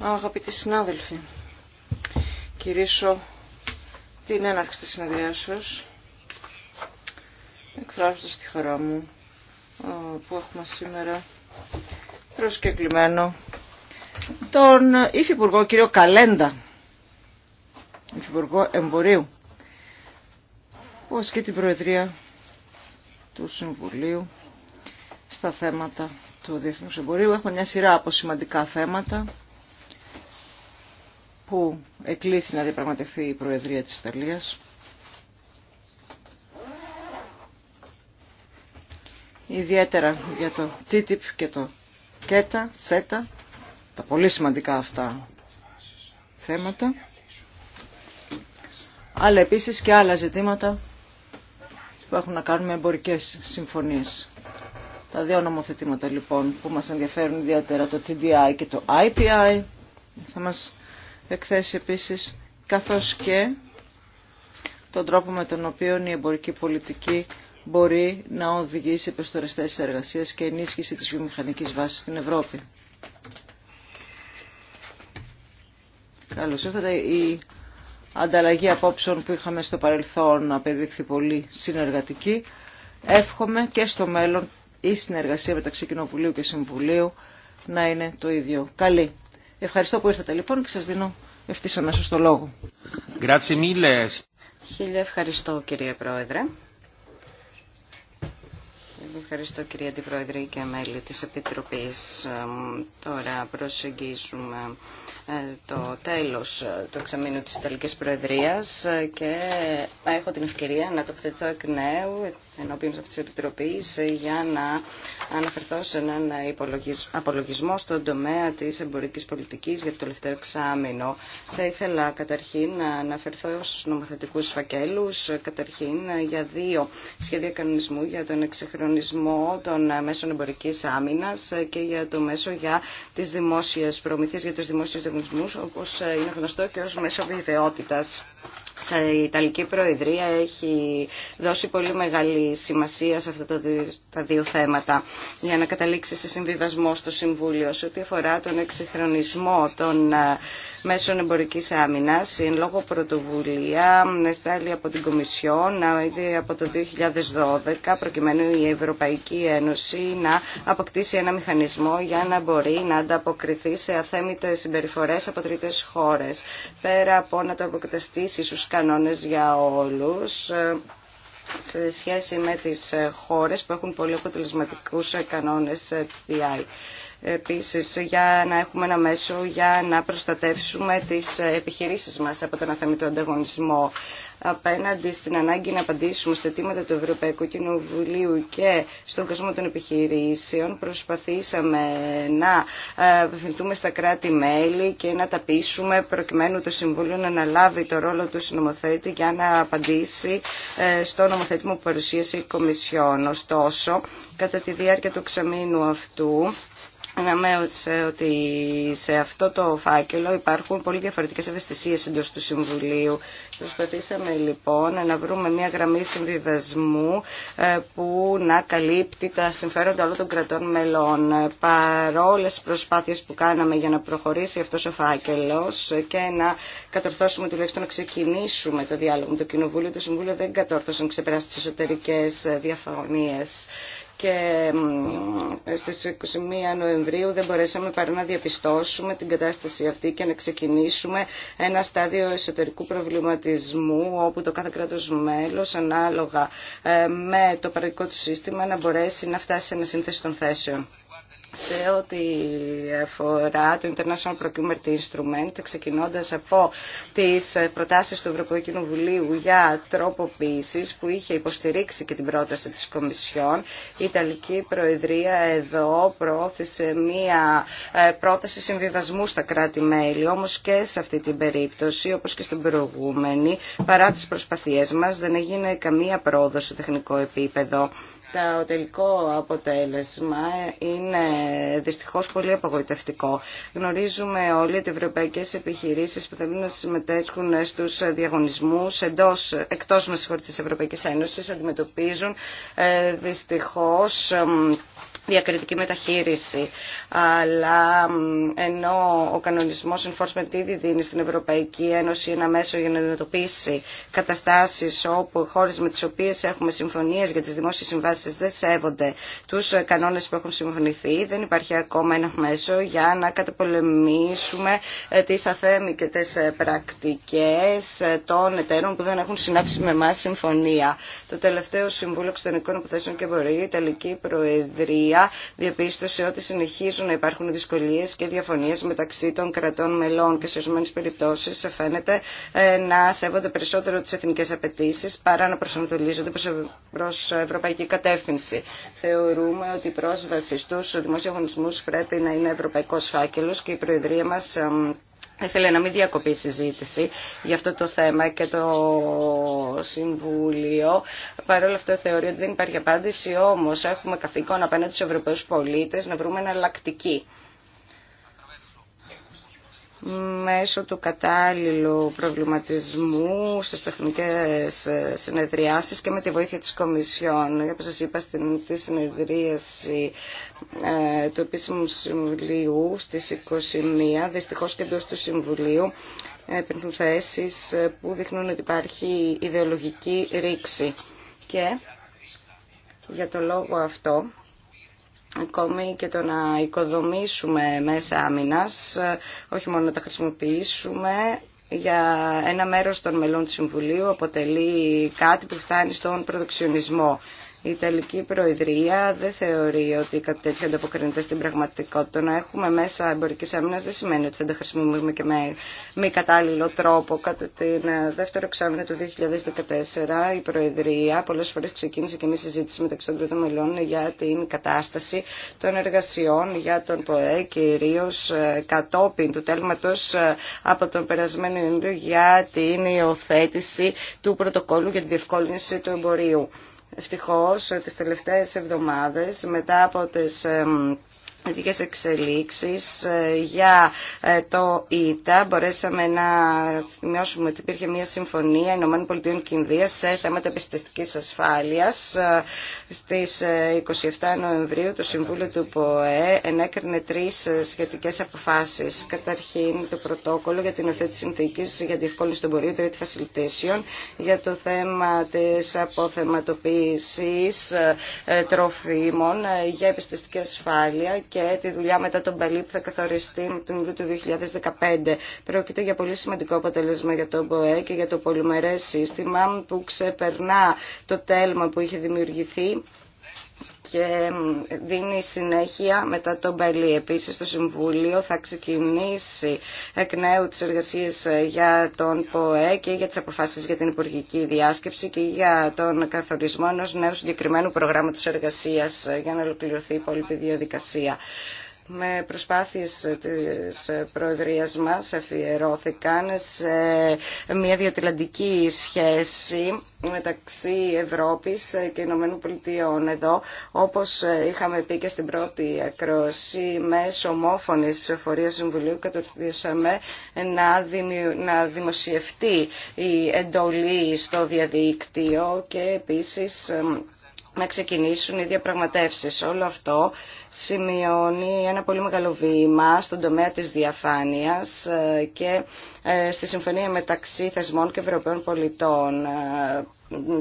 Αγαπητοί συνάδελφοι, κηρύσω την έναρξη της συνεδριάσεως εκφράζοντας τη χαρά μου ε, που έχουμε σήμερα προσκεκλημένο τον Υφυπουργό κύριο Καλέντα, Υφυπουργό Εμπορίου, που ασκεί την Προεδρία του Συμβουλίου στα θέματα του Διεθνούς Εμπορίου έχουμε μια σειρά από σημαντικά θέματα που εκλήθη να διαπραγματευτεί η Προεδρία της Ιταλίας. Ιδιαίτερα για το TTIP και το ΚΕΤΑ, ΣΕΤΑ, τα πολύ σημαντικά αυτά θέματα. Αλλά επίσης και άλλα ζητήματα που έχουν να κάνουν με εμπορικές συμφωνίες. Τα δύο νομοθετήματα λοιπόν που μας ενδιαφέρουν ιδιαίτερα το TDI και το IPI θα μας εκθέσει επίσης καθώς και τον τρόπο με τον οποίο η εμπορική πολιτική μπορεί να οδηγήσει επιστορές εργασίες και ενίσχυση της βιομηχανικής βάσης στην Ευρώπη. Καλώς ήρθατε. Η ανταλλαγή απόψεων που είχαμε στο παρελθόν απεδείχθη πολύ συνεργατική. Εύχομαι και στο μέλλον η συνεργασία μεταξύ Κοινοβουλίου και Συμβουλίου να είναι το ίδιο καλή. Ευχαριστώ που ήρθατε λοιπόν και σας δίνω ευθύς αμέσως το λόγο. Χίλια ευχαριστώ κύριε Πρόεδρε. Ευχαριστώ κυρία Αντιπρόεδρε και μέλη της Επιτροπής. Τώρα προσεγγίζουμε ε, το τέλος ε, του εξαμήνου της Ιταλικής Προεδρίας και έχω την ευκαιρία να τοποθετηθώ εκ νέου ενώπιον αυτής της Επιτροπής για να αναφερθώ σε έναν απολογισμό στον τομέα της εμπορικής πολιτικής για το τελευταίο εξάμεινο. Θα ήθελα καταρχήν να αναφερθώ στους νομοθετικούς φακέλους, καταρχήν για δύο σχέδια κανονισμού για τον εξεχρονισμό κανονισμό των ε, μέσων εμπορική Άμυνα ε, και για το μέσο για τι δημόσιε προμηθείες, για του δημόσιου διαγωνισμού, όπω ε, είναι γνωστό και ω μέσο βιβαιότητα. Η Ιταλική Προεδρία έχει δώσει πολύ μεγάλη σημασία σε αυτά τα δύο θέματα για να καταλήξει σε συμβιβασμό στο Συμβούλιο σε ό,τι αφορά τον εξυγχρονισμό των μέσω εμπορική άμυνας, εν λόγω πρωτοβουλία εστάλει από την Κομισιόν ε, ήδη από το 2012, προκειμένου η Ευρωπαϊκή Ένωση να αποκτήσει ένα μηχανισμό για να μπορεί να ανταποκριθεί σε αθέμητες συμπεριφορές από τρίτες χώρες. Πέρα από να το αποκαταστήσει στους κανόνες για όλους, ε, σε σχέση με τις ε, χώρες που έχουν πολύ αποτελεσματικούς κανόνες TI επίσης για να έχουμε ένα μέσο για να προστατεύσουμε τις επιχειρήσεις μας από τον αθέμητο ανταγωνισμό απέναντι στην ανάγκη να απαντήσουμε στα αιτήματα του Ευρωπαϊκού Κοινοβουλίου και στον κόσμο των επιχειρήσεων προσπαθήσαμε να ε, απευθυνθούμε στα κράτη-μέλη και να τα πείσουμε προκειμένου το Συμβούλιο να αναλάβει το ρόλο του συνομοθέτη για να απαντήσει ε, στο νομοθέτημα που παρουσίασε η Κομισιόν. Ωστόσο, κατά τη διάρκεια του εξαμήνου αυτού Αναμένω ότι σε αυτό το φάκελο υπάρχουν πολύ διαφορετικές ευαισθησίες εντός του Συμβουλίου. Προσπαθήσαμε λοιπόν να βρούμε μια γραμμή συμβιβασμού ε, που να καλύπτει τα συμφέροντα όλων των κρατών μελών. Παρόλες τις προσπάθειες που κάναμε για να προχωρήσει αυτός ο φάκελος και να κατορθώσουμε τουλάχιστον να ξεκινήσουμε το διάλογο με το Κοινοβούλιο, το Συμβούλιο δεν κατόρθωσε να ξεπεράσει τις εσωτερικές ε, διαφωνίες και στις 21 Νοεμβρίου δεν μπορέσαμε παρά να διαπιστώσουμε την κατάσταση αυτή και να ξεκινήσουμε ένα στάδιο εσωτερικού προβληματισμού όπου το κάθε κράτος μέλος ανάλογα ε, με το παραγωγικό του σύστημα να μπορέσει να φτάσει σε ένα σύνθεση των θέσεων σε ό,τι αφορά το International Procurement Instrument, ξεκινώντας από τις προτάσεις του Ευρωπαϊκού Κοινοβουλίου για τροποποίησης που είχε υποστηρίξει και την πρόταση της Κομισιόν, η Ιταλική Προεδρία εδώ προώθησε μία ε, πρόταση συμβιβασμού στα κράτη-μέλη, όμως και σε αυτή την περίπτωση, όπως και στην προηγούμενη, παρά τις προσπαθίες μας, δεν έγινε καμία πρόοδο σε τεχνικό επίπεδο το τελικό αποτέλεσμα είναι δυστυχώς πολύ απογοητευτικό. Γνωρίζουμε όλοι ότι οι ευρωπαϊκές επιχειρήσεις που θέλουν να συμμετέχουν στους διαγωνισμούς εντός, εκτός μας της Ευρωπαϊκής Ένωσης αντιμετωπίζουν ε, δυστυχώς διακριτική μεταχείριση. Αλλά ενώ ο κανονισμό enforcement ήδη δίνει στην Ευρωπαϊκή Ένωση ένα μέσο για να αντιμετωπίσει καταστάσει όπου χώρε με τι οποίε έχουμε συμφωνίε για τι δημόσιε συμβάσει, δεν σέβονται του κανόνε που έχουν συμφωνηθεί, δεν υπάρχει ακόμα ένα μέσο για να καταπολεμήσουμε ε, τις αθέμικες ε, πρακτικέ ε, των εταίρων που δεν έχουν συνάψει με εμά συμφωνία. Το τελευταίο Συμβούλιο Εξωτερικών Υποθέσεων και Εμπορίου, Ιταλική Προεδρία, δουλειά διαπίστωσε ότι συνεχίζουν να υπάρχουν δυσκολίε και διαφωνίε μεταξύ των κρατών μελών και σε ορισμένε περιπτώσει, φαίνεται ε, να σέβονται περισσότερο τι εθνικέ απαιτήσει παρά να προσανατολίζονται προ ευρωπαϊκή κατεύθυνση. Θεωρούμε ότι η πρόσβαση στους δημοσιογονισμού πρέπει να είναι ευρωπαϊκό φάκελο και η Προεδρία μας θα να μην διακοπεί η συζήτηση για αυτό το θέμα και το Συμβούλιο. Παρ' όλα αυτά θεωρεί ότι δεν υπάρχει απάντηση, όμως έχουμε καθήκον απέναντι στους Ευρωπαίους πολίτες να βρούμε εναλλακτική μέσω του κατάλληλου προβληματισμού στις τεχνικές ε, συνεδριάσεις και με τη βοήθεια της Κομισιόν. Όπως σας είπα στην τη συνεδρίαση ε, του επίσημου συμβουλίου στις 21, δυστυχώς και εντός του συμβουλίου, υπήρχαν θέσεις ε, που δείχνουν ότι υπάρχει ιδεολογική ρήξη. Και για το λόγο αυτό Ακόμη και το να οικοδομήσουμε μέσα άμυνας, όχι μόνο να τα χρησιμοποιήσουμε, για ένα μέρος των μελών του Συμβουλίου αποτελεί κάτι που φτάνει στον προδοξιονισμό η Ιταλική Προεδρία δεν θεωρεί ότι κάτι τέτοιο ανταποκρίνεται στην πραγματικότητα. Να έχουμε μέσα εμπορική άμυνα δεν σημαίνει ότι θα τα χρησιμοποιούμε και με μη κατάλληλο τρόπο. Κατά την ε, δεύτερο εξάμεινο του 2014, η Προεδρία πολλέ φορέ ξεκίνησε και μια συζήτηση μεταξύ των κρατών μελών για την κατάσταση των εργασιών για τον ΠΟΕ, κυρίω ε, κατόπιν του τέλματο ε, από τον περασμένο Ιούνιο για την υιοθέτηση του πρωτοκόλου για τη διευκόλυνση του εμπορίου. Ευτυχώς τις τελευταίες εβδομάδες μετά από τις ειδικές εξελίξεις ε, για ε, το ΙΤΑ. Μπορέσαμε να σημειώσουμε ότι υπήρχε μια συμφωνία Ηνωμένων Πολιτείων Κινδίας σε θέματα επιστηστικής ασφάλειας. Ε, στις 27 Νοεμβρίου το Συμβούλιο του ΠΟΕ ενέκρινε τρεις σχετικές αποφάσεις. Καταρχήν το πρωτόκολλο για την οθέτηση συνθήκης για διευκόλυνση των πορείων των facilitation για το θέμα της αποθεματοποίησης τροφίμων για επιστηστική ασφάλεια και τη δουλειά μετά τον Παλί που θα καθοριστεί με τον Ιούλιο του 2015. Πρόκειται για πολύ σημαντικό αποτέλεσμα για τον ΠΟΕ και για το πολυμερές σύστημα που ξεπερνά το τέλμα που είχε δημιουργηθεί και δίνει συνέχεια μετά τον Μπαλί. Επίσης το Συμβούλιο θα ξεκινήσει εκ νέου τις εργασίες ε, για τον ΠΟΕ και για τις αποφάσεις για την υπουργική διάσκεψη και για τον καθορισμό ενός νέου συγκεκριμένου προγράμματος εργασίας ε, για να ολοκληρωθεί η υπόλοιπη διαδικασία με προσπάθειες της Προεδρίας μας αφιερώθηκαν σε μια διατηλαντική σχέση μεταξύ Ευρώπης και Ηνωμένων Πολιτειών εδώ. Όπως είχαμε πει και στην πρώτη ακρόση, μέσω ομόφωνης ψηφοφορίας Συμβουλίου κατορθήσαμε να, να δημοσιευτεί η εντολή στο διαδίκτυο και επίσης να ξεκινήσουν οι διαπραγματεύσεις. Όλο αυτό σημειώνει ένα πολύ μεγάλο βήμα στον τομέα της διαφάνειας ε, και ε, στη συμφωνία μεταξύ θεσμών και Ευρωπαίων πολιτών. Ε,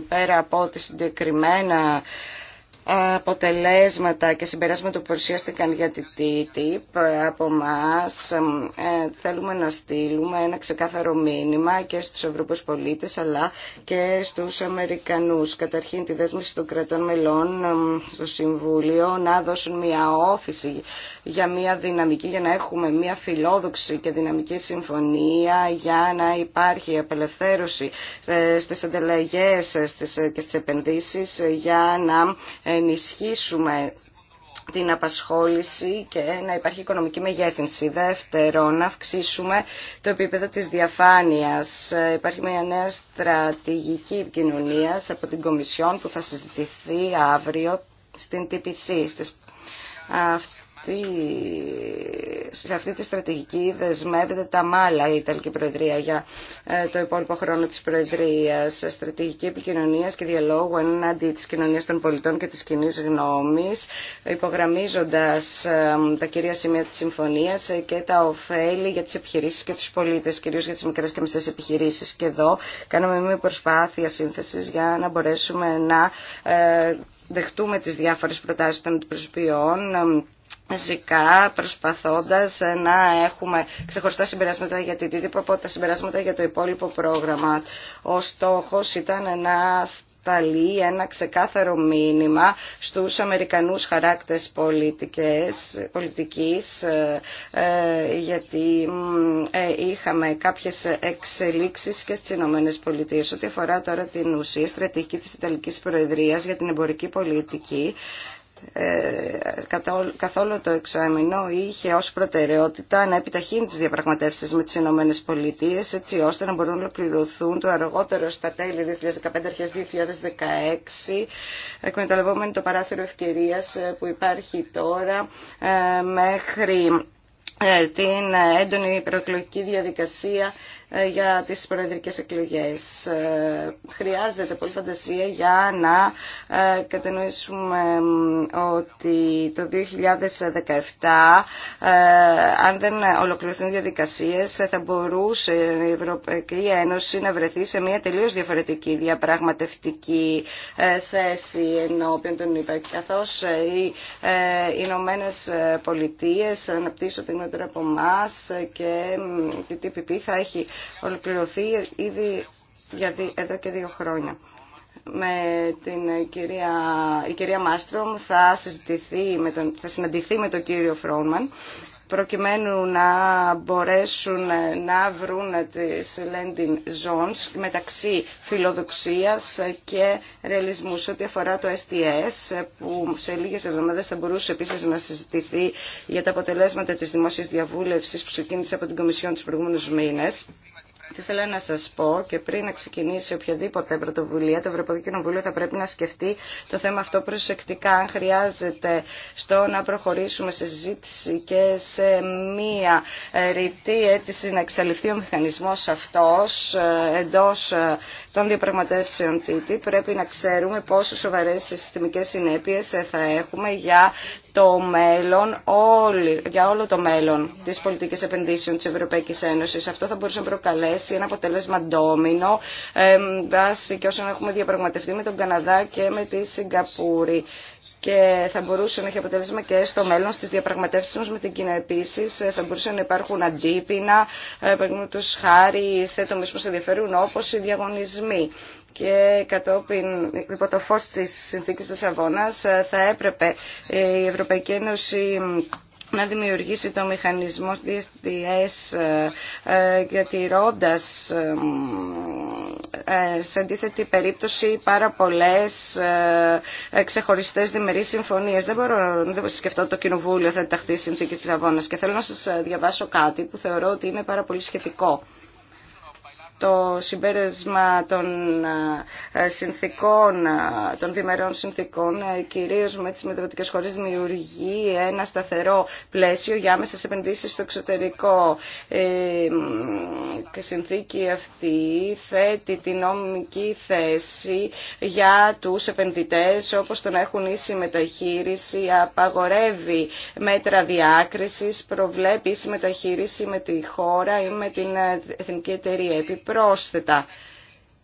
πέρα από τη συγκεκριμένα αποτελέσματα και συμπεράσματα που παρουσιάστηκαν για την TTIP από εμά θέλουμε να στείλουμε ένα ξεκάθαρο μήνυμα και στους Ευρωπαίους πολίτες αλλά και στους Αμερικανούς. Καταρχήν τη δέσμευση των κρατών μελών ε, στο Συμβούλιο να δώσουν μια όθηση για μια δυναμική, για να έχουμε μια φιλόδοξη και δυναμική συμφωνία για να υπάρχει απελευθέρωση ε, στις ανταλλαγές ε, και στις επενδύσεις για να ενισχύσουμε την απασχόληση και να υπάρχει οικονομική μεγέθυνση. Δεύτερον, να αυξήσουμε το επίπεδο της διαφάνειας. Υπάρχει μια νέα στρατηγική επικοινωνία από την Κομισιόν που θα συζητηθεί αύριο στην TPC. Στις αυτή, σε αυτή τη στρατηγική δεσμεύεται τα μάλα η Ιταλική Προεδρία για ε, το υπόλοιπο χρόνο της Προεδρίας, στρατηγική επικοινωνίας και διαλόγου ενάντια της κοινωνίας των πολιτών και της κοινή γνώμης, υπογραμμίζοντας ε, τα κυρία σημεία της συμφωνίας και τα ωφέλη για τις επιχειρήσεις και τους πολίτες, κυρίως για τις μικρές και μισές επιχειρήσεις. Και εδώ κάναμε μια προσπάθεια σύνθεσης για να μπορέσουμε να ε, δεχτούμε τις διάφορες προτάσεις των αντιπροσωπιών Φυσικά προσπαθώντας ε, να έχουμε ξεχωριστά συμπεράσματα για την τίτυπα από τα συμπεράσματα για το υπόλοιπο πρόγραμμα. Ο στόχος ήταν να σταλεί ένα ξεκάθαρο μήνυμα στους Αμερικανούς χαράκτες πολιτικές, πολιτικής ε, ε, γιατί είχαμε κάποιες εξελίξεις και στις Ηνωμένε Πολιτείε. Ό,τι αφορά τώρα την ουσία στρατηγική της Ιταλικής Προεδρίας για την εμπορική πολιτική ε, καθόλου το εξάμεινο είχε ως προτεραιότητα να επιταχύνει τις διαπραγματεύσεις με τις Ηνωμένε Πολιτείε έτσι ώστε να μπορούν να ολοκληρωθούν το αργότερο στα τέλη 2015 αρχές 2016 εκμεταλλευόμενοι το παράθυρο ευκαιρίας ε, που υπάρχει τώρα ε, μέχρι την έντονη προεκλογική διαδικασία ε, για τις προεδρικές εκλογές. Ε, χρειάζεται πολύ φαντασία για να ε, κατανοήσουμε ότι το 2017 αν δεν ολοκληρωθούν διαδικασίες θα μπορούσε η Ευρωπαϊκή Ένωση να βρεθεί σε μια τελείως διαφορετική διαπραγματευτική θέση ενώπιον των ΗΠΑ καθώς οι Ηνωμένε Πολιτείες αναπτύσσονται νότερα από εμά και η TPP θα έχει ολοκληρωθεί ήδη για εδώ και δύο χρόνια. Με την κυρία, η κυρία Μάστρομ θα, συζητηθεί με τον, θα συναντηθεί με τον κύριο Φρόνμαν προκειμένου να μπορέσουν να βρουν τις landing zones μεταξύ φιλοδοξίας και ρεαλισμού σε ό,τι αφορά το STS που σε λίγες εβδομάδες θα μπορούσε επίσης να συζητηθεί για τα αποτελέσματα της δημόσιας διαβούλευσης που ξεκίνησε από την Κομισιόν τους προηγούμενους μήνες θα θέλω να σας πω και πριν να ξεκινήσει οποιαδήποτε πρωτοβουλία, το Ευρωπαϊκό Κοινοβούλιο θα πρέπει να σκεφτεί το θέμα αυτό προσεκτικά, αν χρειάζεται στο να προχωρήσουμε σε συζήτηση και σε μία ε, ρητή αίτηση να εξαλειφθεί ο μηχανισμός αυτός ε, εντός ε, των διαπραγματεύσεων TTIP. Πρέπει να ξέρουμε πόσο σοβαρές συστημικές συνέπειες θα έχουμε για το μέλλον, όλη, για όλο το μέλλον της πολιτικής επενδύσεων της Ευρωπαϊκής Ένωσης. Αυτό θα μπορούσε να προκαλέσει ένα αποτέλεσμα ντόμινο βάσει και όσων έχουμε διαπραγματευτεί με τον Καναδά και με τη Σιγκαπούρη και θα μπορούσε να έχει αποτέλεσμα και στο μέλλον στις διαπραγματεύσεις μας με την Κίνα επίσης ε, θα μπορούσαν να υπάρχουν αντίπεινα ε, παραδείγματο χάρη σε τομείς που σε ενδιαφέρουν όπως οι διαγωνισμοί και κατόπιν υπό το φως της συνθήκης της Αβώνας θα έπρεπε η Ευρωπαϊκή Ένωση να δημιουργήσει το μηχανισμό DSDS ε, διατηρώντας ε, ε, σε αντίθετη περίπτωση πάρα πολλές ξεχωριστές διμερείς συμφωνίες. Δεν μπορώ να σκεφτώ το Κοινοβούλιο θα ταχθεί η συνθήκη της Λαβώνας και θέλω να σας διαβάσω κάτι που θεωρώ ότι είναι πάρα πολύ σχετικό το συμπέρασμα των ε, συνθήκων, ε, των διμερών συνθήκων, ε, κυρίως με τις μεταβατικές χώρες, δημιουργεί ένα σταθερό πλαίσιο για άμεσες επενδύσεις στο εξωτερικό. και συνθήκη αυτή θέτει την νομική θέση για τους επενδυτές, όπως τον έχουν ίση μεταχείριση, απαγορεύει μέτρα διάκρισης, προβλέπει ίση μεταχείριση με τη χώρα ή με την εθνική εταιρεία πρόσθετα.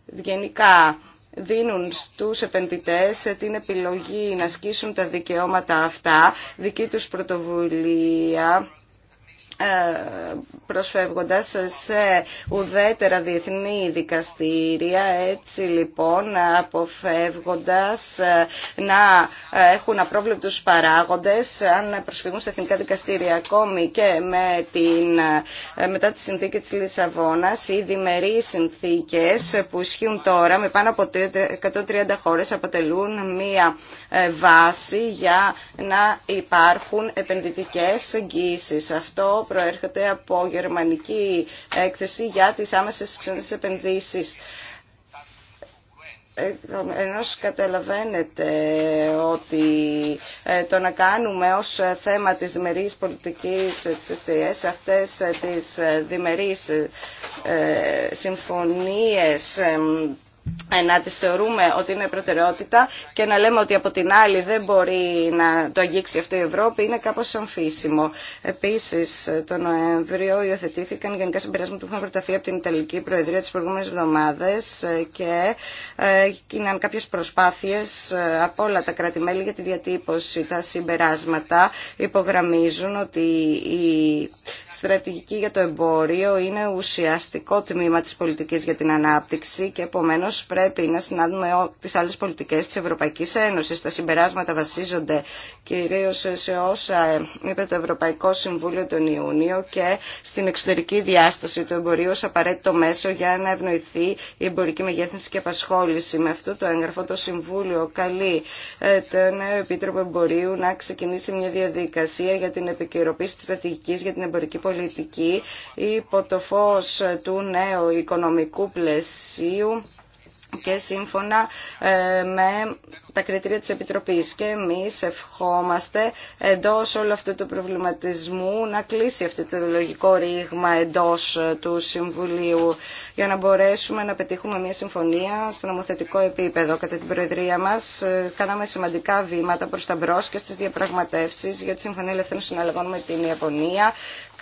Γενικά δίνουν στους επενδυτές την επιλογή να σκίσουν τα δικαιώματα αυτά, δική τους πρωτοβουλία ε, προσφεύγοντας σε ουδέτερα διεθνή δικαστήρια έτσι λοιπόν αποφεύγοντας ε, να έχουν απρόβλεπτους παράγοντες αν προσφυγούν στα εθνικά δικαστήρια ακόμη και με την, ε, μετά τη συνθήκη της Λισαβόνας οι διμερεί συνθήκες που ισχύουν τώρα με πάνω από 130 χώρες αποτελούν μία βάση για να υπάρχουν επενδυτικές εγγύσεις. Αυτό προέρχεται από γερμανική έκθεση για τις άμεσες ξένες επενδύσεις. Ε, Ενώ καταλαβαίνετε ότι ε, το να κάνουμε ως θέμα της διμερής πολιτικής ε, της αυτές τις διμερείς συμφωνίες ε, να τις θεωρούμε ότι είναι προτεραιότητα και να λέμε ότι από την άλλη δεν μπορεί να το αγγίξει αυτό η Ευρώπη είναι κάπως αμφίσιμο. Επίσης, το Νοέμβριο υιοθετήθηκαν γενικά συμπεράσματα που είχαν προταθεί από την Ιταλική Προεδρία τις προηγούμενες εβδομάδες και ε, έγιναν κάποιες προσπάθειες ε, από όλα τα κράτη-μέλη για τη διατύπωση. Τα συμπεράσματα υπογραμμίζουν ότι η στρατηγική για το εμπόριο είναι ουσιαστικό τμήμα της πολιτικής για την ανάπτυξη και επομένως πρέπει να συνάδουμε τις άλλες πολιτικές της Ευρωπαϊκής Ένωσης. Τα συμπεράσματα βασίζονται κυρίως σε όσα ε, είπε το Ευρωπαϊκό Συμβούλιο τον Ιούνιο και στην εξωτερική διάσταση του εμπορίου ως απαραίτητο μέσο για να ευνοηθεί η εμπορική μεγέθυνση και απασχόληση. Με αυτό το έγγραφο το Συμβούλιο καλεί ε, τον Επίτροπο Εμπορίου να ξεκινήσει μια διαδικασία για την επικαιροποίηση της στρατηγικής για την εμπορική πολιτική υπό το φως του νέου οικονομικού πλαισίου και σύμφωνα ε, με τα κριτήρια της Επιτροπής. Και εμείς ευχόμαστε εντός όλου αυτού του προβληματισμού να κλείσει αυτό το λογικό ρήγμα εντός ε, του Συμβουλίου για να μπορέσουμε να πετύχουμε μια συμφωνία στο νομοθετικό επίπεδο. Κατά την Προεδρία μας ε, κάναμε σημαντικά βήματα προς τα μπρος και στις διαπραγματεύσεις για τη Συμφωνία Ελευθερών Συναλλαγών με την Ιαπωνία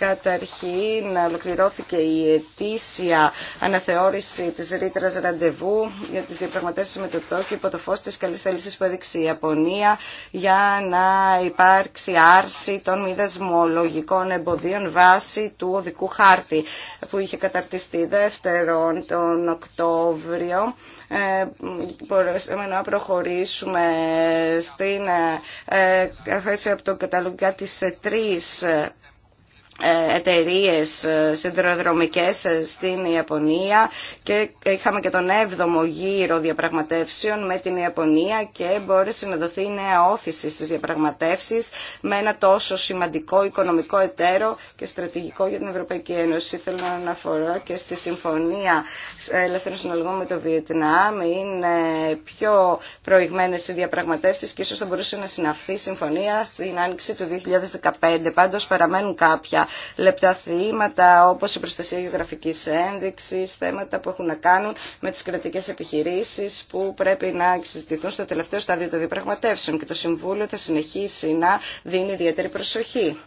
Καταρχήν ολοκληρώθηκε η ετήσια αναθεώρηση της ρήτρα ραντεβού για τις διαπραγματεύσεις με το Τόκιο υπό το φως της καλής θέλησης που έδειξε η Ιαπωνία για να υπάρξει άρση των μη δεσμολογικών εμποδίων βάση του οδικού χάρτη που είχε καταρτιστεί δεύτερον τον Οκτώβριο ε, μπορέσαμε να προχωρήσουμε στην ε, ε από τον καταλογιά της ε, τρεις ε, εταιρείε σιδηροδρομικέ ε, στην Ιαπωνία και είχαμε και τον 7ο γύρο διαπραγματεύσεων με την Ιαπωνία και μπόρεσε να δοθεί νέα όθηση στις διαπραγματεύσεις με ένα τόσο σημαντικό οικονομικό εταίρο και στρατηγικό για την Ευρωπαϊκή Ένωση. Θέλω να αναφορώ και στη Συμφωνία Ελεύθερων Συνολογών με το Βιετνάμ. Είναι πιο προηγμένε οι διαπραγματεύσει και ίσω θα μπορούσε να συναυθεί συμφωνία στην άνοιξη του 2015. Πάντω παραμένουν κάποια λεπτά θύματα όπως η προστασία γεωγραφική ένδειξη, θέματα που έχουν να κάνουν με τις κρατικές επιχειρήσεις που πρέπει να συζητηθούν στο τελευταίο στάδιο των διαπραγματεύσεων και το Συμβούλιο θα συνεχίσει να δίνει ιδιαίτερη προσοχή.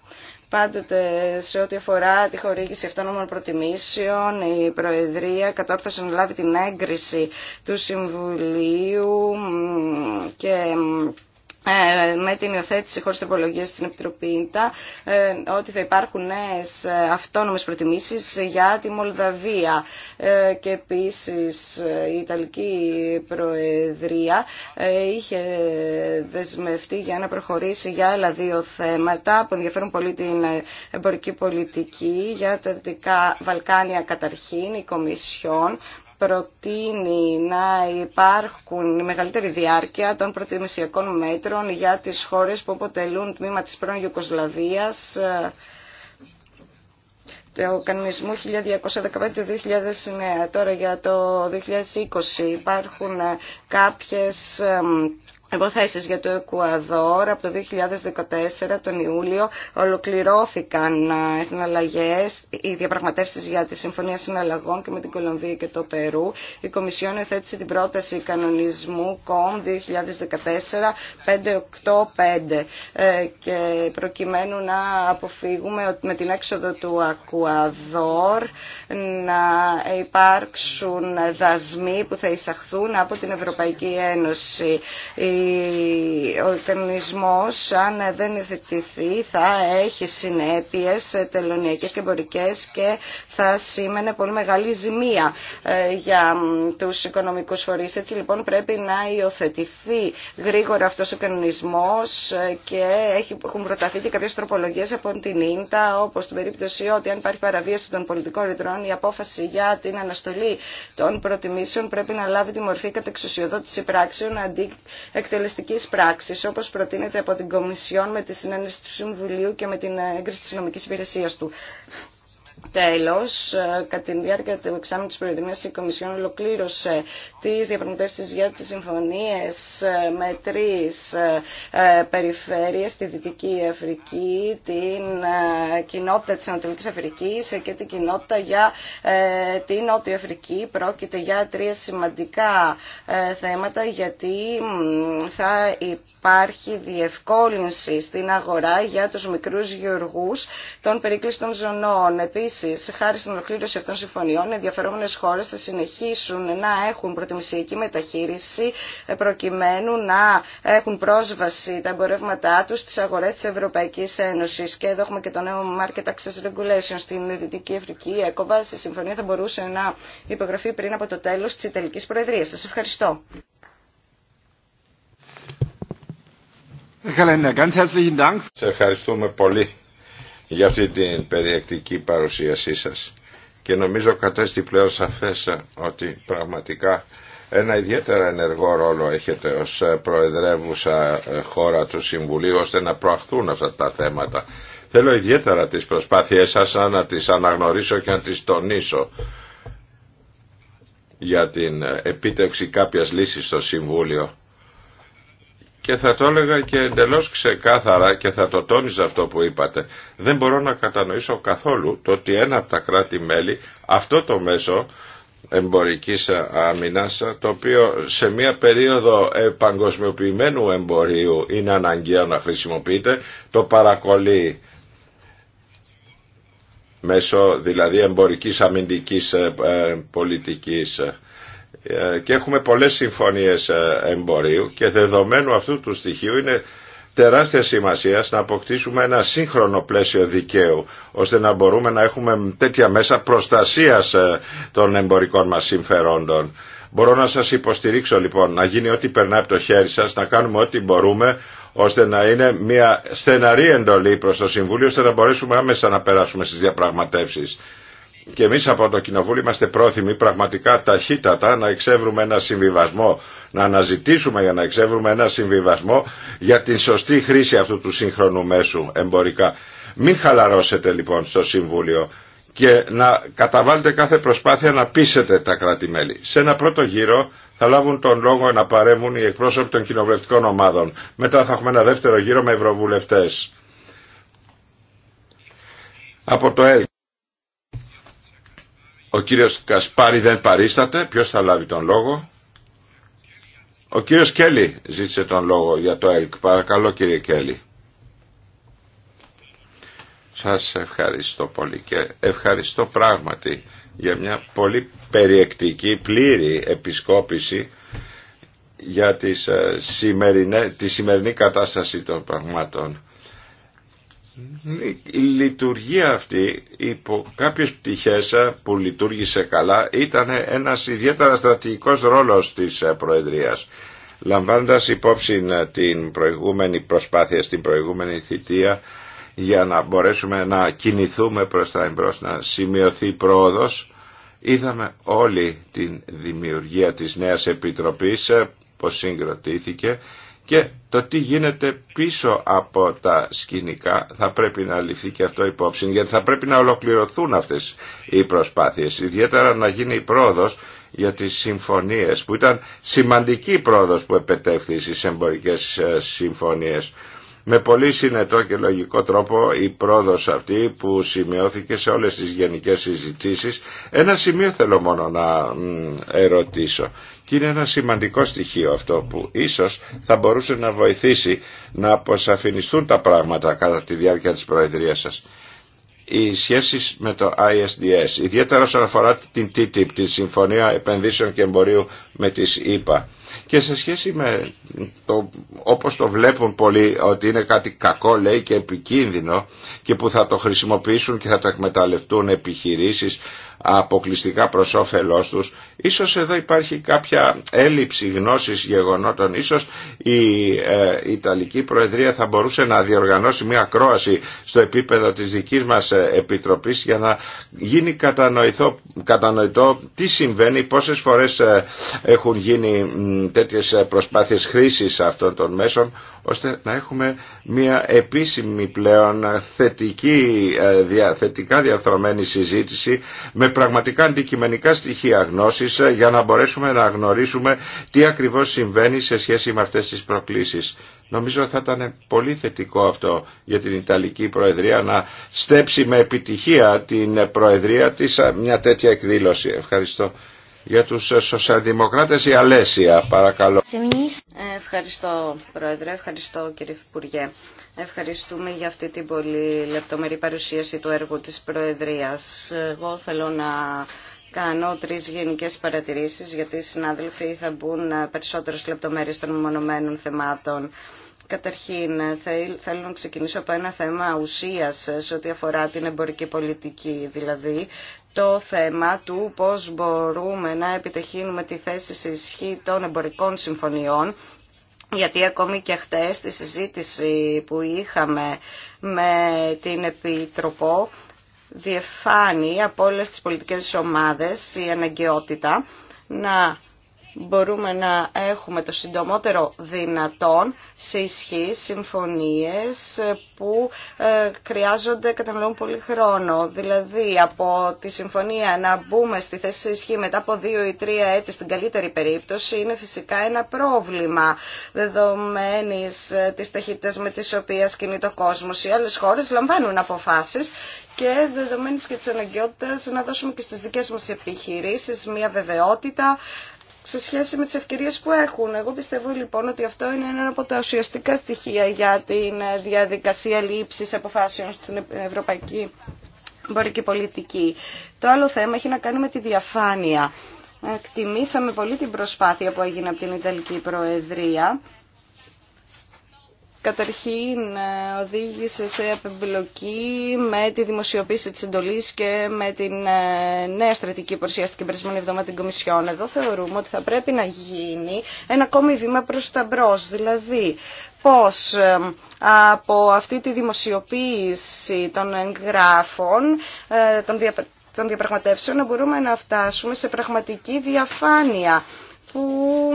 Πάντοτε σε ό,τι αφορά τη χορήγηση αυτόνομων προτιμήσεων, η Προεδρία κατόρθωσε να λάβει την έγκριση του Συμβουλίου και ε, με την υιοθέτηση χωρίς τροπολογία στην Επιτροπή τα, ε, ότι θα υπάρχουν νέες ε, αυτόνομες προτιμήσεις για τη Μολδαβία και επίσης η Ιταλική Προεδρία είχε δεσμευτεί για να προχωρήσει για άλλα δύο θέματα που ενδιαφέρουν πολύ την εμπορική πολιτική για τα Δυτικά Βαλκάνια καταρχήν, η Κομισιόν προτείνει να υπάρχουν η μεγαλύτερη διάρκεια των προτιμησιακών μέτρων για τις χώρες που αποτελούν τμήμα της πρώην Ιουκοσλαβίας το κανονισμό 1215 του 2009. Τώρα για το 2020 υπάρχουν κάποιες Υποθέσει για το Εκουαδόρ από το 2014 τον Ιούλιο ολοκληρώθηκαν συναλλαγές, οι διαπραγματεύσει για τη Συμφωνία Συναλλαγών και με την Κολομβία και το Περού. Η Κομισιόν εθέτησε την πρόταση κανονισμού COM 2014-585 ε, και προκειμένου να αποφύγουμε ότι με την έξοδο του Εκουαδόρ να υπάρξουν δασμοί που θα εισαχθούν από την Ευρωπαϊκή Ένωση ο κανονισμός αν δεν θετηθεί, θα έχει συνέπειες τελωνιακές και εμπορικές και θα σήμαινε πολύ μεγάλη ζημία ε, για τους οικονομικούς φορείς. Έτσι λοιπόν πρέπει να υιοθετηθεί γρήγορα αυτός ο κανονισμός ε, και έχουν προταθεί και κάποιες τροπολογίες από την ίντα όπως στην περίπτωση ότι αν υπάρχει παραβίαση των πολιτικών ρητρών η απόφαση για την αναστολή των προτιμήσεων πρέπει να λάβει τη μορφή κατεξουσιοδότηση πράξεων αντί εκτελεστικής πράξης, όπως προτείνεται από την Κομισιόν με τη συνένεση του Συμβουλίου και με την έγκριση της νομικής υπηρεσίας του. Τέλος, κατά τη διάρκεια του εξάμεινου της Προεδρίας, η Κομισιόν ολοκλήρωσε τις διαπραγματεύσεις για τις συμφωνίες ε, με τρεις ε, περιφέρειες, τη Δυτική Αφρική, την ε, κοινότητα της Ανατολικής Αφρικής και την κοινότητα για την Νότια Αφρική. Πρόκειται για τρία σημαντικά θέματα γιατί θα υπάρχει διευκόλυνση στην αγορά για τους μικρούς γεωργούς των περικλειστών ζωνών. Επίσης, σε χάρη στην ολοκλήρωση αυτών των συμφωνιών, οι χώρε χώρες θα συνεχίσουν να έχουν προτιμησιακή μεταχείριση ε, προκειμένου να έχουν πρόσβαση τα εμπορεύματά του στι αγορέ της Ευρωπαϊκής Ένωσης. Και εδώ έχουμε και το νέο Market Access Regulation στην Δυτική Αφρική. Η συμφωνία θα μπορούσε να υπογραφεί πριν από το τέλο τη Ιταλικής προεδρία. Σα ευχαριστώ. Σε ευχαριστούμε πολύ για αυτή την περιεκτική παρουσίασή σας. Και νομίζω κατέστη πλέον σαφές ε, ότι πραγματικά ένα ιδιαίτερα ενεργό ρόλο έχετε ως ε, προεδρεύουσα ε, χώρα του Συμβουλίου ώστε να προαχθούν αυτά τα θέματα. Θέλω ιδιαίτερα τις προσπάθειές σας να τις αναγνωρίσω και να τις τονίσω για την επίτευξη κάποιας λύσης στο Συμβούλιο και θα το έλεγα και εντελώς ξεκάθαρα και θα το τόνιζα αυτό που είπατε. Δεν μπορώ να κατανοήσω καθόλου το ότι ένα από τα κράτη-μέλη αυτό το μέσο εμπορικής άμυνας το οποίο σε μια περίοδο παγκοσμιοποιημένου εμπορίου είναι αναγκαίο να χρησιμοποιείται το παρακολεί μέσω δηλαδή εμπορικής αμυντικής ε, ε, πολιτικής ε, και έχουμε πολλές συμφωνίες ε, εμπορίου και δεδομένου αυτού του στοιχείου είναι τεράστια σημασία να αποκτήσουμε ένα σύγχρονο πλαίσιο δικαίου ώστε να μπορούμε να έχουμε τέτοια μέσα προστασίας ε, των εμπορικών μας συμφερόντων. Μπορώ να σας υποστηρίξω λοιπόν να γίνει ό,τι περνάει από το χέρι σας, να κάνουμε ό,τι μπορούμε ώστε να είναι μια στεναρή εντολή προς το Συμβούλιο ώστε να μπορέσουμε άμεσα να περάσουμε στις διαπραγματεύσεις και εμείς από το Κοινοβούλιο είμαστε πρόθυμοι πραγματικά ταχύτατα να εξεύρουμε ένα συμβιβασμό, να αναζητήσουμε για να εξεύρουμε ένα συμβιβασμό για την σωστή χρήση αυτού του σύγχρονου μέσου εμπορικά. Μην χαλαρώσετε λοιπόν στο Συμβούλιο και να καταβάλλετε κάθε προσπάθεια να πείσετε τα κράτη-μέλη. Σε ένα πρώτο γύρο θα λάβουν τον λόγο να παρέμουν οι εκπρόσωποι των κοινοβουλευτικών ομάδων. Μετά θα έχουμε ένα δεύτερο γύρο με ευρωβουλευτές. Από το ο κύριος Κασπάρη δεν παρίσταται. Ποιος θα λάβει τον λόγο. Ο κύριος Κέλλη ζήτησε τον λόγο για το ΕΛΚ. Παρακαλώ κύριε Κέλλη. Σας ευχαριστώ πολύ και ευχαριστώ πράγματι για μια πολύ περιεκτική πλήρη επισκόπηση για τις ε, τη σημερινή κατάσταση των πραγμάτων. Η λειτουργία αυτή υπό κάποιες πτυχές ε, που λειτουργήσε καλά ήταν ένας ιδιαίτερα στρατηγικός ρόλος της ε, Προεδρίας. Λαμβάνοντας υπόψη ε, την προηγούμενη προσπάθεια στην προηγούμενη θητεία για να μπορέσουμε να κινηθούμε προς τα εμπρός, να σημειωθεί πρόοδος, είδαμε όλη την δημιουργία της νέας Επιτροπής που συγκροτήθηκε και το τι γίνεται πίσω από τα σκηνικά θα πρέπει να ληφθεί και αυτό υπόψη γιατί θα πρέπει να ολοκληρωθούν αυτές οι προσπάθειες ιδιαίτερα να γίνει η πρόοδος για τις συμφωνίες που ήταν σημαντική πρόοδος που επετεύχθη στις εμπορικές ε, συμφωνίες με πολύ συνετό και λογικό τρόπο η πρόοδος αυτή που σημειώθηκε σε όλες τις γενικές συζητήσεις. Ένα σημείο θέλω μόνο να ερωτήσω και είναι ένα σημαντικό στοιχείο αυτό που ίσως θα μπορούσε να βοηθήσει να αποσαφινιστούν τα πράγματα κατά τη διάρκεια της Προεδρίας σας. Οι σχέσεις με το ISDS, ιδιαίτερα όσον αφορά την TTIP, τη Συμφωνία Επενδύσεων και Εμπορίου με τις ΗΠΑ. Και σε σχέση με το όπως το βλέπουν πολλοί ότι είναι κάτι κακό λέει και επικίνδυνο και που θα το χρησιμοποιήσουν και θα το εκμεταλλευτούν επιχειρήσεις αποκλειστικά προς όφελός τους. Ίσως εδώ υπάρχει κάποια έλλειψη γνώσης γεγονότων. Ίσως η ε, Ιταλική Προεδρία θα μπορούσε να διοργανώσει μια κρόαση στο επίπεδο της δικής μας ε, Επιτροπής για να γίνει κατανοητό, κατανοητό τι συμβαίνει, πόσες φορές ε, έχουν γίνει τέτοιες προσπάθειες χρήσης αυτών των μέσων ώστε να έχουμε μια επίσημη πλέον θετική, ε, θετικά διαρθρωμένη συζήτηση με πραγματικά αντικειμενικά στοιχεία γνώσης ε, για να μπορέσουμε να γνωρίσουμε τι ακριβώς συμβαίνει σε σχέση με αυτές τις προκλήσεις. Νομίζω θα ήταν πολύ θετικό αυτό για την Ιταλική Προεδρία να στέψει με επιτυχία την Προεδρία της ε, μια τέτοια εκδήλωση. Ευχαριστώ. Για τους ε, σοσιαλδημοκράτες η Αλέσια, παρακαλώ. Ευχαριστώ, Πρόεδρε. Ευχαριστώ, κύριε Υπουργέ. Ευχαριστούμε για αυτή την πολύ λεπτομερή παρουσίαση του έργου της Προεδρίας. Εγώ θέλω να κάνω τρεις γενικές παρατηρήσεις, γιατί οι συνάδελφοι θα μπουν ε, περισσότερες λεπτομέρειες των μονομένων θεμάτων. Καταρχήν, θέλω να ξεκινήσω από ένα θέμα ουσίας σε ό,τι αφορά την εμπορική πολιτική, δηλαδή το θέμα του πώς μπορούμε να επιτεχύνουμε τη θέση σε των εμπορικών συμφωνιών, γιατί ακόμη και χτες τη συζήτηση που είχαμε με την Επιτροπό διεφάνει από όλες τις πολιτικές ομάδες η αναγκαιότητα να μπορούμε να έχουμε το συντομότερο δυνατόν σε ισχύ συμφωνίες που ε, χρειάζονται κατά καταναλώνουν πολύ χρόνο. Δηλαδή από τη συμφωνία να μπούμε στη θέση σε ισχύ μετά από δύο ή τρία έτη στην καλύτερη περίπτωση είναι φυσικά ένα πρόβλημα δεδομένης ε, τη ταχύτητα με τις οποίες κινεί το κόσμος. Οι άλλες χώρες λαμβάνουν αποφάσεις και δεδομένης και της αναγκαιότητας να δώσουμε και στις δικές μας επιχειρήσεις μια βεβαιότητα σε σχέση με τις ευκαιρίες που έχουν. Εγώ πιστεύω λοιπόν ότι αυτό είναι ένα από τα ουσιαστικά στοιχεία για την ε, διαδικασία λήψης αποφάσεων στην ευρωπαϊκή εμπορική πολιτική. Το άλλο θέμα έχει να κάνει με τη διαφάνεια. Εκτιμήσαμε πολύ την προσπάθεια που έγινε από την Ιταλική Προεδρία καταρχήν ε, οδήγησε σε απεμπλοκή με τη δημοσιοποίηση της εντολής και με την ε, νέα στρατηγική που παρουσιάστηκε την εβδομάδα την Κομισιόν. Εδώ θεωρούμε ότι θα πρέπει να γίνει ένα ακόμη βήμα προς τα μπρος, δηλαδή πώς ε, από αυτή τη δημοσιοποίηση των εγγράφων, των διαπραγματεύσεων, να μπορούμε να φτάσουμε σε πραγματική διαφάνεια που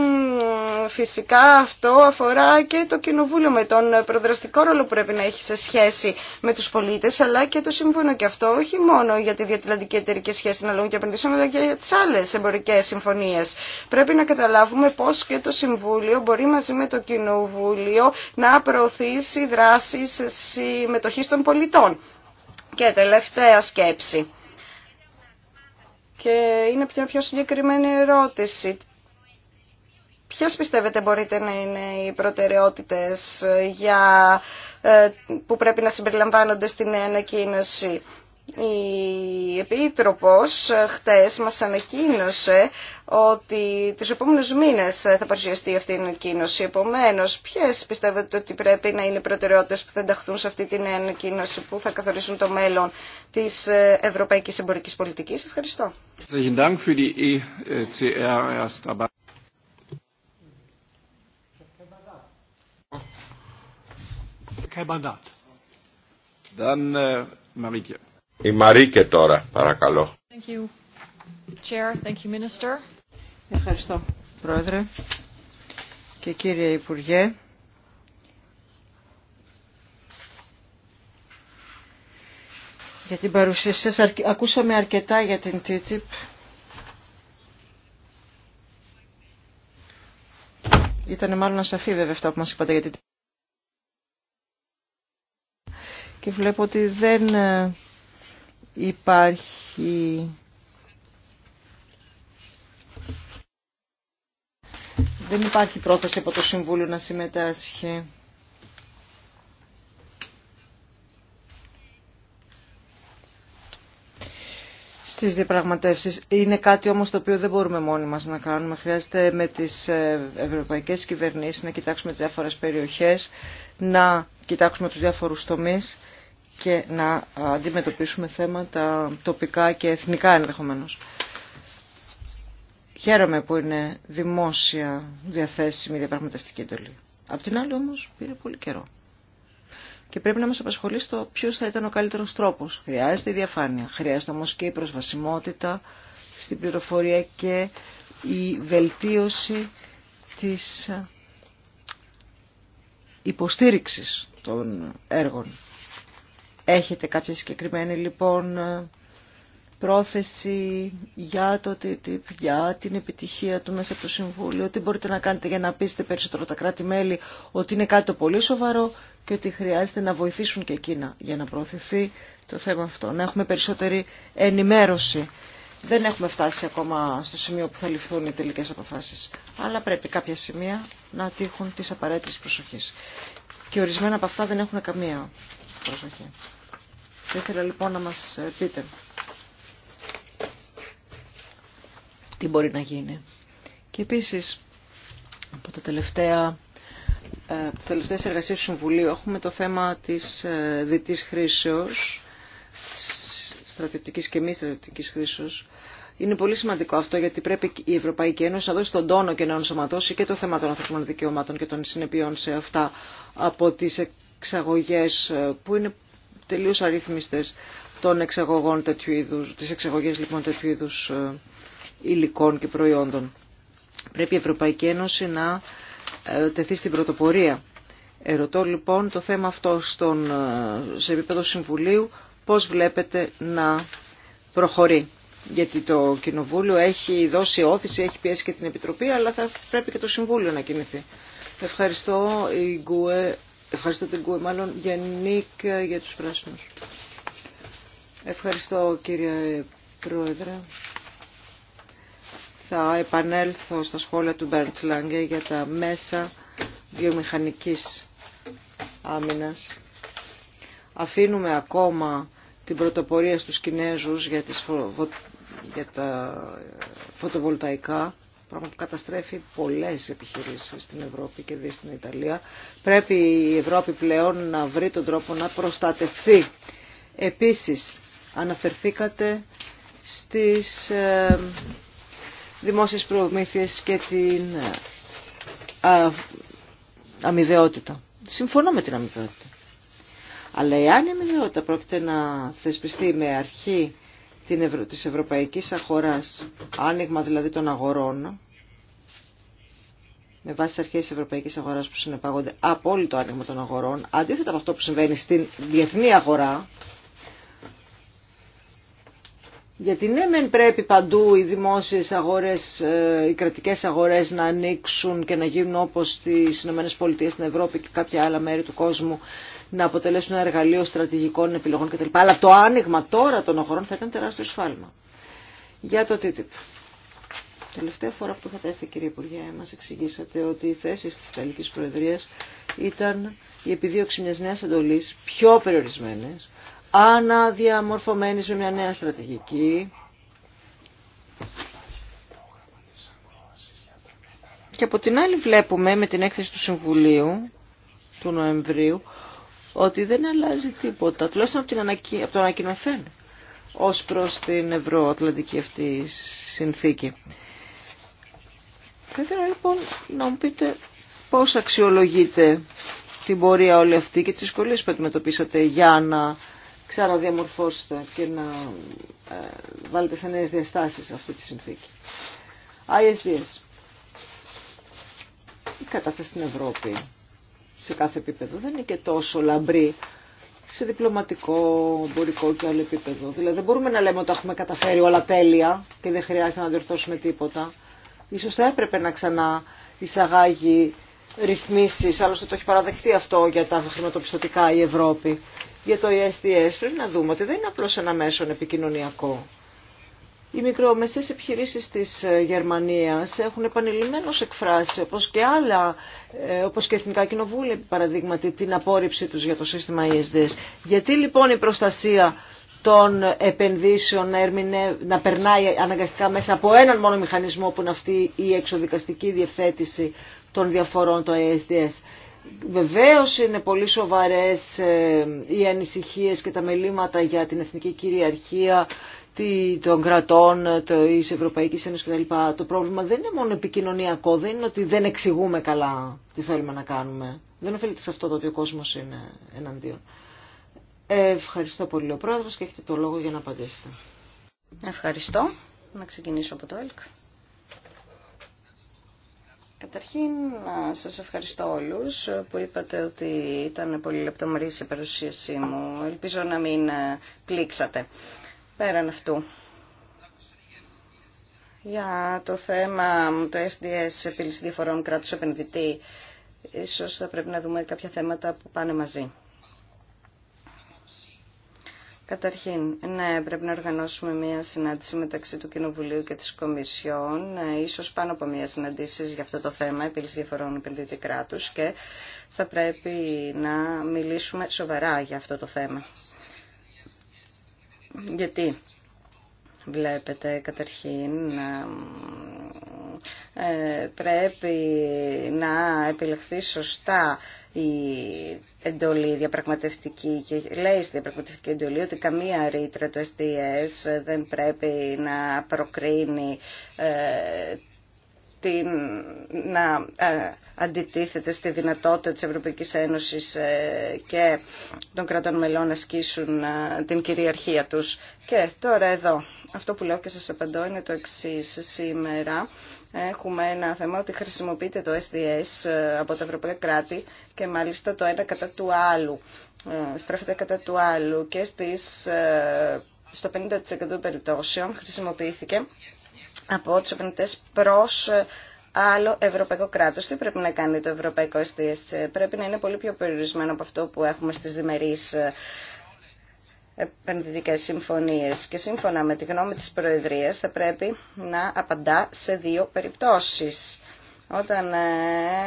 φυσικά αυτό αφορά και το Κοινοβούλιο με τον προδραστικό ρόλο που πρέπει να έχει σε σχέση με τους πολίτες, αλλά και το Σύμφωνο και αυτό, όχι μόνο για τη διατηλαντική εταιρική σχέση λόγουν και επενδύσεων, αλλά και για τις άλλες εμπορικές συμφωνίες. Πρέπει να καταλάβουμε πώς και το Συμβούλιο μπορεί μαζί με το Κοινοβούλιο να προωθήσει δράσεις συμμετοχής των πολιτών. Και τελευταία σκέψη. Και είναι μια πιο συγκεκριμένη ερώτηση. Ποιες πιστεύετε μπορείτε να είναι οι προτεραιότητες ε, για, ε, που πρέπει να συμπεριλαμβάνονται στην νέα ανακοίνωση. Η Επίτροπος ε, χτες μας ανακοίνωσε ότι τις επόμενους μήνες θα παρουσιαστεί αυτή η ανακοίνωση. Επομένως, ποιες πιστεύετε ότι πρέπει να είναι οι προτεραιότητες που θα ενταχθούν σε αυτή την ανακοίνωση που θα καθορίσουν το μέλλον της Ευρωπαϊκής Εμπορικής Πολιτικής. Ευχαριστώ. kein Mandat. Dann, äh, Η Μαρίκε τώρα, παρακαλώ. Thank you. Chair, thank you, Minister. Ευχαριστώ, Πρόεδρε και κύριε Υπουργέ. Για την παρουσία σας ακούσαμε αρκετά για την TTIP. Ήταν μάλλον ασαφή βέβαια αυτά που μας είπατε για την TTIP. και βλέπω ότι δεν ε, υπάρχει δεν υπάρχει πρόθεση από το Συμβούλιο να συμμετάσχει. στις διαπραγματεύσεις. Είναι κάτι όμως το οποίο δεν μπορούμε μόνοι μας να κάνουμε. Χρειάζεται με τις ε, ευρωπαϊκές κυβερνήσεις να κοιτάξουμε τις διάφορες περιοχές, να κοιτάξουμε τους διάφορους τομείς και να αντιμετωπίσουμε θέματα τοπικά και εθνικά ενδεχομένως. Χαίρομαι που είναι δημόσια διαθέσιμη διαπραγματευτική εντολή. Απ' την άλλη όμως πήρε πολύ καιρό και πρέπει να μας απασχολεί στο ποιος θα ήταν ο καλύτερος τρόπος. Χρειάζεται η διαφάνεια, χρειάζεται όμως και η προσβασιμότητα στην πληροφορία και η βελτίωση της υποστήριξης των έργων. Έχετε κάποια συγκεκριμένη λοιπόν πρόθεση για το για την επιτυχία του μέσα από το Συμβούλιο, τι μπορείτε να κάνετε για να πείσετε περισσότερο τα κράτη-μέλη ότι είναι κάτι το πολύ σοβαρό και ότι χρειάζεται να βοηθήσουν και εκείνα για να προωθηθεί το θέμα αυτό. Να έχουμε περισσότερη ενημέρωση. Δεν έχουμε φτάσει ακόμα στο σημείο που θα ληφθούν οι τελικές αποφάσεις. Αλλά πρέπει κάποια σημεία να τύχουν της απαραίτητης προσοχής. Και ορισμένα από αυτά δεν έχουν καμία προσοχή. Θα ήθελα λοιπόν να μας πείτε τι μπορεί να γίνει. Και επίσης από τα τελευταία ε, τις τελευταίες εργασίες του Συμβουλίου έχουμε το θέμα της ε, διτής χρήσεως, στρατιωτικής και μη στρατιωτικής χρήσεως. Είναι πολύ σημαντικό αυτό γιατί πρέπει η Ευρωπαϊκή Ένωση να δώσει τον τόνο και να ενσωματώσει και το θέμα των ανθρωπίνων δικαιωμάτων και των συνεπειών σε αυτά από τις εξαγωγές ε, που είναι τελείως αρρύθμιστες των εξαγωγών τέτοιου είδους, τις εξαγωγές λοιπόν τέτοιου είδους υλικών και προϊόντων. Πρέπει η Ευρωπαϊκή Ένωση να τεθεί στην πρωτοπορία. Ερωτώ λοιπόν το θέμα αυτό στον, σε επίπεδο Συμβουλίου πώς βλέπετε να προχωρεί. Γιατί το Κοινοβούλιο έχει δώσει όθηση, έχει πιέσει και την Επιτροπή, αλλά θα πρέπει και το Συμβούλιο να κινηθεί. Ευχαριστώ, η ευχαριστώ την Γκουε, μάλλον για για τους πράσινους. Ευχαριστώ κύριε Πρόεδρε θα επανέλθω στα σχόλια του Μπέρντ Λάγκε για τα μέσα βιομηχανικής άμυνας. Αφήνουμε ακόμα την πρωτοπορία στους Κινέζους για, τις για τα ε, φωτοβολταϊκά, πράγμα που καταστρέφει πολλές επιχειρήσεις στην Ευρώπη και δεί στην Ιταλία. Πρέπει η Ευρώπη πλέον να βρει τον τρόπο να προστατευθεί. Επίσης, αναφερθήκατε στις ε, δημόσιες προμήθειες και την ε, αμοιβαιότητα. Συμφωνώ με την αμοιβαιότητα. Αλλά εάν η αμοιβαιότητα πρόκειται να θεσπιστεί με αρχή την Ευρω... της ευρωπαϊκής αγοράς, άνοιγμα δηλαδή των αγορών, με βάση τι αρχέ τη ευρωπαϊκή αγορά που συνεπάγονται απόλυτο άνοιγμα των αγορών, αντίθετα από αυτό που συμβαίνει στην διεθνή αγορά, γιατί ναι, μεν πρέπει παντού οι δημόσιες αγορές, ε, οι κρατικές αγορές να ανοίξουν και να γίνουν όπως στις ΗΠΑ, στην Ευρώπη και κάποια άλλα μέρη του κόσμου να αποτελέσουν ένα εργαλείο στρατηγικών επιλογών κτλ. Αλλά το άνοιγμα τώρα των αγορών θα ήταν τεράστιο σφάλμα. Για το TTIP. Τελευταία φορά που θα έρθει κύριε Υπουργέ, μας εξηγήσατε ότι οι θέση της Ιταλικής Προεδρίας ήταν η επιδίωξη μιας νέας εντολής πιο περιορισμένες αναδιαμορφωμένης με μια νέα στρατηγική. Και από την άλλη βλέπουμε με την έκθεση του Συμβουλίου του Νοεμβρίου ότι δεν αλλάζει τίποτα, τουλάχιστον από, την ανακοι... από το ανακοινωθέν ως προς την ευρωατλαντική αυτή συνθήκη. Θα ήθελα λοιπόν να μου πείτε πώς αξιολογείτε την πορεία όλη αυτή και τις δυσκολίε που αντιμετωπίσατε για να ξαναδιαμορφώσετε και να ε, βάλετε σε νέες διαστάσεις αυτή τη συνθήκη. ISDS. Η κατάσταση στην Ευρώπη σε κάθε επίπεδο δεν είναι και τόσο λαμπρή σε διπλωματικό, εμπορικό και άλλο επίπεδο. Δηλαδή δεν μπορούμε να λέμε ότι έχουμε καταφέρει όλα τέλεια και δεν χρειάζεται να διορθώσουμε τίποτα. Ίσως θα έπρεπε να ξανά εισαγάγει ρυθμίσεις, άλλωστε το έχει παραδεχτεί αυτό για τα χρηματοπιστωτικά η Ευρώπη για το ISDS ε πρέπει να δούμε ότι δεν είναι απλώς ένα μέσο επικοινωνιακό. Οι μικρομεσαίες επιχειρήσεις της ε, Γερμανίας έχουν επανειλημμένως εκφράσει, όπως και άλλα, ε, όπως και εθνικά κοινοβούλια, παραδείγματι, την απόρριψή τους για το σύστημα ESDS. Γιατί λοιπόν η προστασία των επενδύσεων να, ερμηνε... να περνάει αναγκαστικά μέσα από έναν μόνο μηχανισμό που είναι αυτή η εξοδικαστική διευθέτηση των διαφορών, του ESDS. Βεβαίως είναι πολύ σοβαρές ε, οι ανησυχίες και τα μελήματα για την εθνική κυριαρχία των κρατών, της Ευρωπαϊκής Ένωσης κτλ. Το πρόβλημα δεν είναι μόνο επικοινωνιακό, δεν είναι ότι δεν εξηγούμε καλά τι θέλουμε να κάνουμε. Δεν οφείλεται σε αυτό το ότι ο κόσμος είναι εναντίον. Ε, ευχαριστώ πολύ ο Πρόεδρος και έχετε το λόγο για να απαντήσετε. Ευχαριστώ. Να ξεκινήσω από το ΕΛΚ. Καταρχήν, σας ευχαριστώ όλους που είπατε ότι ήταν πολύ λεπτομερής η παρουσίασή μου. Ελπίζω να μην ε, πλήξατε. Πέραν αυτού. Για το θέμα το SDS, επίλυση διαφορών κράτους επενδυτή, ίσως θα πρέπει να δούμε κάποια θέματα που πάνε μαζί. Καταρχήν, ναι, πρέπει να οργανώσουμε μία συνάντηση μεταξύ του Κοινοβουλίου και της Κομισιόν, ε, ίσως πάνω από μία συναντήση για αυτό το θέμα, επίλυση διαφορών επενδυτή κράτου και θα πρέπει να μιλήσουμε σοβαρά για αυτό το θέμα. Γιατί βλέπετε καταρχήν ε, ε, πρέπει να επιλεχθεί σωστά η εντολή διαπραγματευτική και λέει στη διαπραγματευτική εντολή ότι καμία ρήτρα του STS δεν πρέπει να προκρίνει ε, να ε, αντιτίθεται στη δυνατότητα της Ευρωπαϊκής Ένωσης ε, και των κρατών μελών να ασκήσουν την κυριαρχία τους. Και τώρα εδώ, αυτό που λέω και σας απαντώ είναι το εξής σήμερα Έχουμε ένα θέμα ότι χρησιμοποιείται το SDS ε, από τα ευρωπαϊκά κράτη και μάλιστα το ένα κατά του άλλου. Ε, στρέφεται κατά του άλλου και στις, ε, στο 50% των περιπτώσεων χρησιμοποιήθηκε από τους επενδυτές προς άλλο ευρωπαϊκό κράτος. Τι πρέπει να κάνει το ευρωπαϊκό SDS. Πρέπει να είναι πολύ πιο περιορισμένο από αυτό που έχουμε στις διμερείς επενδυτικές συμφωνίες και σύμφωνα με τη γνώμη της Προεδρίας θα πρέπει να απαντά σε δύο περιπτώσεις. Όταν ε,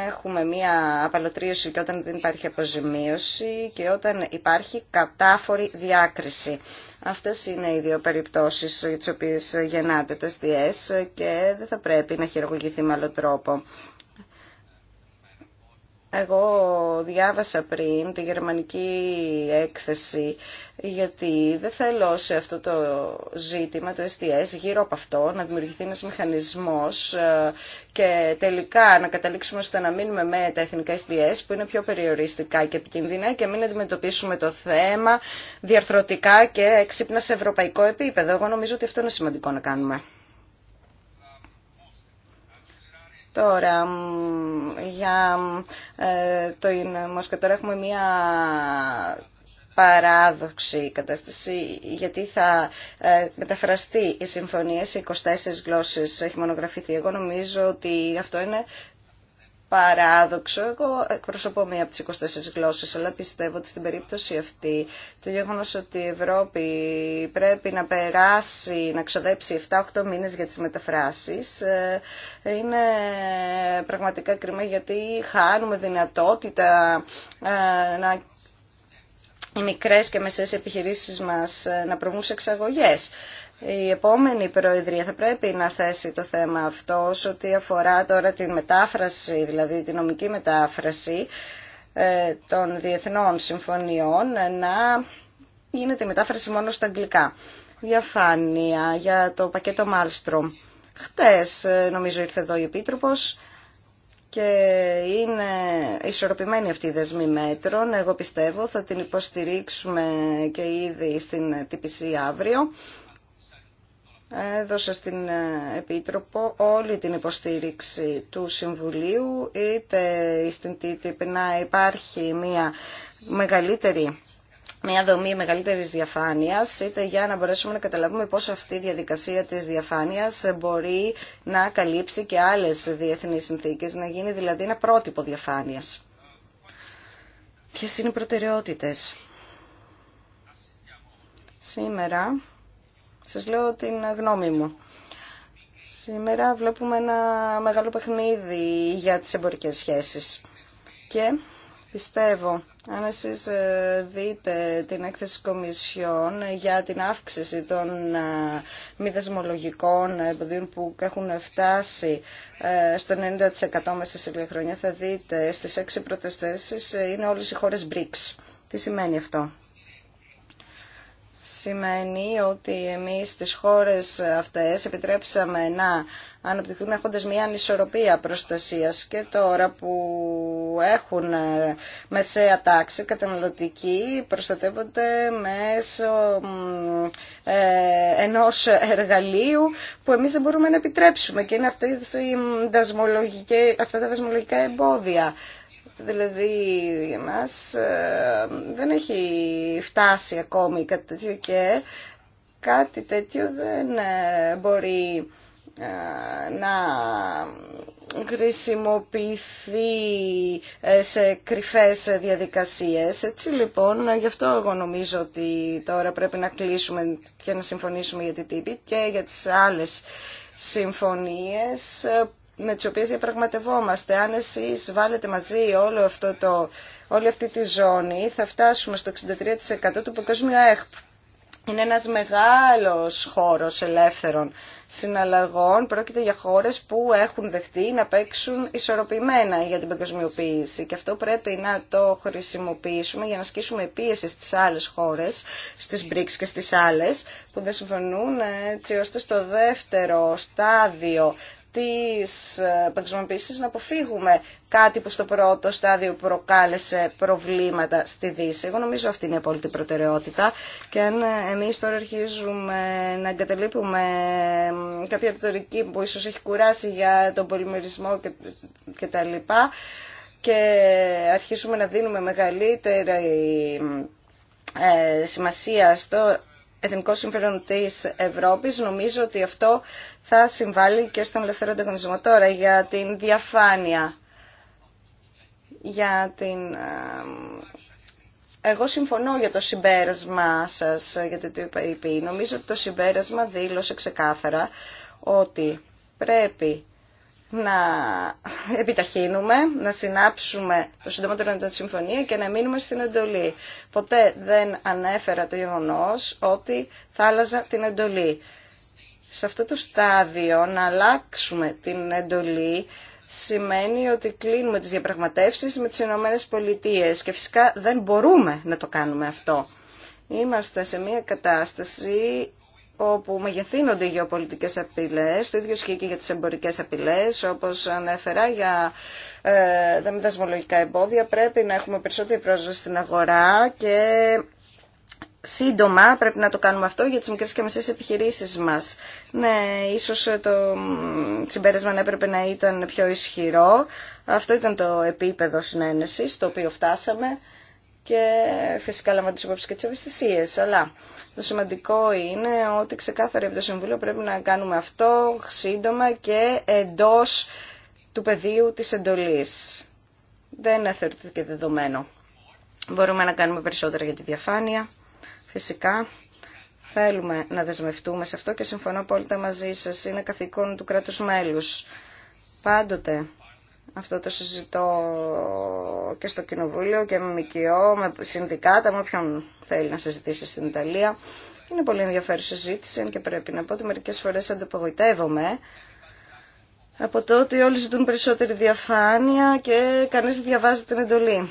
έχουμε μία απαλωτρίωση και όταν δεν υπάρχει αποζημίωση και όταν υπάρχει κατάφορη διάκριση. Αυτές είναι οι δύο περιπτώσεις για τις οποίες γεννάται το STS και δεν θα πρέπει να χειρογωγηθεί με άλλο τρόπο. Εγώ διάβασα πριν τη γερμανική έκθεση γιατί δεν θέλω σε αυτό το ζήτημα, το STS, γύρω από αυτό να δημιουργηθεί ένας μηχανισμός ε, και τελικά να καταλήξουμε ώστε να μείνουμε με τα εθνικά SDS που είναι πιο περιοριστικά και επικίνδυνα και μην αντιμετωπίσουμε το θέμα διαρθρωτικά και έξυπνα σε ευρωπαϊκό επίπεδο. Εγώ νομίζω ότι αυτό είναι σημαντικό να κάνουμε. Τώρα, για ε, το Μόσκο, τώρα έχουμε μία παράδοξη κατάσταση, γιατί θα ε, μεταφραστεί η συμφωνία σε 24 γλώσσες, έχει μονογραφηθεί. Εγώ νομίζω ότι αυτό είναι παράδοξο. Εγώ εκπροσωπώ μία από τις 24 γλώσσες, αλλά πιστεύω ότι στην περίπτωση αυτή το γεγονό ότι η Ευρώπη πρέπει να περάσει, να ξοδέψει 7-8 μήνες για τις μεταφράσεις ε, είναι πραγματικά κρίμα γιατί χάνουμε δυνατότητα ε, να οι μικρές και μεσαίες επιχειρήσεις μας ε, να προβούν σε εξαγωγές η επόμενη Προεδρία θα πρέπει να θέσει το θέμα αυτό ό,τι αφορά τώρα τη μετάφραση, δηλαδή τη νομική μετάφραση ε, των διεθνών συμφωνιών ε, να γίνεται η μετάφραση μόνο στα αγγλικά. Διαφάνεια για το πακέτο Μάλστρομ. Χτες ε, νομίζω ήρθε εδώ η Επίτροπος και είναι ισορροπημένη αυτή η δεσμή μέτρων. Εγώ πιστεύω θα την υποστηρίξουμε και ήδη στην TPC αύριο. Έδωσε στην ε, Επίτροπο όλη την υποστήριξη του Συμβουλίου, είτε στην TTIP να υπάρχει μια μεγαλύτερη μια δομή μεγαλύτερη διαφάνεια, είτε για να μπορέσουμε να καταλάβουμε πώ αυτή η διαδικασία τη διαφάνεια μπορεί να καλύψει και άλλε διεθνεί συνθήκε, να γίνει δηλαδή ένα πρότυπο διαφάνεια. Ποιε είναι οι προτεραιότητε. Σήμερα σας λέω την γνώμη μου. Σήμερα βλέπουμε ένα μεγάλο παιχνίδι για τις εμπορικές σχέσεις. Και πιστεύω, αν εσείς ε, δείτε την έκθεση κομισιών για την αύξηση των ε, μη δεσμολογικών εμποδίων που έχουν φτάσει ε, στο 90% μέσα σε λίγα χρόνια, θα δείτε στις έξι πρώτες θέσεις είναι όλες οι χώρες BRICS. Τι σημαίνει αυτό σημαίνει ότι εμείς στις χώρες αυτές επιτρέψαμε να αναπτυχθούν έχοντας μια ανισορροπία προστασίας και τώρα που έχουν μεσαία τάξη καταναλωτική προστατεύονται μέσω ε, ενός εργαλείου που εμείς δεν μπορούμε να επιτρέψουμε και είναι αυτά τα δασμολογικά εμπόδια. Δηλαδή, για μας ε, δεν έχει φτάσει ακόμη κάτι τέτοιο και κάτι τέτοιο δεν ε, μπορεί ε, να χρησιμοποιηθεί σε κρυφές διαδικασίες. Έτσι λοιπόν, γι' αυτό εγώ νομίζω ότι τώρα πρέπει να κλείσουμε και να συμφωνήσουμε για την τύπη και για τις άλλες συμφωνίες με τις οποίες διαπραγματευόμαστε. Αν εσείς βάλετε μαζί όλο αυτό το, όλη αυτή τη ζώνη, θα φτάσουμε στο 63% του παγκόσμιου ΕΧΠ. Είναι ένας μεγάλος χώρος ελεύθερων συναλλαγών. Πρόκειται για χώρες που έχουν δεχτεί να παίξουν ισορροπημένα για την παγκοσμιοποίηση. Και αυτό πρέπει να το χρησιμοποιήσουμε για να ασκήσουμε πίεση στις άλλες χώρες, στις BRICS και στις άλλες, που δεν συμφωνούν ε, έτσι ώστε στο δεύτερο στάδιο της ε, παγκοσμιοποίησης να αποφύγουμε κάτι που στο πρώτο στάδιο προκάλεσε προβλήματα στη Δύση. Εγώ νομίζω αυτή είναι η απόλυτη προτεραιότητα και αν ε, εμείς τώρα αρχίζουμε να εγκαταλείπουμε κάποια ρητορική που ίσως έχει κουράσει για τον πολυμερισμό και τα λοιπά και αρχίσουμε να δίνουμε μεγαλύτερη ε, σημασία στο εθνικό συμφέρον τη Ευρώπης. Νομίζω ότι αυτό θα συμβάλλει και στον ελευθερό ανταγωνισμό. Τώρα για την διαφάνεια, για την... Εγώ συμφωνώ για το συμπέρασμα σας, γιατί το είπα, Νομίζω ότι το συμπέρασμα δήλωσε ξεκάθαρα ότι πρέπει να επιταχύνουμε, να συνάψουμε το συντομότερο τη συμφωνία και να μείνουμε στην εντολή. Ποτέ δεν ανέφερα το γεγονό ότι θα άλλαζα την εντολή. Σε αυτό το στάδιο να αλλάξουμε την εντολή σημαίνει ότι κλείνουμε τις διαπραγματεύσεις με τις Ηνωμένες και φυσικά δεν μπορούμε να το κάνουμε αυτό. Είμαστε σε μια κατάσταση όπου μεγεθύνονται οι γεωπολιτικές απειλές, το ίδιο ισχύει για τις εμπορικές απειλές, όπως ανέφερα για ε, τα μετασμολογικά εμπόδια, πρέπει να έχουμε περισσότερη πρόσβαση στην αγορά και σύντομα πρέπει να το κάνουμε αυτό για τις μικρές και μεσές επιχειρήσεις μας. Ναι, ίσως το συμπέρασμα να έπρεπε να ήταν πιο ισχυρό. Αυτό ήταν το επίπεδο συνένεσης, το οποίο φτάσαμε και φυσικά λάβαμε τις υπόψεις και τις ευαισθησίες, αλλά... Το σημαντικό είναι ότι ξεκάθαρα από το Συμβούλιο πρέπει να κάνουμε αυτό σύντομα και εντός του πεδίου της εντολής. Δεν θεωρείται και δεδομένο. Μπορούμε να κάνουμε περισσότερα για τη διαφάνεια. Φυσικά θέλουμε να δεσμευτούμε σε αυτό και συμφωνώ απόλυτα μαζί σας. Είναι καθήκον του κράτους μέλους. Πάντοτε αυτό το συζητώ και στο Κοινοβούλιο και με ΜΚΟ, με συνδικάτα, με όποιον θέλει να συζητήσει στην Ιταλία. Είναι πολύ ενδιαφέρουσα συζήτηση και πρέπει να πω ότι μερικέ φορέ αντιπογοητεύομαι από το ότι όλοι ζητούν περισσότερη διαφάνεια και δεν διαβάζει την εντολή.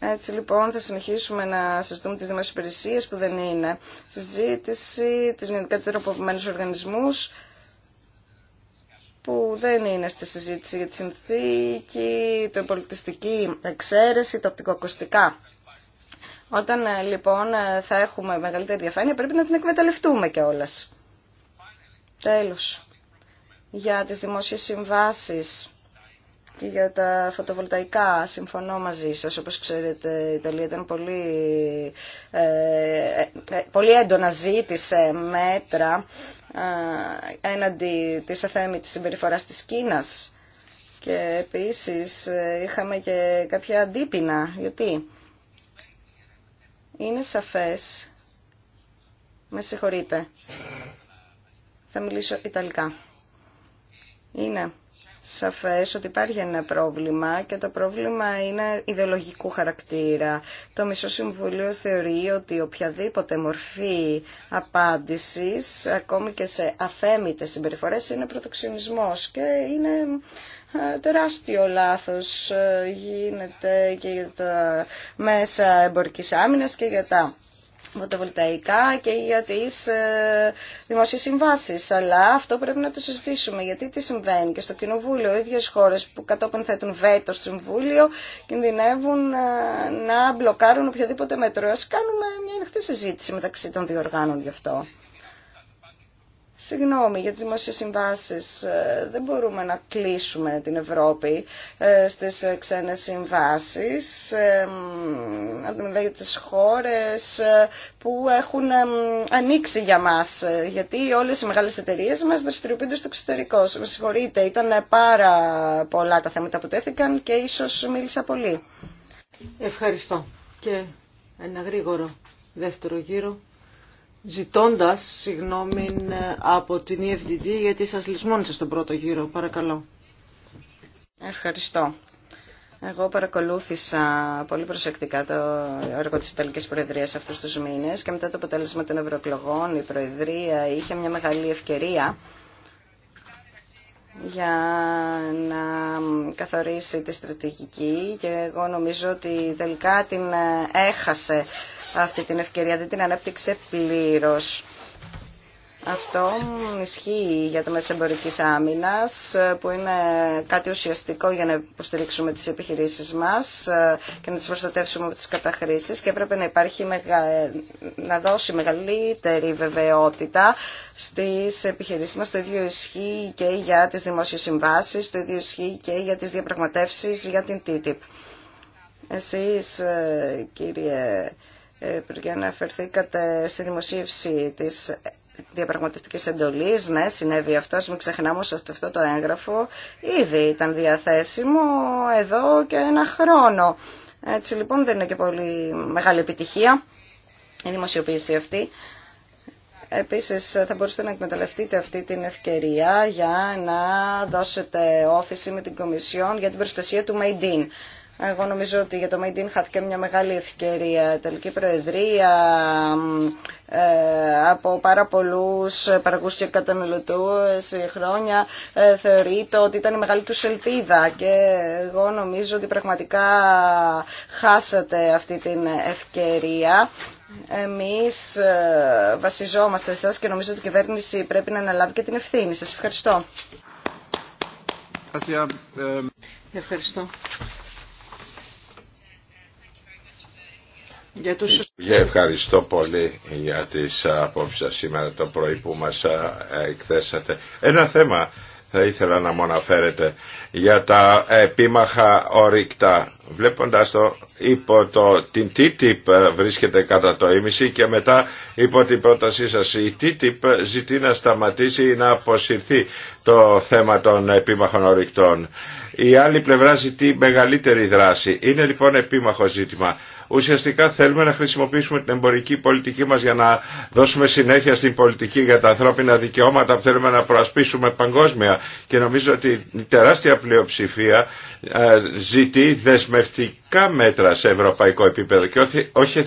Έτσι λοιπόν θα συνεχίσουμε να συζητούμε τις δημόσιες υπηρεσίες που δεν είναι συζήτηση, τις μειονικά οργανισμούς που δεν είναι στη συζήτηση για τη συνθήκη, την πολιτιστική εξαίρεση, τα οπτικοακουστικά. Όταν ε, λοιπόν ε, θα έχουμε μεγαλύτερη διαφάνεια πρέπει να την εκμεταλλευτούμε κιόλα. Τέλος. Για τις δημόσιες συμβάσεις και για τα φωτοβολταϊκά. Συμφωνώ μαζί σας. Όπως ξέρετε η Ιταλία ήταν πολύ, ε, ε πολύ έντονα ζήτησε μέτρα ε, έναντι της αθέμητης συμπεριφοράς της Κίνας. Και επίσης ε, είχαμε και κάποια αντίπεινα. Γιατί είναι σαφές, με συγχωρείτε, θα μιλήσω Ιταλικά. Είναι σαφές ότι υπάρχει ένα πρόβλημα και το πρόβλημα είναι ιδεολογικού χαρακτήρα. Το Μισό Συμβουλίο θεωρεί ότι οποιαδήποτε μορφή απάντησης, ακόμη και σε αφέμητες συμπεριφορές, είναι πρωτοξιονισμός και είναι ε, τεράστιο λάθος ε, γίνεται και για τα μέσα εμπορικής άμυνας και για τα φωτοβολταϊκά και για τις ε, δημόσιε συμβάσει. Αλλά αυτό πρέπει να το συζητήσουμε γιατί τι συμβαίνει και στο Κοινοβούλιο οι ίδιε χώρε που κατόπιν θέτουν βέτο στο Συμβούλιο κινδυνεύουν ε, να μπλοκάρουν οποιοδήποτε μέτρο. Α κάνουμε μια ανοιχτή συζήτηση μεταξύ των δύο οργάνων γι' αυτό. Συγγνώμη για τις δημόσιες συμβάσεις. Ε, δεν μπορούμε να κλείσουμε την Ευρώπη ε, στις ε, ξένες συμβάσεις. δηλαδή τι τις χώρες που έχουν ανοίξει για μας. Γιατί όλες οι μεγάλες εταιρείες μας δραστηριοποιούνται στο εξωτερικό. Με συγχωρείτε, ήταν πάρα πολλά τα θέματα που τέθηκαν και ίσως μίλησα πολύ. Ευχαριστώ. Και ένα γρήγορο δεύτερο γύρο ζητώντας συγγνώμη ε, από την EFDD γιατί σας λησμόνησα στον πρώτο γύρο. Παρακαλώ. Ευχαριστώ. Εγώ παρακολούθησα πολύ προσεκτικά το έργο της Ιταλικής Προεδρίας αυτούς τους μήνες και μετά το αποτέλεσμα των ευρωεκλογών η Προεδρία είχε μια μεγάλη ευκαιρία για να καθορίσει τη στρατηγική και εγώ νομίζω ότι τελικά την έχασε αυτή την ευκαιρία, δεν την ανέπτυξε πλήρως. Αυτό ισχύει για το μέσο εμπορική Άμυνα, που είναι κάτι ουσιαστικό για να υποστηρίξουμε τι επιχειρήσει μας και να τι προστατεύσουμε από τι καταχρήσει και έπρεπε να, υπάρχει να δώσει μεγαλύτερη βεβαιότητα στι επιχειρήσει μα Το ίδιο ισχύει και για τι δημόσιε συμβάσει, το ίδιο ισχύει και για τι διαπραγματεύσει για την TTIP. Εσεί, ε, κύριε ε, Υπουργέ αναφερθήκατε στη δημοσίευση της Διαπραγματεύτικέ εντολή. Ναι, συνέβη αυτό. Μην ξεχνάμε ότι αυτό το έγγραφο ήδη ήταν διαθέσιμο εδώ και ένα χρόνο. Έτσι λοιπόν δεν είναι και πολύ μεγάλη επιτυχία η δημοσιοποίηση αυτή. Επίσης θα μπορούσατε να εκμεταλλευτείτε αυτή την ευκαιρία για να δώσετε όθηση με την Κομισιόν για την προστασία του Made in. Εγώ νομίζω ότι για το Made in χάθηκε μια μεγάλη ευκαιρία. Τελική Προεδρία ε, από πάρα πολλού παραγωγού και σε χρόνια ε, θεωρείται ότι ήταν η μεγάλη του ελπίδα και εγώ νομίζω ότι πραγματικά χάσατε αυτή την ευκαιρία. Εμείς ε, βασιζόμαστε σε εσάς και νομίζω ότι η κυβέρνηση πρέπει να αναλάβει και την ευθύνη. Σας ευχαριστώ. Ευχαριστώ. Για τους... Ε, ε, ευχαριστώ πολύ για τις απόψεις σας σήμερα το πρωί που μας ε, εκθέσατε. Ένα θέμα θα ήθελα να μου για τα επίμαχα ορικτά. Βλέποντας το υπό το, την TTIP βρίσκεται κατά το ίμιση και μετά υπό την πρότασή σας η TTIP ζητεί να σταματήσει ή να αποσυρθεί το θέμα των επίμαχων ορυκτών. Η άλλη πλευρά ζητεί μεγαλύτερη δράση. Είναι λοιπόν επίμαχο ζήτημα. Ουσιαστικά θέλουμε να χρησιμοποιήσουμε την εμπορική πολιτική μας για να δώσουμε συνέχεια στην πολιτική για τα ανθρώπινα δικαιώματα που θέλουμε να προασπίσουμε παγκόσμια. Και νομίζω ότι η τεράστια πλειοψηφία ε, ζητεί δεσμευτική κάμετρα μέτρα σε ευρωπαϊκό επίπεδο και όχι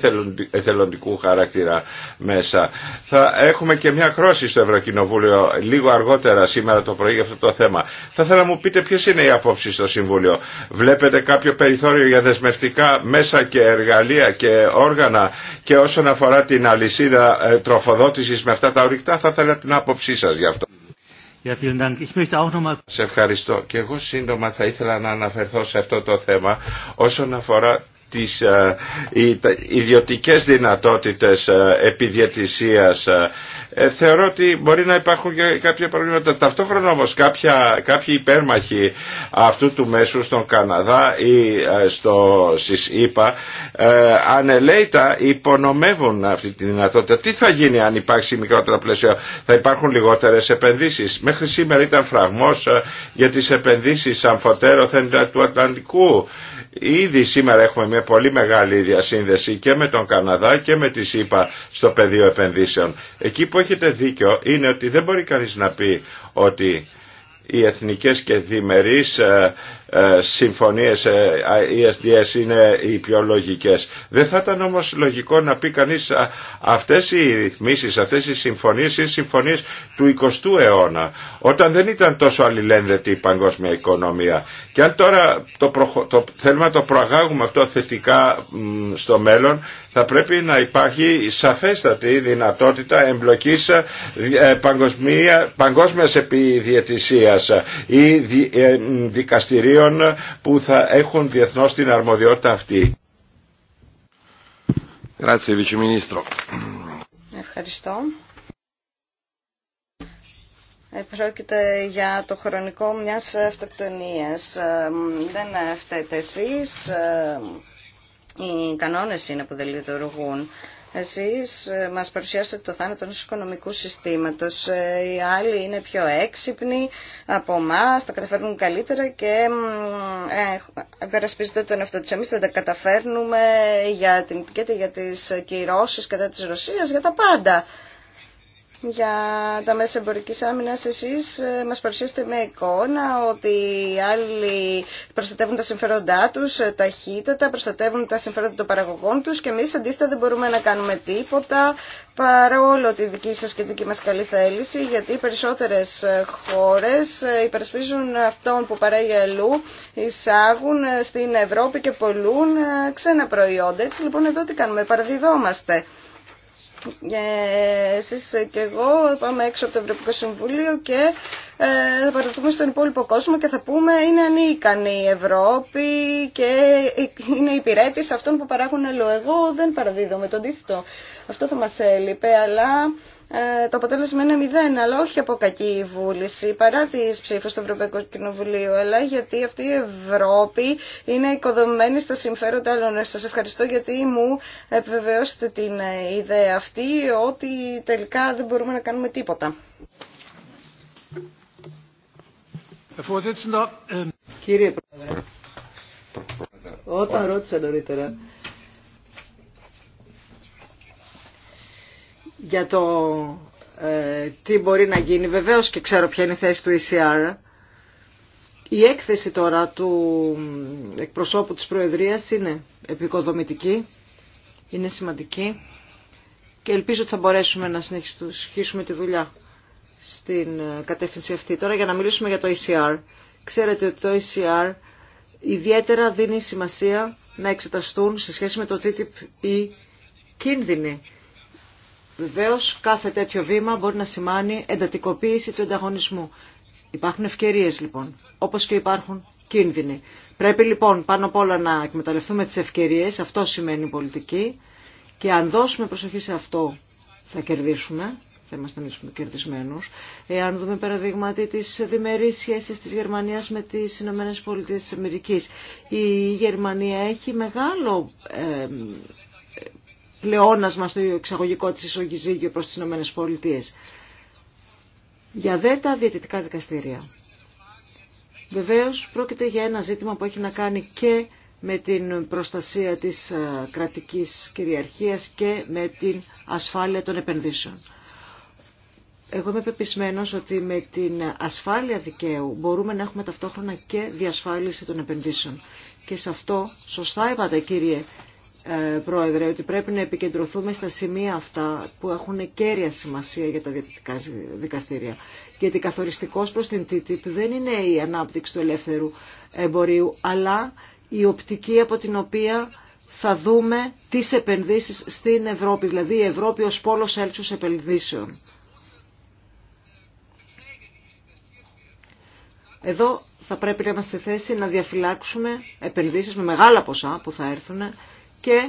εθελοντικού χαρακτήρα μέσα. Θα έχουμε και μια κρόση στο Ευρωκοινοβούλιο λίγο αργότερα σήμερα το πρωί για αυτό το θέμα. Θα ήθελα να μου πείτε ποιε είναι οι απόψει στο Συμβούλιο. Βλέπετε κάποιο περιθώριο για δεσμευτικά μέσα και εργαλεία και όργανα και όσον αφορά την αλυσίδα ε, τροφοδότησης με αυτά τα ορυκτά θα ήθελα την άποψή σας γι' αυτό. Σε ευχαριστώ. Και εγώ σύντομα θα ήθελα να αναφερθώ σε αυτό το θέμα όσον αφορά τις ε, ιδιωτικές δυνατότητες ε, επιδιαιτησίας ε, ε, θεωρώ ότι μπορεί να υπάρχουν και κάποια προβλήματα. Ταυτόχρονα όμως κάποια, κάποιοι υπέρμαχοι αυτού του μέσου στον Καναδά ή ε, στο, ΣΥΣΥΠΑ ε, ανελέητα υπονομεύουν αυτή τη δυνατότητα. Τι θα γίνει αν υπάρξει μικρότερο πλαίσιο, θα υπάρχουν λιγότερες επενδύσεις. Μέχρι σήμερα ήταν φραγμός ε, για τις επενδύσεις αμφωτέρωθεν του Ατλαντικού Ήδη σήμερα έχουμε μια πολύ μεγάλη διασύνδεση και με τον Καναδά και με τη ΣΥΠΑ στο πεδίο επενδύσεων. Εκεί που έχετε δίκιο είναι ότι δεν μπορεί κανείς να πει ότι οι εθνικές και διμερείς ε, ε, συμφωνίες ESDS ε, είναι οι πιο λογικές. Δεν θα ήταν όμως λογικό να πει κανείς αυτές οι ρυθμίσεις, αυτές οι συμφωνίες είναι συμφωνίες του 20ου αιώνα όταν δεν ήταν τόσο αλληλένδετη η παγκόσμια οικονομία και αν τώρα το, προχω... το θέλουμε να το προαγάγουμε αυτό θετικά στο μέλλον, θα πρέπει να υπάρχει σαφέστατη δυνατότητα εμπλοκής ε, ε, παγκοσμία... παγκόσμιας επιδιαιτησίας ή ε, δικαστηρίων που θα έχουν διεθνώς την αρμοδιότητα αυτή. Ευχαριστώ. Πρόκειται για το χρονικό μιας αυτοκτονίας. Ε, δεν φταίτε εσείς, ε, οι κανόνες είναι που δεν λειτουργούν. Εσείς ε, μας παρουσιάσατε το θάνατο ενός οικονομικού συστήματος. Οι άλλοι είναι πιο έξυπνοι από εμά, τα καταφέρνουν καλύτερα και εγκαρασπίζονται τον εαυτό τους. Εμείς δεν τα καταφέρνουμε για την και για τις κυρώσεις κατά της Ρωσίας, για τα πάντα για τα μέσα εμπορική άμυνα, εσεί ε, μα παρουσιάσετε με εικόνα ότι άλλοι προστατεύουν τα συμφέροντά του ε, ταχύτατα, προστατεύουν τα συμφέροντα των παραγωγών του και εμεί αντίθετα δεν μπορούμε να κάνουμε τίποτα παρόλο τη δική σα και δική μα καλή θέληση, γιατί οι περισσότερε ε, χώρε υπερασπίζουν αυτόν που παράγει αλλού, εισάγουν στην Ευρώπη και πολλούν ξένα προϊόντα. Έτσι λοιπόν εδώ τι κάνουμε, παραδιδόμαστε. Ε, εσείς και εγώ πάμε έξω από το Ευρωπαϊκό Συμβούλιο και ε, θα παρακολουθούμε στον υπόλοιπο κόσμο και θα πούμε είναι ανίκανη η Ευρώπη και είναι υπηρέτης αυτών που παράγουν αλλού. Εγώ δεν παραδίδω με το αντίθετο. Αυτό θα μας έλειπε, αλλά ε, το αποτέλεσμα είναι μηδέν, αλλά όχι από κακή βούληση, παρά τις ψήφους του Ευρωπαϊκού Κοινοβουλίου, αλλά γιατί αυτή η Ευρώπη είναι οικοδομημένη στα συμφέροντα άλλων. Σας ευχαριστώ γιατί μου επιβεβαιώσετε την ε, ιδέα αυτή, ότι τελικά δεν μπορούμε να κάνουμε τίποτα. Ε, Κύριε όταν ρώτησα νωρίτερα για το ε, τι μπορεί να γίνει. Βεβαίως και ξέρω ποια είναι η θέση του ECR. Η έκθεση τώρα του εκπροσώπου της Προεδρίας είναι επικοδομητική, είναι σημαντική και ελπίζω ότι θα μπορέσουμε να συνεχίσουμε τη δουλειά στην κατεύθυνση αυτή. Τώρα για να μιλήσουμε για το ECR. Ξέρετε ότι το ECR ιδιαίτερα δίνει σημασία να εξεταστούν σε σχέση με το TTIP οι e κίνδυνοι Βεβαίω, κάθε τέτοιο βήμα μπορεί να σημάνει εντατικοποίηση του ανταγωνισμού. Υπάρχουν ευκαιρίες λοιπόν, όπως και υπάρχουν κίνδυνοι. Πρέπει λοιπόν πάνω απ' όλα να εκμεταλλευτούμε τι ευκαιρίες, αυτό σημαίνει πολιτική και αν δώσουμε προσοχή σε αυτό θα κερδίσουμε, θα είμαστε εμείς κερδισμένους. Εάν δούμε παραδείγματι τι διμερεί σχέσει τη Γερμανία με τι ΗΠΑ. Η Γερμανία έχει μεγάλο ε, πλεόνασμα στο εξαγωγικό της ισογυζύγιο προς τις πολιτείες Για δε τα διαιτητικά δικαστήρια. Βεβαίως πρόκειται για ένα ζήτημα που έχει να κάνει και με την προστασία της ε, κρατικής κυριαρχίας και με την ασφάλεια των επενδύσεων. Εγώ είμαι πεπισμένος ότι με την ασφάλεια δικαίου μπορούμε να έχουμε ταυτόχρονα και διασφάλιση των επενδύσεων. Και σε αυτό, σωστά είπατε κύριε ε, Πρόεδρε, ότι πρέπει να επικεντρωθούμε στα σημεία αυτά που έχουν κέρια σημασία για τα διαιτητικά δικαστήρια. Γιατί καθοριστικός προς την TTIP δεν είναι η ανάπτυξη του ελεύθερου εμπορίου, αλλά η οπτική από την οποία θα δούμε τις επενδύσεις στην Ευρώπη, δηλαδή η Ευρώπη ως πόλος έλξους επενδύσεων. Εδώ θα πρέπει να είμαστε θέση να διαφυλάξουμε επενδύσεις με μεγάλα ποσά που θα έρθουν και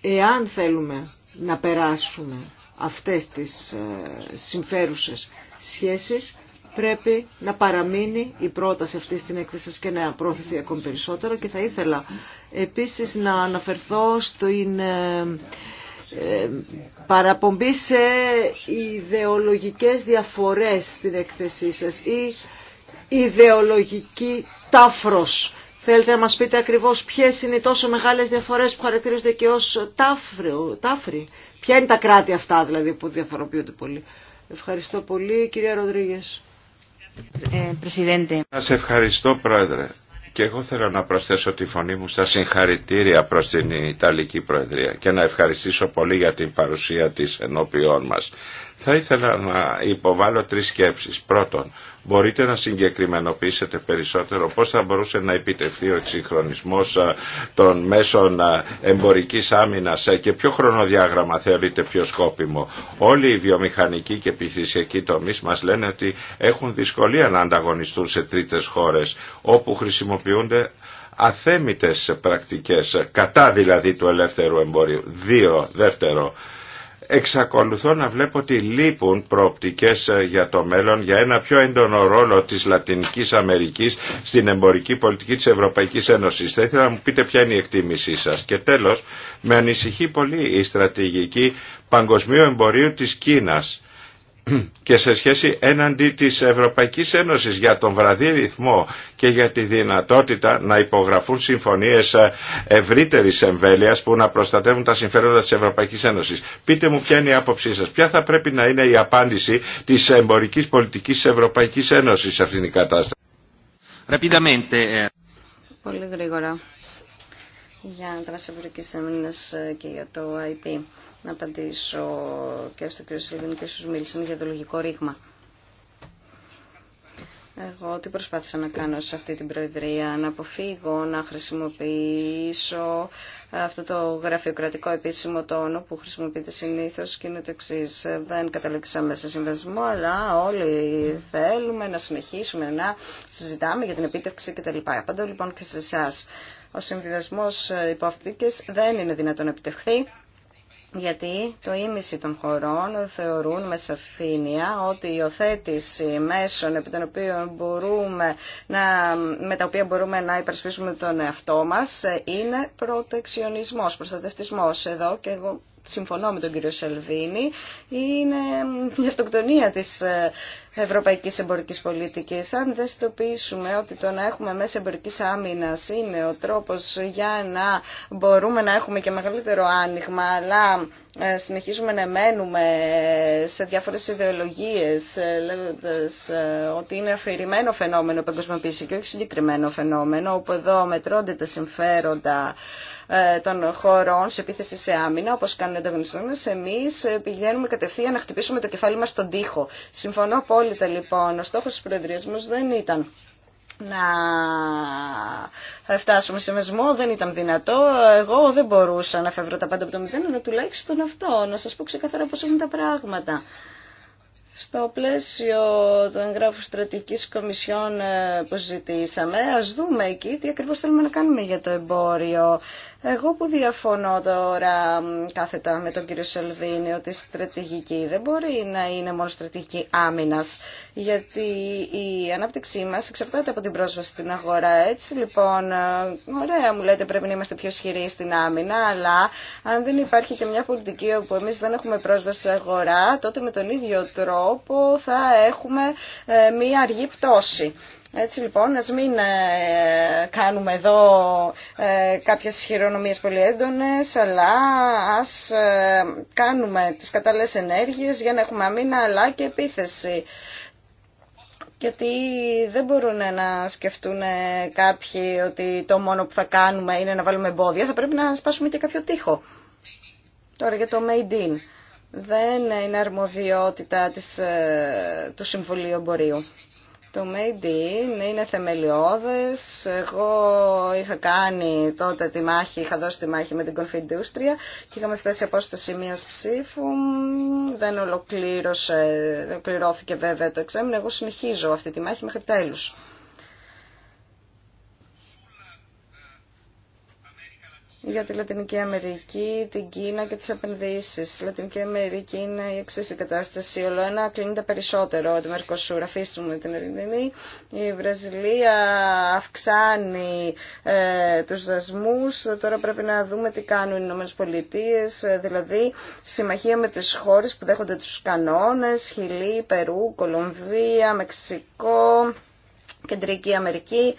εάν θέλουμε να περάσουμε αυτές τις ε, συμφέρουσες σχέσεις πρέπει να παραμείνει η πρόταση αυτή στην έκθεση και να προωθηθεί ακόμη περισσότερο και θα ήθελα επίσης να αναφερθώ στην ε, ε, παραπομπή σε ιδεολογικές διαφορές στην έκθεσή σας ή ιδεολογική τάφρος. Θέλετε να μας πείτε ακριβώς ποιες είναι οι τόσο μεγάλες διαφορές που χαρακτηρίζονται και ως τάφροι. Ποια είναι τα κράτη αυτά δηλαδή που διαφοροποιούνται πολύ. Ευχαριστώ πολύ κυρία Ροδρίγες. Ε, σε ευχαριστώ πρόεδρε. Και εγώ θέλω να προσθέσω τη φωνή μου στα συγχαρητήρια προς την Ιταλική Προεδρία και να ευχαριστήσω πολύ για την παρουσία της ενώπιών μας. Θα ήθελα να υποβάλω τρεις σκέψεις. Πρώτον, Μπορείτε να συγκεκριμενοποιήσετε περισσότερο πώς θα μπορούσε να επιτευχθεί ο εξυγχρονισμός των μέσων εμπορικής άμυνας και ποιο χρονοδιάγραμμα θεωρείτε πιο σκόπιμο. Όλοι οι βιομηχανικοί και επιχειρησιακοί τομείς μας λένε ότι έχουν δυσκολία να ανταγωνιστούν σε τρίτες χώρες όπου χρησιμοποιούνται αθέμητες πρακτικές, κατά δηλαδή του ελεύθερου εμπορίου. Δύο, δεύτερο, εξακολουθώ να βλέπω ότι λείπουν προοπτικές ε, για το μέλλον για ένα πιο έντονο ρόλο της Λατινικής Αμερικής στην εμπορική πολιτική της Ευρωπαϊκής Ένωσης. Θα ήθελα να μου πείτε ποια είναι η εκτίμησή σας. Και τέλος, με ανησυχεί πολύ η στρατηγική παγκοσμίου εμπορίου της Κίνας και σε σχέση έναντι της Ευρωπαϊκής Ένωσης για τον βραδύ ρυθμό και για τη δυνατότητα να υπογραφούν συμφωνίες ε, ευρύτερης εμβέλειας που να προστατεύουν τα συμφέροντα της Ευρωπαϊκής Ένωσης. Πείτε μου ποια είναι η άποψή σας. Ποια θα πρέπει να είναι η απάντηση της εμπορικής πολιτικής της Ευρωπαϊκής Ένωσης σε αυτήν την κατάσταση. Ε. Πολύ γρήγορα για ε, και για το να απαντήσω και στον κύριο Σελβίνη και στους μίλησαν για το λογικό ρήγμα. Εγώ τι προσπάθησα να κάνω σε αυτή την Προεδρία, να αποφύγω, να χρησιμοποιήσω αυτό το γραφειοκρατικό επίσημο τόνο που χρησιμοποιείται συνήθως και είναι το εξή. Δεν καταλήξαμε σε συμβασμό, αλλά όλοι θέλουμε να συνεχίσουμε να συζητάμε για την επίτευξη κτλ. Απαντώ λοιπόν και σε εσά. Ο συμβιβασμό υποαυτήκε δεν είναι δυνατόν να επιτευχθεί γιατί το ίμιση των χωρών θεωρούν με σαφήνεια ότι η υιοθέτηση μέσων μπορούμε να, με τα οποία μπορούμε να υπερασπίσουμε τον εαυτό μας ε, είναι προτεξιονισμός, προστατευτισμός. Εδώ και εγώ συμφωνώ με τον κύριο Σελβίνη. είναι η αυτοκτονία της ε, ευρωπαϊκής εμπορικής πολιτικής. Αν δεν συνειδητοποιήσουμε ότι το να έχουμε μέσα εμπορικής άμυνας είναι ο τρόπος για να μπορούμε να έχουμε και μεγαλύτερο άνοιγμα, αλλά ε, συνεχίζουμε να μένουμε σε διάφορες ιδεολογίες ε, λέγοντας ότι είναι αφηρημένο φαινόμενο παγκοσμιοποίηση και όχι συγκεκριμένο φαινόμενο όπου εδώ μετρώνται τα συμφέροντα ε, των χωρών σε επίθεση σε άμυνα, όπω κάνουν οι ανταγωνιστές, Εμεί ε, πηγαίνουμε κατευθείαν να χτυπήσουμε το κεφάλι μα στον τοίχο. Συμφωνώ απόλυτα λοιπόν, ο στόχο της Προεδρίας μας δεν ήταν να φτάσουμε σε μεσμό, δεν ήταν δυνατό. Εγώ δεν μπορούσα να φεύγω τα πάντα από το μηδέν, αλλά τουλάχιστον αυτό, να σα πω ξεκαθαρά πώς έχουν τα πράγματα. Στο πλαίσιο του εγγράφου στρατηγικής κομισιόν ε, που ζητήσαμε, α δούμε εκεί τι ακριβώ θέλουμε να κάνουμε για το εμπόριο. Εγώ που διαφωνώ τώρα κάθετα με τον κύριο Σελβίνη ότι η στρατηγική δεν μπορεί να είναι μόνο στρατηγική άμυνα, γιατί η ανάπτυξή μας εξαρτάται από την πρόσβαση στην αγορά. Έτσι λοιπόν, ε, ωραία μου λέτε πρέπει να είμαστε πιο ισχυροί στην άμυνα αλλά αν δεν υπάρχει και μια πολιτική όπου εμείς δεν έχουμε πρόσβαση στην αγορά τότε με τον ίδιο τρόπο θα έχουμε ε, μια αργή πτώση. Έτσι λοιπόν, ας μην ε, κάνουμε εδώ ε, κάποιες χειρονομίες πολύ έντονες, αλλά ας ε, κάνουμε τις κατάλληλες ενέργειες για να έχουμε αμήνα αλλά και επίθεση. Γιατί δεν μπορούν να σκεφτούν κάποιοι ότι το μόνο που θα κάνουμε είναι να βάλουμε εμπόδια, θα πρέπει να σπάσουμε και κάποιο τοίχο. Τώρα για το Made in. Δεν είναι αρμοδιότητα της, του Συμβουλίου Εμπορίου. Το Made in είναι θεμελιώδες. Εγώ είχα κάνει τότε τη μάχη, είχα δώσει τη μάχη με την Confindustria και είχαμε φτάσει απόσταση μία ψήφου. Δεν ολοκλήρωσε, δεν ολοκληρώθηκε βέβαια το εξάμεινο. Εγώ συνεχίζω αυτή τη μάχη μέχρι τέλους. για τη Λατινική Αμερική, την Κίνα και τι επενδύσει. Η Λατινική Αμερική είναι η εξή κατάσταση. Όλο ένα κλείνεται περισσότερο το Μερκοσούρ. Αφήσουμε την Ελληνική. Η Βραζιλία αυξάνει ε, τους δασμούς. Τώρα πρέπει να δούμε τι κάνουν οι Ηνωμένε Πολιτείε, ε, δηλαδή, συμμαχία με τις χώρες που δέχονται τους κανόνε, Χιλή, Περού, Κολομβία, Μεξικό, Κεντρική Αμερική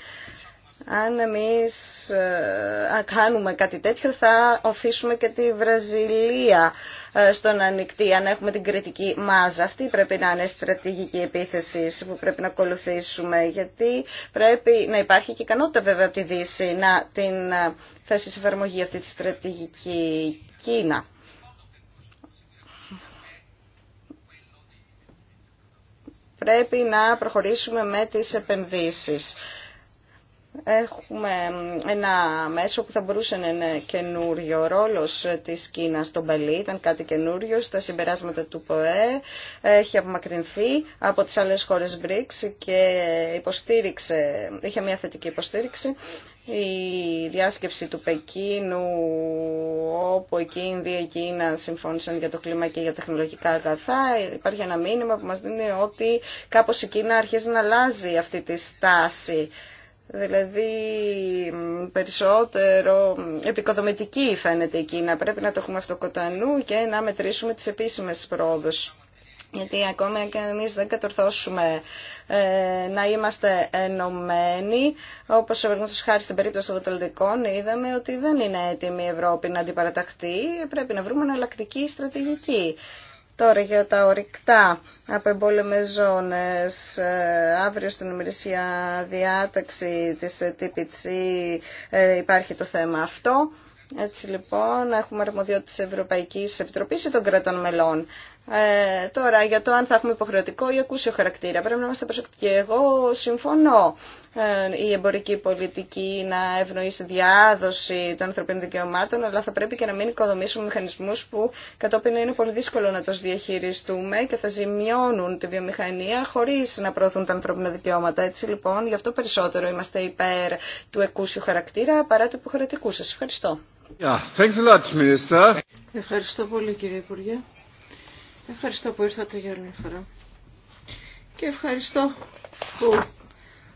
αν εμείς ε, κάνουμε κάτι τέτοιο θα οφήσουμε και τη Βραζιλία ε, στον ανοιχτή, αν έχουμε την κριτική μάζα. Αυτή πρέπει να είναι στρατηγική επίθεση που πρέπει να ακολουθήσουμε, γιατί πρέπει να υπάρχει και ικανότητα βέβαια από τη Δύση να την ε, θέσει σε εφαρμογή αυτή τη στρατηγική Κίνα. Πρέπει να προχωρήσουμε με τις επενδύσεις έχουμε ένα μέσο που θα μπορούσε να είναι καινούριο. ρόλος της Κίνας στον Παλί ήταν κάτι καινούριο στα συμπεράσματα του ΠΟΕ. Έχει απομακρυνθεί από τις άλλες χώρες BRICS και υποστήριξε, είχε μια θετική υποστήριξη. Η διάσκεψη του Πεκίνου, όπου εκεί η Ινδία και η Κίνα συμφώνησαν για το κλίμα και για τεχνολογικά αγαθά, υπάρχει ένα μήνυμα που μας δίνει ότι κάπως η Κίνα αρχίζει να αλλάζει αυτή τη στάση Δηλαδή περισσότερο επικοδομητική φαίνεται η Κίνα. Πρέπει να το έχουμε αυτό κοντανού και να μετρήσουμε τις επίσημες πρόοδους. Γιατί ακόμα και εμεί δεν κατορθώσουμε ε, να είμαστε ενωμένοι, όπω παραδείγματο χάρη στην περίπτωση των Βοτελτικών, είδαμε ότι δεν είναι έτοιμη η Ευρώπη να αντιπαραταχθεί. Πρέπει να βρούμε εναλλακτική στρατηγική. Τώρα για τα ορυκτά από εμπόλεμες ζώνες, ε, αύριο στην ημερησία διάταξη της ε, TPC ε, υπάρχει το θέμα αυτό. Έτσι λοιπόν έχουμε αρμοδιότητα της Ευρωπαϊκής Επιτροπής ή των κρατών μελών. Ε, τώρα, για το αν θα έχουμε υποχρεωτικό ή ακούσιο χαρακτήρα, πρέπει να είμαστε προσεκτικοί. Εγώ συμφωνώ ε, η εμπορική πολιτική να ευνοήσει διάδοση των ανθρωπίνων δικαιωμάτων, αλλά θα πρέπει και να μην οικοδομήσουμε μηχανισμού που κατόπιν είναι πολύ δύσκολο να του διαχειριστούμε και θα ζημιώνουν τη βιομηχανία χωρί να προωθούν τα ανθρώπινα δικαιώματα. Έτσι λοιπόν, γι' αυτό περισσότερο είμαστε υπέρ του εκούσιου χαρακτήρα παρά του υποχρεωτικού. Σα ευχαριστώ. Yeah, thanks a lot, Ευχαριστώ πολύ, κύριε Υπουργέ. Ευχαριστώ που ήρθατε για άλλη φορά. Και ευχαριστώ που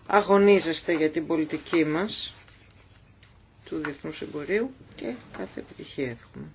αγωνίζεστε για την πολιτική μας του διεθνού συμπορίου και κάθε επιτυχία εύχομαι.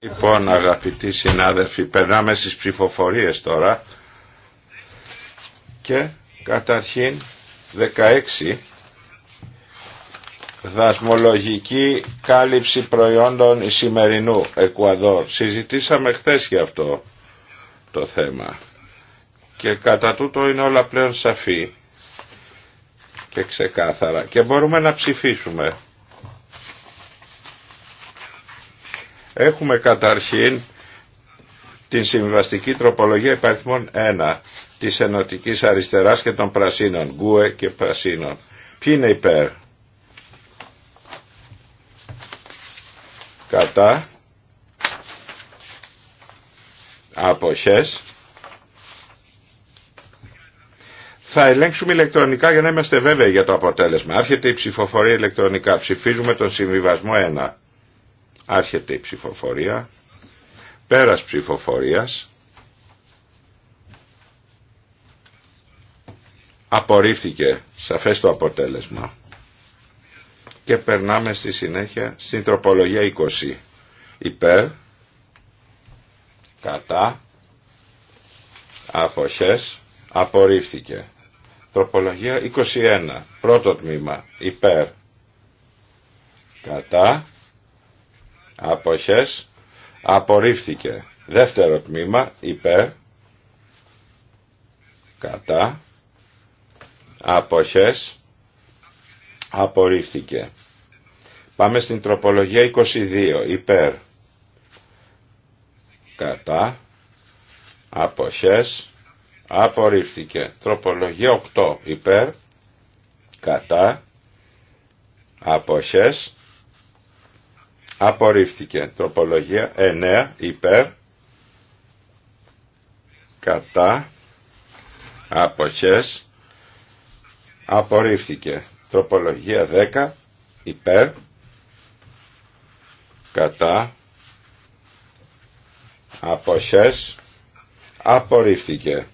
Λοιπόν αγαπητοί συνάδελφοι περνάμε στις ψηφοφορίες τώρα και καταρχήν 16 δασμολογική κάλυψη προϊόντων σημερινού Εκουαδόρ. Συζητήσαμε χθες για αυτό το θέμα και κατά τούτο είναι όλα πλέον σαφή και ξεκάθαρα και μπορούμε να ψηφίσουμε. Έχουμε καταρχήν την συμβαστική τροπολογία υπαριθμών 1 της Ενωτικής Αριστεράς και των Πρασίνων, Γκουε και Πρασίνων. Ποιοι είναι υπέρ κατά αποχές θα ελέγξουμε ηλεκτρονικά για να είμαστε βέβαιοι για το αποτέλεσμα. Άρχεται η ψηφοφορία ηλεκτρονικά. Ψηφίζουμε τον συμβιβασμό 1. Άρχεται η ψηφοφορία. Πέρας ψηφοφορίας. Απορρίφθηκε. Σαφές το αποτέλεσμα. Και περνάμε στη συνέχεια στην τροπολογία 20. Υπέρ, κατά, αφοχές, απορρίφθηκε. Τροπολογία 21. Πρώτο τμήμα. Υπέρ. Κατά. Αποχές. Απορρίφθηκε. Δεύτερο τμήμα. Υπέρ. Κατά. Αποχές απορρίφθηκε. Πάμε στην τροπολογία 22, υπέρ, κατά, αποχές, απορρίφθηκε. Τροπολογία 8, υπέρ, κατά, αποχές, απορρίφθηκε. Τροπολογία 9, υπέρ, κατά, αποχές, απορρίφθηκε. Τροπολογία 10 υπέρ κατά αποχές απορρίφθηκε.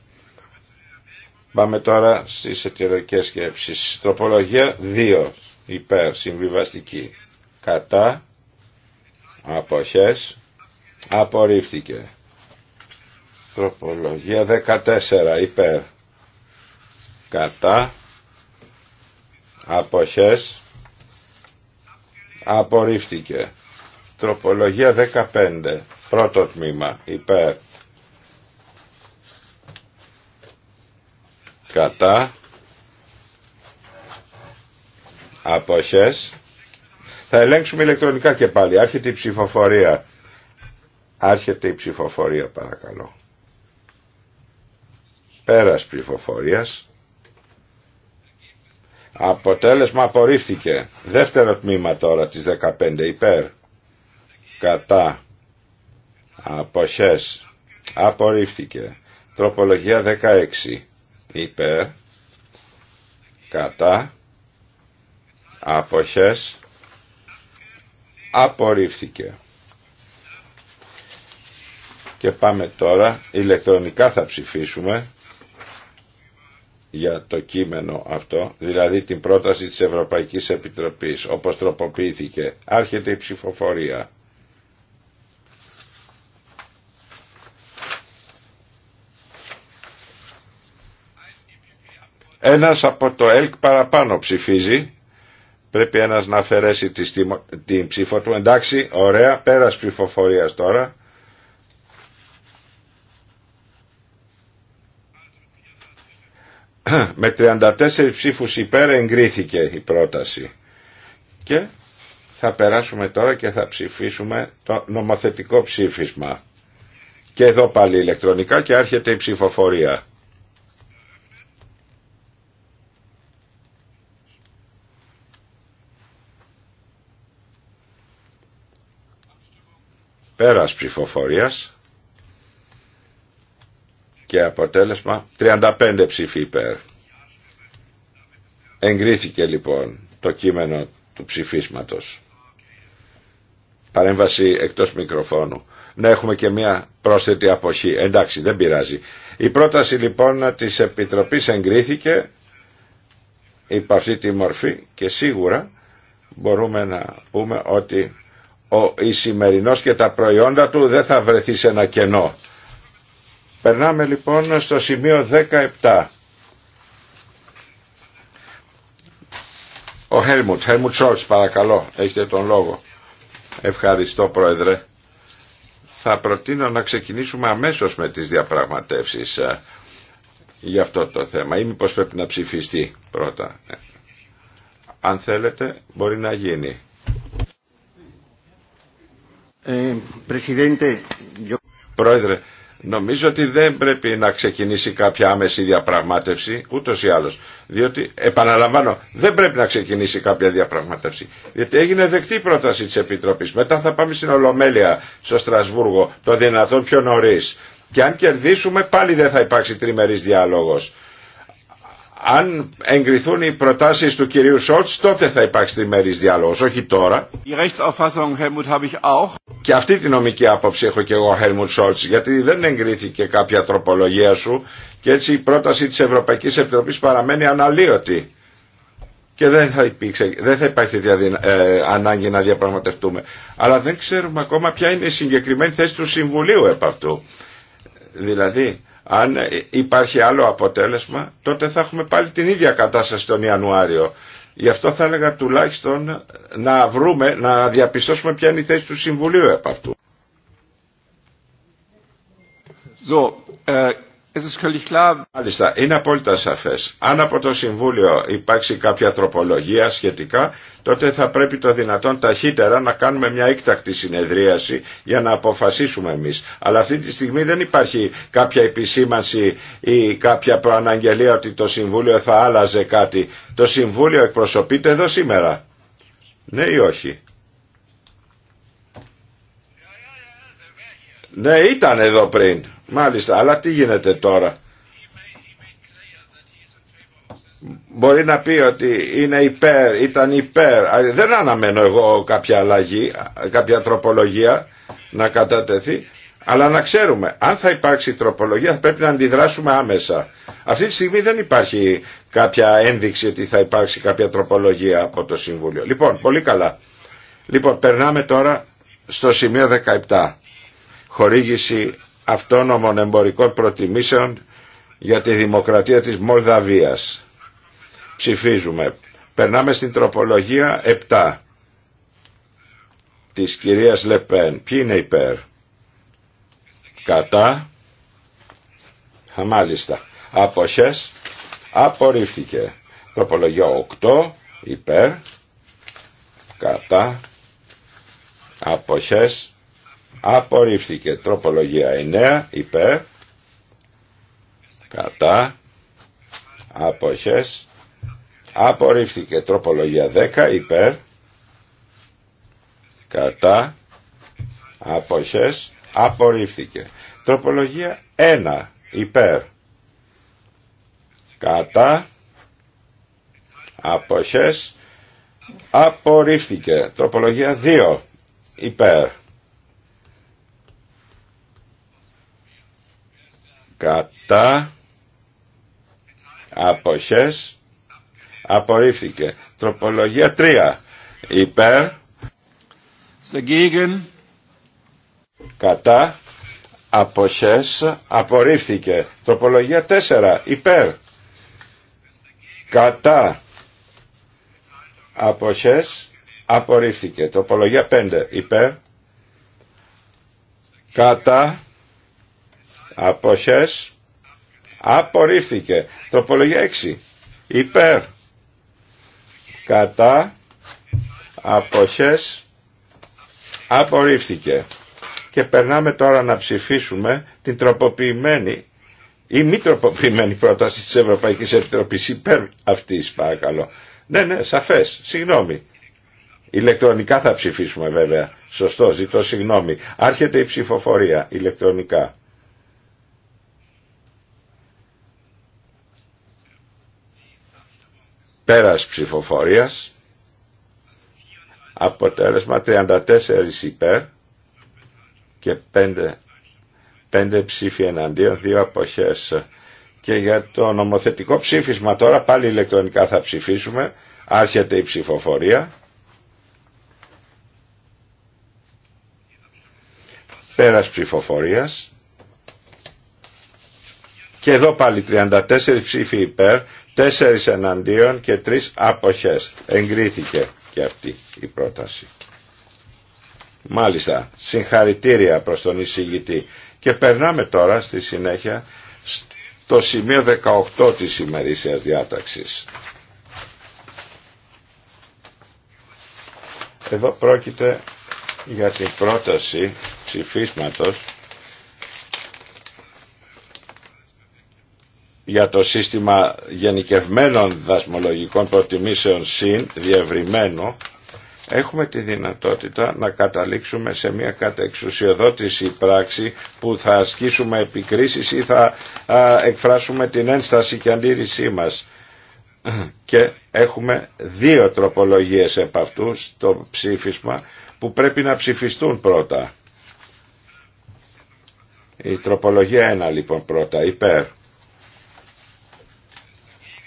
Πάμε τώρα στις αιτιολογικές σκέψεις. Τροπολογία 2 υπέρ συμβιβαστική κατά αποχές απορρίφθηκε. Τροπολογία 14 υπέρ κατά αποχές απορρίφθηκε. Τροπολογία 15, πρώτο τμήμα, υπέρ. Κατά αποχές θα ελέγξουμε ηλεκτρονικά και πάλι. Άρχεται η ψηφοφορία. Άρχεται η ψηφοφορία παρακαλώ. Πέρας ψηφοφορίας. Αποτέλεσμα απορρίφθηκε. Δεύτερο τμήμα τώρα της 15 υπέρ. Κατά. Αποχές. Απορρίφθηκε. Τροπολογία 16 υπέρ. Κατά. Αποχές. Απορρίφθηκε. Και πάμε τώρα. Ηλεκτρονικά θα ψηφίσουμε για το κείμενο αυτό, δηλαδή την πρόταση της Ευρωπαϊκής Επιτροπής, όπως τροποποιήθηκε. Άρχεται η ψηφοφορία. Ένας από το ΕΛΚ παραπάνω ψηφίζει. Πρέπει ένας να αφαιρέσει την ψήφο του. Εντάξει, ωραία, πέρας ψηφοφορίας τώρα. με 34 ψήφους υπέρ εγκρίθηκε η πρόταση. Και θα περάσουμε τώρα και θα ψηφίσουμε το νομοθετικό ψήφισμα. Και εδώ πάλι ηλεκτρονικά και άρχεται η ψηφοφορία. Πέρας ψηφοφορίας. Και αποτέλεσμα 35 ψήφοι υπέρ. Εγκρίθηκε λοιπόν το κείμενο του ψηφίσματος. Παρέμβαση εκτός μικροφώνου. Να έχουμε και μια πρόσθετη αποχή. Εντάξει, δεν πειράζει. Η πρόταση λοιπόν της Επιτροπής εγκρίθηκε υπ' αυτή τη μορφή και σίγουρα μπορούμε να πούμε ότι ο, η και τα προϊόντα του δεν θα βρεθεί σε ένα κενό. Περνάμε λοιπόν στο σημείο 17. Ο Χέλμουτ, Χέλμουτ Σόλτς παρακαλώ, έχετε τον λόγο. Ευχαριστώ Πρόεδρε. Θα προτείνω να ξεκινήσουμε αμέσως με τις διαπραγματεύσεις ε, για αυτό το θέμα ή μήπως πρέπει να ψηφιστεί πρώτα. Αν θέλετε μπορεί να γίνει. Ε, Πρόεδρε, Νομίζω ότι δεν πρέπει να ξεκινήσει κάποια άμεση διαπραγμάτευση, ούτως ή άλλως. Διότι, επαναλαμβάνω, δεν πρέπει να ξεκινήσει κάποια διαπραγμάτευση. Διότι έγινε δεκτή η πρόταση τη Επιτροπή, Μετά θα πάμε στην Ολομέλεια, στο Στρασβούργο, το δυνατόν πιο νωρί. Και αν κερδίσουμε πάλι δεν θα υπάρξει τριμερή διάλογο αν εγκριθούν οι προτάσει του κυρίου Σόλτ, τότε θα υπάρξει τριμερή διάλογο, όχι τώρα. Και αυτή τη νομική άποψη έχω και εγώ Χέρμουντ Σόλτ, γιατί δεν εγκρίθηκε κάποια τροπολογία σου και έτσι η πρόταση τη Ευρωπαϊκή Επιτροπή παραμένει αναλύωτη. Και δεν θα, υπήξε, δεν θα υπάρχει ε, ανάγκη να διαπραγματευτούμε. Αλλά δεν ξέρουμε ακόμα ποια είναι η συγκεκριμένη θέση του Συμβουλίου επ' αυτού. Δηλαδή, αν υπάρχει άλλο αποτέλεσμα, τότε θα έχουμε πάλι την ίδια κατάσταση τον Ιανουάριο. Γι' αυτό θα έλεγα τουλάχιστον να βρούμε, να διαπιστώσουμε ποια είναι η θέση του Συμβουλίου επ' αυτού. Uh, Μάλιστα, είναι απόλυτα σαφέ. Αν από το Συμβούλιο υπάρξει κάποια τροπολογία σχετικά, τότε θα πρέπει το δυνατόν ταχύτερα να κάνουμε μια έκτακτη συνεδρίαση για να αποφασίσουμε εμεί. Αλλά αυτή τη στιγμή δεν υπάρχει κάποια επισήμανση ή κάποια προαναγγελία ότι το Συμβούλιο θα άλλαζε κάτι. Το Συμβούλιο εκπροσωπείται εδώ σήμερα. Ναι ή όχι. Ναι, ήταν εδώ πριν. Μάλιστα, αλλά τι γίνεται τώρα. Μπορεί να πει ότι είναι υπέρ, ήταν υπέρ. Δεν αναμένω εγώ κάποια αλλαγή, κάποια τροπολογία να κατατεθεί. Αλλά να ξέρουμε, αν θα υπάρξει τροπολογία θα πρέπει να αντιδράσουμε άμεσα. Αυτή τη στιγμή δεν υπάρχει κάποια ένδειξη ότι θα υπάρξει κάποια τροπολογία από το Συμβούλιο. Λοιπόν, πολύ καλά. Λοιπόν, περνάμε τώρα στο σημείο 17. Χορήγηση αυτόνομων εμπορικών προτιμήσεων για τη δημοκρατία της Μολδαβίας. Ψηφίζουμε. Περνάμε στην τροπολογία 7 της κυρίας Λεπέν. Ποιοι είναι υπέρ. Κατά. Μάλιστα. Αποχές. Απορρίφθηκε. Τροπολογία 8 υπέρ. Κατά. Αποχές απορρίφθηκε. Τροπολογία 9 υπέρ κατά αποχές απορρίφθηκε. Τροπολογία 10 υπέρ κατά αποχές απορρίφθηκε. Τροπολογία 1 υπέρ κατά αποχές απορρίφθηκε. Τροπολογία 2 υπέρ κατά αποχές απορρίφθηκε τροπολογία 3 υπέρ σεγίγεν κατά αποχές απορρίφθηκε τροπολογία 4 υπέρ κατά αποχές απορρίφθηκε τροπολογία 5 υπέρ κατά αποχές απορρίφθηκε τροπολογία 6 υπέρ κατά αποχές απορρίφθηκε και περνάμε τώρα να ψηφίσουμε την τροποποιημένη ή μη τροποποιημένη πρόταση της Ευρωπαϊκής Επιτροπής υπέρ αυτής παρακαλώ ναι ναι σαφές συγγνώμη ηλεκτρονικά θα ψηφίσουμε βέβαια σωστό ζητώ συγγνώμη άρχεται η ψηφοφορία ηλεκτρονικά Πέρας ψηφοφορίας. Αποτέλεσμα 34 υπέρ και 5, 5 ψήφοι εναντίον, 2 αποχές. Και για το νομοθετικό ψήφισμα τώρα πάλι ηλεκτρονικά θα ψηφίσουμε. Άρχεται η ψηφοφορία. Πέρας ψηφοφορίας. Και εδώ πάλι 34 ψήφοι υπέρ, 4 εναντίον και 3 αποχές. Εγκρίθηκε και αυτή η πρόταση. Μάλιστα, συγχαρητήρια προς τον εισηγητή. Και περνάμε τώρα στη συνέχεια στο σημείο 18 της ημερήσιας διάταξης. Εδώ πρόκειται για την πρόταση ψηφίσματος για το σύστημα γενικευμένων δασμολογικών προτιμήσεων συν διευρυμένο έχουμε τη δυνατότητα να καταλήξουμε σε μια κατεξουσιοδότηση πράξη που θα ασκήσουμε επικρίσεις ή θα εκφράσουμε την ένσταση και αντίρρησή μας. Και έχουμε δύο τροπολογίες επ' αυτού στο ψήφισμα που πρέπει να ψηφιστούν πρώτα. Η τροπολογία 1 λοιπόν πρώτα, υπέρ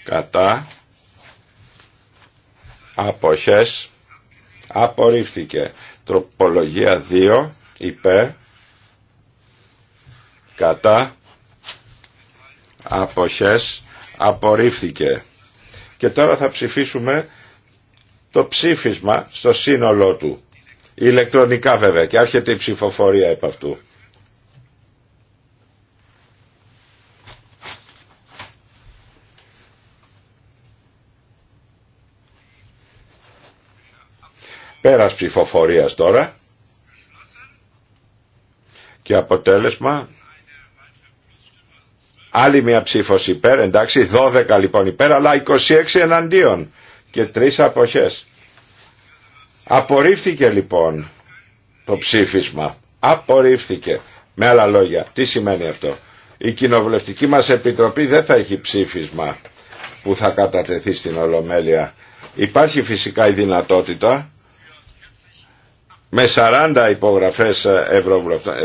κατά αποχές απορρίφθηκε τροπολογία 2 υπέρ κατά αποχές απορρίφθηκε και τώρα θα ψηφίσουμε το ψήφισμα στο σύνολό του ηλεκτρονικά βέβαια και άρχεται η ψηφοφορία επ' αυτού Πέρας ψηφοφορίας τώρα. Και αποτέλεσμα άλλη μια ψήφος υπέρ, εντάξει 12 λοιπόν υπέρ αλλά 26 εναντίον και τρεις αποχές. Απορρίφθηκε λοιπόν το ψήφισμα. Απορρίφθηκε. Με άλλα λόγια, τι σημαίνει αυτό. Η κοινοβουλευτική μας επιτροπή δεν θα έχει ψήφισμα που θα κατατεθεί στην Ολομέλεια. Υπάρχει φυσικά η δυνατότητα με 40 υπογραφές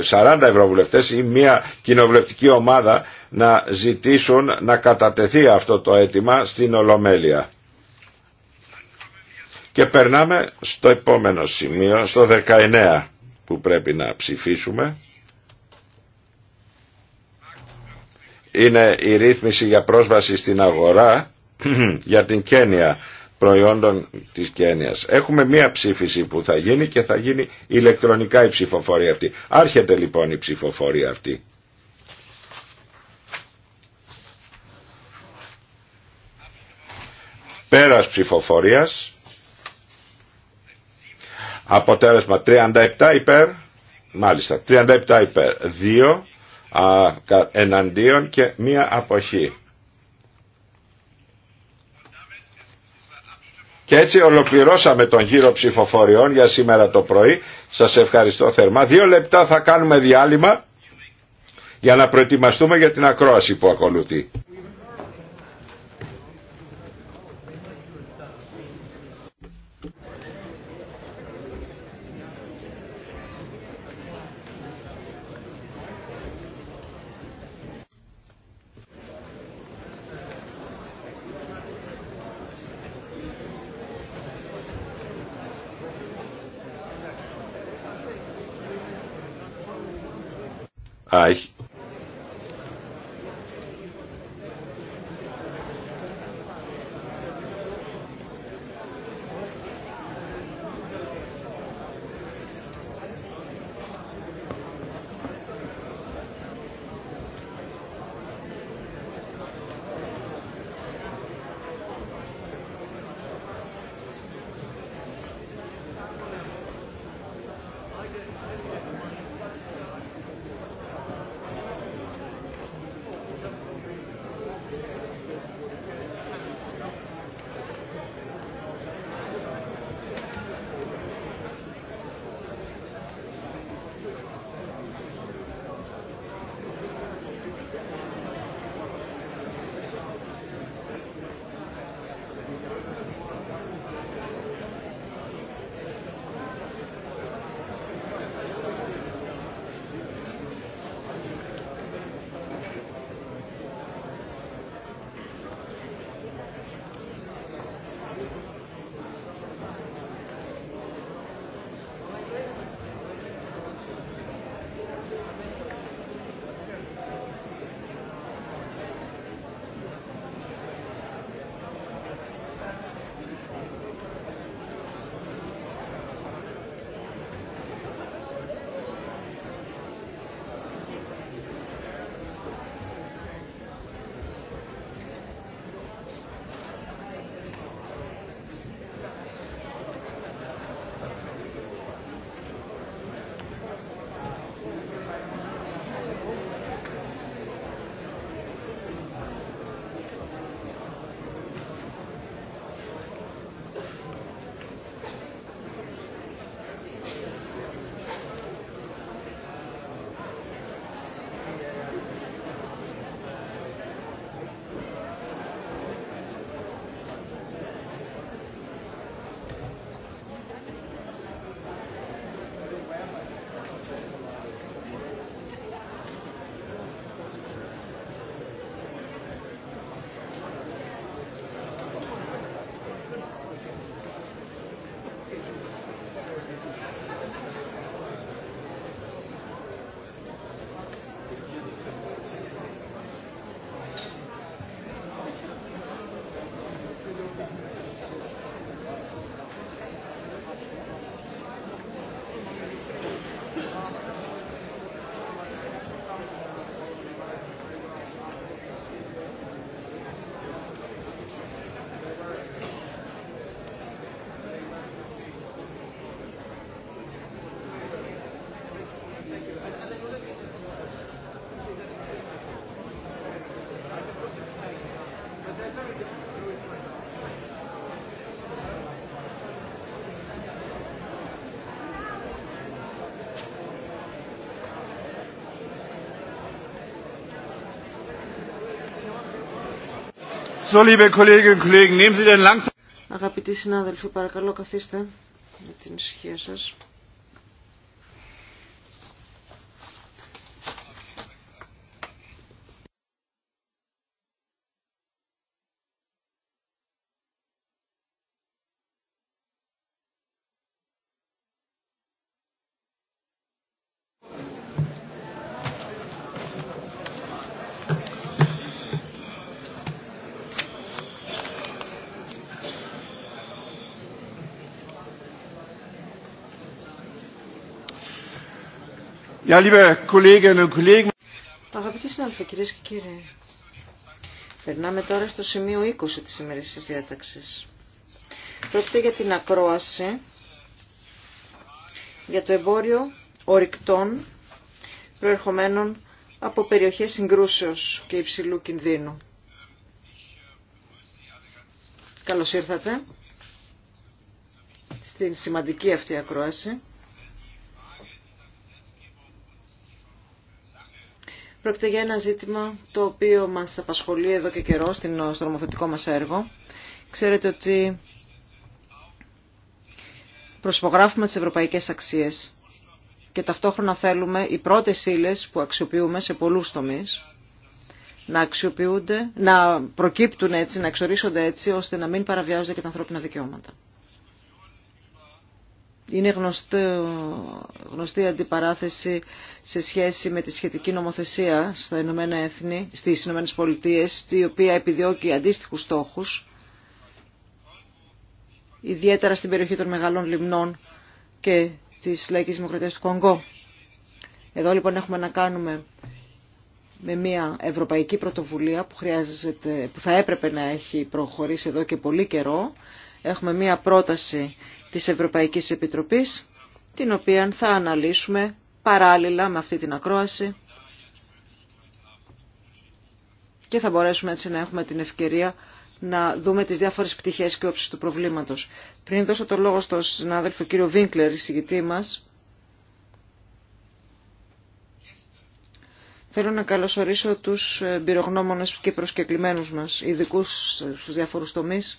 40 ε, ε, ευρωβουλευτές ή μια κοινοβουλευτική ομάδα να ζητήσουν να κατατεθεί αυτό το αίτημα στην Ολομέλεια. Και περνάμε στο επόμενο σημείο, στο 19 που πρέπει να ψηφίσουμε. Είναι η ρύθμιση για πρόσβαση στην αγορά για την Κένια προϊόντων της Κένιας. Έχουμε μία ψήφιση που θα γίνει και θα γίνει ηλεκτρονικά η ψηφοφορία αυτή. Άρχεται λοιπόν η ψηφοφορία αυτή. Πέρας ψηφοφορίας. Αποτέλεσμα 37 υπέρ. Μάλιστα, 37 υπέρ. 2 εναντίον και μία αποχή. Και έτσι ολοκληρώσαμε τον γύρο ψηφοφοριών για σήμερα το πρωί. Σας ευχαριστώ θερμά. Δύο λεπτά θα κάνουμε διάλειμμα για να προετοιμαστούμε για την ακρόαση που ακολουθεί. Α, So, liebe Kolleginnen und Kollegen, nehmen Sie denn langsam... Αγαπητοί συνάδελφοι, παρακαλώ καθίστε με την ησυχία Ja, liebe Kolleginnen und Αγαπητοί συνάδελφοι, κυρίε και κύριοι, περνάμε τώρα στο σημείο 20 της ημερήσιας διάταξης. Πρόκειται για την ακρόαση, για το εμπόριο ορυκτών προερχομένων από περιοχές συγκρούσεως και υψηλού κινδύνου. Καλώς ήρθατε στην σημαντική αυτή ακρόαση. Πρόκειται για ένα ζήτημα το οποίο μας απασχολεί εδώ και καιρό στην, στο νομοθετικό μας έργο. Ξέρετε ότι προσπογράφουμε τις ευρωπαϊκές αξίες και ταυτόχρονα θέλουμε οι πρώτες ύλε που αξιοποιούμε σε πολλούς τομείς να αξιοποιούνται, να προκύπτουν έτσι, να εξορίσονται έτσι, ώστε να μην παραβιάζονται και τα ανθρώπινα δικαιώματα. Είναι γνωστή αντιπαράθεση σε σχέση με τη σχετική νομοθεσία στα Ηνωμένα Έθνη, στις Ηνωμένε Πολιτείες, η οποία επιδιώκει αντίστοιχους στόχους, ιδιαίτερα στην περιοχή των Μεγαλών Λιμνών και της Λαϊκής Δημοκρατίας του Κονγκό. Εδώ λοιπόν έχουμε να κάνουμε με μια ευρωπαϊκή πρωτοβουλία που, που θα έπρεπε να έχει προχωρήσει εδώ και πολύ καιρό. Έχουμε μια πρόταση της Ευρωπαϊκής Επιτροπής, την οποία θα αναλύσουμε παράλληλα με αυτή την ακρόαση και θα μπορέσουμε έτσι να έχουμε την ευκαιρία να δούμε τις διάφορες πτυχές και όψεις του προβλήματος. Πριν δώσω το λόγο στον συνάδελφο κύριο Βίνκλερ, εισηγητή μας, Θέλω να καλωσορίσω τους πυρογνώμονε και προσκεκλημένους μας, ειδικού στους διαφορούς τομείς.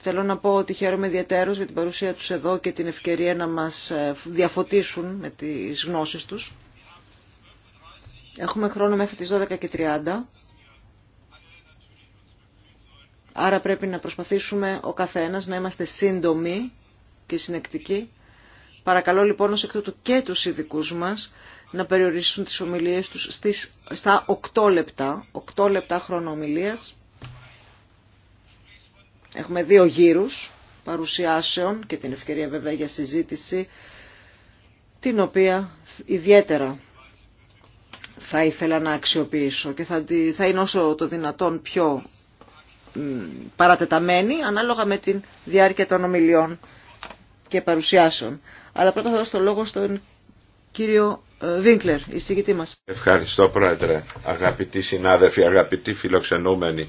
Θέλω να πω ότι χαίρομαι ιδιαίτερω για την παρουσία τους εδώ και την ευκαιρία να μας ε, διαφωτίσουν με τις γνώσεις τους. Έχουμε χρόνο μέχρι τις 12.30. Άρα πρέπει να προσπαθήσουμε ο καθένας να είμαστε σύντομοι και συνεκτικοί. Παρακαλώ λοιπόν ως εκ τούτου και τους ειδικού μας να περιορίσουν τις ομιλίες τους στις, στα 8 λεπτά, 8 λεπτά χρόνο ομιλίας. Έχουμε δύο γύρους παρουσιάσεων και την ευκαιρία βέβαια για συζήτηση, την οποία ιδιαίτερα θα ήθελα να αξιοποιήσω και θα, θα είναι όσο το δυνατόν πιο παρατεταμένη ανάλογα με την διάρκεια των ομιλιών και παρουσιάσεων. Αλλά πρώτα θα δώσω το λόγο στον κύριο Βίνκλερ, εισηγητή μας. Ευχαριστώ πρόεδρε, αγαπητοί συνάδελφοι, αγαπητοί φιλοξενούμενοι.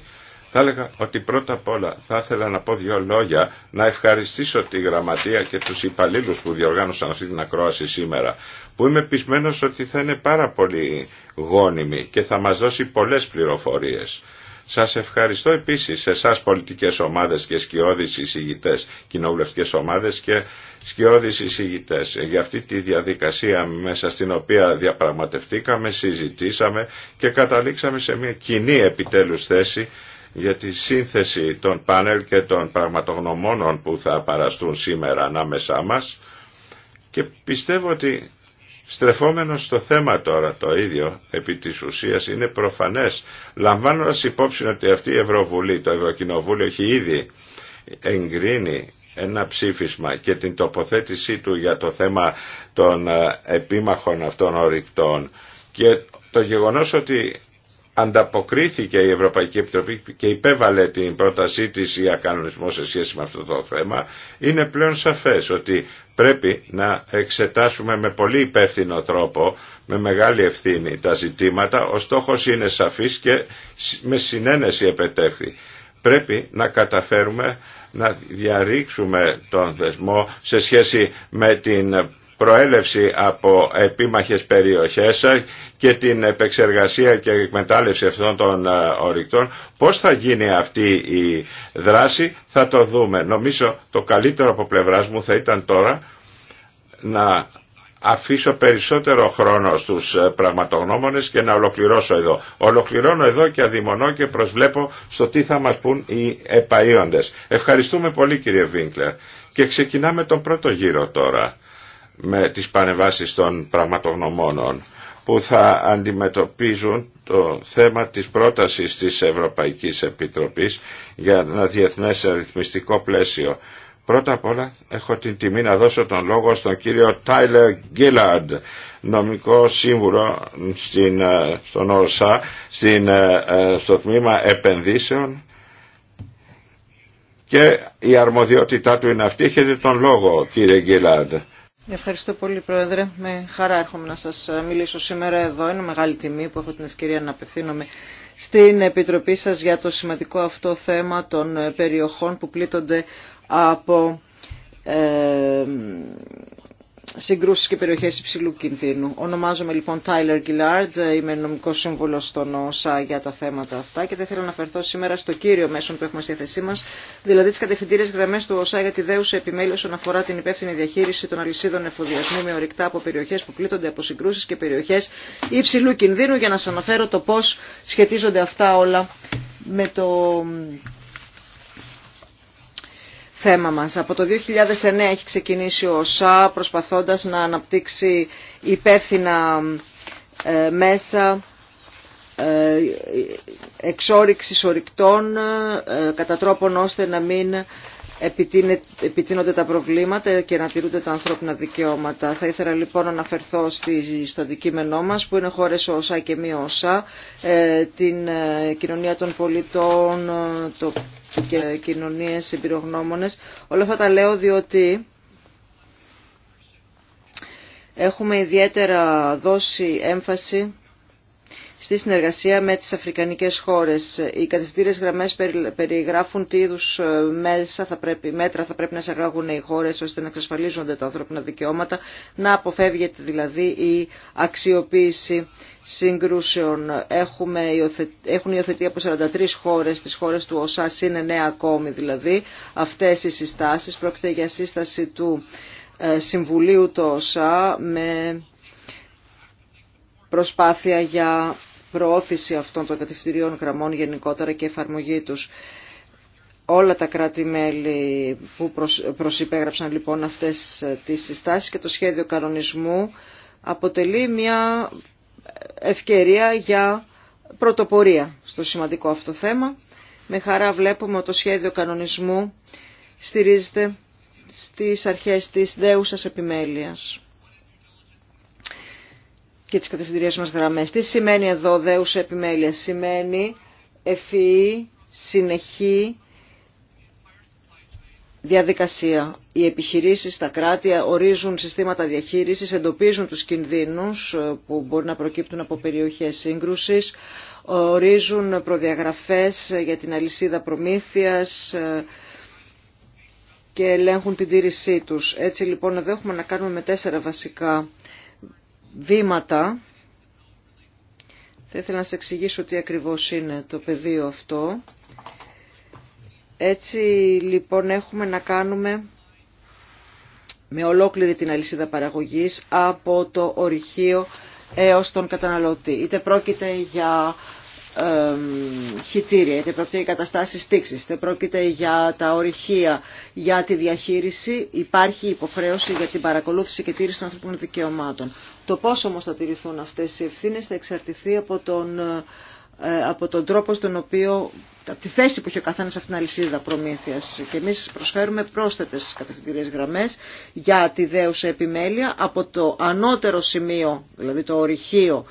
Θα έλεγα ότι πρώτα απ' όλα θα ήθελα να πω δύο λόγια, να ευχαριστήσω τη Γραμματεία και τους υπαλλήλους που διοργάνωσαν αυτή την ακρόαση σήμερα, που είμαι πεισμένος ότι θα είναι πάρα πολύ γόνιμη και θα μας δώσει πολλές πληροφορίες. Σας ευχαριστώ επίσης σε εσάς πολιτικές ομάδες και σκιώδεις εισηγητές, κοινοβουλευτικές ομάδες και σκιώδεις εισηγητές για αυτή τη διαδικασία μέσα στην οποία διαπραγματευτήκαμε, συζητήσαμε και καταλήξαμε σε μια κοινή επιτέλους θέση για τη σύνθεση των πάνελ και των πραγματογνωμόνων που θα παραστούν σήμερα ανάμεσά μας και πιστεύω ότι στρεφόμενος στο θέμα τώρα το ίδιο επί της ουσίας είναι προφανές λαμβάνοντας υπόψη ότι αυτή η Ευρωβουλή, το Ευρωκοινοβούλιο έχει ήδη εγκρίνει ένα ψήφισμα και την τοποθέτησή του για το θέμα των ε, επίμαχων αυτών ορυκτών και το γεγονός ότι ανταποκρίθηκε η Ευρωπαϊκή Επιτροπή και υπέβαλε την πρότασή της για κανονισμό σε σχέση με αυτό το θέμα, είναι πλέον σαφές ότι πρέπει να εξετάσουμε με πολύ υπεύθυνο τρόπο, με μεγάλη ευθύνη τα ζητήματα. Ο στόχος είναι σαφής και με συνένεση επετέχθη. Πρέπει να καταφέρουμε να διαρρήξουμε τον δεσμό σε σχέση με την προέλευση από επίμαχες περιοχές και την επεξεργασία και εκμετάλλευση αυτών των ε, ορυκτών. Πώς θα γίνει αυτή η δράση θα το δούμε. Νομίζω το καλύτερο από πλευράς μου θα ήταν τώρα να αφήσω περισσότερο χρόνο στους ε, πραγματογνώμονες και να ολοκληρώσω εδώ. Ολοκληρώνω εδώ και αδειμονώ και προσβλέπω στο τι θα μας πούν οι επαΐοντες. Ευχαριστούμε πολύ κύριε Βίνκλερ. Και ξεκινάμε τον πρώτο γύρο τώρα με τις πανεβάσεις των πραγματογνωμόνων που θα αντιμετωπίζουν το θέμα της πρότασης της Ευρωπαϊκής Επιτροπής για ένα διεθνές αριθμιστικό πλαίσιο. Πρώτα απ' όλα έχω την τιμή να δώσω τον λόγο στον κύριο Τάιλερ Γκίλαρντ, νομικό σύμβουλο στην, ε, στον ΩΣΑ, στην, ε, ε, στο τμήμα επενδύσεων και η αρμοδιότητά του είναι αυτή. Έχετε τον λόγο κύριε Γκίλαρντ. Ευχαριστώ πολύ Πρόεδρε. Με χαρά έρχομαι να σας μιλήσω σήμερα εδώ. Είναι μεγάλη τιμή που έχω την ευκαιρία να απευθύνομαι στην Επιτροπή σας για το σημαντικό αυτό θέμα των ε, περιοχών που πλήττονται από ε, συγκρούσεις και περιοχές υψηλού κινδύνου. Ονομάζομαι λοιπόν Tyler Gillard, είμαι νομικός σύμβουλος στον ΩΣΑ για τα θέματα αυτά και θα ήθελα να αφαιρθώ σήμερα στο κύριο μέσο που έχουμε στη θέση μας, δηλαδή τις κατευθυντήρες γραμμές του ΩΣΑ για τη δέουσα επιμέλεια όσον αφορά την υπεύθυνη διαχείριση των αλυσίδων εφοδιασμού με ορυκτά από περιοχές που πλήττονται από συγκρούσεις και περιοχές υψηλού κινδύνου για να σας αναφέρω το πώς σχετίζονται αυτά όλα με το θέμα μας. Από το 2009 έχει ξεκινήσει ο ΣΑ προσπαθώντας να αναπτύξει υπεύθυνα ε, μέσα ε, εξόριξης ορυκτών ε, κατά τρόπον ώστε να μην επιτείνονται τα προβλήματα και να τηρούνται τα ανθρώπινα δικαιώματα. Θα ήθελα λοιπόν να αναφερθώ στο αντικείμενό μας που είναι χώρες ΩΣΑ και μη ΩΣΑ, την κοινωνία των πολιτών, το και κοινωνίες εμπειρογνώμονες. Όλα αυτά τα λέω διότι έχουμε ιδιαίτερα δώσει έμφαση στη συνεργασία με τις αφρικανικές χώρες. Οι κατευθυντήρες γραμμές περιγράφουν τι είδους ε, μέσα θα πρέπει, μέτρα θα πρέπει να εισαγάγουν οι χώρες ώστε να εξασφαλίζονται τα ανθρώπινα δικαιώματα, να αποφεύγεται δηλαδή η αξιοποίηση συγκρούσεων. Έχουμε έχουν υιοθετεί από 43 χώρες, τις χώρες του ΟΣΑ είναι νέα ακόμη δηλαδή, αυτές οι συστάσεις. Πρόκειται για σύσταση του ε, Συμβουλίου του ΟΣΑ με προσπάθεια για προώθηση αυτών των κατευθυντηριών γραμμών γενικότερα και εφαρμογή τους. Όλα τα κράτη-μέλη που προσυπέγραψαν λοιπόν αυτές ε, τις συστάσεις και το σχέδιο κανονισμού αποτελεί μια ευκαιρία για πρωτοπορία στο σημαντικό αυτό θέμα. Με χαρά βλέπουμε ότι το σχέδιο κανονισμού στηρίζεται στις αρχές της δέουσας επιμέλειας και τις κατευθυντηρίες μας γραμμές. Τι σημαίνει εδώ δέους επιμέλεια. Σημαίνει ευφυή, συνεχή διαδικασία. Οι επιχειρήσεις, τα κράτη ορίζουν συστήματα διαχείρισης, εντοπίζουν τους κινδύνους ε, που μπορεί να προκύπτουν από περιοχές σύγκρουσης, ορίζουν προδιαγραφές ε, για την αλυσίδα προμήθειας, ε, και ελέγχουν την τήρησή τους. Έτσι λοιπόν εδώ έχουμε να κάνουμε με τέσσερα βασικά βήματα. Θα ήθελα να σας εξηγήσω τι ακριβώς είναι το πεδίο αυτό. Έτσι λοιπόν έχουμε να κάνουμε με ολόκληρη την αλυσίδα παραγωγής από το ορυχείο έως τον καταναλωτή. Είτε πρόκειται για χιτήρια, είτε πρόκειται για καταστάσεις τήξης, είτε πρόκειται για τα ορυχεία, για τη διαχείριση, υπάρχει υποχρέωση για την παρακολούθηση και τήρηση των ανθρωπίνων δικαιωμάτων. Το πώς όμως θα τηρηθούν αυτές οι ευθύνες θα εξαρτηθεί από τον, ε, από τον τρόπο στον οποίο, από τη θέση που έχει ο καθένας αυτήν την αλυσίδα προμήθειας. Και εμείς προσφέρουμε πρόσθετες κατευθυντηρίες γραμμές για τη δέουσα επιμέλεια από το ανώτερο σημείο, δηλαδή το ορυχείο,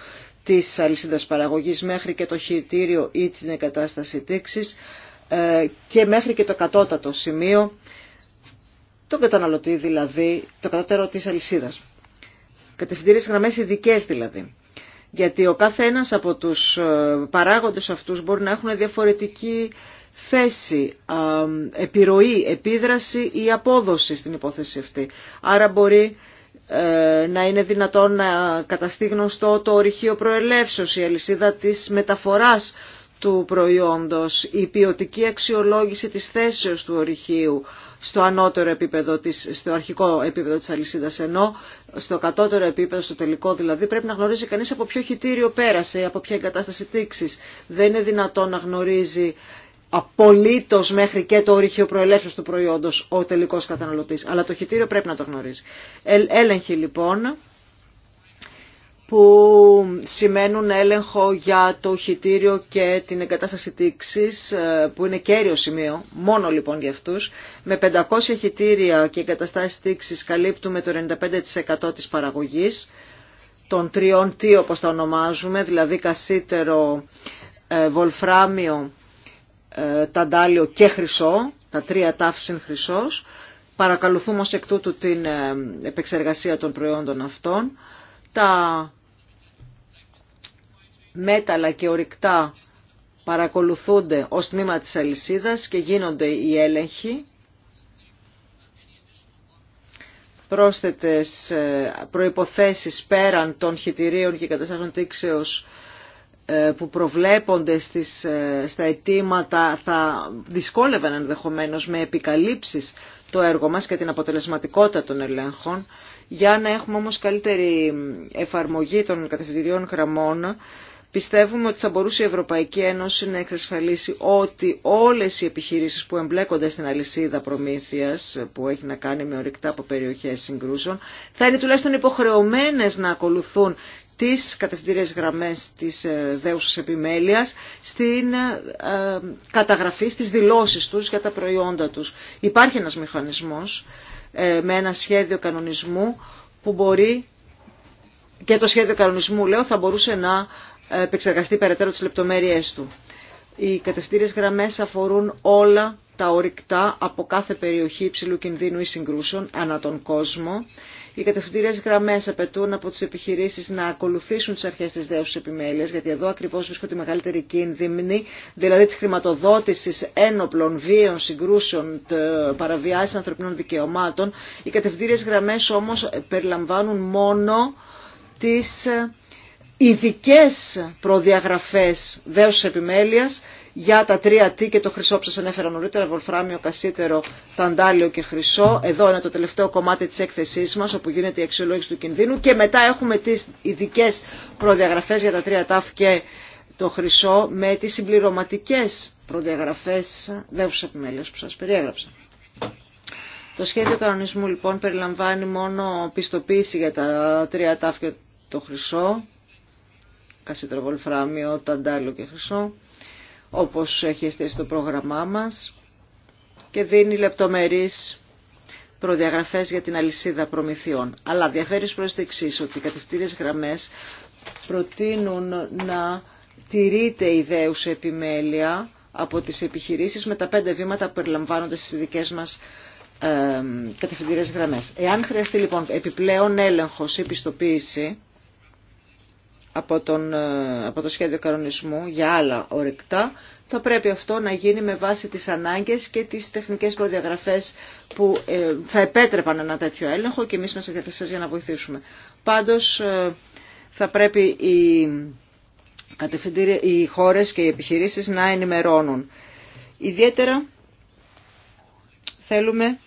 της αλυσίδας παραγωγής μέχρι και το χειριτήριο ή την εγκατάσταση τήξης ε, και μέχρι και το κατώτατο σημείο, τον καταναλωτή δηλαδή, το κατώτερο της αλυσίδας κατευθυντήριες γραμμές ειδικέ δηλαδή. Γιατί ο κάθε ένας από τους ε, παράγοντες αυτούς μπορεί να έχουν διαφορετική θέση, επιρροή, επίδραση ή απόδοση στην υπόθεση αυτή. Άρα μπορεί ε, να είναι δυνατόν να καταστεί γνωστό το ορυχείο προελεύσεως, η αλυσίδα της μεταφοράς του προϊόντος, η ποιοτική αξιολόγηση της θέσεως του ορυχείου, στο ανώτερο επίπεδο, της, στο αρχικό επίπεδο της αλυσίδας, ενώ στο κατώτερο επίπεδο, στο τελικό δηλαδή, πρέπει να γνωρίζει κανείς από ποιο χιτήριο πέρασε, από ποια εγκατάσταση τήξης. Δεν είναι δυνατόν να γνωρίζει απολύτω μέχρι και το ορυχείο προελεύσεω του προϊόντος ο τελικός καταναλωτής, αλλά το χιτήριο πρέπει να το γνωρίζει. Ε, έλεγχη λοιπόν που σημαίνουν έλεγχο για το χιτήριο και την εγκατάσταση τήξης, ε, που είναι κέριο σημείο, μόνο λοιπόν για αυτούς. Με 500 χιτήρια και εγκαταστάσεις τήξης καλύπτουμε το 95% της παραγωγής, των τριών τι όπως τα ονομάζουμε, δηλαδή κασίτερο, ε, βολφράμιο, ε, ταντάλιο και χρυσό, τα τρία τάφσιν χρυσός. Παρακαλουθούμε ως εκ τούτου την επεξεργασία των προϊόντων αυτών. Τα μέταλα και ορυκτά παρακολουθούνται ως τμήμα της αλυσίδας και γίνονται οι έλεγχοι. Πρόσθετες ε, προϋποθέσεις πέραν των χιτηρίων και καταστάσεων τήξεως ε, που προβλέπονται στις, ε, στα αιτήματα θα δυσκόλευαν ενδεχομένω με επικαλύψεις το έργο μας και την αποτελεσματικότητα των ελέγχων. Για να έχουμε όμως καλύτερη εφαρμογή των κατευθυντηριών γραμμών Πιστεύουμε ότι θα μπορούσε η Ευρωπαϊκή Ένωση να εξασφαλίσει ότι όλες οι επιχειρήσεις που εμπλέκονται στην αλυσίδα προμήθειας που έχει να κάνει με ορυκτά από περιοχές συγκρούσεων θα είναι τουλάχιστον υποχρεωμένες να ακολουθούν τις κατευθυντήριες γραμμές της ε, δέουσας επιμέλειας στην ε, ε, καταγραφή, στις δηλώσεις τους για τα προϊόντα τους. Υπάρχει ένας μηχανισμός με ένα σχέδιο κανονισμού που μπορεί και το σχέδιο κανονισμού λέω θα μπορούσε να επεξεργαστεί περαιτέρω τις λεπτομέρειές του. Οι κατευθύνες γραμμές αφορούν όλα τα ορυκτά από κάθε περιοχή υψηλού κινδύνου ή συγκρούσεων ανά τον κόσμο. Οι κατευθυντήριε γραμμέ απαιτούν από τι επιχειρήσει να ακολουθήσουν τι αρχέ τη δέουση επιμέλεια, γιατί εδώ ακριβώ βρίσκονται οι μεγαλύτεροι κίνδυνοι, δηλαδή τη χρηματοδότηση ένοπλων βίων συγκρούσεων, παραβιάσει ανθρωπινών δικαιωμάτων. Οι κατευθυντήριε γραμμέ όμω περιλαμβάνουν μόνο τις ε, ειδικέ προδιαγραφέ δέους επιμέλεια για τα τρία τι και το χρυσό που σα ανέφερα νωρίτερα, βολφράμιο, κασίτερο, ταντάλιο και χρυσό. Εδώ είναι το τελευταίο κομμάτι τη έκθεσή μα όπου γίνεται η αξιολόγηση του κινδύνου και μετά έχουμε τι ειδικέ προδιαγραφέ για τα τρία τάφ και το χρυσό με τι συμπληρωματικέ προδιαγραφέ δέους επιμέλεια που σα περιέγραψα. Το σχέδιο κανονισμού λοιπόν περιλαμβάνει μόνο πιστοποίηση για τα τρία τάφ και το χρυσό κασίτρο βολφράμιο, ταντάλιο και χρυσό, όπως έχει εστίσει το πρόγραμμά μας και δίνει λεπτομερείς προδιαγραφές για την αλυσίδα προμηθειών. Αλλά διαφέρει προς το εξής, ότι οι κατευθύνες γραμμές προτείνουν να τηρείται η σε επιμέλεια από τις επιχειρήσεις με τα πέντε βήματα που περιλαμβάνονται στις δικές μας ε, κατευθυντήρες γραμμές. Εάν χρειαστεί λοιπόν επιπλέον έλεγχος ή πιστοποίηση, από, τον, ε, από το σχέδιο κανονισμού για άλλα ορεικτά θα πρέπει αυτό να γίνει με βάση τις ανάγκες και τις τεχνικές προδιαγραφές που ε, θα επέτρεπαν ένα τέτοιο έλεγχο και εμείς είμαστε διαθέσει για να βοηθήσουμε. Πάντως ε, θα πρέπει οι, οι χώρες και οι επιχειρήσεις να ενημερώνουν. Ιδιαίτερα θέλουμε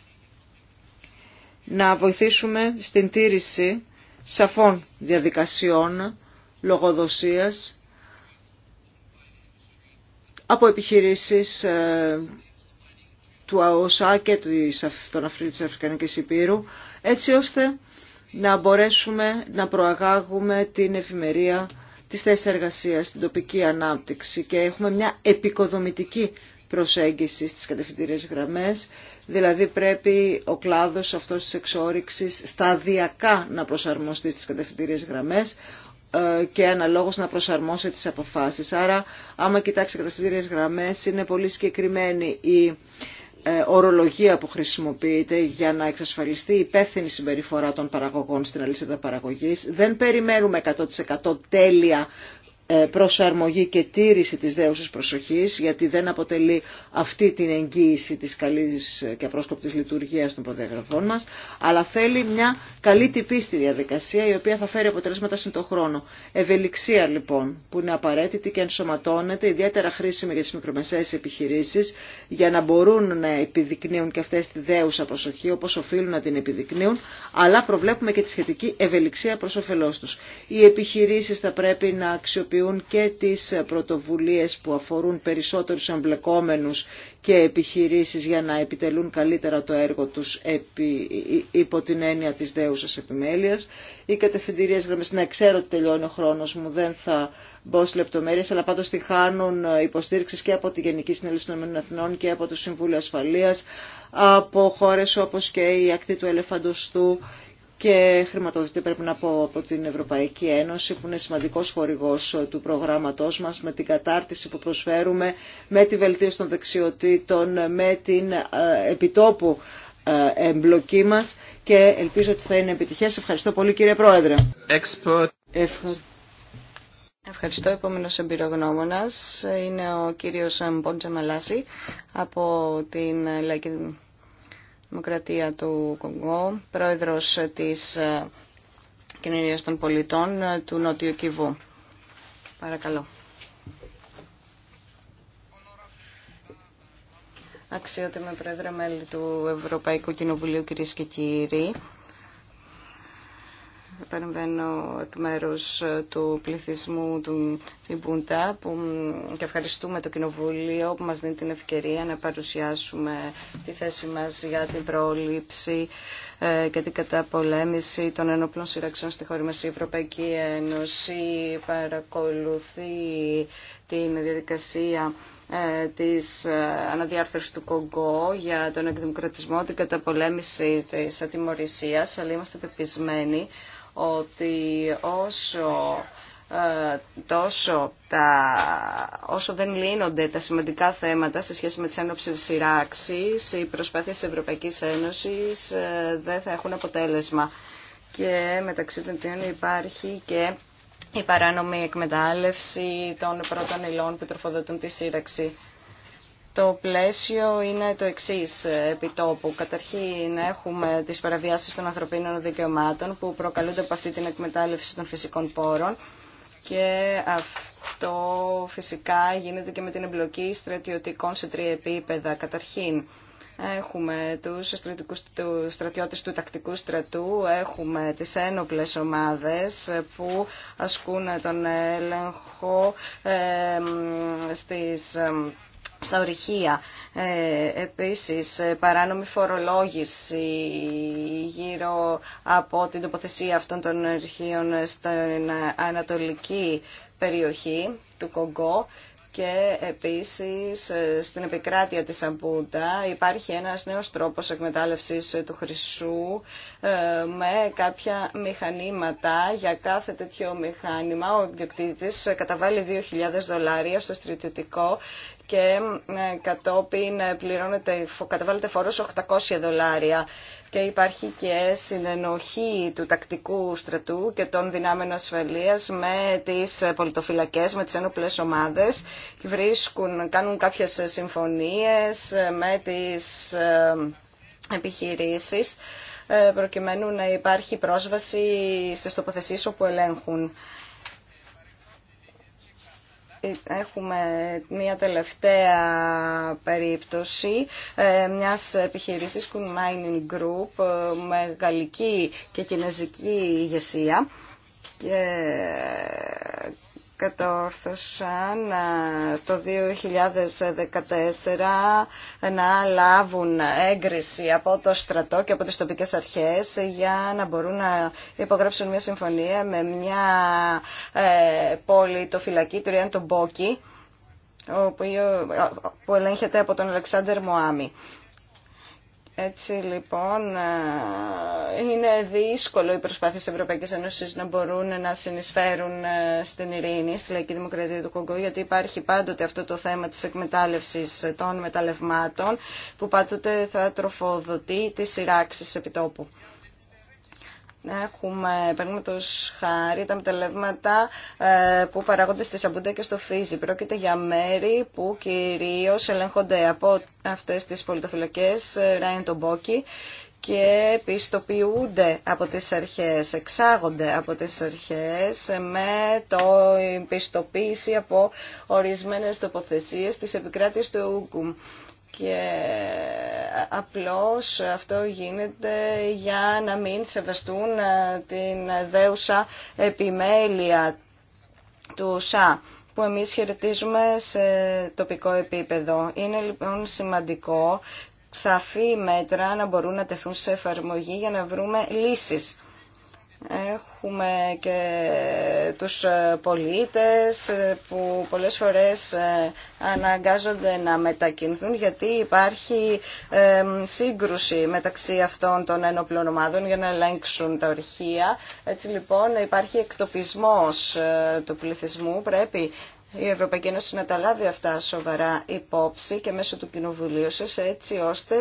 να βοηθήσουμε στην τήρηση σαφών διαδικασιών λογοδοσίας από επιχειρήσεις ε, του ΑΟΣΑ και της Αφρικανικής Υπήρου, έτσι ώστε να μπορέσουμε να προαγάγουμε την εφημερία της θέσης εργασίας, την τοπική ανάπτυξη και έχουμε μια επικοδομητική προσέγγιση στις κατευθυντήριες γραμμές, δηλαδή πρέπει ο κλάδος αυτός της εξόριξης σταδιακά να προσαρμοστεί στις κατευθυντήριες γραμμές, ε, και αναλόγως να προσαρμόσει τις αποφάσεις. Άρα, άμα κοιτάξει κατευθυντήριες γραμμές, είναι πολύ συγκεκριμένη η ε, ορολογία που χρησιμοποιείται για να εξασφαλιστεί η υπεύθυνη συμπεριφορά των παραγωγών στην αλυσίδα παραγωγής. Δεν περιμένουμε 100% τέλεια ε, προσαρμογή και τήρηση της δέουσας προσοχής, γιατί δεν αποτελεί αυτή την εγγύηση της καλής και απρόσκοπτης λειτουργίας των προδιαγραφών μας, αλλά θέλει μια καλή τυπή στη διαδικασία, η οποία θα φέρει αποτελέσματα στον χρόνο. Ευελιξία λοιπόν, που είναι απαραίτητη και ενσωματώνεται, ιδιαίτερα χρήσιμη για τις μικρομεσαίες επιχειρήσεις, για να μπορούν να επιδεικνύουν και αυτές τη δέουσα προσοχή, όπως οφείλουν να την επιδεικνύουν, αλλά προβλέπουμε και τη σχετική ευελιξία προς όφελός τους. Οι επιχειρήσεις θα πρέπει να αξιοποιήσουν και τις πρωτοβουλίες που αφορούν περισσότερους εμπλεκόμενους και επιχειρήσεις για να επιτελούν καλύτερα το έργο τους επί, υπό την έννοια της δέουσας επιμέλειας. Οι κατευθυντηρίες γραμμές, ναι, ξέρω ότι τελειώνει ο χρόνος μου, δεν θα μπω σε λεπτομέρειες, αλλά πάντως τη χάνουν υποστήριξη και από τη Γενική Συνέλευση των Εθνών και από το Συμβούλιο Ασφαλείας, από χώρες όπως και η ακτή του Ελεφαντοστού, και χρηματοδοτείται πρέπει να πω από την Ευρωπαϊκή Ένωση που είναι σημαντικός χορηγός ε, του προγράμματός μας με την κατάρτιση που προσφέρουμε, με τη βελτίωση των δεξιοτήτων, με την ε, επιτόπου ε, εμπλοκή μας και ελπίζω ότι θα είναι επιτυχές. Ευχαριστώ πολύ κύριε Πρόεδρε. Ευχαριστώ. Επόμενο εμπειρογνώμονα είναι ο κύριο Μπόντζα Μαλάση από την Λαϊκή Δημοκρατία του Κογκό, πρόεδρος της ε, Κοινωνίας των Πολιτών ε, του Νότιου Κιβού. Παρακαλώ. Αξιότιμε Πρόεδρε, μέλη του Ευρωπαϊκού Κοινοβουλίου, κυρίε και κύριοι παρεμβαίνω εκ μέρους ε, του πληθυσμού του Τιμπούντα που, και ευχαριστούμε το Κοινοβούλιο που μας δίνει την ευκαιρία να παρουσιάσουμε τη θέση μας για την πρόληψη ε, και την καταπολέμηση των ενόπλων σειράξεων στη χώρα μας. Η Ευρωπαϊκή Ένωση παρακολουθεί την διαδικασία ε, της αναδιάρθρωσης του Κογκό για τον εκδημοκρατισμό, την καταπολέμηση της ατιμορρησίας, αλλά είμαστε πεπισμένοι ότι όσο ε, τόσο τα, όσο δεν λύνονται τα σημαντικά θέματα σε σχέση με τις τη σειράξεις, οι προσπάθειες της Ευρωπαϊκής Ένωσης ε, δεν θα έχουν αποτέλεσμα. Και μεταξύ των τιών υπάρχει και η παράνομη εκμετάλλευση των πρώτων υλών που τροφοδοτούν τη σύραξη. Το πλαίσιο είναι το εξή επιτόπου. Καταρχήν έχουμε τις παραβιάσεις των ανθρωπίνων δικαιωμάτων που προκαλούνται από αυτή την εκμετάλλευση των φυσικών πόρων και αυτό φυσικά γίνεται και με την εμπλοκή στρατιωτικών σε τρία επίπεδα. Καταρχήν έχουμε τους, του στρατιώτες του τακτικού στρατού, έχουμε τις ένοπλες ομάδες που ασκούν τον έλεγχο ε, στις στα ορυχεία. Ε, επίσης, ε, παράνομη φορολόγηση γύρω από την τοποθεσία αυτών των ορυχείων στην ανατολική περιοχή του Κογκό και επίσης ε, στην επικράτεια της Αμπούντα υπάρχει ένας νέος τρόπος εκμετάλλευσης του χρυσού ε, με κάποια μηχανήματα. Για κάθε τέτοιο μηχάνημα ο διοκτήτης καταβάλει 2.000 δολάρια στο στρατιωτικό και ε, κατόπιν ε, πληρώνεται, καταβάλλεται φόρος 800 δολάρια και υπάρχει και συνενοχή του τακτικού στρατού και των δυνάμεων ασφαλείας με τις ε, πολιτοφυλακές, με τις ένοπλες ομάδες και βρίσκουν, κάνουν κάποιες συμφωνίες με τις επιχειρήσεις προκειμένου να υπάρχει πρόσβαση στις τοποθεσίες όπου ελέγχουν έχουμε μια τελευταία περίπτωση ε, μιας επιχειρήσης Kun Mining Group ε, με γαλλική και κινέζικη ηγεσία και κατόρθωσαν ε, το 2014 να λάβουν έγκριση από το στρατό και από τις τοπικές αρχές για να μπορούν να υπογράψουν μια συμφωνία με μια ε, πόλη, το φυλακή του Ριάν Μπόκι, ε, που ελέγχεται από τον Αλεξάνδερ Μωάμι. Έτσι λοιπόν ε, είναι δύσκολο οι προσπάθειες της Ευρωπαϊκής Ένωσης να μπορούν να συνεισφέρουν ε, στην ειρήνη, στη λαϊκή δημοκρατία του Κογκό, γιατί υπάρχει πάντοτε αυτό το θέμα της εκμετάλλευσης των μεταλλευμάτων που πάντοτε θα τροφοδοτεί τις σειράξεις επιτόπου. Έχουμε, παραδείγματο χάρη, τα μεταλλεύματα ε, που παράγονται στη Σαμπούντα και στο Φίζι. Πρόκειται για μέρη που κυρίω ελέγχονται από αυτέ τι πολιτοφυλακέ ε, Ράιν Τομπόκι και πιστοποιούνται από τις αρχές, εξάγονται από τις αρχές ε, με το πιστοποίηση από ορισμένες τοποθεσίες της επικράτησης του ΟΚΟΥΜ και απλώς αυτό γίνεται για να μην σεβαστούν ε, την δέουσα επιμέλεια του ΣΑ που εμείς χαιρετίζουμε σε τοπικό επίπεδο. Είναι λοιπόν σημαντικό σαφή μέτρα να μπορούν να τεθούν σε εφαρμογή για να βρούμε λύσεις. Έχουμε και τους πολίτες που πολλές φορές ε, αναγκάζονται να μετακινηθούν γιατί υπάρχει ε, σύγκρουση μεταξύ αυτών των ενόπλων ομάδων για να ελέγξουν τα ορχεία. Έτσι λοιπόν υπάρχει εκτοπισμός ε, του πληθυσμού. Πρέπει η Ευρωπαϊκή Ένωση να τα λάβει αυτά σοβαρά υπόψη και μέσω του Κοινοβουλίου σας έτσι ώστε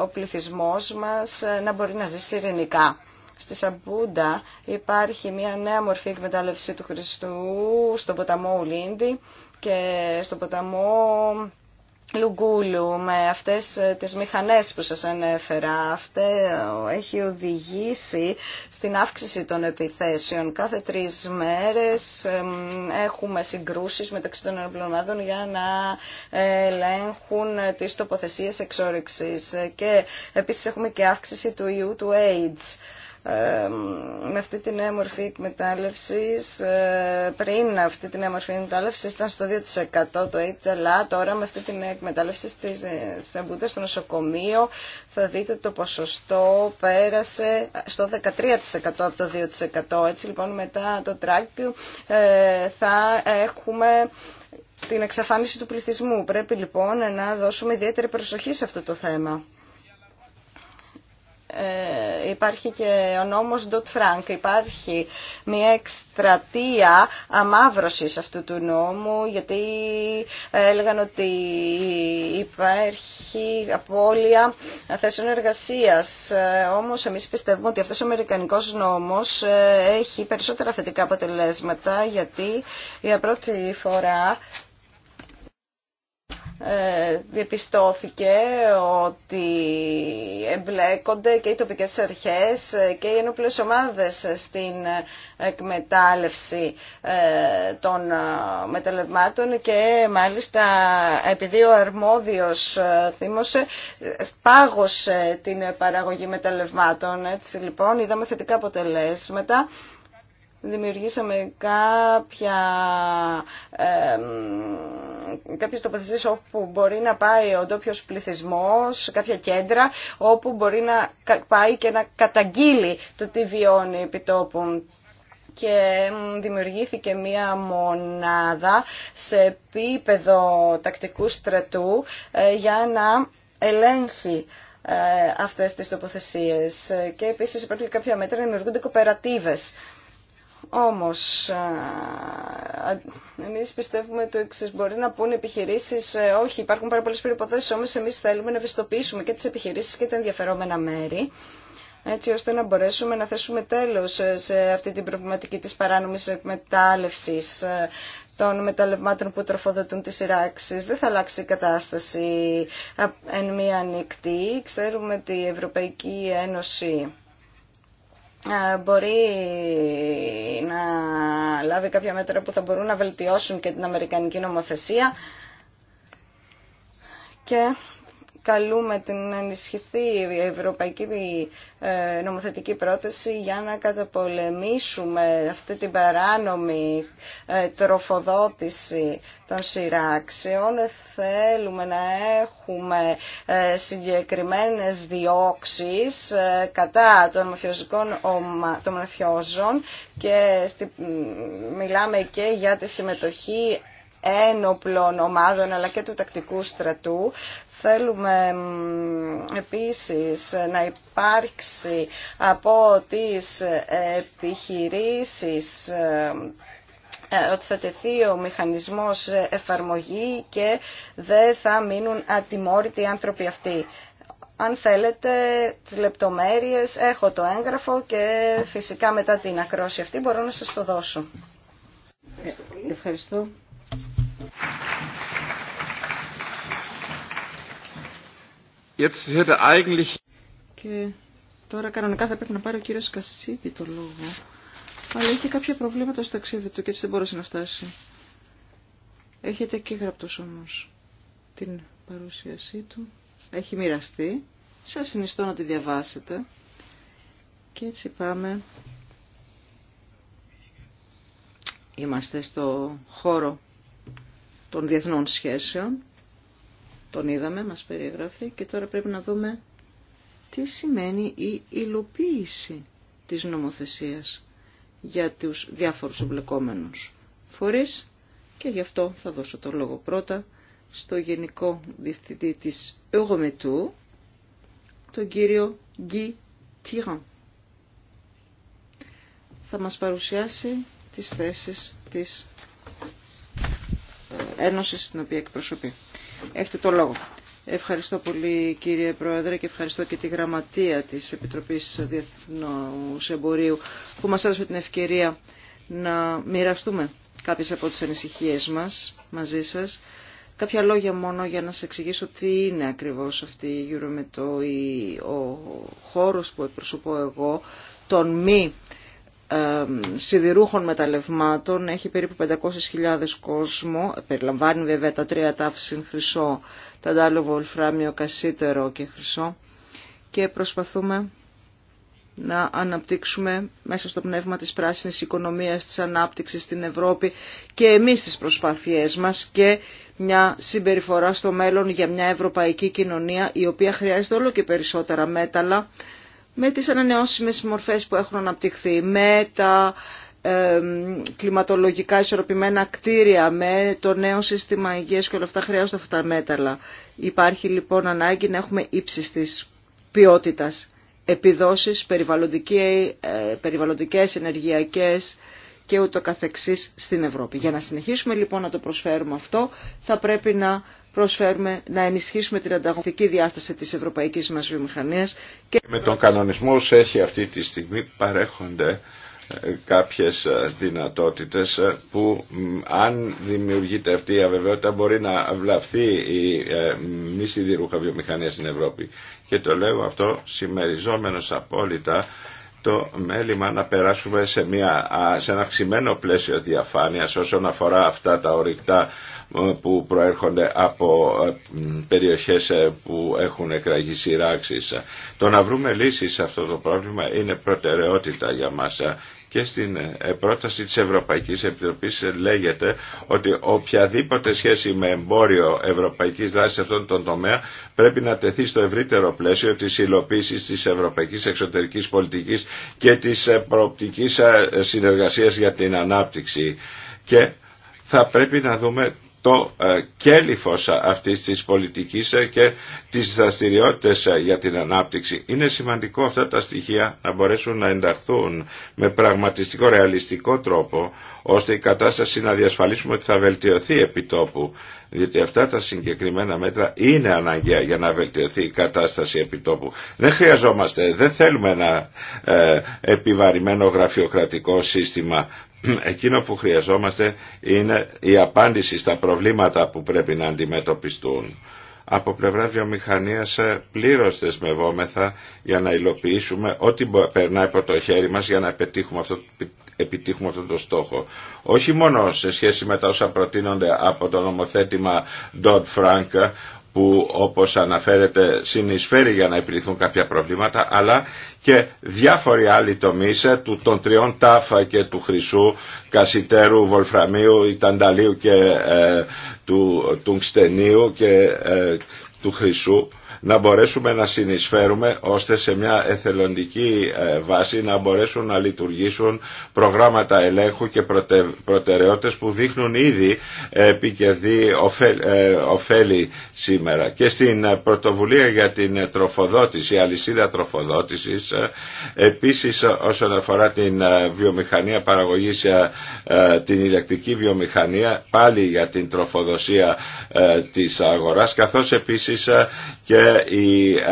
ο πληθυσμός μας να μπορεί να ζήσει ειρηνικά. Στη Σαμπούντα υπάρχει μια νέα μορφή εκμετάλλευση του Χριστού στον ποταμό Ουλίντι και στον ποταμό Λουγκούλου με αυτές ε, τις μηχανές που σας ανέφερα. Αυτή ε, έχει οδηγήσει στην αύξηση των επιθέσεων. Κάθε τρεις μέρες έχουμε συγκρούσεις μεταξύ των αεροπλωμάτων για να ελέγχουν τις τοποθεσίες εξόρυξης. Και επίσης έχουμε και αύξηση του ιού του AIDS με αυτή την νέα μορφή ε, πριν αυτή την νέα μορφή ήταν στο 2% το AIDS, αλλά τώρα με αυτή την νέα εκμετάλλευση στις εμπούτες στο νοσοκομείο θα δείτε ότι το ποσοστό πέρασε στο 13% από το 2%. Έτσι λοιπόν μετά το τράκιο ε, θα έχουμε την εξαφάνιση του πληθυσμού. Πρέπει λοιπόν να δώσουμε ιδιαίτερη προσοχή σε αυτό το θέμα ε, υπάρχει και ο νόμος Ντοτ Φρανκ. υπάρχει μια εκστρατεία αμάβρωσης αυτού του νόμου γιατί έλεγαν ότι υπάρχει απώλεια θέσεων εργασίας ε, όμως εμείς πιστεύουμε ότι αυτός ο Αμερικανικός νόμος ε, έχει περισσότερα θετικά αποτελέσματα γιατί για πρώτη φορά ε, διαπιστώθηκε ότι εμπλέκονται και οι τοπικές αρχές και οι ενόπλες ομάδες στην εκμετάλλευση ε, των ε, μεταλλευμάτων και μάλιστα επειδή ο αρμόδιος θύμωσε πάγωσε την παραγωγή μεταλλευμάτων. Έτσι λοιπόν είδαμε θετικά αποτελέσματα δημιουργήσαμε κάποια, ε, κάποιες τοποθεσίες όπου μπορεί να πάει ο ντόπιο πληθυσμός, κάποια κέντρα όπου μπορεί να πάει και να καταγγείλει το τι βιώνει επί τόπου και δημιουργήθηκε μία μονάδα σε επίπεδο τακτικού στρατού ε, για να ελέγχει ε, αυτές τις τοποθεσίες. Και επίσης υπάρχουν και κάποια μέτρα να δημιουργούνται κοπερατίβες όμως, εμείς πιστεύουμε το εξής, μπορεί να πούνε επιχειρήσεις, ε, όχι υπάρχουν πάρα πολλές περιποθέσεις, όμως εμείς θέλουμε να ευαισθητοποιήσουμε και τις επιχειρήσεις και τα ενδιαφερόμενα μέρη έτσι ώστε να μπορέσουμε να θέσουμε τέλος ε, σε αυτή την προβληματική της παράνομης εκμετάλλευσης ε, των μεταλλευμάτων που τροφοδοτούν τις σειράξεις. Δεν θα αλλάξει η κατάσταση εν μία νυχτή. Ξέρουμε ότι η Ευρωπαϊκή Ένωση μπορεί να λάβει κάποια μέτρα που θα μπορούν να βελτιώσουν και την Αμερικανική νομοθεσία και καλούμε την να ενισχυθεί η ευρωπαϊκή ε, νομοθετική πρόταση για να καταπολεμήσουμε αυτή την παράνομη ε, τροφοδότηση των σειράξεων. Θέλουμε να έχουμε ε, συγκεκριμένες διώξεις κατά των μαφιόζικων των μαφιόζων και μιλάμε και για τη συμμετοχή ένοπλων ομάδων αλλά και του τακτικού στρατού Θέλουμε επίσης να υπάρξει από τις ε, επιχειρήσεις ε, ε, ότι θα τεθεί ο μηχανισμός εφαρμογή και δεν θα μείνουν ατιμόρυτοι οι άνθρωποι αυτοί. Αν θέλετε τις λεπτομέρειες, έχω το έγγραφο και φυσικά μετά την ακρόση αυτή μπορώ να σας το δώσω. ευχαριστώ. Και τώρα κανονικά θα πρέπει να πάρει ο κύριος Κασίδη το λόγο. Αλλά είχε κάποια προβλήματα στο ταξίδι του και έτσι δεν μπορούσε να φτάσει. Έχετε και γραπτό όμω την παρουσίασή του. Έχει μοιραστεί. Σας συνιστώ να τη διαβάσετε. Και έτσι πάμε. Είμαστε στο χώρο των διεθνών σχέσεων τον είδαμε, μας περιγράφει και τώρα πρέπει να δούμε τι σημαίνει η υλοποίηση της νομοθεσίας για τους διάφορους εμπλεκόμενους φορείς και γι' αυτό θα δώσω το λόγο πρώτα στο Γενικό Διευθυντή της ΕΟΓΟΜΕΤΟΥ, τον κύριο Γκί Τιραν. Θα μας παρουσιάσει τις θέσεις της ε, Ένωσης στην οποία εκπροσωπεί. Έχετε το λόγο. Ευχαριστώ πολύ κύριε Πρόεδρε και ευχαριστώ και τη γραμματεία της Επιτροπής Διεθνούς Εμπορίου που μας έδωσε την ευκαιρία να μοιραστούμε κάποιες από τις ανησυχίες μας μαζί σας. Κάποια λόγια μόνο για να σας εξηγήσω τι είναι ακριβώς αυτή η Eurometo, ο χώρος που εκπροσωπώ εγώ, τον μη σιδηρούχων μεταλλευμάτων έχει περίπου 500.000 κόσμο περιλαμβάνει βέβαια τα τρία τάφη χρυσό ταντάλο βολφράμιο, κασίτερο και χρυσό και προσπαθούμε να αναπτύξουμε μέσα στο πνεύμα της πράσινης οικονομίας, της ανάπτυξης στην Ευρώπη και εμείς τις προσπάθειές μας και μια συμπεριφορά στο μέλλον για μια ευρωπαϊκή κοινωνία η οποία χρειάζεται όλο και περισσότερα μέταλλα με τις ανανεώσιμες μορφές που έχουν αναπτυχθεί, με τα κλιματολογικά ισορροπημένα κτίρια, με το νέο σύστημα υγείας και όλα αυτά χρειάζονται αυτά τα μέταλλα. Υπάρχει λοιπόν ανάγκη να έχουμε ύψιστης ποιότητας επιδόσεις ε, περιβαλλοντικές, ενεργειακές, και ούτω καθεξής στην Ευρώπη. Για να συνεχίσουμε λοιπόν να το προσφέρουμε αυτό θα πρέπει να προσφέρουμε να ενισχύσουμε την ανταγωνιστική διάσταση της ευρωπαϊκής μας βιομηχανίας. Και... Με τον κανονισμό όσο έχει αυτή τη στιγμή παρέχονται ε, κάποιες ε, δυνατότητες ε, που αν δημιουργείται αυτή η αβεβαιότητα μπορεί να βλαφθεί η μη σιδηρούχα βιομηχανία στην Ευρώπη. Και το λέω αυτό συμμεριζόμενος απόλυτα το μέλημα να περάσουμε σε, μια, σε ένα αυξημένο πλαίσιο διαφάνειας όσον αφορά αυτά τα ορυκτά ε, που προέρχονται από ε, περιοχές ε, που έχουν εκραγεί ράξεις. Το να βρούμε λύσεις σε αυτό το πρόβλημα είναι προτεραιότητα για μας και στην ε, πρόταση της Ευρωπαϊκής Επιτροπής λέγεται ότι οποιαδήποτε σχέση με εμπόριο ευρωπαϊκής δράσης σε αυτόν τον τομέα πρέπει να τεθεί στο ευρύτερο πλαίσιο της υλοποίησης της ευρωπαϊκής εξωτερικής πολιτικής και της ε, προοπτικής ε, συνεργασίας για την ανάπτυξη. Και θα πρέπει να δούμε το ε, κέλυφος αυτής της πολιτικής ε, και τις δραστηριότητε ε, για την ανάπτυξη. Είναι σημαντικό αυτά τα στοιχεία να μπορέσουν να ενταχθούν με πραγματιστικό ρεαλιστικό τρόπο ώστε η κατάσταση να διασφαλίσουμε ότι θα βελτιωθεί επί τόπου διότι αυτά τα συγκεκριμένα μέτρα είναι αναγκαία για να βελτιωθεί η κατάσταση επιτόπου. Δεν χρειαζόμαστε, δεν θέλουμε ένα ε, επιβαρημένο γραφειοκρατικό σύστημα εκείνο που χρειαζόμαστε είναι η απάντηση στα προβλήματα που πρέπει να αντιμετωπιστούν. Από πλευρά βιομηχανίας ε, πλήρως δεσμευόμεθα για να υλοποιήσουμε ό,τι περνάει από το χέρι μας για να αυτό, επιτύχουμε αυτό το στόχο. Όχι μόνο σε σχέση με τα όσα προτείνονται από το νομοθέτημα Dodd Frank, που όπως αναφέρεται συνεισφέρει για να επιληθούν κάποια προβλήματα αλλά και διάφοροι άλλοι τομείς ε, του, των τριών τάφα και του χρυσού, κασιτέρου, βολφραμίου, ιτανταλίου και ε, του, του και ε, του χρυσού να μπορέσουμε να συνεισφέρουμε ώστε σε μια εθελοντική ε, βάση να μπορέσουν να λειτουργήσουν προγράμματα ελέγχου και προτεραιότητες που δείχνουν ήδη επικερδή ε, ωφέλη σήμερα. Και στην πρωτοβουλία για την τροφοδότηση, αλυσίδα τροφοδότησης, ε, επίσης όσον αφορά την βιομηχανία παραγωγής, την ηλεκτρική βιομηχανία, πάλι για την τροφοδοσία της αγοράς, καθώς επίσης και η ε,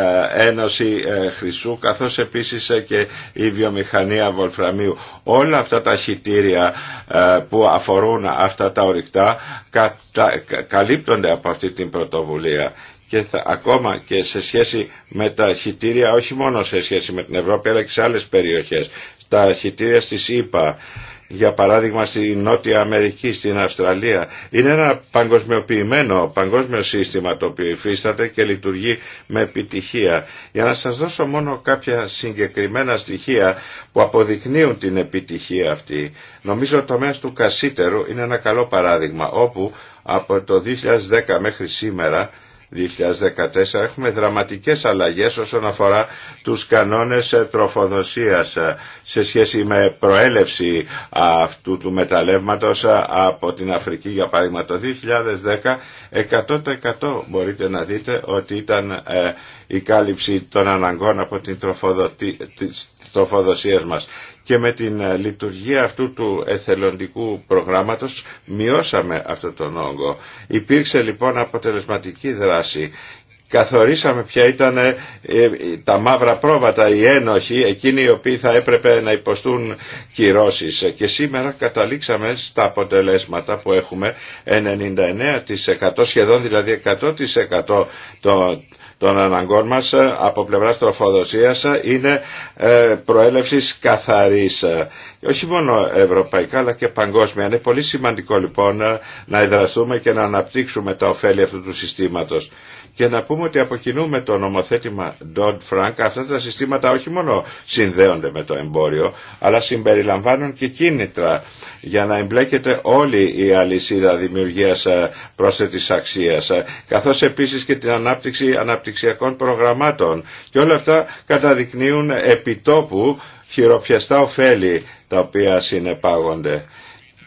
Ένωση ε, Χρυσού καθώς επίσης ε, και η βιομηχανία Βολφραμίου. Όλα αυτά τα χιτήρια που αφορούν αυτά τα ορυκτά καλύπτονται από αυτή την πρωτοβουλία και θα, ακόμα και σε σχέση με τα χιτήρια όχι μόνο σε σχέση με την Ευρώπη αλλά και σε άλλες περιοχές. Τα χιτήρια στη ΗΠΑ για παράδειγμα στη Νότια Αμερική, στην Αυστραλία. Είναι ένα παγκοσμιοποιημένο παγκόσμιο σύστημα το οποίο υφίσταται και λειτουργεί με επιτυχία. Για να σας δώσω μόνο κάποια συγκεκριμένα στοιχεία που αποδεικνύουν την επιτυχία αυτή. Νομίζω το μέσο του Κασίτερου είναι ένα καλό παράδειγμα όπου από το 2010 μέχρι σήμερα 2014 έχουμε δραματικές αλλαγές όσον αφορά τους κανόνες τροφοδοσίας σε σχέση με προέλευση αυτού του μεταλλεύματος από την Αφρική για παράδειγμα το 2010 100% μπορείτε να δείτε ότι ήταν ε, η κάλυψη των αναγκών από την τροφοδοσία μας. Και με την ε, λειτουργία αυτού του εθελοντικού προγράμματος μειώσαμε αυτό τον όγκο. Υπήρξε λοιπόν αποτελεσματική δράση καθορίσαμε ποια ήταν ε, ε, τα μαύρα πρόβατα, οι ένοχοι, εκείνοι οι οποίοι θα έπρεπε να υποστούν κυρώσεις. Και σήμερα καταλήξαμε στα αποτελέσματα που έχουμε 99% σχεδόν δηλαδή 100% των των αναγκών μας ε, από πλευράς τροφοδοσίας ε, είναι ε, προέλευσης καθαρής. Όχι μόνο ευρωπαϊκά αλλά και παγκόσμια. Είναι πολύ σημαντικό λοιπόν να εδραστούμε και να αναπτύξουμε τα ωφέλη αυτού του συστήματος και να πούμε ότι από κοινού με το νομοθέτημα Dodd-Frank αυτά τα συστήματα όχι μόνο συνδέονται με το εμπόριο αλλά συμπεριλαμβάνουν και κίνητρα για να εμπλέκεται όλη η αλυσίδα δημιουργίας ε, πρόσθετης αξίας ε, καθώς επίσης και την ανάπτυξη αναπτυξιακών προγραμμάτων και όλα αυτά καταδεικνύουν επιτόπου χειροπιαστά ωφέλη τα οποία συνεπάγονται.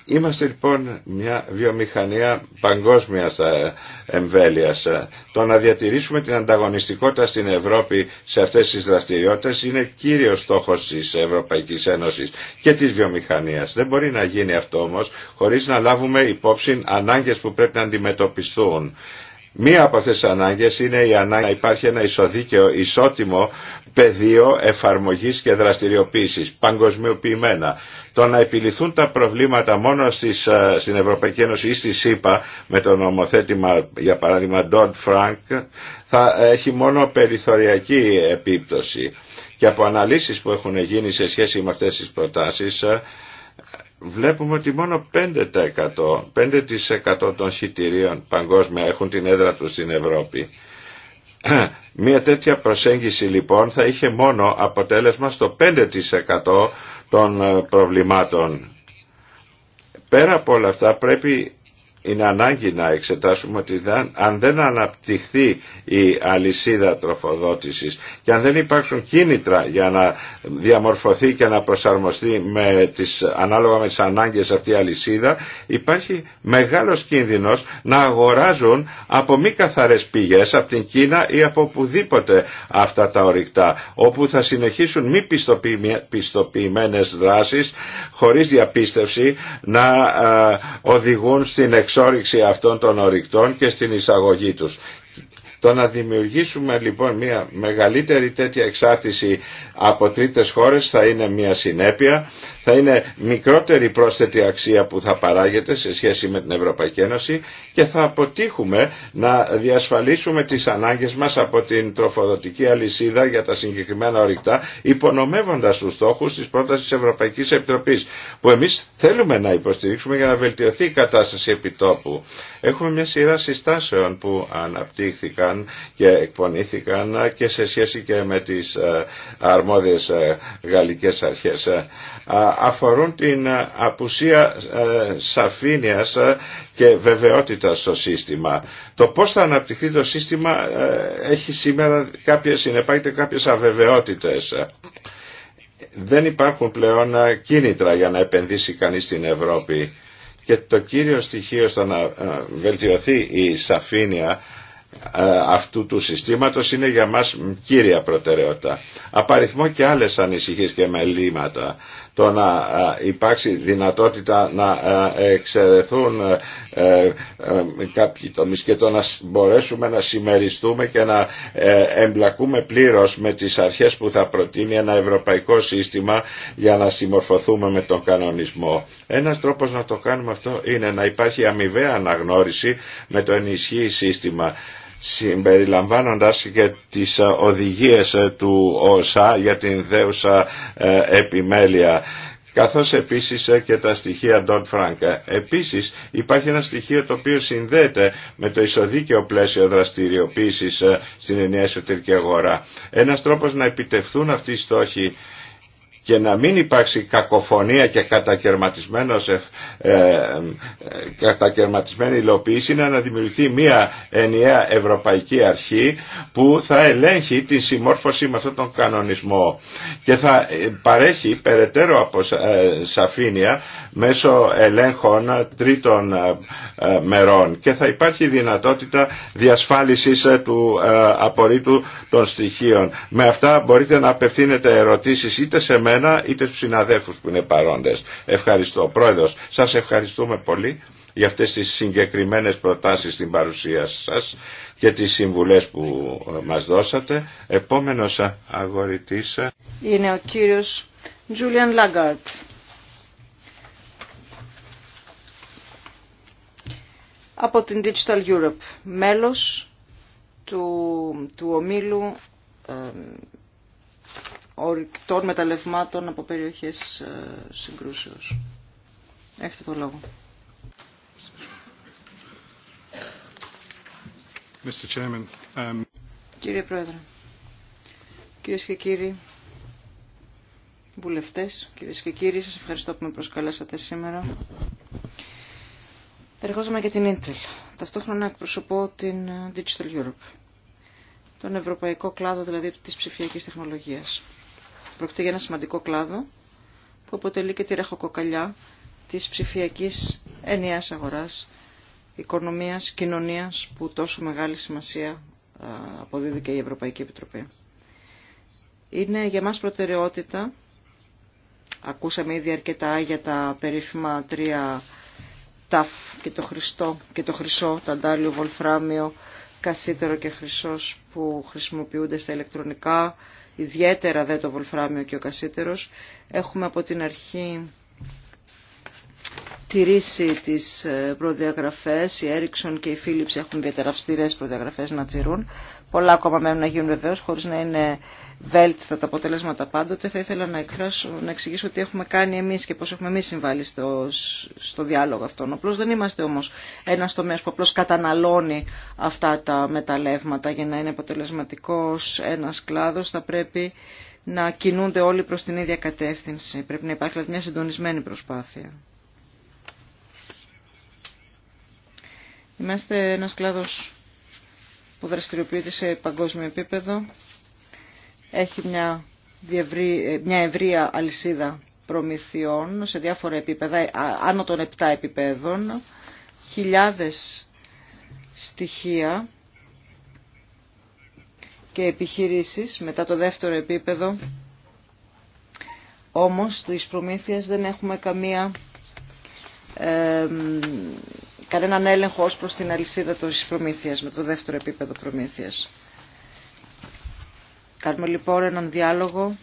Είμαστε λοιπόν μια βιομηχανία παγκόσμιας ε, εμβέλειας. Ε, το να διατηρήσουμε την ανταγωνιστικότητα στην Ευρώπη σε αυτές τις δραστηριότητες είναι κύριος στόχος της Ευρωπαϊκής Ένωσης και της βιομηχανίας. Δεν μπορεί να γίνει αυτό όμως χωρίς να λάβουμε υπόψη ανάγκες που πρέπει να αντιμετωπιστούν. Μία από αυτές τις ανάγκες είναι η ανάγκη να υπάρχει ένα ισοδίκαιο, ισότιμο πεδίο εφαρμογής και δραστηριοποίησης παγκοσμιοποιημένα. Το να επιληθούν τα προβλήματα μόνο στις, ε, στην Ευρωπαϊκή Ένωση ή στη ΣΥΠΑ με το νομοθέτημα για παράδειγμα Dodd Frank θα έχει μόνο περιθωριακή επίπτωση. Και από αναλύσεις που έχουν γίνει σε σχέση με αυτές τις προτάσεις ε, βλέπουμε ότι μόνο 5%, 5 των χιτηρίων παγκόσμια έχουν την έδρα τους στην Ευρώπη. Μία τέτοια προσέγγιση λοιπόν θα είχε μόνο αποτέλεσμα στο 5% των ε, προβλημάτων. Πέρα από όλα αυτά πρέπει είναι ανάγκη να εξετάσουμε ότι αν δεν αναπτυχθεί η αλυσίδα τροφοδότησης και αν δεν υπάρξουν κίνητρα για να διαμορφωθεί και να προσαρμοστεί με τις, ανάλογα με τις ανάγκες αυτή η αλυσίδα υπάρχει μεγάλος κίνδυνος να αγοράζουν από μη καθαρές πηγές από την Κίνα ή από οπουδήποτε αυτά τα ορυκτά όπου θα συνεχίσουν μη πιστοποιημένες δράσεις χωρίς διαπίστευση να ε, οδηγούν στην εξ εξόριξη αυτών των ορυκτών και στην εισαγωγή τους. Το να δημιουργήσουμε λοιπόν μια μεγαλύτερη τέτοια εξάρτηση από τρίτες χώρες θα είναι μια συνέπεια, θα είναι μικρότερη πρόσθετη αξία που θα παράγεται σε σχέση με την Ευρωπαϊκή Ένωση και θα αποτύχουμε να διασφαλίσουμε τις ανάγκες μας από την τροφοδοτική αλυσίδα για τα συγκεκριμένα ορυκτά, υπονομεύοντας τους στόχους της πρότασης της Ευρωπαϊκής Επιτροπής, που εμείς θέλουμε να υποστηρίξουμε για να βελτιωθεί η κατάσταση επιτόπου. Έχουμε μια σειρά συστάσεων που αναπτύχθηκαν και εκπονήθηκαν και σε σχέση και με τις ε, αρμόδιες ε, γαλλικές αρχές. Ε, αφορούν την απουσία σαφήνειας και βεβαιότητα στο σύστημα. Το πώς θα αναπτυχθεί το σύστημα έχει σήμερα κάποιες, συνεπάγεται κάποιες αβεβαιότητες δεν υπάρχουν πλέον κίνητρα για να επενδύσει κανείς στην Ευρώπη. Και το κύριο στοιχείο στο να βελτιωθεί η σαφήνεια ε, αυτού του συστήματος είναι για μας κύρια προτεραιότητα. Απαριθμό και άλλες ανησυχίες και μελήματα το να ε, υπάρξει δυνατότητα να ε, εξαιρεθούν ε, κάποιοι τομείς και το να μπορέσουμε να συμμεριστούμε και να εμπλακούμε πλήρως με τις αρχές που θα προτείνει ένα ευρωπαϊκό σύστημα για να συμμορφωθούμε με τον κανονισμό. Ένας τρόπος να το κάνουμε αυτό είναι να υπάρχει αμοιβαία αναγνώριση με το ενισχύει σύστημα συμπεριλαμβάνοντας και τις ε, οδηγίες ε, του ΟΣΑ για την δέουσα ε, επιμέλεια καθώς επίσης και τα στοιχεία Ντόντ Frank. Επίσης υπάρχει ένα στοιχείο το οποίο συνδέεται με το ισοδίκαιο πλαίσιο δραστηριοποίησης στην ενιαία εσωτερική αγορά. Ένας τρόπος να επιτευχθούν αυτοί οι στόχοι και να μην υπάρξει κακοφωνία και κατακερματισμένος ε, ε, κατακαιρματισμένη υλοποίηση είναι να δημιουργηθεί μια ενιαία ευρωπαϊκή αρχή που θα ελέγχει τη συμμόρφωση με αυτόν τον κανονισμό και θα ε, παρέχει περαιτέρω από ε, σαφήνεια μέσω ελέγχων τρίτων ε, μερών και θα υπάρχει δυνατότητα διασφάλισης του απορρίτου των στοιχείων. Με αυτά μπορείτε να απευθύνετε ερωτήσεις είτε σε εμένα είτε στους συναδέλφους που είναι παρόντες. Ευχαριστώ. Πρόεδρος, σας ευχαριστούμε πολύ για αυτές τις συγκεκριμένες προτάσεις στην παρουσία σας και τις συμβουλές που ε, μας δώσατε. Επόμενος αγορητής ε, είναι ο κύριος Τζούλιαν Λάγκαρτ. από την Digital Europe, μέλος του, του ομίλου ε, ορυκτών μεταλλευμάτων από περιοχές ε, συγκρούσεως. Έχετε το λόγο. Mr. Chairman, um... Κύριε Πρόεδρε, κύριε και κύριοι βουλευτές, κύριε και κύριοι, σας ευχαριστώ που με προσκαλέσατε σήμερα. Εργάζομαι και την Intel. Ταυτόχρονα εκπροσωπώ την ε, Digital Europe, τον ευρωπαϊκό κλάδο δηλαδή της ψηφιακής τεχνολογίας. Πρόκειται για ένα σημαντικό κλάδο που αποτελεί και τη ρεχοκοκαλιά της ψηφιακής ενιαίας αγοράς, οικονομίας, κοινωνίας που τόσο μεγάλη σημασία αποδίδει και η Ευρωπαϊκή Επιτροπή. Είναι για μας προτεραιότητα, ακούσαμε ήδη αρκετά για τα περίφημα τρία ταφ και το, χριστό και το χρυσό, ταντάλιο, βολφράμιο, κασίτερο και χρυσός που χρησιμοποιούνται στα ηλεκτρονικά, ιδιαίτερα δε το βολφράμιο και ο κασίτερος. Έχουμε από την αρχή τηρήσει τις ε, προδιαγραφές. Η Έριξον και η Philips έχουν ιδιαίτερα αυστηρές προδιαγραφές να τηρούν. Πολλά ακόμα μένουν να γίνουν βεβαίω χωρίς να είναι βέλτιστα τα αποτελέσματα πάντοτε. Θα ήθελα να, εκφράσω, να εξηγήσω τι έχουμε κάνει εμείς και πώς έχουμε εμείς συμβάλει στο, στο διάλογο αυτόν. Απλώς δεν είμαστε όμως ένας τομέας που απλώς καταναλώνει αυτά τα μεταλλεύματα για να είναι αποτελεσματικός ένας κλάδος. Θα πρέπει να κινούνται όλοι προς την ίδια κατεύθυνση. Πρέπει να υπάρχει δηλαδή μια συντονισμένη προσπάθεια. Είμαστε ένας κλάδος που δραστηριοποιείται σε παγκόσμιο επίπεδο. Έχει μια, διευρύ, ε, μια ευρεία αλυσίδα προμηθειών σε διάφορα επίπεδα, άνω των 7 επίπεδων, χιλιάδες στοιχεία και επιχειρήσεις μετά το δεύτερο επίπεδο. Όμως, στις προμήθειες δεν έχουμε καμία κανέναν έλεγχο ως προς την αλυσίδα της προμήθειας, με το δεύτερο επίπεδο προμήθειας. Κάνουμε λοιπόν έναν διάλογο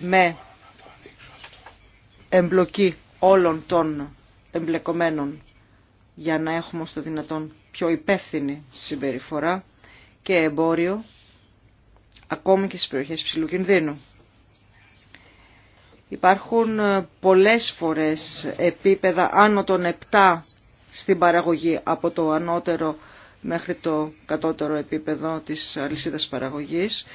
με εμπλοκή όλων των εμπλεκομένων για να έχουμε στο δυνατόν πιο υπεύθυνη συμπεριφορά και εμπόριο ακόμη και στις περιοχές ψηλού κινδύνου. Υπάρχουν ε, πολλές φορές επίπεδα άνω των 7 στην παραγωγή από το ανώτερο μέχρι το κατώτερο επίπεδο της αλυσίδας παραγωγής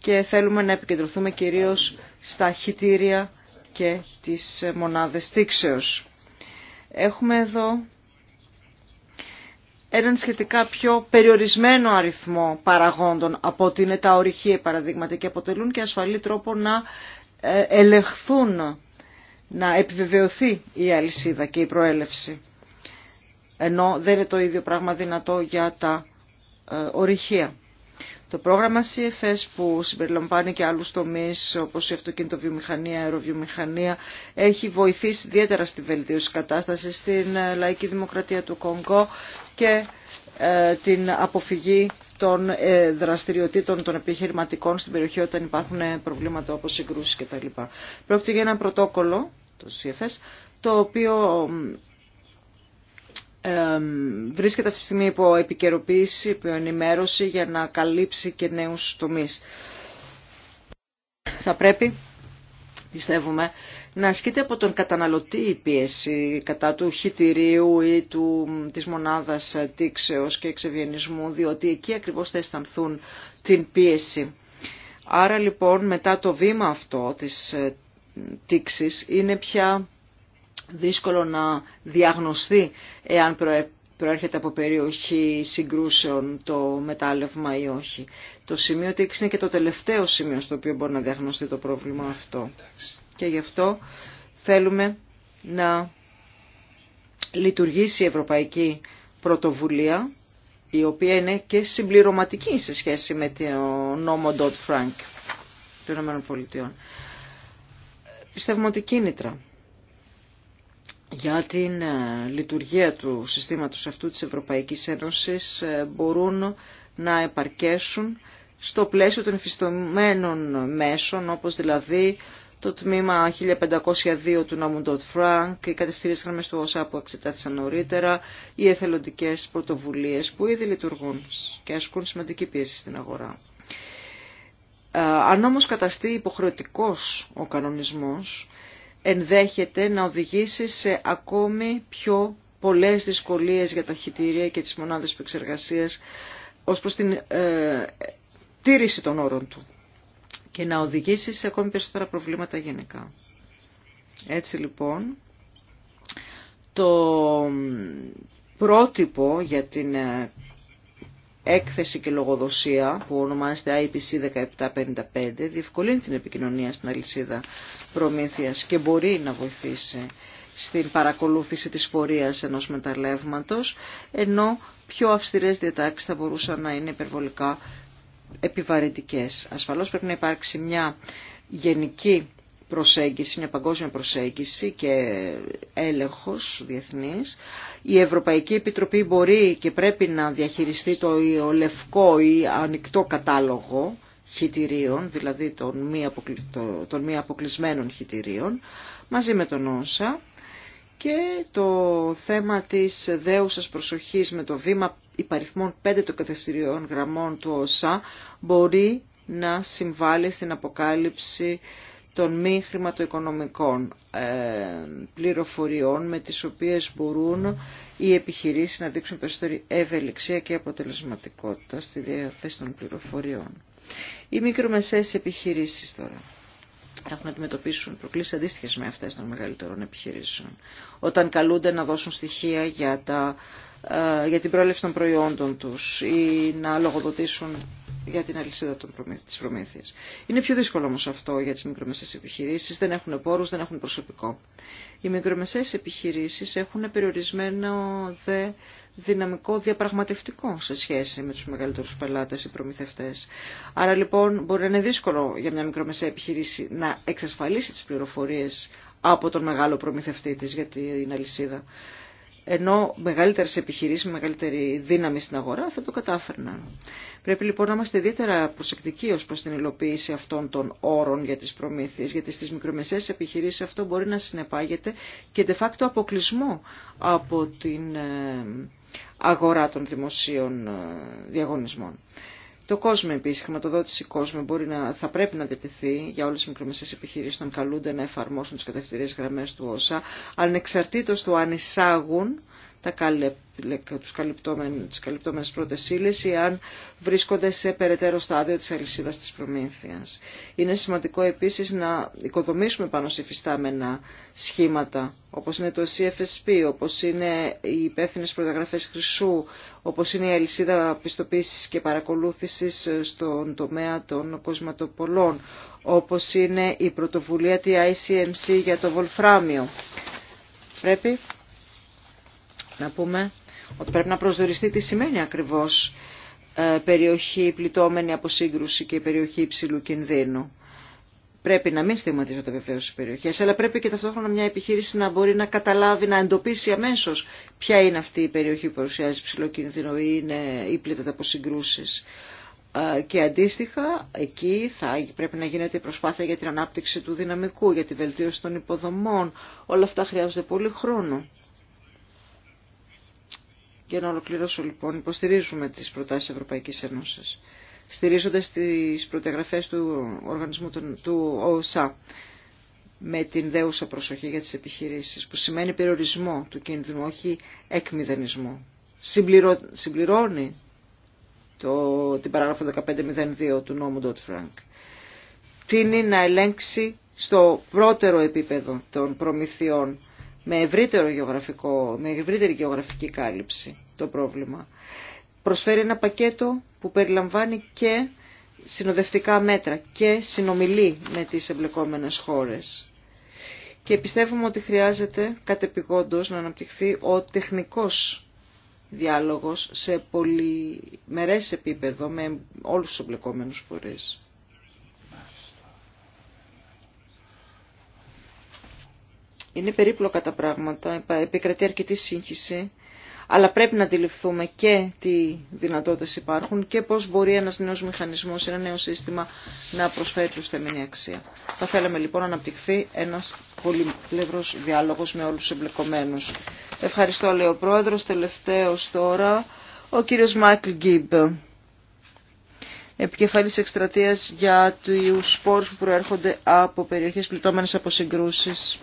και θέλουμε να επικεντρωθούμε κυρίως στα χιτήρια και τις μονάδες τήξεως. Έχουμε εδώ έναν σχετικά πιο περιορισμένο αριθμό παραγόντων από την είναι τα ορυχεία παραδείγματα και αποτελούν και ασφαλή τρόπο να ε, ελεγχθούν, να επιβεβαιωθεί η αλυσίδα και η προέλευση. Ενώ δεν είναι το ίδιο πράγμα δυνατό για τα ε, ορυχεία. Το πρόγραμμα CFS που συμπεριλαμβάνει και άλλους τομείς όπως η αυτοκινητοβιομηχανία, αεροβιομηχανία έχει βοηθήσει ιδιαίτερα στη βελτίωση της κατάστασης στην ε, λαϊκή δημοκρατία του Κονγκό και την αποφυγή των ε, δραστηριοτήτων των επιχειρηματικών στην περιοχή όταν υπάρχουν ε, προβλήματα όπως συγκρούσεις κτλ. Πρόκειται για ένα πρωτόκολλο, το CFS, το οποίο ε, βρίσκεται αυτή τη στιγμή υπό επικαιροποίηση, υπό ενημέρωση για να καλύψει και νέους τομείς. Θα πρέπει, πιστεύουμε, να ασκείται από τον καταναλωτή η πίεση κατά του χιτηρίου ή του, της μονάδας τήξεως και εξευγενισμού, διότι εκεί ακριβώς θα αισθανθούν την πίεση. Άρα λοιπόν μετά το βήμα αυτό της ε, τήξης είναι πια δύσκολο να διαγνωστεί εάν προέρχεται από περιοχή συγκρούσεων το μετάλλευμα ή όχι. Το σημείο τήξη είναι και το τελευταίο σημείο στο οποίο μπορεί να διαγνωστεί το πρόβλημα αυτό και γι' αυτό θέλουμε να λειτουργήσει η Ευρωπαϊκή Πρωτοβουλία η οποία είναι και συμπληρωματική σε σχέση με το νόμο Dodd Frank των Πολιτειών. Πιστεύουμε ότι κίνητρα για την ε, λειτουργία του συστήματος αυτού της Ευρωπαϊκής Ένωσης ε, μπορούν να επαρκέσουν στο πλαίσιο των εφιστομένων μέσων όπως δηλαδή το τμήμα 1502 του νόμου Ντότ Φρανκ, οι κατευθυντήριες γραμμέ του ΩΣΑ που εξετάθησαν νωρίτερα, οι εθελοντικές πρωτοβουλίες που ήδη λειτουργούν και ασκούν σημαντική πίεση στην αγορά. Ε, αν όμω καταστεί υποχρεωτικό ο κανονισμός, ενδέχεται να οδηγήσει σε ακόμη πιο πολλές δυσκολίε για τα χιτήρια και τις μονάδε επεξεργασία ω προ την ε, τήρηση των όρων του και να οδηγήσει σε ακόμη περισσότερα προβλήματα γενικά. Έτσι λοιπόν, το πρότυπο για την ε, έκθεση και λογοδοσία που ονομάζεται IPC 1755 διευκολύνει την επικοινωνία στην αλυσίδα προμήθειας και μπορεί να βοηθήσει στην παρακολούθηση της πορείας ενός μεταλλεύματος, ενώ πιο αυστηρές διατάξεις θα μπορούσαν να είναι υπερβολικά επιβαρυντικές. Ασφαλώς πρέπει να υπάρξει μια γενική προσέγγιση, μια παγκόσμια προσέγγιση και έλεγχος διεθνής. Η Ευρωπαϊκή Επιτροπή μπορεί και πρέπει να διαχειριστεί το λευκό ή ανοιχτό κατάλογο χιτηρίων, δηλαδή των μη, αποκλει... των μη αποκλεισμένων χιτηρίων, μαζί με τον ΩΣΑ και το θέμα της δέουσας προσοχής με το βήμα υπαριθμών 5 των κατευθυντηριών γραμμών του ΩΣΑ μπορεί να συμβάλλει στην αποκάλυψη των μη χρηματοοικονομικών ε, πληροφοριών με τις οποίες μπορούν οι επιχειρήσεις να δείξουν περισσότερη ευελιξία και αποτελεσματικότητα στη διαθέση των πληροφοριών. Οι μικρομεσαίες επιχειρήσεις τώρα έχουν να αντιμετωπίσουν προκλήσεις αντίστοιχες με αυτές των μεγαλύτερων επιχειρήσεων. Όταν καλούνται να δώσουν στοιχεία για, τα, ε, για την πρόληψη των προϊόντων τους ή να λογοδοτήσουν για την αλυσίδα τη προμήθεια. της προμήθειας. Είναι πιο δύσκολο όμως αυτό για τις μικρομεσαίες επιχειρήσεις, δεν έχουν πόρους, δεν έχουν προσωπικό. Οι μικρομεσαίες επιχειρήσεις έχουν περιορισμένο δε δυναμικό διαπραγματευτικό σε σχέση με τους μεγαλύτερους πελάτες ή προμηθευτές. Άρα λοιπόν μπορεί να είναι δύσκολο για μια μικρομεσαία επιχειρήση να εξασφαλίσει τις πληροφορίες από τον μεγάλο προμηθευτή της για την αλυσίδα ενώ μεγαλύτερες επιχειρήσεις, μεγαλύτερη δύναμη στην αγορά θα το κατάφερναν. Πρέπει λοιπόν να είμαστε ιδιαίτερα προσεκτικοί ως προς την υλοποίηση αυτών των όρων για τις προμήθειες, γιατί στις μικρομεσαίες επιχειρήσεις αυτό μπορεί να συνεπάγεται και de facto αποκλεισμό από την ε, αγορά των δημοσίων ε, διαγωνισμών. Το κόσμο επίση η χρηματοδότηση κόσμου μπορεί να, θα πρέπει να διατεθεί για όλες τι μικρομεσαίες επιχειρήσεις όταν καλούνται να εφαρμόσουν τι κατευθυντήριες γραμμές του ΩΣΑ, ανεξαρτήτω του αν εισάγουν τα καλε, τους τις καλυπτόμενες πρώτες ή αν βρίσκονται σε περαιτέρω στάδιο της αλυσίδας της προμήθειας. Είναι σημαντικό επίσης να οικοδομήσουμε πάνω σε φυστάμενα σχήματα, όπως είναι το CFSP, όπως είναι οι υπεύθυνε προδιαγραφές χρυσού, όπως είναι η αλυσίδα πιστοποίησης και παρακολούθησης στον τομέα των κοσματοπολών, όπως είναι η πρωτοβουλία τη ICMC για το βολφράμιο. Πρέπει να πούμε ότι πρέπει να προσδιοριστεί τι σημαίνει ακριβώς ε, περιοχή πληττόμενη από σύγκρουση και περιοχή υψηλού κινδύνου. Πρέπει να μην στιγματίζονται βεβαίω οι περιοχέ, αλλά πρέπει και ταυτόχρονα μια επιχείρηση να μπορεί να καταλάβει, να εντοπίσει αμέσω ποια είναι αυτή η περιοχή που παρουσιάζει υψηλό κίνδυνο ή είναι πλήττονται από σύγκρουσες. Ε, και εκεί θα πρέπει να γίνεται η ειναι υπλητα απο συγκρουσει και αντιστοιχα εκει θα πρεπει να γινεται η προσπαθεια για την ανάπτυξη του δυναμικού, για τη βελτίωση των υποδομών. Όλα αυτά χρειάζονται πολύ χρόνο. Για να ολοκληρώσω λοιπόν, υποστηρίζουμε τις προτάσει τη Ευρωπαϊκής Ένωση, στηρίζοντας τις προτεγραφέ του οργανισμού του ΟΟΣΑ με την δέουσα προσοχή για τις επιχειρήσεις, που σημαίνει περιορισμό του κίνδυνου, όχι εκμηδενισμό. συμπληρώνει το, την παράγραφο 1502 του νόμου Dodd-Frank. Τίνει να ελέγξει στο πρώτερο επίπεδο των προμηθειών με, ευρύτερο γεωγραφικό, με ευρύτερη γεωγραφική κάλυψη το πρόβλημα. Προσφέρει ένα πακέτο που περιλαμβάνει και συνοδευτικά μέτρα και συνομιλεί με τις εμπλεκόμενες χώρες. Και πιστεύουμε ότι χρειάζεται κατεπηγόντως να αναπτυχθεί ο τεχνικός διάλογος σε πολυμερές επίπεδο με όλους τους εμπλεκόμενους φορείς. Είναι περίπλοκα τα πράγματα, επικρατεί αρκετή σύγχυση, αλλά πρέπει να αντιληφθούμε και τι δυνατότητες υπάρχουν και πώς μπορεί ένας νέος μηχανισμός, ένα νέο σύστημα να προσφέρει θεμένη αξία. Θα θέλαμε λοιπόν να αναπτυχθεί ένας πολυπλευρός διάλογος με όλους τους εμπλεκομένους. Ευχαριστώ λέει ο Πρόεδρος, τελευταίος τώρα ο κύριος Μάικλ Γκίμπ επικεφαλής εκστρατείας για τους σπόρους που προέρχονται από περιοχές πληττόμενες από συγκρούσεις.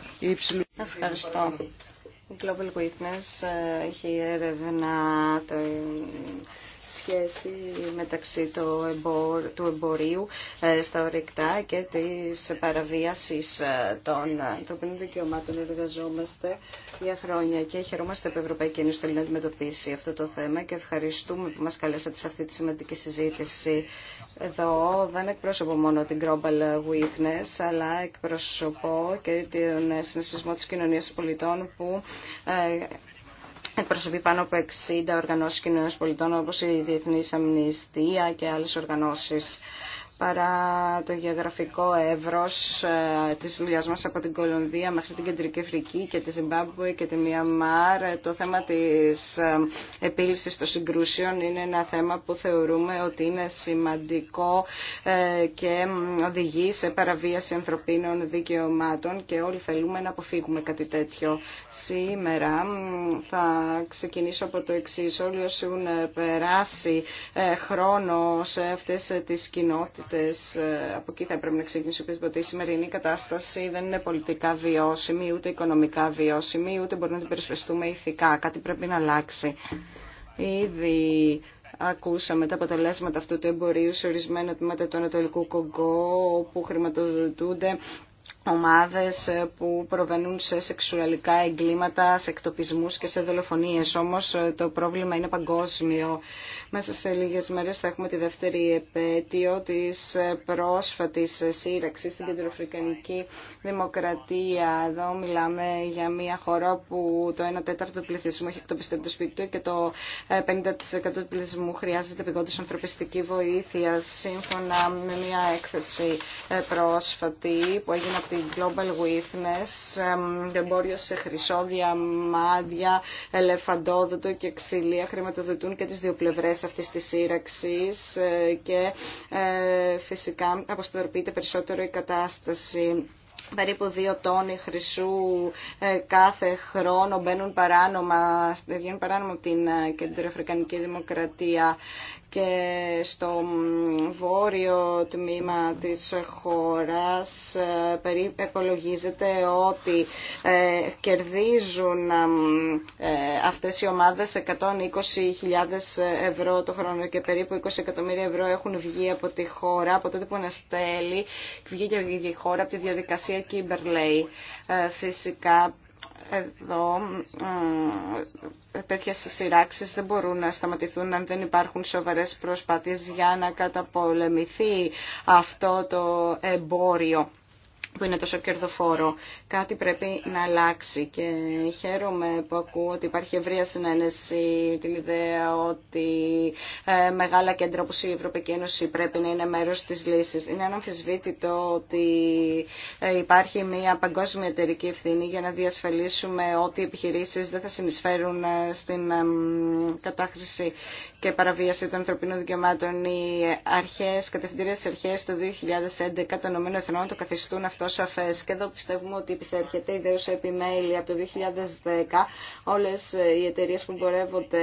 Ευχαριστώ. Η Global Witness ε, έχει έρευνα το σχέση μεταξύ του εμπορίου ε, στα ορεικτά και της παραβίασης ε, των ανθρωπίνων δικαιωμάτων. Εργαζόμαστε για χρόνια και χαιρόμαστε που η Ευρωπαϊκή Ένωση θέλει να αντιμετωπίσει αυτό το θέμα και ευχαριστούμε που μας καλέσατε σε αυτή τη σημαντική συζήτηση. Εδώ δεν εκπρόσωπο μόνο την Global Witness, αλλά εκπροσωπώ και τον συνασπισμό της κοινωνίας των πολιτών που ε, εκπροσωπεί πάνω από 60 οργανώσεις κοινωνίας πολιτών όπως η Διεθνής Αμνηστία και άλλες οργανώσεις παρά το γεωγραφικό εύρος ε, της δουλειά μας από την Κολομβία μέχρι την Κεντρική Αφρική και τη Ζιμπάμπουε και τη Μιαμάρ. Ε, το θέμα της ε, επίλυσης των συγκρούσεων είναι ένα θέμα που θεωρούμε ότι είναι σημαντικό και οδηγεί σε παραβίαση ανθρωπίνων δικαιωμάτων και όλοι θέλουμε να αποφύγουμε κάτι τέτοιο. Σήμερα θα ξεκινήσω από το εξή. Όλοι όσοι έχουν περάσει χρόνο σε αυτές τις κοινότητες ε, από εκεί θα έπρεπε να ξεκινήσει οποιοδήποτε. Η σημερινή κατάσταση δεν είναι πολιτικά βιώσιμη, ούτε οικονομικά βιώσιμη, ούτε μπορούμε να την περισπεστούμε ηθικά. Κάτι πρέπει να αλλάξει. Ήδη ακούσαμε τα αποτελέσματα αυτού του εμπορίου σε ορισμένα τμήματα του Ανατολικού Κογκό όπου χρηματοδοτούνται ομάδες ε, που προβαίνουν σε σεξουαλικά εγκλήματα, σε εκτοπισμούς και σε δολοφονίες. Όμως ε, το πρόβλημα είναι παγκόσμιο. Μέσα σε λίγες μέρες θα έχουμε τη δεύτερη επέτειο της ε, πρόσφατης σύραξης στην Κεντροαφρικανική Δημοκρατία. Εδώ μιλάμε για μια χώρα που το 1 τέταρτο του πληθυσμού έχει εκτοπιστεί από το σπίτι του και το 50% του πληθυσμού χρειάζεται επιγόντως ανθρωπιστική βοήθεια. Σύμφωνα με μια έκθεση πρόσφατη που έγινε από τη Global Witness, εμπόριο σε χρυσό, διαμάντια, ελεφαντόδοτο και ξυλία χρηματοδοτούν και τις δύο πλευρές αυτής της σύραξης ε, και ε, φυσικά αποστορπείται περισσότερο η κατάσταση. Περίπου δύο τόνοι χρυσού ε, κάθε χρόνο μπαίνουν παράνομα, βγαίνουν παράνομα από την Κεντροαφρικανική Δημοκρατία και στο βόρειο τμήμα της χώρας ε, υπολογίζεται ότι ε, κερδίζουν ε, αυτές οι ομάδες 120.000 ευρώ το χρόνο και περίπου 20 εκατομμύρια ευρώ έχουν βγει από τη χώρα από τότε που αναστέλει βγήκε η χώρα από τη διαδικασία Κίμπερ Φυσικά εδώ τέτοιε σειράξει δεν μπορούν να σταματηθούν αν δεν υπάρχουν σοβαρές προσπάθειες για να καταπολεμηθεί αυτό το εμπόριο που είναι τόσο κερδοφόρο. Κάτι πρέπει να αλλάξει και χαίρομαι που ακούω ότι υπάρχει ευρεία συνένεση την ιδέα ότι ε, μεγάλα κέντρα όπως η Ευρωπαϊκή Ένωση πρέπει να είναι μέρος της λύσης. Είναι αναμφισβήτητο ότι ε, υπάρχει μια παγκόσμια εταιρική ευθύνη για να διασφαλίσουμε ότι οι επιχειρήσεις δεν θα συνεισφέρουν ε, στην κατάχρηση και παραβίαση των ανθρωπίνων δικαιωμάτων. Οι αρχές, κατευθυντήριες αρχές το 2011 των ΗΠΑ το καθιστούν αυτό και εδώ πιστεύουμε ότι επισέρχεται ιδέως επιμέλεια από το 2010 όλες οι εταιρείες που μπορεύονται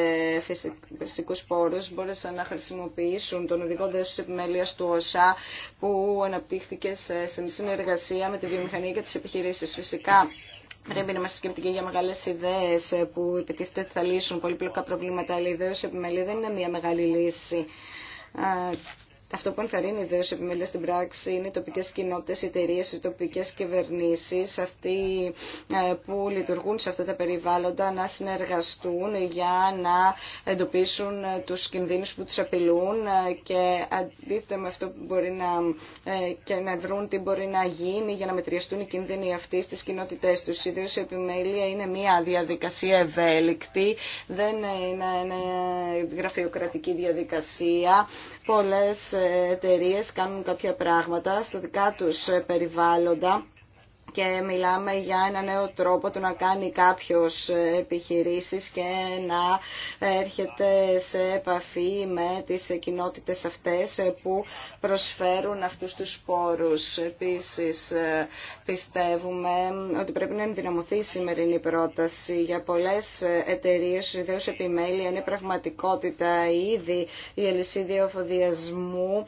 φυσικούς πόρους μπόρεσαν να χρησιμοποιήσουν τον οδηγό δέσους επιμέλειας του ΟΣΑ που αναπτύχθηκε σε συνεργασία με τη βιομηχανία και τι επιχειρήσει. φυσικά. Πρέπει να είμαστε σκεπτικοί για μεγάλε ιδέε που επιτίθεται ότι θα λύσουν πολύπλοκα προβλήματα, αλλά ιδέω επιμελή δεν είναι μια μεγάλη λύση αυτό που ενθαρρύνει ιδέω επιμέλεια στην πράξη είναι οι τοπικέ κοινότητε, οι εταιρείε, οι τοπικέ κυβερνήσει, αυτοί ε, που λειτουργούν σε αυτά τα περιβάλλοντα να συνεργαστούν για να εντοπίσουν ε, του κινδύνου που του απειλούν ε, και αντίθετα με αυτό που μπορεί να, και να δρουν τι μπορεί να γίνει για να μετριαστούν οι κίνδυνοι αυτοί στι κοινότητέ του. Ιδίω η επιμέλεια είναι μια διαδικασία ευέλικτη, δεν είναι γραφειοκρατική διαδικασία Πολλές ε, εταιρείε κάνουν κάποια πράγματα στα δικά τους ε, περιβάλλοντα και μιλάμε για ένα νέο τρόπο του να κάνει κάποιος ε, επιχειρήσεις και να έρχεται σε επαφή με τις κοινότητες αυτές που προσφέρουν αυτούς τους πόρους Επίσης Πιστεύουμε ότι πρέπει να ενδυναμωθεί η σημερινή πρόταση. Για πολλές εταιρείες, ιδέω επιμέλεια, είναι πραγματικότητα. Ήδη η αλυσίδη εφοδιασμού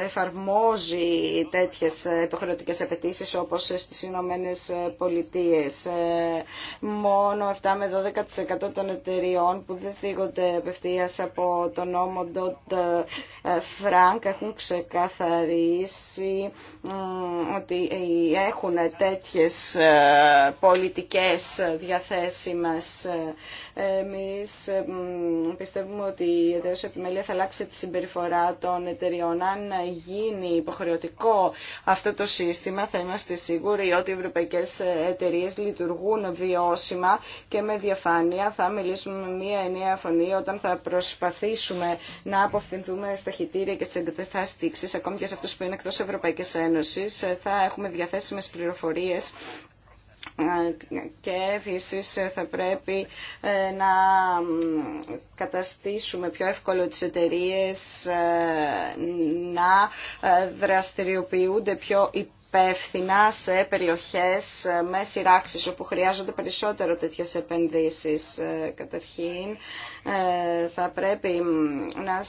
ε, εφαρμόζει τέτοιες υποχρεωτικές απαιτήσει όπως στις Ηνωμένε Πολιτείε. Ε, μόνο 7 με 12% των εταιριών που δεν θίγονται απευθεία από τον νόμο Dodd ε, Frank έχουν ξεκαθαρίσει ότι η έχουν τέτοιες ε, πολιτικές διαθέσιμες ε, εμείς πιστεύουμε ότι η εταιρεία επιμέλεια θα αλλάξει τη συμπεριφορά των εταιριών. Αν γίνει υποχρεωτικό αυτό το σύστημα θα είμαστε σίγουροι ότι οι ευρωπαϊκές εταιρείε λειτουργούν βιώσιμα και με διαφάνεια. Θα μιλήσουμε με μία ενιαία φωνή όταν θα προσπαθήσουμε να αποφθυνθούμε στα χιτήρια και στι εγκαταστάσεις τήξης, ακόμη και σε αυτούς που είναι εκτός Ευρωπαϊκής Ένωσης. Θα έχουμε διαθέσιμες πληροφορίες και φυσικά θα πρέπει ε, να καταστήσουμε πιο εύκολο τις εταιρείες ε, να ε, δραστηριοποιούνται πιο υπεύθυνα σε περιοχές με σειράξεις όπου χρειάζονται περισσότερο τέτοιες επενδύσεις. Καταρχήν θα πρέπει να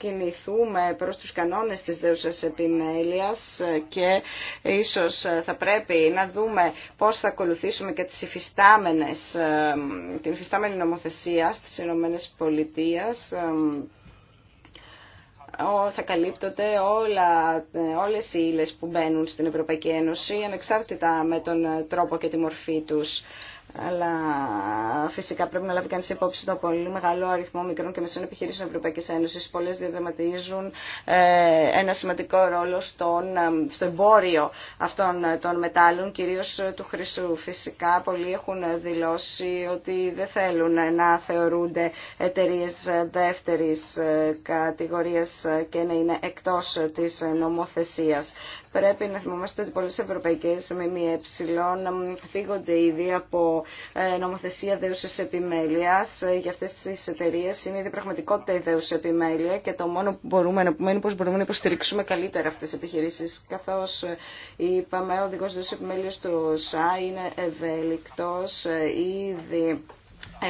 κινηθούμε προς τους κανόνες της δέουσας επιμέλειας και ίσως θα πρέπει να δούμε πώς θα ακολουθήσουμε και τις υφιστάμενες, ε, την υφιστάμενη νομοθεσία στις Ηνωμένες Πολιτείες ε, θα καλύπτονται όλα, ε, όλες οι ύλες που μπαίνουν στην Ευρωπαϊκή Ένωση ανεξάρτητα με τον τρόπο και τη μορφή τους αλλά φυσικά πρέπει να λάβει κανεί υπόψη το πολύ μεγάλο αριθμό μικρών και μεσών επιχειρήσεων Ευρωπαϊκή Ένωση. Πολλέ διαδραματίζουν ε, ένα σημαντικό ρόλο στον, ε, στο εμπόριο αυτών ε, των μετάλλων, κυρίω του χρυσού. Φυσικά πολλοί έχουν δηλώσει ότι δεν θέλουν να θεωρούνται εταιρείε δεύτερη κατηγορία και να είναι εκτό τη νομοθεσία. Πρέπει να θυμόμαστε ότι πολλές ευρωπαϊκές ΜΜΕ φύγονται ήδη από ε, νομοθεσία δέουσας επιμέλειας. Ε, για αυτές τις εταιρείε είναι ήδη πραγματικότητα η δέουση επιμέλεια και το μόνο που μπορούμε να πούμε είναι πώς μπορούμε να υποστηρίξουμε καλύτερα αυτές τις επιχειρήσεις. Καθώς ε, είπαμε, ο οδηγός δέουσας επιμέλειας του ΩΣΑ είναι ευέλικτος ήδη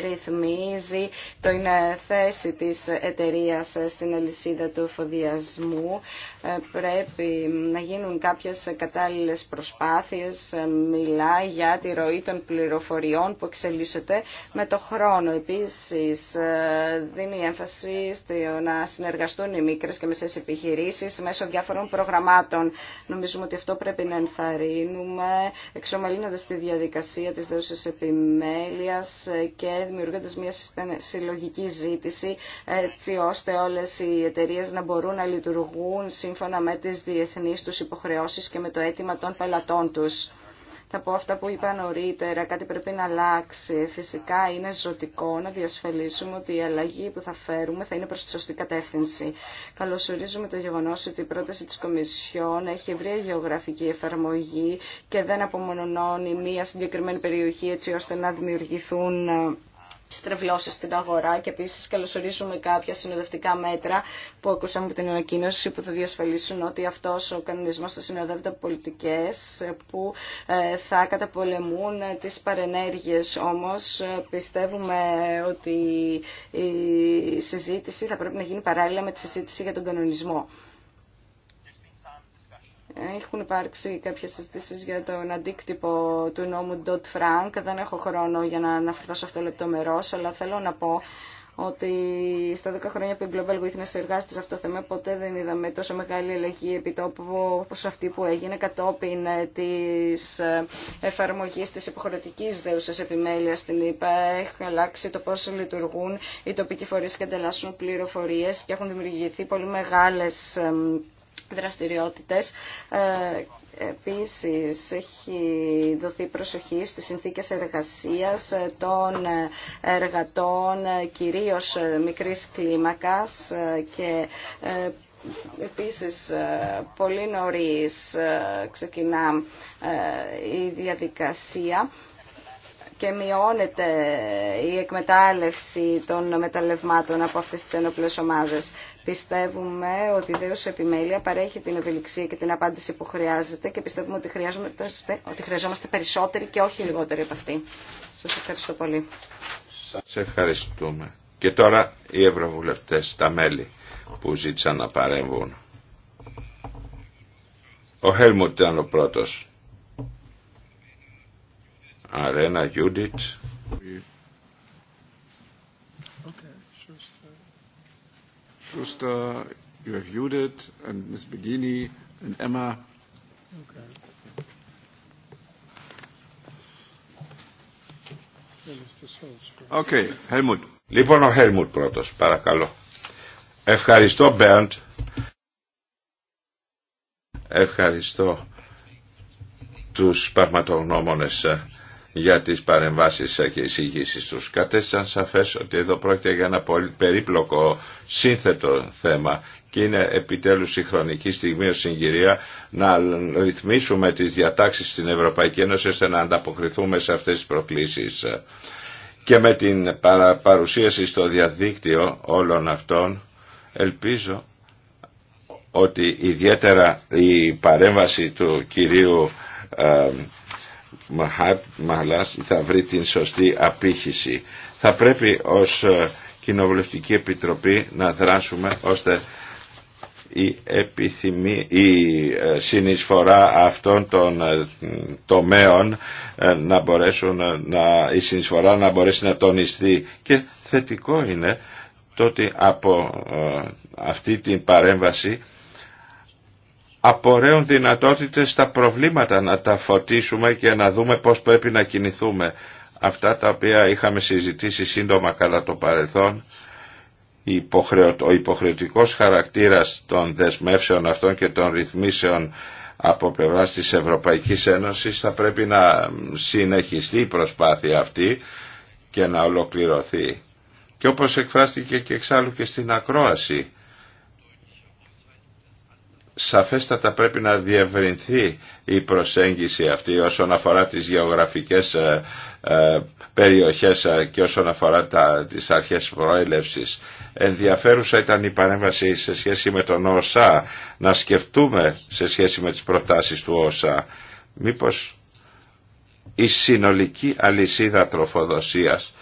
ρυθμίζει το είναι θέση της εταιρείας στην αλυσίδα του εφοδιασμού ε, πρέπει να γίνουν κάποιες κατάλληλες προσπάθειες. Ε, μιλά για τη ροή των πληροφοριών που εξελίσσεται με το χρόνο. Επίσης, ε, δίνει έμφαση στο να συνεργαστούν οι μικρές και μεσές επιχειρήσεις μέσω διάφορων προγραμμάτων. Νομίζουμε ότι αυτό πρέπει να ενθαρρύνουμε, εξομαλύνοντας τη διαδικασία της δόσης επιμέλειας και δημιουργώντας μια συλλογική ζήτηση, έτσι ώστε όλες οι εταιρείε να μπορούν να λειτουργούν σύμφωνα με τις διεθνείς τους υποχρεώσεις και με το αίτημα των πελατών τους. Θα πω αυτά που είπα νωρίτερα, κάτι πρέπει να αλλάξει. Φυσικά είναι ζωτικό να διασφαλίσουμε ότι η αλλαγή που θα φέρουμε θα είναι προς τη σωστή κατεύθυνση. Καλωσορίζουμε το γεγονός ότι η πρόταση της Κομισιόν έχει ευρία γεωγραφική εφαρμογή και δεν απομονώνει μία συγκεκριμένη περιοχή έτσι ώστε να δημιουργηθούν στρεβλώσει στην αγορά και επίσης καλωσορίζουμε κάποια συνοδευτικά μέτρα που ακούσαμε από την ανακοίνωση που θα διασφαλίσουν ότι αυτός ο κανονισμός θα συνοδεύεται από πολιτικές που ε, θα καταπολεμούν ε, τις παρενέργειες. Όμως ε, πιστεύουμε ότι η συζήτηση θα πρέπει να γίνει παράλληλα με τη συζήτηση για τον κανονισμό. Έχουν υπάρξει κάποιε συζητήσει για τον αντίκτυπο του νόμου Dodd Frank. Δεν έχω χρόνο για να αναφερθώ σε αυτό λεπτομερό, αλλά θέλω να πω ότι στα 10 χρόνια που η Global Witness εργάζεται σε αυτό το θέμα ποτέ δεν είδαμε τόσο μεγάλη αλλαγή επιτόπου όπω αυτή που έγινε κατόπιν ε, τη ε, εφαρμογή τη υποχρεωτική δέουσα επιμέλεια στην ΕΠΑ. Έχουν αλλάξει το πώ λειτουργούν οι τοπικοί φορείς και ανταλλάσσουν πληροφορίε και έχουν δημιουργηθεί πολύ μεγάλε δραστηριότητες. Ε, επίσης, έχει δοθεί προσοχή στις συνθήκες εργασίας των εργατών, κυρίως μικρής κλίμακας και ε, Επίσης, ε, πολύ νωρίς ξεκινά η διαδικασία και μειώνεται η εκμετάλλευση των μεταλλευμάτων από αυτές τις ενόπλες ομάδες. Πιστεύουμε ότι η δέωση επιμέλεια παρέχει την ευελιξία και την απάντηση που χρειάζεται και πιστεύουμε ότι, ότι χρειαζόμαστε περισσότεροι και όχι λιγότεροι από αυτή. Σας ευχαριστώ πολύ. Σας ευχαριστούμε. Και τώρα οι ευρωβουλευτές, τα μέλη που ζήτησαν να παρέμβουν. Ο Χέλμουτ ήταν ο πρώτος. Αρένα, Γιούντιτ. you have and Ms. and Emma. Okay, Helmut. Λοιπόν ο Χέλμουτ πρώτος, παρακαλώ. Ευχαριστώ Μπέρντ. Ευχαριστώ τους πραγματογνώμονες για τις παρεμβάσεις και εισηγήσεις τους. Κατέστησαν σαφές ότι εδώ πρόκειται για ένα πολύ περίπλοκο σύνθετο θέμα και είναι επιτέλους η χρονική στιγμή ως συγκυρία να ρυθμίσουμε τις διατάξεις στην Ευρωπαϊκή Ένωση ώστε να ανταποκριθούμε σε αυτές τις προκλήσεις. Και με την παρουσίαση στο διαδίκτυο όλων αυτών ελπίζω ότι ιδιαίτερα η παρέμβαση του κυρίου ε, θα βρει την σωστή απήχηση. Θα πρέπει ως ε, Κοινοβουλευτική Επιτροπή να δράσουμε ώστε η, επιθυμή, η ε, συνεισφορά αυτών των ε, τομέων να μπορέσουν να, η συνεισφορά να μπορέσει να τονιστεί και θετικό είναι το ότι από αυτή την παρέμβαση απορρέουν δυνατότητες στα προβλήματα να τα φωτίσουμε και να δούμε πώς πρέπει να κινηθούμε. Αυτά τα οποία είχαμε συζητήσει σύντομα κατά το παρελθόν, ο υποχρεωτικός χαρακτήρας των δεσμεύσεων αυτών και των ρυθμίσεων από πλευρά της Ευρωπαϊκής Ένωσης θα πρέπει να συνεχιστεί η προσπάθεια αυτή και να ολοκληρωθεί. Και όπως εκφράστηκε και εξάλλου και στην ακρόαση, σαφέστατα πρέπει να διευρυνθεί η προσέγγιση αυτή όσον αφορά τις γεωγραφικές ε, ε, περιοχές ε, και όσον αφορά τα, τις αρχές προέλευσης. Ενδιαφέρουσα ήταν η παρέμβαση σε σχέση με τον ΩΣΑ, να σκεφτούμε σε σχέση με τις προτάσεις του ΩΣΑ. Μήπως η συνολική αλυσίδα τροφοδοσίας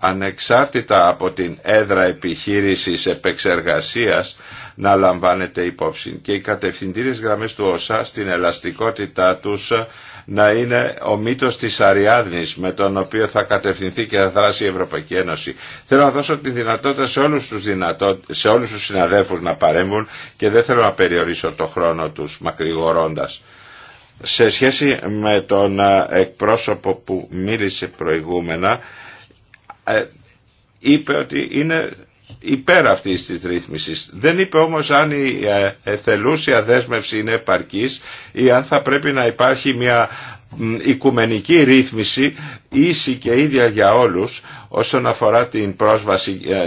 ανεξάρτητα από την έδρα επιχείρησης επεξεργασίας να λαμβάνεται υπόψη και οι κατευθυντήριες γραμμές του ΩΣΑ στην ελαστικότητά τους να είναι ο μύτος της Αριάδνης με τον οποίο θα κατευθυνθεί και θα δράσει η Ευρωπαϊκή Ένωση. Θέλω να δώσω τη δυνατότητα σε όλους τους, δυνατό, σε όλους τους συναδέλφους να παρέμβουν και δεν θέλω να περιορίσω το χρόνο τους μακρηγορώντας. Σε σχέση με τον ε, εκπρόσωπο που μίλησε προηγούμενα, ε, είπε ότι είναι υπέρ αυτής της ρύθμισης. Δεν είπε όμως αν η ε, εθελούσια δέσμευση είναι επαρκής ή αν θα πρέπει να υπάρχει μια οικουμενική ρύθμιση ίση και ίδια για όλους όσον αφορά την πρόσβαση ε,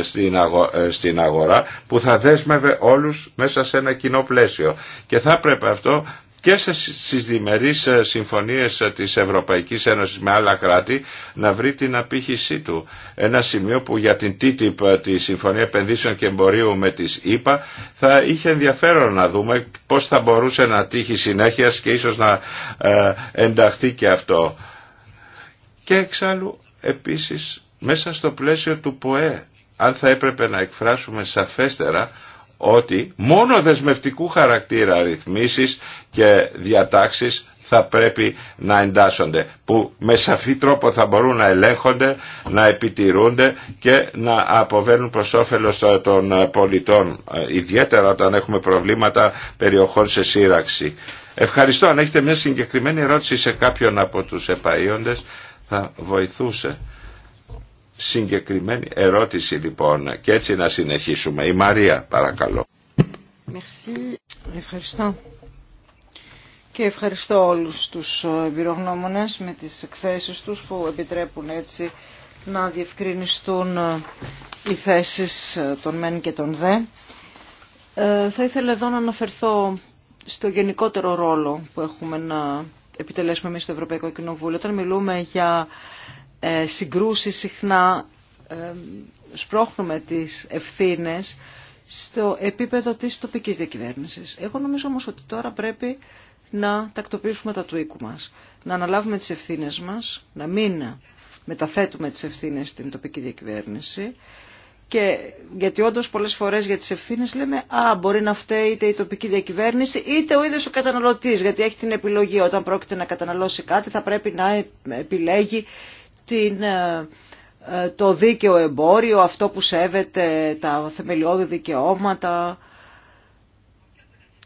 ε, στην αγορά που θα δέσμευε όλους μέσα σε ένα κοινό πλαίσιο. Και θα πρέπει αυτό και στις διμερείς ε, συμφωνίες ε, της Ευρωπαϊκής Ένωσης με άλλα κράτη να βρει την απήχησή του. Ένα σημείο που για την TTIP, ε, τη Συμφωνία Επενδύσεων και Εμπορίου με τις ΗΠΑ, θα είχε ενδιαφέρον να δούμε πώς θα μπορούσε να τύχει συνέχεια και ίσως να ενταχθεί και αυτό. Και εξάλλου επίσης μέσα στο πλαίσιο του ΠΟΕ, αν θα έπρεπε να εκφράσουμε σαφέστερα ότι μόνο δεσμευτικού χαρακτήρα ρυθμίσεις και διατάξεις θα πρέπει να εντάσσονται που με σαφή τρόπο θα μπορούν να ελέγχονται, να επιτηρούνται και να αποβαίνουν προς όφελος ε, των ε, πολιτών ε, ιδιαίτερα όταν έχουμε προβλήματα περιοχών σε σύραξη. Ευχαριστώ. Αν έχετε μια συγκεκριμένη ερώτηση σε κάποιον από τους επαΐοντες θα βοηθούσε. Συγκεκριμένη ερώτηση λοιπόν και έτσι να συνεχίσουμε. Η Μαρία παρακαλώ. Merci. Ευχαριστώ και ευχαριστώ όλους τους εμπειρογνώμονες με τις εκθέσεις τους που επιτρέπουν έτσι να διευκρινιστούν οι θέσεις των μεν και των δε. Ε, θα ήθελα εδώ να αναφερθώ στο γενικότερο ρόλο που έχουμε να επιτελέσουμε εμείς στο Ευρωπαϊκό Κοινοβούλιο. Όταν μιλούμε για ε, συγκρούσεις συχνά ε, σπρώχνουμε τις ευθύνες στο επίπεδο της τοπικής διακυβέρνησης. Εγώ νομίζω όμως ότι τώρα πρέπει να τακτοποιήσουμε τα του οίκου μας, να αναλάβουμε τις ευθύνες μας, να μην μεταθέτουμε τις ευθύνες στην τοπική διακυβέρνηση και γιατί όντω πολλές φορές για τις ευθύνες λέμε «Α, μπορεί να φταίει είτε η τοπική διακυβέρνηση είτε ο ίδιος ο καταναλωτής» γιατί έχει την επιλογή όταν πρόκειται να καταναλώσει κάτι θα πρέπει να επιλέγει την, ε, ε, το δίκαιο εμπόριο, αυτό που σέβεται τα θεμελιώδη δικαιώματα,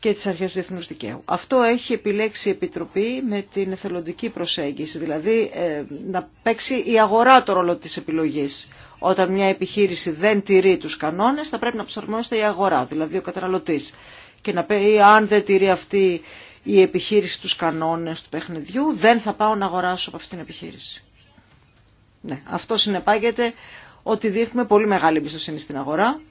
και τις αρχές του διεθνούς δικαίου. Αυτό έχει επιλέξει η Επιτροπή με την εθελοντική προσέγγιση, δηλαδή ε, να παίξει η αγορά το ρόλο της επιλογής. Όταν μια επιχείρηση δεν τηρεί τους κανόνες θα πρέπει να προσαρμόσεται η αγορά, δηλαδή ο καταναλωτής. Και να πει αν δεν τηρεί αυτή η επιχείρηση τους κανόνες του παιχνιδιού δεν θα πάω να αγοράσω από αυτή την επιχείρηση. Ναι, αυτό συνεπάγεται ότι δείχνουμε πολύ μεγάλη εμπιστοσύνη στην αγορά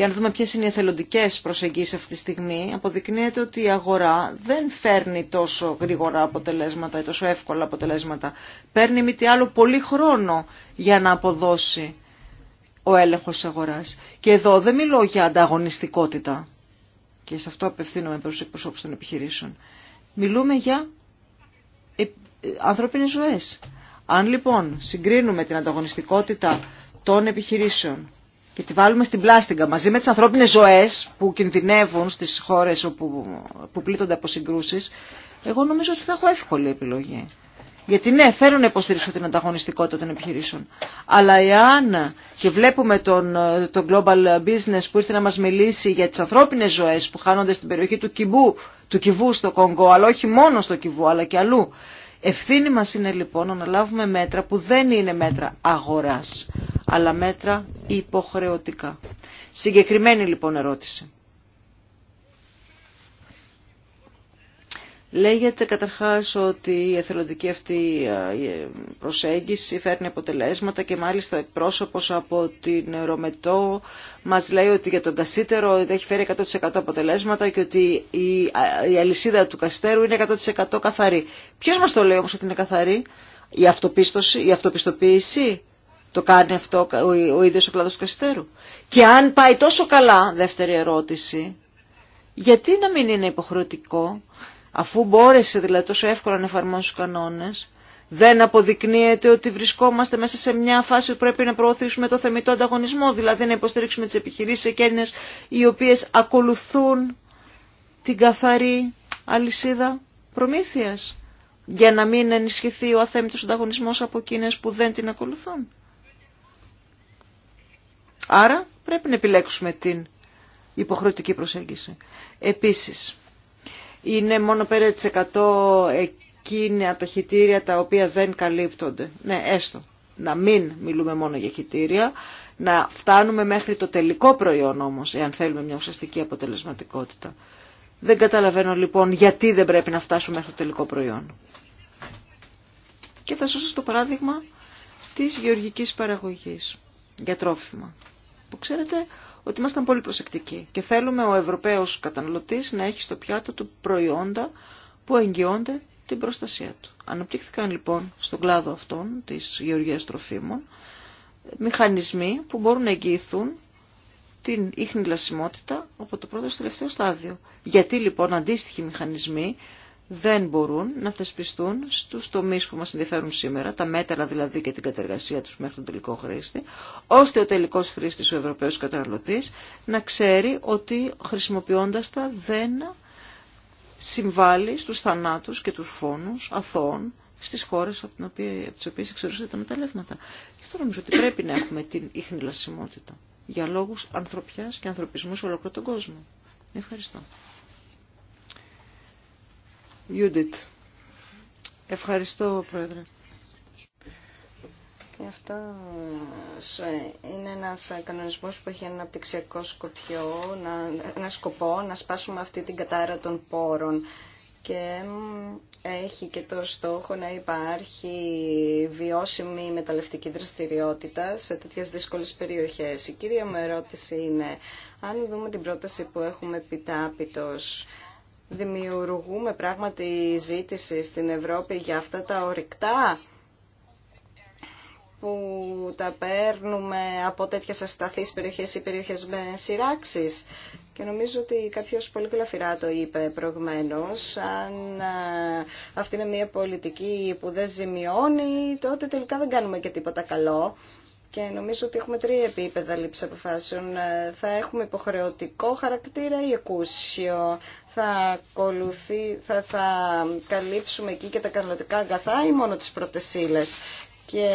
για αν δούμε ποιε είναι οι εθελοντικέ προσεγγίσεις αυτή τη στιγμή, αποδεικνύεται ότι η αγορά δεν φέρνει τόσο γρήγορα αποτελέσματα ή τόσο εύκολα αποτελέσματα. Παίρνει μη τι άλλο πολύ χρόνο για να αποδώσει ο έλεγχος αγοράς. Και εδώ δεν μιλώ για ανταγωνιστικότητα. Και σε αυτό απευθύνομαι προς του εκπροσώπους των επιχειρήσεων. Μιλούμε για ε, ανθρωπινε ζωέ. Αν λοιπόν συγκρίνουμε την ανταγωνιστικότητα των επιχειρήσεων και τη βάλουμε στην πλάστιγκα μαζί με τις ανθρώπινες ζωές που κινδυνεύουν στις χώρες όπου, που πλήττονται από συγκρούσεις, εγώ νομίζω ότι θα έχω εύκολη επιλογή. Γιατί ναι, θέλω να υποστηρίξω την ανταγωνιστικότητα των επιχειρήσεων. Αλλά εάν και βλέπουμε τον, τον Global Business που ήρθε να μας μιλήσει για τις ανθρώπινες ζωές που χάνονται στην περιοχή του Κιβού, του Κιβού στο Κονγκό, αλλά όχι μόνο στο Κιβού, αλλά και αλλού. Ευθύνη μας είναι λοιπόν να λάβουμε μέτρα που δεν είναι μέτρα αγοράς, αλλά μέτρα υποχρεωτικά. Συγκεκριμένη λοιπόν ερώτηση. Λέγεται καταρχάς ότι η εθελοντική αυτή ε, προσέγγιση φέρνει αποτελέσματα και μάλιστα εκπρόσωπος από την Ρομετό μας λέει ότι για τον Κασίτερο έχει φέρει 100% αποτελέσματα και ότι η αλυσίδα του Καστέρου είναι 100% καθαρή. Ποιος μας το λέει όμως ότι είναι καθαρή, η αυτοπίστωση, η αυτοπιστοποίηση, το κάνει αυτό ο ίδιος ο κλάδος του Καστέρου. Και αν πάει τόσο καλά, δεύτερη ερώτηση, γιατί να μην είναι υποχρεωτικό, αφού μπόρεσε δηλαδή τόσο εύκολα να εφαρμόσει τους κανόνες, δεν αποδεικνύεται ότι βρισκόμαστε μέσα σε μια φάση που πρέπει να προωθήσουμε το θεμητό ανταγωνισμό, δηλαδή να υποστηρίξουμε τις επιχειρήσεις εκείνες οι οποίες ακολουθούν την καθαρή αλυσίδα προμήθειας για να μην ενισχυθεί ο αθέμητος ανταγωνισμός από εκείνες που δεν την ακολουθούν. Άρα πρέπει να επιλέξουμε την υποχρεωτική προσέγγιση. Επίσης, είναι μόνο 5% εκείνα τα χιτήρια τα οποία δεν καλύπτονται. Ναι, έστω. Να μην μιλούμε μόνο για χιτήρια, να φτάνουμε μέχρι το τελικό προϊόν όμως, εάν θέλουμε μια ουσιαστική αποτελεσματικότητα. Δεν καταλαβαίνω λοιπόν γιατί δεν πρέπει να φτάσουμε μέχρι το τελικό προϊόν. Και θα σώσω το παράδειγμα της γεωργικής παραγωγής για τρόφιμα που ξέρετε ότι ήμασταν πολύ προσεκτικοί και θέλουμε ο Ευρωπαίος καταναλωτής να έχει στο πιάτο του προϊόντα που εγγυώνται την προστασία του. Αναπτύχθηκαν λοιπόν στον κλάδο αυτών της γεωργίας τροφίμων μηχανισμοί που μπορούν να εγγυηθούν την ίχνη λασιμότητα από το πρώτο στο τελευταίο στάδιο. Γιατί λοιπόν αντίστοιχοι μηχανισμοί δεν μπορούν να θεσπιστούν στους τομείς που μας ενδιαφέρουν σήμερα, τα μέτρα δηλαδή και την κατεργασία τους μέχρι τον τελικό χρήστη, ώστε ο τελικός χρήστης, ο Ευρωπαίος καταναλωτής, να ξέρει ότι χρησιμοποιώντας τα δεν συμβάλλει στους θανάτους και τους φόνους αθώων στις χώρες από, την οποία, από τις οποίες τα μεταλλεύματα. Γι' αυτό νομίζω ότι πρέπει να έχουμε την ίχνη λασιμότητα για λόγους ανθρωπιάς και ανθρωπισμού σε ολόκληρο τον κόσμο. Ευχαριστώ. Judith. Ευχαριστώ, Πρόεδρε. Αυτό ε, είναι ένας κανονισμός που έχει ένα αναπτυξιακό σκοπιό, ένα σκοπό να σπάσουμε αυτή την κατάρα των πόρων και έχει και το στόχο να υπάρχει βιώσιμη μεταλλευτική δραστηριότητα σε τέτοιες δύσκολες περιοχές. Η κύρια μου ερώτηση είναι, αν δούμε την πρόταση που έχουμε επιτάπητος, δημιουργούμε πράγματι ζήτηση στην Ευρώπη για αυτά τα ορυκτά που τα παίρνουμε από τέτοιες ασταθείς περιοχές ή περιοχές με σειράξεις. Και νομίζω ότι κάποιος πολύ κλαφυρά το είπε προηγουμένως. Αν αυτή είναι μια πολιτική που δεν ζημιώνει, τότε τελικά δεν κάνουμε και τίποτα καλό. Και νομίζω ότι έχουμε τρία επίπεδα λήψη αποφάσεων. Ε, θα έχουμε υποχρεωτικό χαρακτήρα ή εκούσιο. Θα, ακολουθεί, θα, θα καλύψουμε εκεί και τα καρλωτικά αγκαθά ή μόνο τις πρώτες Και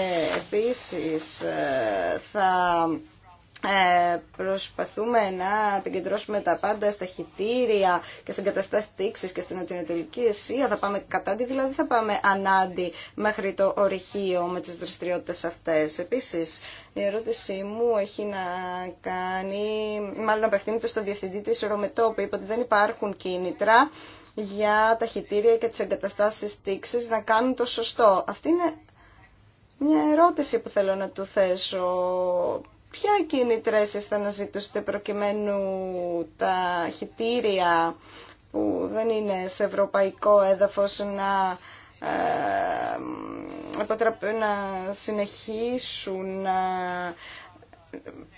επίσης ε, θα ε, προσπαθούμε να επικεντρώσουμε τα πάντα στα χιτήρια και σε εγκαταστάσεις τήξης και στην Νοτιοανατολική Ασία. Θα πάμε κατάντι, δηλαδή θα πάμε ανάντι μέχρι το ορυχείο με τις δραστηριότητε αυτές. Επίσης, η ερώτησή μου έχει να κάνει, μάλλον απευθύνεται στον Διευθυντή της Ρωμετό που είπε ότι δεν υπάρχουν κίνητρα για τα χιτήρια και τις εγκαταστάσεις τήξης να κάνουν το σωστό. Αυτή είναι μια ερώτηση που θέλω να του θέσω. Ποια κίνητρα εσείς θα αναζητούσετε προκειμένου τα χιτήρια που δεν είναι σε ευρωπαϊκό έδαφος να, ε, να συνεχίσουν να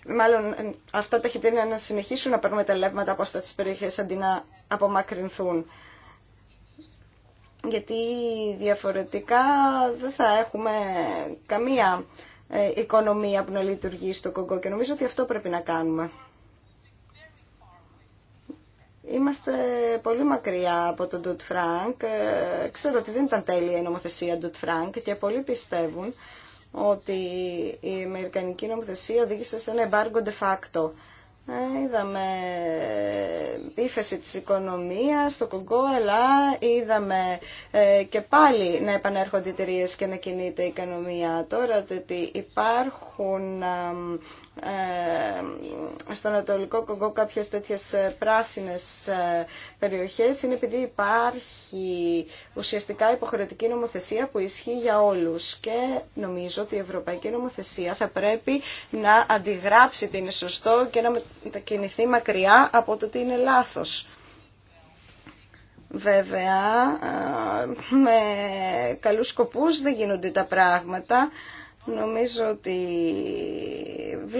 μάλλον ε, αυτά τα χιτήρια να συνεχίσουν να παίρνουν τα από αυτές τις περιοχές αντί να απομακρυνθούν. Γιατί διαφορετικά δεν θα έχουμε καμία ε, οικονομία που να λειτουργεί στο Κογκό και νομίζω ότι αυτό πρέπει να κάνουμε. Είμαστε πολύ μακριά από τον Ντουτ Φρανκ. Ε, ξέρω ότι δεν ήταν τέλεια η νομοθεσία Ντουτ Φρανκ και πολλοί πιστεύουν ότι η Αμερικανική νομοθεσία οδήγησε σε ένα εμπάργκο de facto ε, είδαμε ύφεση της οικονομίας στο Κογκό, αλλά είδαμε ε, και πάλι να επανέρχονται εταιρείε και να κινείται η οικονομία. Τώρα το ότι υπάρχουν ε, στον Ανατολικό Κογκό κάποιες τέτοιες ε, πράσινες ε, περιοχές είναι επειδή υπάρχει ουσιαστικά υποχρεωτική νομοθεσία που ισχύει για όλους και νομίζω ότι η Ευρωπαϊκή Νομοθεσία θα πρέπει να αντιγράψει τι είναι σωστό και να μετακινηθεί μακριά από το τι είναι λάθος. Βέβαια, με καλούς σκοπούς δεν γίνονται τα πράγματα Νομίζω ότι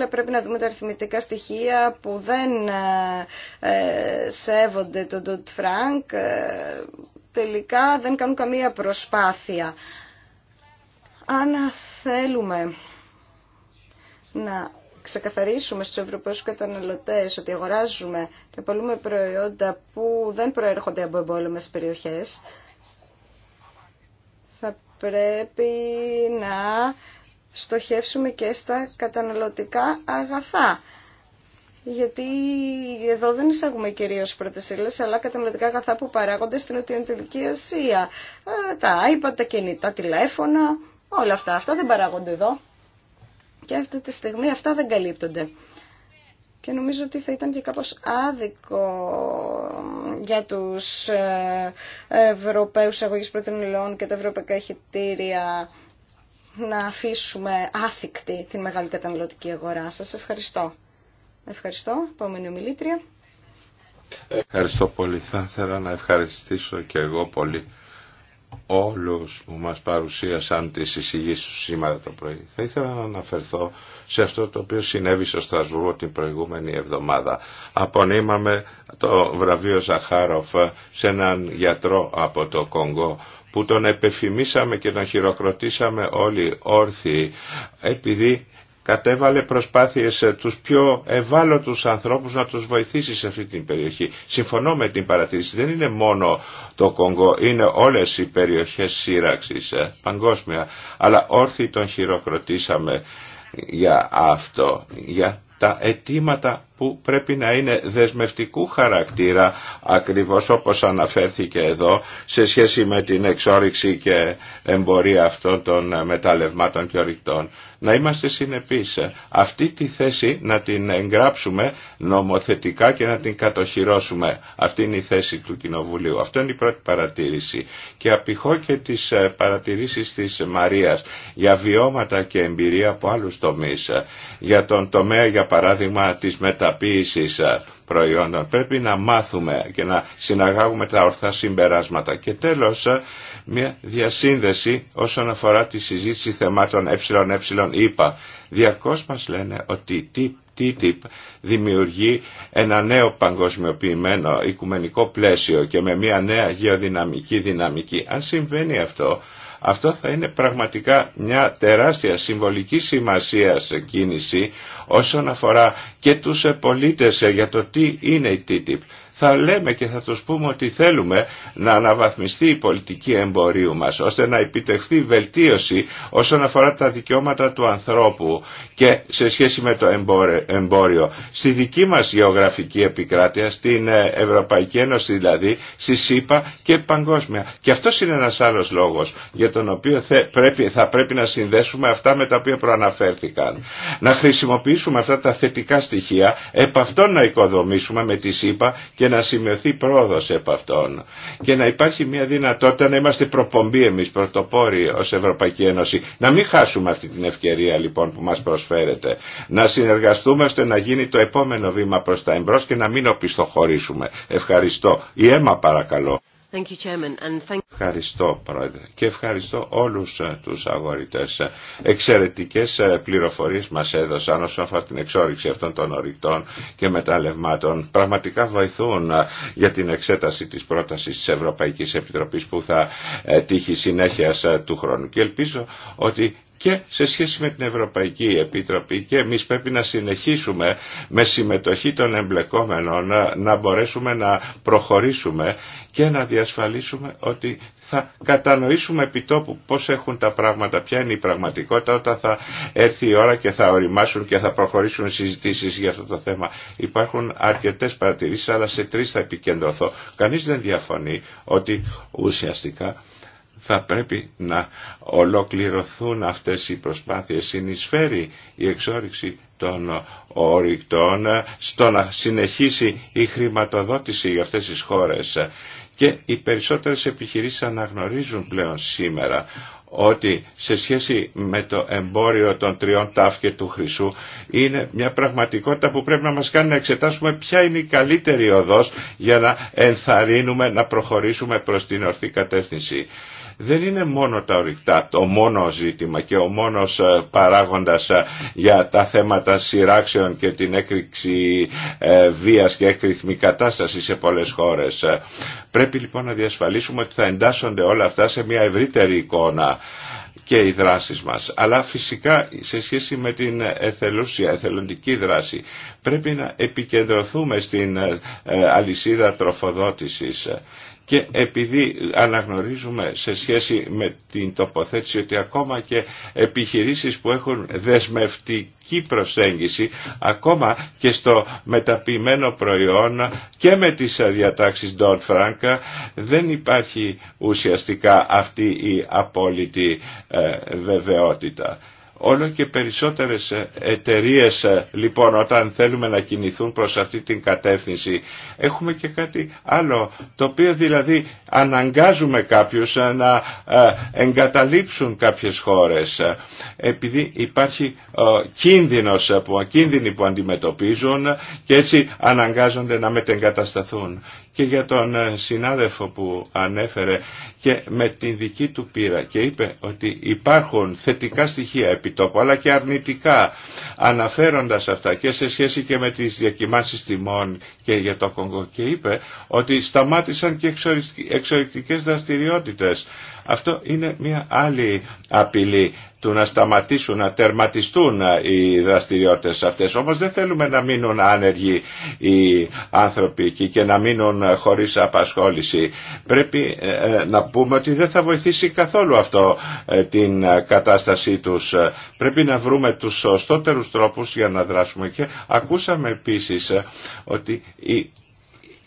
πρέπει να δούμε τα αριθμητικά στοιχεία που δεν ε, σέβονται τον Ντοντ Φρανκ. Ε, τελικά δεν κάνουν καμία προσπάθεια. Αν θέλουμε να ξεκαθαρίσουμε στους Ευρωπαίους καταναλωτές ότι αγοράζουμε και πολλούμε προϊόντα που δεν προέρχονται από εμπόλεμες περιοχές, θα πρέπει να στοχεύσουμε και στα καταναλωτικά αγαθά. Γιατί εδώ δεν εισάγουμε κυρίω πρωτεσίλε, αλλά καταναλωτικά αγαθά που παράγονται στην Νοτιοανατολική Ασία. Ε, τα iPad, τα κινητά, τηλέφωνα, όλα αυτά. Αυτά δεν παράγονται εδώ. Και αυτή τη στιγμή αυτά δεν καλύπτονται. Και νομίζω ότι θα ήταν και κάπως άδικο για τους ε, Ευρωπαίους αγωγείς πρώτων και τα ευρωπαϊκά χιτήρια να αφήσουμε άθικτη την μεγάλη καταναλωτική αγορά. Σας ευχαριστώ. Ευχαριστώ. Επόμενη ομιλήτρια. Ευχαριστώ πολύ. Θα ήθελα να ευχαριστήσω και εγώ πολύ όλους που μας παρουσίασαν τις εισηγήσεις σήμερα το πρωί. Θα ήθελα να αναφερθώ σε αυτό το οποίο συνέβη στο Στρασβούργο την προηγούμενη εβδομάδα. Απονείμαμε το βραβείο Ζαχάροφ σε έναν γιατρό από το Κονγκό που τον επεφημίσαμε και τον χειροκροτήσαμε όλοι όρθιοι επειδή κατέβαλε προσπάθειες ε, τους πιο ευάλωτους ανθρώπους να τους βοηθήσει σε αυτή την περιοχή. Συμφωνώ με την παρατήρηση, δεν είναι μόνο το Κονγκό, είναι όλες οι περιοχές σύραξης ε, παγκόσμια, αλλά όρθιοι τον χειροκροτήσαμε για αυτό, για τα αιτήματα που πρέπει να είναι δεσμευτικού χαρακτήρα ακριβώς όπως αναφέρθηκε εδώ σε σχέση με την εξόριξη και εμπορία αυτών των μεταλλευμάτων και ορυκτών να είμαστε συνεπείς. Αυτή τη θέση να την εγγράψουμε νομοθετικά και να την κατοχυρώσουμε. Αυτή είναι η θέση του Κοινοβουλίου. Αυτό είναι η πρώτη παρατήρηση. Και απηχώ και τις ε, παρατηρήσεις της Μαρίας για βιώματα και εμπειρία από άλλους τομείς. Για τον τομέα, για παράδειγμα, της μεταποίησης ε, προϊόντων. Πρέπει να μάθουμε και να συναγάγουμε τα ορθά συμπεράσματα. Και τέλος, ε, μια διασύνδεση όσον αφορά τη συζήτηση θεμάτων είπα. Διαρκώς μας λένε ότι TTIP δημιουργεί ένα νέο παγκοσμιοποιημένο οικουμενικό πλαίσιο και με μια νέα γεωδυναμική δυναμική. Αν συμβαίνει αυτό, αυτό θα είναι πραγματικά μια τεράστια συμβολική σημασία σε κίνηση όσον αφορά και τους πολίτες για το τι είναι η TTIP θα λέμε και θα τους πούμε ότι θέλουμε να αναβαθμιστεί η πολιτική εμπορίου μας ώστε να επιτευχθεί βελτίωση όσον αφορά τα δικαιώματα του ανθρώπου και σε σχέση με το εμπόριο. Στη δική μας γεωγραφική επικράτεια, στην ε, Ευρωπαϊκή Ένωση δηλαδή, στη ΣΥΠΑ και παγκόσμια. Και αυτό είναι ένας άλλος λόγος για τον οποίο θα πρέπει να συνδέσουμε αυτά με τα οποία προαναφέρθηκαν. Να χρησιμοποιήσουμε αυτά τα θετικά στοιχεία, επ' αυτό να οικοδομήσουμε με τη ΣΥΠΑ και να σημειωθεί πρόοδος επ' αυτόν και να υπάρχει μια δυνατότητα να είμαστε προπομπή εμείς πρωτοπόροι ως Ευρωπαϊκή Ένωση. Να μην χάσουμε αυτή την ευκαιρία λοιπόν που μας προσφέρεται. Να συνεργαστούμε ώστε να γίνει το επόμενο βήμα προς τα εμπρός και να μην οπισθοχωρήσουμε. Ευχαριστώ. Η αίμα παρακαλώ. Ευχαριστώ Πρόεδρε και ευχαριστώ όλους ε, τους αγορητές. Ε, εξαιρετικές ε, πληροφορίες μας έδωσαν όσον αφορά την εξόριξη αυτών των ορυκτών και μεταλλευμάτων. Πραγματικά βοηθούν για την εξέταση της πρότασης της Ευρωπαϊκής Επιτροπής που θα τύχει συνέχεια του χρόνου. Και ελπίζω ότι και σε σχέση με την Ευρωπαϊκή Επίτροπη και εμείς πρέπει να συνεχίσουμε με συμμετοχή των εμπλεκόμενων να μπορέσουμε να προχωρήσουμε και να διασφαλίσουμε ότι θα κατανοήσουμε επιτόπου πώς έχουν τα πράγματα, ποια είναι η πραγματικότητα όταν θα έρθει η ώρα και θα οριμάσουν και θα προχωρήσουν συζητήσεις για αυτό το θέμα. Υπάρχουν αρκετές παρατηρήσεις αλλά σε τρεις θα επικεντρωθώ. Κανείς δεν διαφωνεί ότι ουσιαστικά θα πρέπει να ολοκληρωθούν αυτές οι προσπάθειες. Συνεισφέρει η εξόριξη των ορυκτών στο να συνεχίσει η χρηματοδότηση για αυτές τις χώρες και οι περισσότερες επιχειρήσεις αναγνωρίζουν πλέον σήμερα ότι σε σχέση με το εμπόριο των τριών τάφ και του χρυσού είναι μια πραγματικότητα που πρέπει να μας κάνει να εξετάσουμε ποια είναι η καλύτερη οδός για να ενθαρρύνουμε να προχωρήσουμε προς την ορθή κατεύθυνση δεν είναι μόνο τα ορυκτά, το μόνο ζήτημα και ο μόνος ε, παράγοντας ε, για τα θέματα σειράξεων και την έκρηξη ε, βίας και έκρηθμη κατάσταση σε πολλές χώρες. Πρέπει λοιπόν να διασφαλίσουμε ότι θα εντάσσονται όλα αυτά σε μια ευρύτερη εικόνα και οι δράσεις μας. Αλλά φυσικά σε σχέση με την εθελούσια, εθελοντική δράση πρέπει να επικεντρωθούμε στην αλυσίδα τροφοδότησης. Και επειδή αναγνωρίζουμε σε σχέση με την τοποθέτηση ότι ακόμα και επιχειρήσεις που έχουν δεσμευτική προσέγγιση, ακόμα και στο μεταποιημένο προϊόν και με τις διατάξεις Don Frank δεν υπάρχει ουσιαστικά αυτή η απόλυτη ε, βεβαιότητα. Όλο και περισσότερες εταιρείες ε, λοιπόν όταν θέλουμε να κινηθούν προς αυτή την κατεύθυνση έχουμε και κάτι άλλο το οποίο δηλαδή αναγκάζουμε κάποιους ε, να ε, εγκαταλείψουν κάποιες χώρες επειδή υπάρχει κίνδυνος, κίνδυνοι που αντιμετωπίζουν και έτσι αναγκάζονται να μετεγκατασταθούν και για τον ε, συνάδελφο που ανέφερε και με την δική του πείρα και είπε ότι υπάρχουν θετικά στοιχεία τόπου αλλά και αρνητικά αναφέροντας αυτά και σε σχέση και με τις διακοιμάνσεις τιμών και για το Κονγκό και είπε ότι σταμάτησαν και εξορυκτικές δραστηριότητες. Αυτό είναι μια άλλη απειλή του να σταματήσουν, να τερματιστούν ε, οι δραστηριότητες αυτές. Όμως δεν θέλουμε να μείνουν άνεργοι οι άνθρωποι εκεί και να μείνουν ε, χωρίς απασχόληση. Πρέπει ε, να πούμε ότι δεν θα βοηθήσει καθόλου αυτό την κατάστασή τους. Πρέπει να βρούμε τους σωστότερους τρόπους για να δράσουμε. Και ακούσαμε επίσης ότι η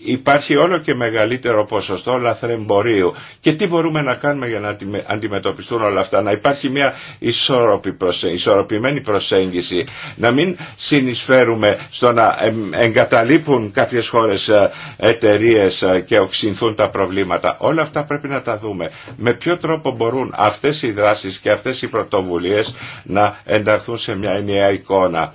υπάρχει όλο και μεγαλύτερο ποσοστό λαθρεμπορίου. Και τι μπορούμε να κάνουμε για να αντιμετωπιστούν όλα αυτά. Να υπάρχει μια ισορροπημένη προσέγγιση. Να μην συνεισφέρουμε στο να εγκαταλείπουν κάποιες χώρες ε, εταιρείε ε, και οξυνθούν τα προβλήματα. Όλα αυτά πρέπει να τα δούμε. Με ποιο τρόπο μπορούν αυτές οι δράσεις και αυτές οι πρωτοβουλίες να ενταχθούν σε μια ενιαία εικόνα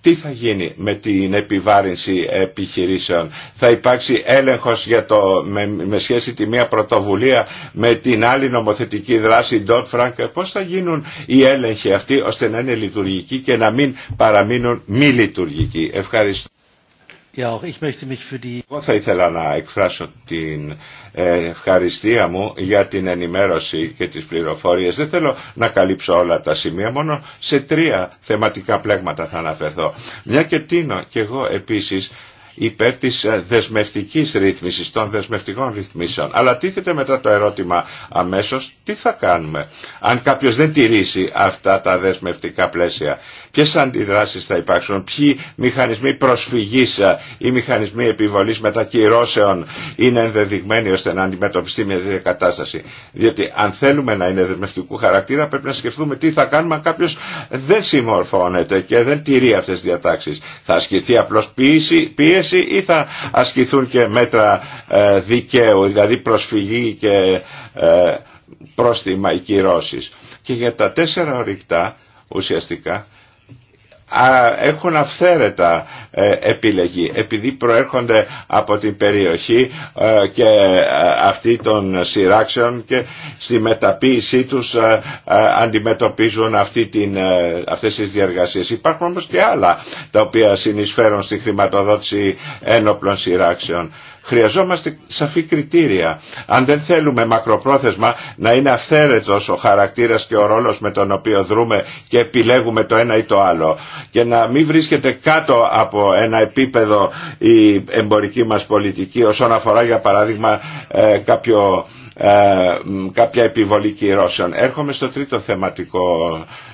τι θα γίνει με την επιβάρυνση επιχειρήσεων. Θα υπάρξει έλεγχος για το, με, σχέση τη μία πρωτοβουλία με την άλλη νομοθετική δράση Don Frank. Πώς θα γίνουν οι έλεγχοι αυτοί ώστε να είναι λειτουργικοί και να μην παραμείνουν μη λειτουργικοί. Ευχαριστώ. Εγώ θα ήθελα να εκφράσω την ε, ευχαριστία μου για την ενημέρωση και τις πληροφορίες. Δεν θέλω να καλύψω όλα τα σημεία, μόνο σε τρία θεματικά πλέγματα θα αναφερθώ. Μια και τίνω και εγώ επίσης υπέρ της ε, δεσμευτικής ρύθμισης, των δεσμευτικών ρυθμίσεων. Αλλά τίθεται μετά το ερώτημα αμέσως τι θα κάνουμε αν κάποιος δεν τηρήσει αυτά τα δεσμευτικά πλαίσια. Ποιες αντιδράσεις θα υπάρξουν, ποιοι μηχανισμοί προσφυγής ε, ή μηχανισμοί επιβολής μετακυρώσεων είναι ενδεδειγμένοι ώστε να αντιμετωπιστεί μια τέτοια κατάσταση. Διότι αν θέλουμε να είναι δεσμευτικού χαρακτήρα πρέπει να σκεφτούμε τι θα κάνουμε αν κάποιος δεν συμμορφώνεται και δεν τηρεί αυτές τι διατάξεις. Θα ασκηθεί απλώς πίεση, πίεση θέση ή θα ασκηθούν και μέτρα ε, δικαίου, δηλαδή προσφυγή και ε, πρόστιμα ή κυρώσεις. Και για τα τέσσερα ορυκτά ουσιαστικά έχουν αυθαίρετα ε, επιλεγή επειδή προέρχονται από την περιοχή ε, και ε, αυτή των σειράξεων και στη μεταποίησή τους αντιμετωπίζουν αυτή την, αυτές τις Υπάρχουν όμως και άλλα τα οποία συνεισφέρουν στη χρηματοδότηση ένοπλων σειράξεων. Χρειαζόμαστε σαφή κριτήρια. Αν δεν θέλουμε μακροπρόθεσμα να είναι αυθαίρετος ο χαρακτήρας και ο ρόλος με τον οποίο δρούμε και επιλέγουμε το ένα ή το άλλο και να μην βρίσκεται κάτω από ένα επίπεδο η εμπορική μας πολιτική όσον αφορά για παράδειγμα ε, κάποιο ε, κάποια επιβολή κυρώσεων. Έρχομαι στο τρίτο θεματικό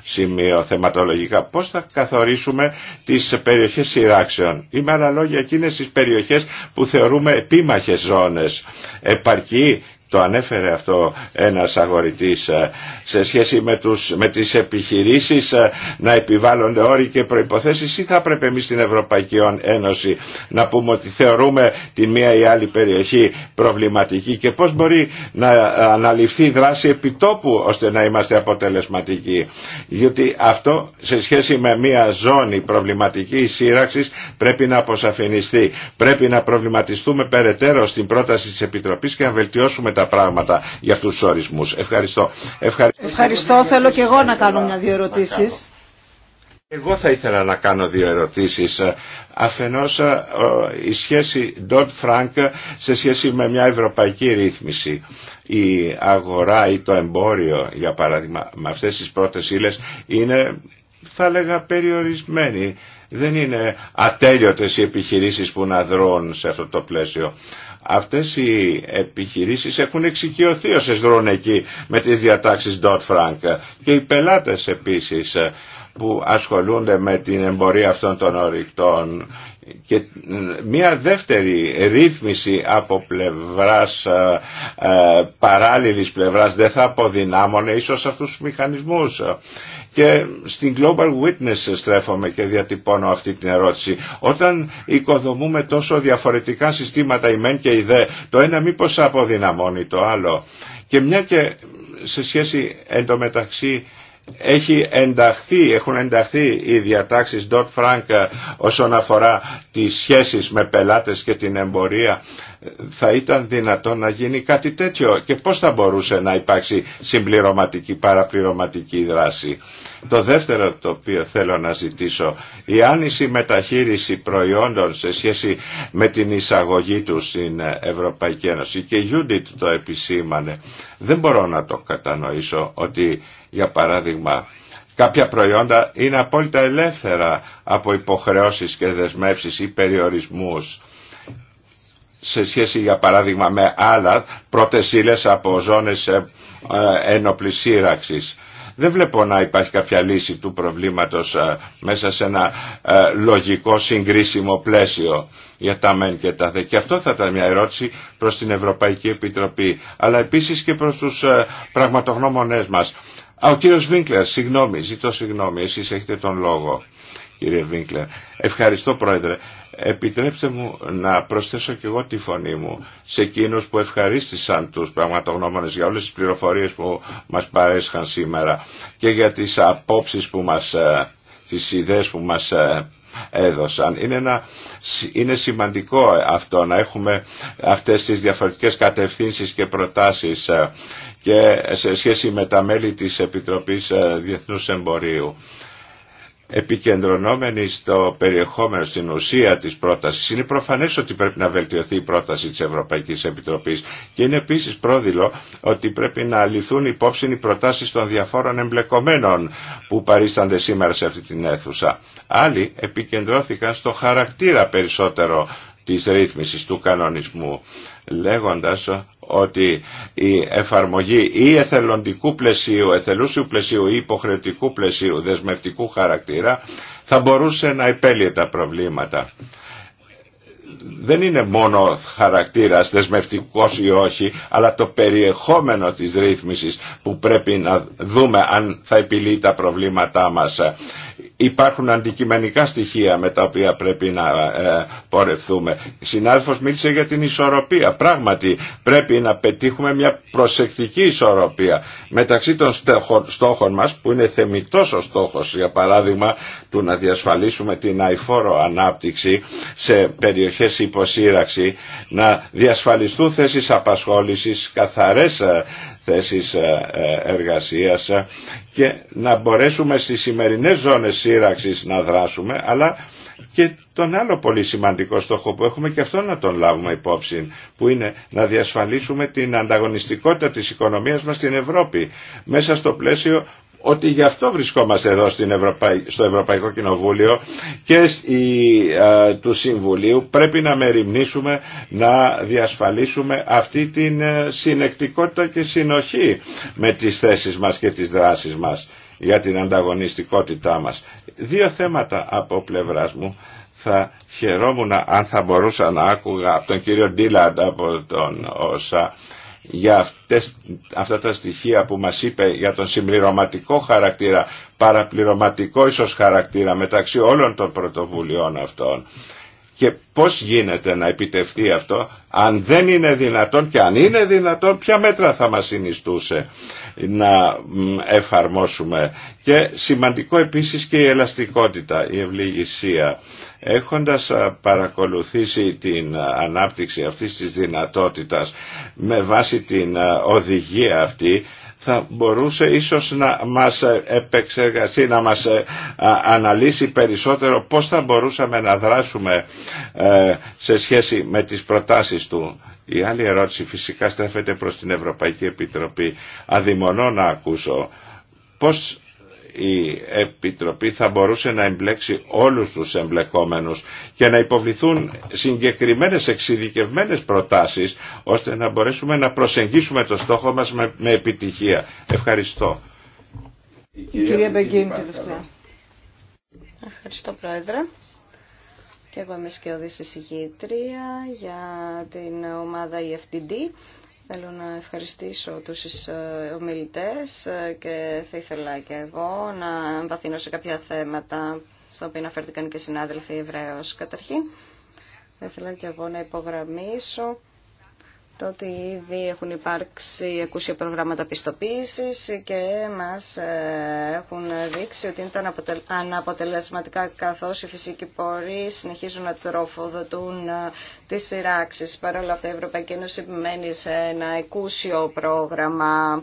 σημείο, θεματολογικά. Πώς θα καθορίσουμε τις περιοχές σειράξεων ή με άλλα λόγια εκείνες τις περιοχές που θεωρούμε επίμαχες ζώνες. Επαρκεί το ανέφερε αυτό ένας αγορητής ε, σε σχέση με, τους, με τις επιχειρήσεις ε, να επιβάλλονται όροι και προϋποθέσεις ή θα πρέπει εμείς στην Ευρωπαϊκή Ένωση να πούμε ότι θεωρούμε την μία ή άλλη περιοχή προβληματική και πώς μπορεί να ε, αναλυφθεί δράση επιτόπου ώστε να είμαστε αποτελεσματικοί. Γιατί αυτό σε σχέση με μία ζώνη προβληματική σύραξης πρέπει να αποσαφινιστεί. Πρέπει να προβληματιστούμε περαιτέρω στην πρόταση της Επιτροπής και να βελτιώσουμε τα πράγματα για αυτού τους ορισμού. Ευχαριστώ. Ευχαριστώ, Ευχαριστώ. θέλω και εγώ να κάνω μια-δύο ερωτήσει. Εγώ θα ήθελα να κάνω δύο ερωτήσεις. Αφενός ε, η σχέση Dodd Frank σε σχέση με μια ευρωπαϊκή ρύθμιση. Η αγορά ή το εμπόριο για παράδειγμα με αυτές τις πρώτες ύλες είναι θα λέγα περιορισμένη. Δεν είναι ατέλειωτες οι επιχειρήσεις που να δρούν σε αυτό το πλαίσιο. Αυτές οι επιχειρήσεις έχουν εξοικειωθεί όσες δρούν εκεί με τις διατάξεις Dodd-Frank και οι πελάτες επίσης ε, που ασχολούνται με την εμπορία αυτών των ορυκτών και ε, μια δεύτερη ρύθμιση από πλευράς ε, παράλληλης πλευράς δεν θα αποδυνάμωνε ίσως αυτούς τους μηχανισμούς και στην Global Witness στρέφομαι και διατυπώνω αυτή την ερώτηση. Όταν οικοδομούμε τόσο διαφορετικά συστήματα η μεν και η δε, το ένα μήπως αποδυναμώνει το άλλο. Και μια και σε σχέση εντωμεταξύ έχει ενταχθεί, έχουν ενταχθεί οι διατάξεις Dodd Frank ε, όσον αφορά τις σχέσεις με πελάτες και την εμπορία θα ήταν δυνατό να γίνει κάτι τέτοιο και πώς θα μπορούσε να υπάρξει συμπληρωματική, παραπληρωματική δράση. Το δεύτερο το οποίο θέλω να ζητήσω, η άνηση μεταχείριση προϊόντων σε σχέση με την εισαγωγή τους στην Ευρωπαϊκή Ένωση και η το επισήμανε. Δεν μπορώ να το κατανοήσω ότι για παράδειγμα Κάποια προϊόντα είναι απόλυτα ελεύθερα από υποχρεώσεις και δεσμεύσεις ή περιορισμούς σε σχέση για παράδειγμα με άλλα πρώτες ύλες από ζώνες ε, ε, ένοπλης σύραξης. Δεν βλέπω να υπάρχει κάποια λύση του προβλήματος ε, μέσα σε ένα λογικό συγκρίσιμο πλαίσιο για τα μεν και τα δε. Και αυτό θα ήταν μια ερώτηση προς την Ευρωπαϊκή Επιτροπή, αλλά επίσης και προς τους πραγματογνώμονές μας. Α, ο κύριος Βίνκλερ, συγγνώμη, ζητώ συγγνώμη, εσείς έχετε τον λόγο κύριε Βίνκλερ. Ευχαριστώ πρόεδρε. Επιτρέψτε μου να προσθέσω και εγώ τη φωνή μου σε εκείνου που ευχαρίστησαν τους πραγματογνώμονες για όλες τις πληροφορίες που μας παρέσχαν σήμερα και για τις απόψεις που μας, ε, τις ιδέες που μας ε, έδωσαν. Είναι, ένα, είναι σημαντικό αυτό να έχουμε αυτές τις διαφορετικές κατευθύνσεις και προτάσεις ε, και σε σχέση με τα μέλη της Επιτροπής Διεθνούς Εμπορίου επικεντρωνόμενοι στο περιεχόμενο, στην ουσία της πρότασης. Είναι προφανές ότι πρέπει να βελτιωθεί η πρόταση της Ευρωπαϊκής Επιτροπής και είναι επίσης πρόδειλο ότι πρέπει να ληφθούν υπόψη οι προτάσεις των διαφόρων εμπλεκομένων που παρίστανται σήμερα σε αυτή την αίθουσα. Άλλοι επικεντρώθηκαν στο χαρακτήρα περισσότερο της ρύθμισης του κανονισμού λέγοντας ότι η εφαρμογή ή εθελοντικού πλαισίου, εθελούσιου πλαισίου ή υποχρεωτικού πλαισίου δεσμευτικού χαρακτήρα θα μπορούσε να επέλυε τα προβλήματα. Δεν είναι μόνο χαρακτήρας δεσμευτικός ή όχι, αλλά το περιεχόμενο της ρύθμισης που πρέπει να δούμε αν θα επιλύει τα προβλήματά μας υπάρχουν αντικειμενικά στοιχεία με τα οποία πρέπει να ε, πορευθούμε. Συνάδελφος μίλησε για την ισορροπία. Πράγματι πρέπει να πετύχουμε μια προσεκτική ισορροπία μεταξύ των στόχων μας που είναι θεμητός ο στόχος για παράδειγμα του να διασφαλίσουμε την αηφόρο ανάπτυξη σε περιοχές υποσύραξη να διασφαλιστούν θέσεις απασχόλησης καθαρές ε, θέσεις ε, ε, εργασίας ε, και να μπορέσουμε στις σημερινές ζώνες σύραξης να δράσουμε, αλλά και τον άλλο πολύ σημαντικό στόχο που έχουμε και αυτό να τον λάβουμε υπόψη, που είναι να διασφαλίσουμε την ανταγωνιστικότητα της οικονομίας μας στην Ευρώπη, μέσα στο πλαίσιο ότι γι' αυτό βρισκόμαστε εδώ στην στο Ευρωπαϊκό Κοινοβούλιο και του Συμβουλίου πρέπει να μεριμνήσουμε να διασφαλίσουμε αυτή την ε, συνεκτικότητα και συνοχή με τις θέσεις μας και τις δράσεις μας για την ανταγωνιστικότητά μας. Δύο θέματα από πλευράς μου θα χαιρόμουν αν θα μπορούσα να άκουγα από τον κύριο Ντίλαντ από τον ΩΣΑ για αυτές, αυτά τα στοιχεία που μας είπε για τον συμπληρωματικό χαρακτήρα, παραπληρωματικό ίσως χαρακτήρα μεταξύ όλων των πρωτοβουλειών αυτών. Και πώς γίνεται να επιτευχθεί αυτό, αν δεν είναι δυνατόν και αν είναι δυνατόν, ποια μέτρα θα μας συνιστούσε να εφαρμόσουμε. Και σημαντικό επίσης και η ελαστικότητα, η ευληγησία. Έχοντας παρακολουθήσει την ανάπτυξη αυτής της δυνατότητας με βάση την οδηγία αυτή, θα μπορούσε ίσως να μας επεξεργαστεί, να μας ε, αναλύσει περισσότερο πώς θα μπορούσαμε να δράσουμε ε, σε σχέση με τις προτάσεις του. Η άλλη ερώτηση φυσικά στρέφεται προς την Ευρωπαϊκή Επιτροπή. Αδειμονώ να ακούσω πώς η Επιτροπή θα μπορούσε να εμπλέξει όλους τους εμπλεκόμενους και να υποβληθούν συγκεκριμένες εξειδικευμένες προτάσεις ώστε να μπορέσουμε να προσεγγίσουμε το στόχο μας με, επιτυχία. Ευχαριστώ. κυρία Μπεγκίνη Ευχαριστώ Πρόεδρε. Και εγώ είμαι σκιώδης εισηγήτρια για την ομάδα EFTD Θέλω να ευχαριστήσω τους ε, ομιλητές ε, και θα ήθελα και εγώ να βαθύνω σε κάποια θέματα στα οποία αναφέρθηκαν και οι συνάδελφοι Εβραίος. Καταρχήν, θα ήθελα και εγώ να υπογραμμίσω το ότι ήδη έχουν υπάρξει εκούσια προγράμματα πιστοποίησης και μας ε, έχουν δείξει ότι ήταν αναποτελεσματικά καθώς οι φυσικοί πόροι συνεχίζουν να τροφοδοτούν ε, τις σειράξεις. Παρ' όλα αυτά η Ευρωπαϊκή Ένωση επιμένει σε ένα εκούσιο πρόγραμμα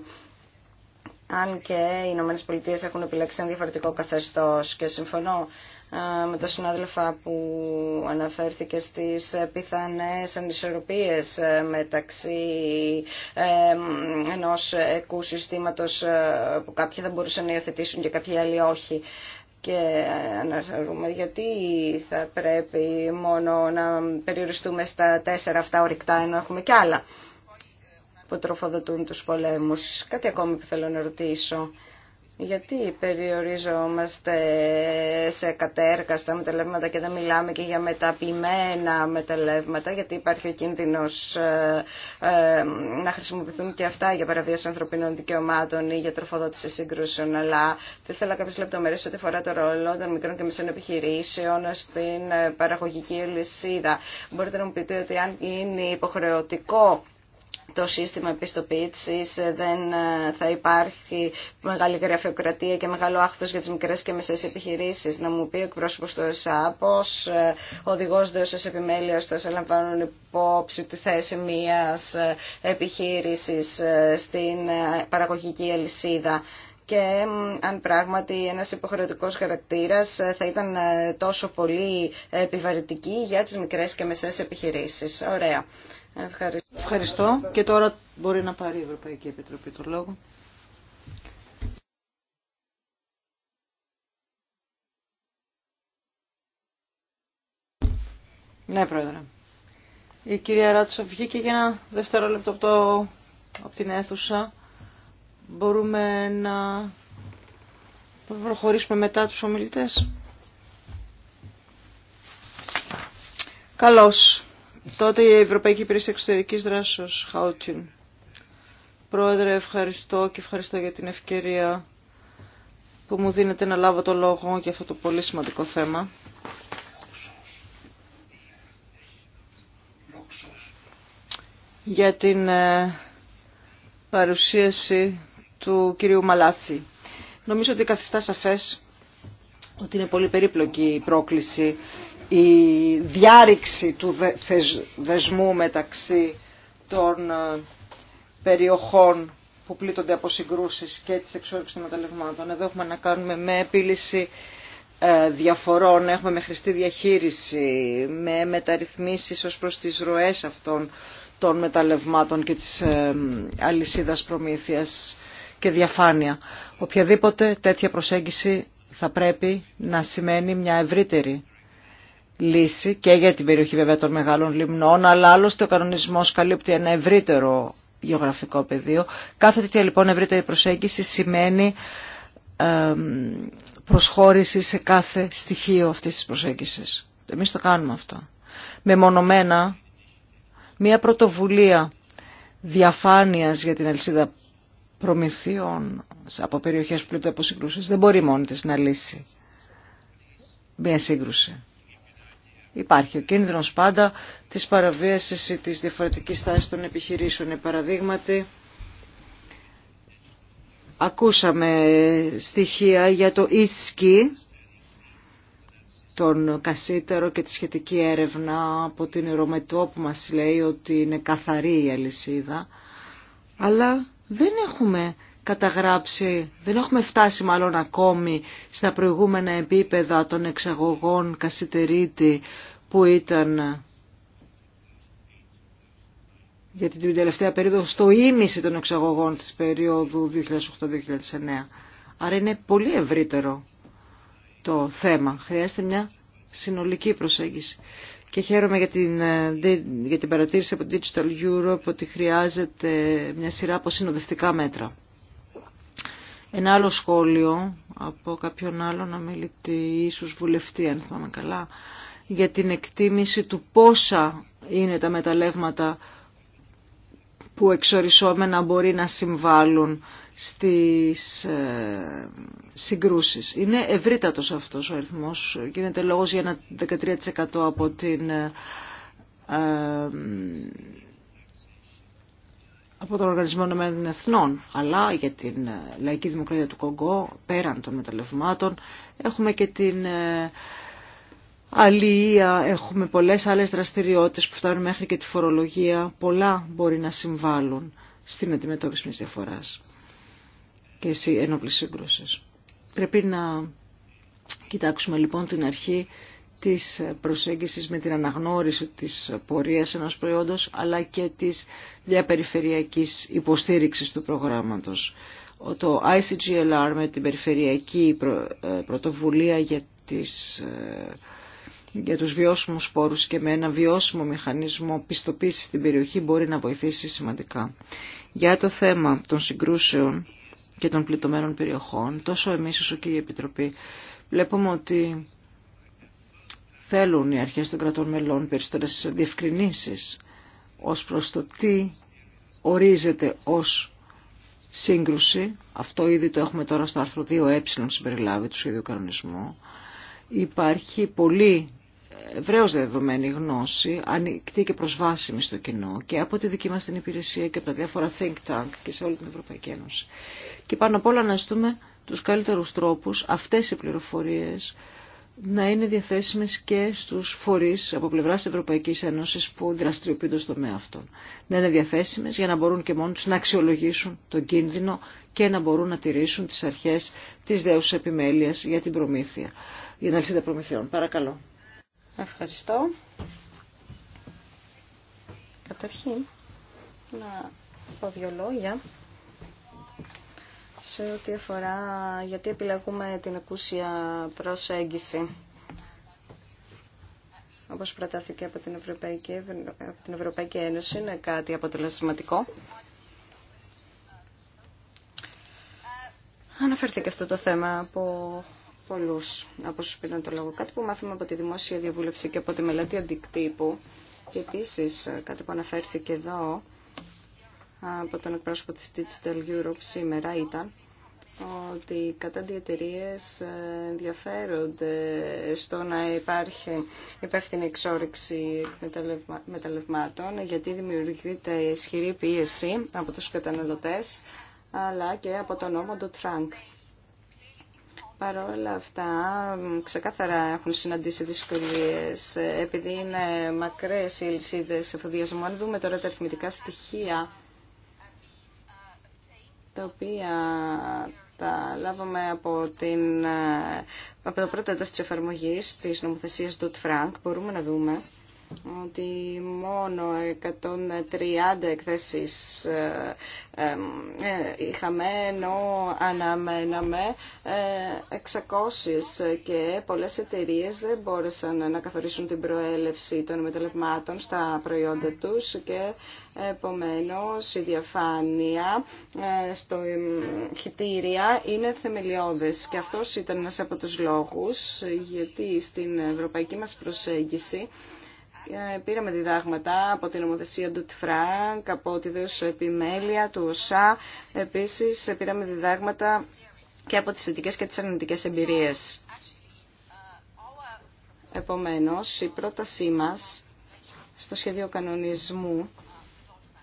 αν και οι Ηνωμένε Πολιτείε έχουν επιλέξει ένα διαφορετικό καθεστώ και συμφωνώ με τον συνάδελφα που αναφέρθηκε στις ε, πιθανές ανισορροπίες ε, μεταξύ ε, ενός εκού συστήματος που κάποιοι θα μπορούσαν να υιοθετήσουν και κάποιοι άλλοι όχι και αναφέρουμε γιατί θα πρέπει μόνο να περιοριστούμε στα τέσσερα αυτά ορυκτά ενώ έχουμε και άλλα που τροφοδοτούν τους πολέμους. Κάτι ακόμη που θέλω να ρωτήσω. Γιατί περιοριζόμαστε σε κατέργαστα μεταλλεύματα και δεν μιλάμε και για μεταποιημένα μεταλλεύματα, γιατί υπάρχει ο κίνδυνος ε, ε, να χρησιμοποιηθούν και αυτά για παραβίαση ανθρωπίνων δικαιωμάτων ή για τροφοδότηση σύγκρουσεων, αλλά θα θέλω κάποιες λεπτομέρειες ό,τι αφορά το ρόλο των μικρών και μεσαίων επιχειρήσεων στην παραγωγική ελισίδα. Μπορείτε να μου πείτε ότι αν είναι υποχρεωτικό το σύστημα επιστοποίησης, ε, δεν ε, θα υπάρχει μεγάλη γραφειοκρατία και μεγάλο άχθος για τις μικρές και μεσαίες επιχειρήσεις. Να μου πει ο εκπρόσωπος του ΕΣΑ πως ο ε, οδηγός δέωσης επιμέλειας θα σε λαμβάνουν υπόψη τη θέση μιας επιχείρησης στην παραγωγική αλυσίδα και αν πράγματι ένας υποχρεωτικός χαρακτήρας θα ήταν τόσο πολύ επιβαρυτική για τις μικρές και μεσέ επιχειρήσεις. Ωραία. Ευχαριστώ. Ευχαριστώ. Και τώρα μπορεί να πάρει η Ευρωπαϊκή Επιτροπή το λόγο. Ναι, Πρόεδρε. Η κυρία Ράτσο βγήκε για ένα δευτερόλεπτο από, από την αίθουσα. Μπορούμε να προχωρήσουμε μετά τους ομιλητές. Καλώς. Τότε η Ευρωπαϊκή Υπηρεσία Εξωτερική Δράσεω, Χαούτιν. Πρόεδρε, ευχαριστώ και ευχαριστώ για την ευκαιρία που μου δίνετε να λάβω το λόγο για αυτό το πολύ σημαντικό θέμα. Για την ε, παρουσίαση του κυρίου Μαλάση. Νομίζω ότι καθιστά σαφές ότι είναι πολύ περίπλοκη η πρόκληση η διάρρηξη του δεσμού μεταξύ των ε, περιοχών που πλήττονται από συγκρούσεις και της εξόρυξης των μεταλλευμάτων. Εδώ έχουμε να κάνουμε με επίλυση ε, διαφορών, έχουμε με χρηστή διαχείριση, με μεταρρυθμίσεις ως προς τις ροές αυτών των μεταλλευμάτων και της ε, αλυσίδας προμήθειας και διαφάνεια. Οποιαδήποτε τέτοια προσέγγιση θα πρέπει να σημαίνει μια ευρύτερη λύση και για την περιοχή βέβαια των μεγάλων λιμνών, αλλά άλλωστε ο κανονισμός καλύπτει ένα ευρύτερο γεωγραφικό πεδίο. Κάθε τέτοια λοιπόν ευρύτερη προσέγγιση σημαίνει προσχώρηση σε κάθε στοιχείο αυτής της προσέγγισης. Εμείς το κάνουμε αυτό. Μεμονωμένα, μία πρωτοβουλία διαφάνειας για την αλυσίδα προμηθειών από περιοχές που από συγκρούσεις δεν μπορεί μόνη της να λύσει μία σύγκρουση. Υπάρχει ο κίνδυνος πάντα της παραβίασης ή της διαφορετικής στάσης των επιχειρήσεων. Παραδείγματι, ακούσαμε στοιχεία για το ΙΣΚΙ, τον Κασίτερο και τη σχετική έρευνα από την Ρωμετό που μας λέει ότι είναι καθαρή η αλυσίδα. Αλλά δεν έχουμε καταγράψει, δεν έχουμε φτάσει μάλλον ακόμη στα προηγούμενα επίπεδα των εξαγωγών κασιτερίτη που ήταν για την τελευταία περίοδο στο ίμιση των εξαγωγών της περίοδου 2008-2009. Άρα είναι πολύ ευρύτερο το θέμα. Χρειάζεται μια συνολική προσέγγιση. Και χαίρομαι για την, ε, για την παρατήρηση από Digital Europe ότι χρειάζεται μια σειρά από συνοδευτικά μέτρα. Ένα άλλο σχόλιο από κάποιον άλλον αμιλητή, ίσως βουλευτή αν θυμάμαι καλά, για την εκτίμηση του πόσα είναι τα μεταλλεύματα που εξορισόμενα μπορεί να συμβάλλουν στις ε, συγκρούσεις. Είναι ευρύτατος αυτός ο αριθμός. Γίνεται λόγος για ένα 13% από την ε, ε, από τον Οργανισμό Εθνών, αλλά για την ε, Λαϊκή Δημοκρατία του Κογκό, πέραν των μεταλλευμάτων, έχουμε και την ε, αλληλεία, έχουμε πολλές άλλες δραστηριότητες που φτάνουν μέχρι και τη φορολογία, πολλά μπορεί να συμβάλλουν στην αντιμετώπιση μιας διαφοράς και ενόπλης σύγκρουσης. Πρέπει να κοιτάξουμε λοιπόν την αρχή της προσέγγισης με την αναγνώριση της πορείας ενός προϊόντος αλλά και της διαπεριφερειακής υποστήριξης του προγράμματος. Το ICGLR με την περιφερειακή ε, πρωτοβουλία για, τις, ε, για τους βιώσιμους πόρους και με ένα βιώσιμο μηχανισμό πιστοποίησης στην περιοχή μπορεί να βοηθήσει σημαντικά. Για το θέμα των συγκρούσεων και των πληττωμένων περιοχών, τόσο εμείς όσο και η Επιτροπή, βλέπουμε ότι Θέλουν οι αρχές των κρατών μελών περισσότερες διευκρινήσεις ως προς το τι ορίζεται ως σύγκρουση. Αυτό ήδη το έχουμε τώρα στο άρθρο 2ε συμπεριλάβει του σχεδίου κανονισμού. Υπάρχει πολύ ευρέω δεδομένη γνώση, ανοιχτή και προσβάσιμη στο κοινό και από τη δική μας την υπηρεσία και από τα διάφορα think tank και σε όλη την Ευρωπαϊκή Ένωση. Και πάνω απ' όλα να ζητούμε τους καλύτερους τρόπους αυτές οι πληροφορίες να είναι διαθέσιμες και στους φορείς από πλευράς Ευρωπαϊκής Ένωσης που δραστηριοποιούνται στο τομέα αυτών. Να είναι διαθέσιμες για να μπορούν και μόνοι τους να αξιολογήσουν τον κίνδυνο και να μπορούν να τηρήσουν τις αρχές της δέουσης επιμέλειας για την προμήθεια, για την αλυσίδα προμηθειών. Παρακαλώ. Ευχαριστώ. Καταρχήν, να πω δύο λόγια σε ό,τι αφορά γιατί επιλέγουμε την ακούσια προσέγγιση όπως προτάθηκε από την Ευρωπαϊκή, από την Ευρωπαϊκή Ένωση, είναι κάτι αποτελεσματικό. Αναφέρθηκε αυτό το θέμα από πολλούς, από σου πήραν το λόγο. Κάτι που μάθαμε από τη δημόσια διαβούλευση και από τη μελέτη αντικτύπου και επίσης κάτι που αναφέρθηκε εδώ, από τον εκπρόσωπο της Digital Europe σήμερα ήταν ότι οι κατάντι εταιρείε ενδιαφέρονται στο να υπάρχει υπεύθυνη εξόρυξη μεταλλευμάτων γιατί δημιουργείται ισχυρή πίεση από τους καταναλωτές αλλά και από τον νόμο του Τράνκ. Παρ' αυτά, ξεκάθαρα έχουν συναντήσει δυσκολίες ε, επειδή είναι μακρές οι ελισίδες εφοδιασμού. Αν δούμε τώρα τα αριθμητικά στοιχεία τα οποία τα λάβαμε από, την, από το πρώτο έτος της εφαρμογής της νομοθεσίας του Frank, μπορούμε να δούμε ότι μόνο 130 εκθέσεις ε, ε, ε, είχαμε, ενώ αναμέναμε 600 και πολλές εταιρείες δεν μπόρεσαν να καθορίσουν την προέλευση των μεταλλευμάτων στα προϊόντα τους και επομένως η διαφάνεια στο χιτήρια είναι θεμελιώδες και αυτός ήταν ένας από τους λόγους γιατί στην ευρωπαϊκή μας προσέγγιση ε, πήραμε διδάγματα από την ομοθεσία του Τφρανκ, από τη δέουσα επιμέλεια του ΟΣΑ. Επίσης, πήραμε διδάγματα και από τις θετικές και τις αρνητικές εμπειρίες. Επομένως, η πρότασή μας στο σχέδιο κανονισμού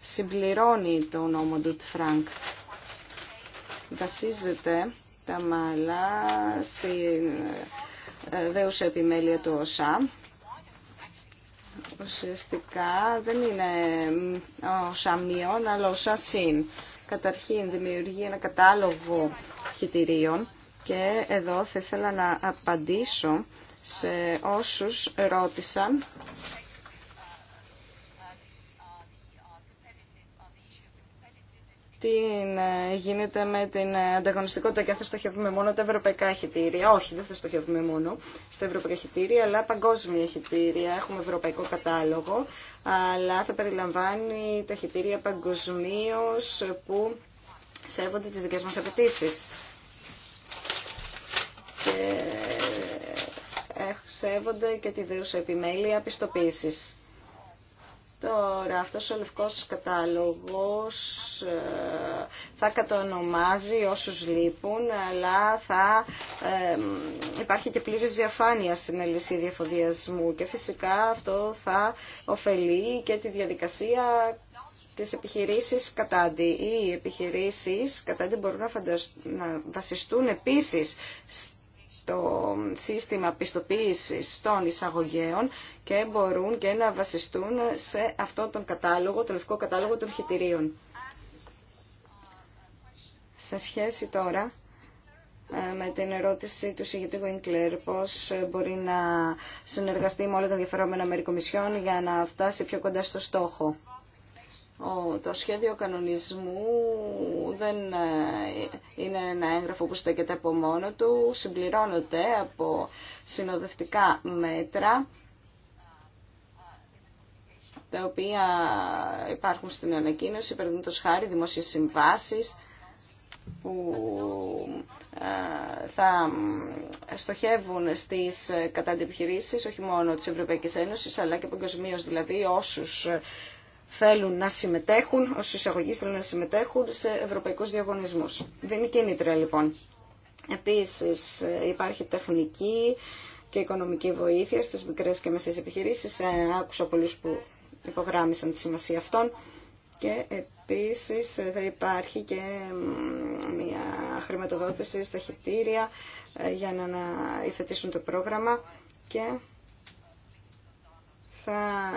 συμπληρώνει το νόμο του Τφρανκ. Βασίζεται τα μάλα στη ε, δέουσα επιμέλεια του ΟΣΑ ουσιαστικά δεν είναι ο σαμίων, αλλά ο σασίν. Καταρχήν δημιουργεί ένα κατάλογο χιτηρίων και εδώ θα ήθελα να απαντήσω σε όσους ρώτησαν τι γίνεται με την ανταγωνιστικότητα και αν θα στοχεύουμε μόνο τα ευρωπαϊκά χιτήρια. Όχι, δεν θα στοχεύουμε μόνο στα ευρωπαϊκά χιτήρια, αλλά παγκόσμια χιτήρια. Έχουμε ευρωπαϊκό κατάλογο, αλλά θα περιλαμβάνει τα χιτήρια παγκοσμίω που σέβονται τις δικές μας απαιτήσει. Και ε, σέβονται και τη δέουσα επιμέλεια πιστοποίησης. Τώρα, αυτός ο λευκός κατάλογος ε, θα κατονομάζει όσους λείπουν, αλλά θα ε, υπάρχει και πλήρης διαφάνεια στην αλυσίδια εφοδιασμού και φυσικά αυτό θα ωφελεί και τη διαδικασία της επιχειρήσεις κατάντι. Οι επιχειρήσεις κατάντι μπορούν να, να βασιστούν επίσης το σύστημα πιστοποίησης των εισαγωγέων και μπορούν και να βασιστούν σε αυτόν τον κατάλογο, τον λευκό κατάλογο των χιτηρίων. Σε σχέση τώρα ε, με την ερώτηση του Σιγητή Γουίνκλερ πώς μπορεί να συνεργαστεί με όλα τα ενδιαφερόμενα μερικομισιών για να φτάσει πιο κοντά στο στόχο το σχέδιο κανονισμού δεν ε, είναι ένα έγγραφο που στέκεται από μόνο του, Συμπληρώνονται από συνοδευτικά μέτρα τα οποία υπάρχουν στην ανακοίνωση, το χάρη δημόσιες συμβάσεις που ε, θα ε, στοχεύουν στις καταντεπιχειρήσεις όχι μόνο της Ευρωπαϊκής Ένωσης αλλά και παγκοσμίω δηλαδή όσους θέλουν να συμμετέχουν, ω εισαγωγή θέλουν να συμμετέχουν σε ευρωπαϊκούς διαγωνισμούς. είναι κίνητρα λοιπόν. Επίση, υπάρχει τεχνική και οικονομική βοήθεια στι μικρέ και επιχειρήσει. επιχειρήσεις. Ε, άκουσα πολλού που υπογράμμισαν τη σημασία αυτών. Και επίση ε, θα υπάρχει και μια χρηματοδότηση στα χιτήρια ε, για να υθετήσουν το πρόγραμμα και θα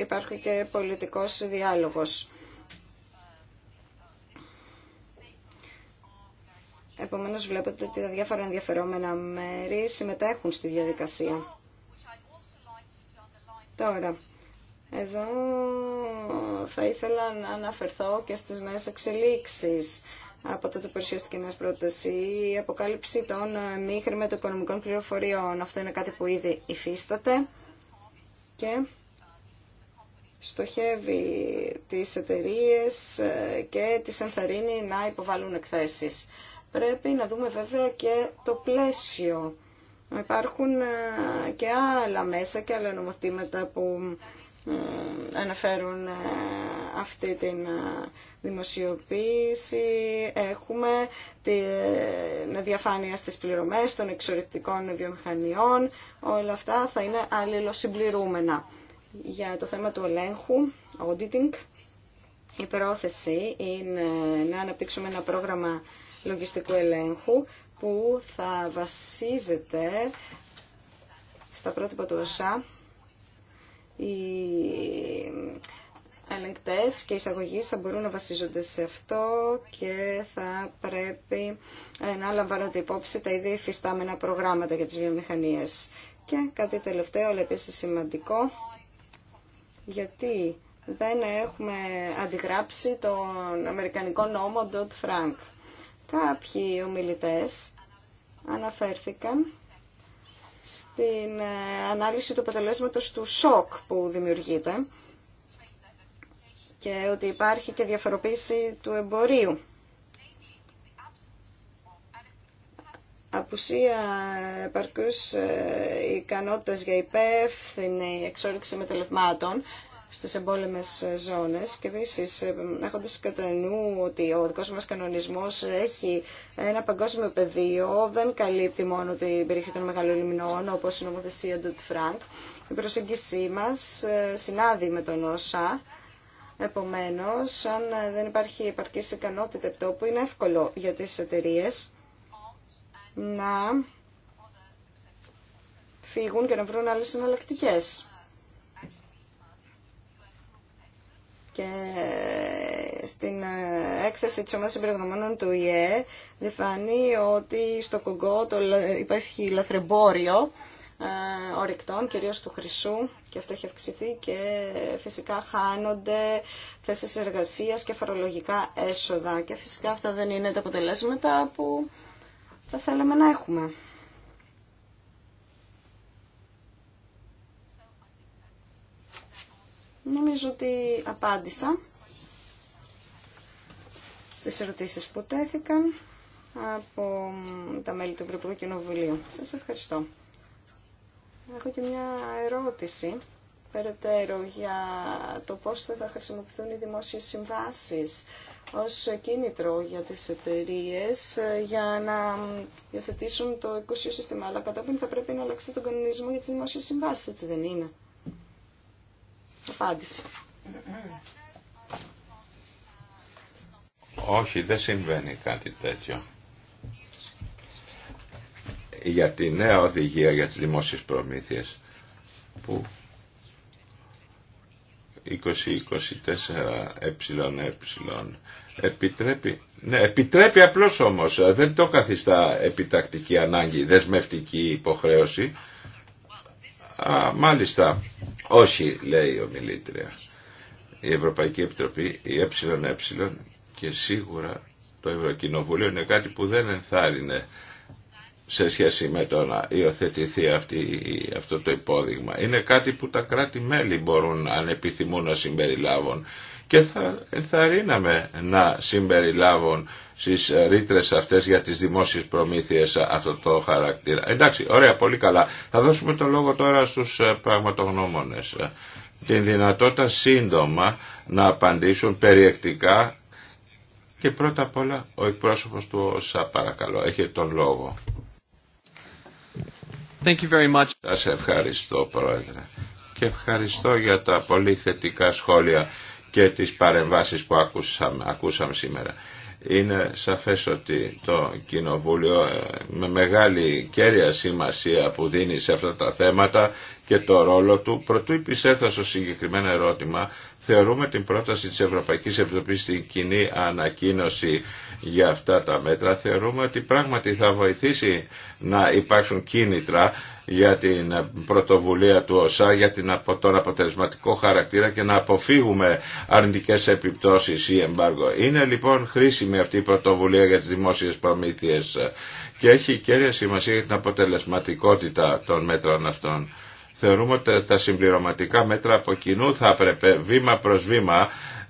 υπάρχει και πολιτικός διάλογος. Επομένως βλέπετε ότι τα διάφορα ενδιαφερόμενα μέρη συμμετέχουν στη διαδικασία. Τώρα, εδώ θα ήθελα να αναφερθώ και στις νέες εξελίξεις από τότε που παρουσιάστηκε η νέα πρόταση, η αποκάλυψη των μη χρηματοοικονομικών πληροφοριών. Αυτό είναι κάτι που ήδη υφίσταται και στοχεύει τις εταιρείες ε, και τις ενθαρρύνει να υποβάλουν εκθέσεις. Πρέπει να δούμε βέβαια και το πλαίσιο. Υπάρχουν ε, και άλλα μέσα και άλλα νομοθήματα που ε, αναφέρουν ε, αυτή την ε, δημοσιοποίηση. Έχουμε τη διαφάνεια στις πληρωμές των εξορρυκτικών βιομηχανιών. Όλα αυτά θα είναι αλληλοσυμπληρούμενα. Για το θέμα του ελέγχου, auditing, η πρόθεση είναι να αναπτύξουμε ένα πρόγραμμα λογιστικού ελέγχου που θα βασίζεται στα πρότυπα του ΩΣΑ οι ελεγκτές και οι εισαγωγείς θα μπορούν να βασίζονται σε αυτό και θα πρέπει ε, να λαμβάνονται υπόψη τα ίδια υφιστάμενα προγράμματα για τις βιομηχανίες. Και κάτι τελευταίο, αλλά επίσης σημαντικό, γιατί δεν έχουμε αντιγράψει τον Αμερικανικό νόμο Dodd Frank. Κάποιοι ομιλητές αναφέρθηκαν στην ε, ανάλυση του αποτελέσματος του σοκ που δημιουργείται και ότι υπάρχει και διαφοροποίηση του εμπορίου. Απουσία επαρκούς ε, ικανότητας για υπεύθυνη εξόριξη μεταλλευμάτων στις εμπόλεμες ζώνες και επίση, ε, έχοντας κατά νου ότι ο δικός μας κανονισμός έχει ένα παγκόσμιο πεδίο, δεν καλύπτει μόνο την περιοχή των μεγάλων λιμνών όπως η νομοθεσία του Φρανκ. Η προσέγγιση μας ε, συνάδει με τον ΩΣΑ. Επομένως, αν δεν υπάρχει επαρκή ικανότητα που είναι εύκολο για τις εταιρείε να φύγουν και να βρουν άλλες συναλλακτικές. και στην ε, έκθεση της ομάδας εμπειρογνωμένων του ΙΕ διφάνει ότι στο Κογκό υπάρχει λαθρεμπόριο ε, ορυκτών, κυρίως του χρυσού και αυτό έχει αυξηθεί και φυσικά χάνονται θέσεις εργασίας και φορολογικά έσοδα και φυσικά αυτά δεν είναι τα αποτελέσματα που θα θέλαμε να έχουμε. Νομίζω ότι απάντησα στις ερωτήσεις που τέθηκαν από τα μέλη του Ευρωπαϊκού Κοινοβουλίου. Σας ευχαριστώ. Έχω και μια ερώτηση περαιτέρω για το πώς θα χρησιμοποιηθούν οι δημόσιες συμβάσεις ως κίνητρο για τις εταιρείε για να διαθετήσουν το οικοσύστημα. Αλλά κατόπιν θα πρέπει να αλλάξετε τον κανονισμό για τις δημόσιες συμβάσεις, έτσι δεν είναι. Όχι, δεν συμβαίνει κάτι τέτοιο. Για τη νέα οδηγία για τις δημόσιες προμήθειες που 2024 εε επιτρέπει, ναι, επιτρέπει απλώς όμως, δεν το καθιστά επιτακτική ανάγκη, δεσμευτική υποχρέωση, Α, μάλιστα, όχι λέει ο ομιλήτρια. Η Ευρωπαϊκή Επιτροπή, η ΕΕ και σίγουρα το Ευρωκοινοβούλιο είναι κάτι που δεν ενθάρρυνε σε σχέση με το να υιοθετηθεί αυτό το υπόδειγμα. Είναι κάτι που τα κράτη-μέλη μπορούν αν επιθυμούν να συμπεριλάβουν και θα ενθαρρύναμε να συμπεριλάβουν στις ρήτρε αυτές για τις δημόσιες προμήθειες αυτό το χαρακτήρα. Εντάξει, ωραία, πολύ καλά. Θα δώσουμε το λόγο τώρα στους ε, πραγματογνώμονες. Την δυνατότητα σύντομα να απαντήσουν περιεκτικά και πρώτα απ' όλα ο εκπρόσωπος του ΩΣΑ παρακαλώ. έχει τον λόγο. Thank you very much. Σας ευχαριστώ Πρόεδρε και ευχαριστώ για τα πολύ θετικά σχόλια και τις παρεμβάσεις που ακούσαμε, σήμερα. Είναι σαφές ότι το Κοινοβούλιο ε, με μεγάλη κέρια σημασία που δίνει σε αυτά τα θέματα και το ρόλο του, προτού επισέλθω στο συγκεκριμένο ερώτημα, θεωρούμε την πρόταση της Ευρωπαϊκής Επιτροπής στην κοινή ανακοίνωση για αυτά τα μέτρα. Θεωρούμε ότι πράγματι θα βοηθήσει να υπάρξουν κίνητρα για την ε, πρωτοβουλία του ΩΣΑ για την, τον αποτελεσματικό χαρακτήρα και να αποφύγουμε αρνητικές επιπτώσεις ή εμπάργο. Είναι λοιπόν χρήσιμη αυτή η πρωτοβουλία για τις δημόσιες προμήθειες και έχει κέρια σημασία για την αποτελεσματικότητα των μέτρων αυτών. Θεωρούμε ότι τα συμπληρωματικά μέτρα από κοινού θα έπρεπε βήμα προς βήμα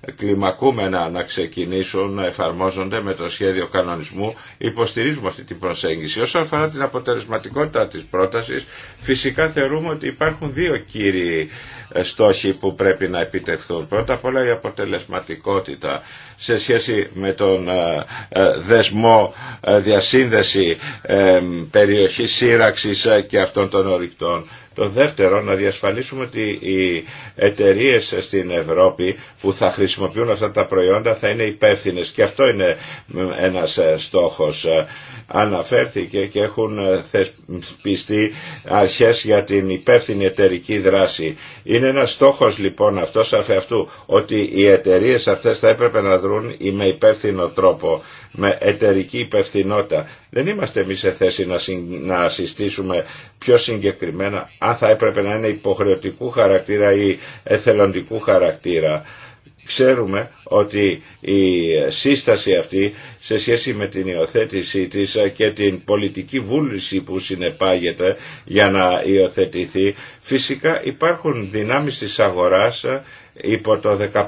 κλιμακούμενα να ξεκινήσουν να εφαρμόζονται με το σχέδιο κανονισμού. Υποστηρίζουμε αυτή την προσέγγιση. Όσον αφορά την αποτελεσματικότητα της πρότασης, φυσικά θεωρούμε ότι υπάρχουν δύο κύριοι ε, στόχοι που πρέπει να επιτευχθούν. Πρώτα απ' όλα η αποτελεσματικότητα σε σχέση με τον ε, ε, δεσμό διασύνδεση περιοχής σύραξης και αυτών των ορυκτών. Το δεύτερο, να διασφαλίσουμε ότι οι εταιρείε στην Ευρώπη που θα χρησιμοποιούν αυτά τα προϊόντα θα είναι υπεύθυνε και αυτό είναι ένας στόχος. Αναφέρθηκε και έχουν θεσπιστεί αρχές για την υπεύθυνη εταιρική δράση. Είναι ένας στόχος λοιπόν αυτός αφ' αυτού ότι οι εταιρείε αυτές θα έπρεπε να δρουν με υπεύθυνο τρόπο, με εταιρική υπευθυνότητα. Δεν είμαστε εμεί σε θέση να συστήσουμε πιο συγκεκριμένα αν θα έπρεπε να είναι υποχρεωτικού χαρακτήρα ή εθελοντικού χαρακτήρα. Ξέρουμε ότι η σύσταση αυτή σε σχέση με την υιοθέτησή της και την πολιτική βούληση που συνεπάγεται για να υιοθετηθεί. Φυσικά υπάρχουν δυνάμεις της αγοράς υπό το 1502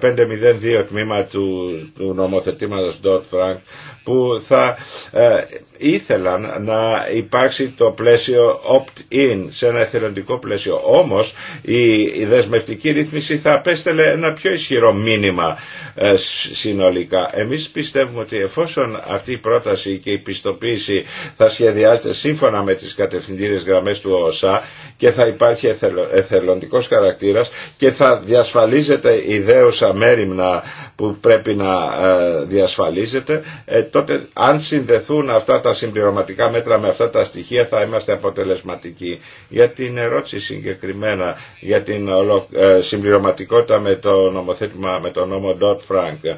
τμήμα του, του νομοθετήματος Dodd Frank που θα ε, ήθελαν να υπάρξει το πλαίσιο opt-in σε ένα εθελοντικό πλαίσιο. Όμως η, η δεσμευτική ρύθμιση θα απέστελε ένα πιο ισχυρό μήνυμα ε, συνολικά. Εμείς πιστεύουμε ότι εφόσον αυτή η πρόταση και η πιστοποίηση θα σχεδιάζεται σύμφωνα με τις κατευθυντήριες γραμμές του ΟΣΑ και θα υπάρχει εθελοντικός χαρακτήρας και θα διασφαλίζεται ιδέωσα αμέριμνα που πρέπει να ε, διασφαλίζεται, ε, τότε αν συνδεθούν αυτά τα συμπληρωματικά μέτρα με αυτά τα στοιχεία θα είμαστε αποτελεσματικοί. Για την ερώτηση συγκεκριμένα για την ε, συμπληρωματικότητα με το νομοθέτημα, με το νόμο Dodd Frank.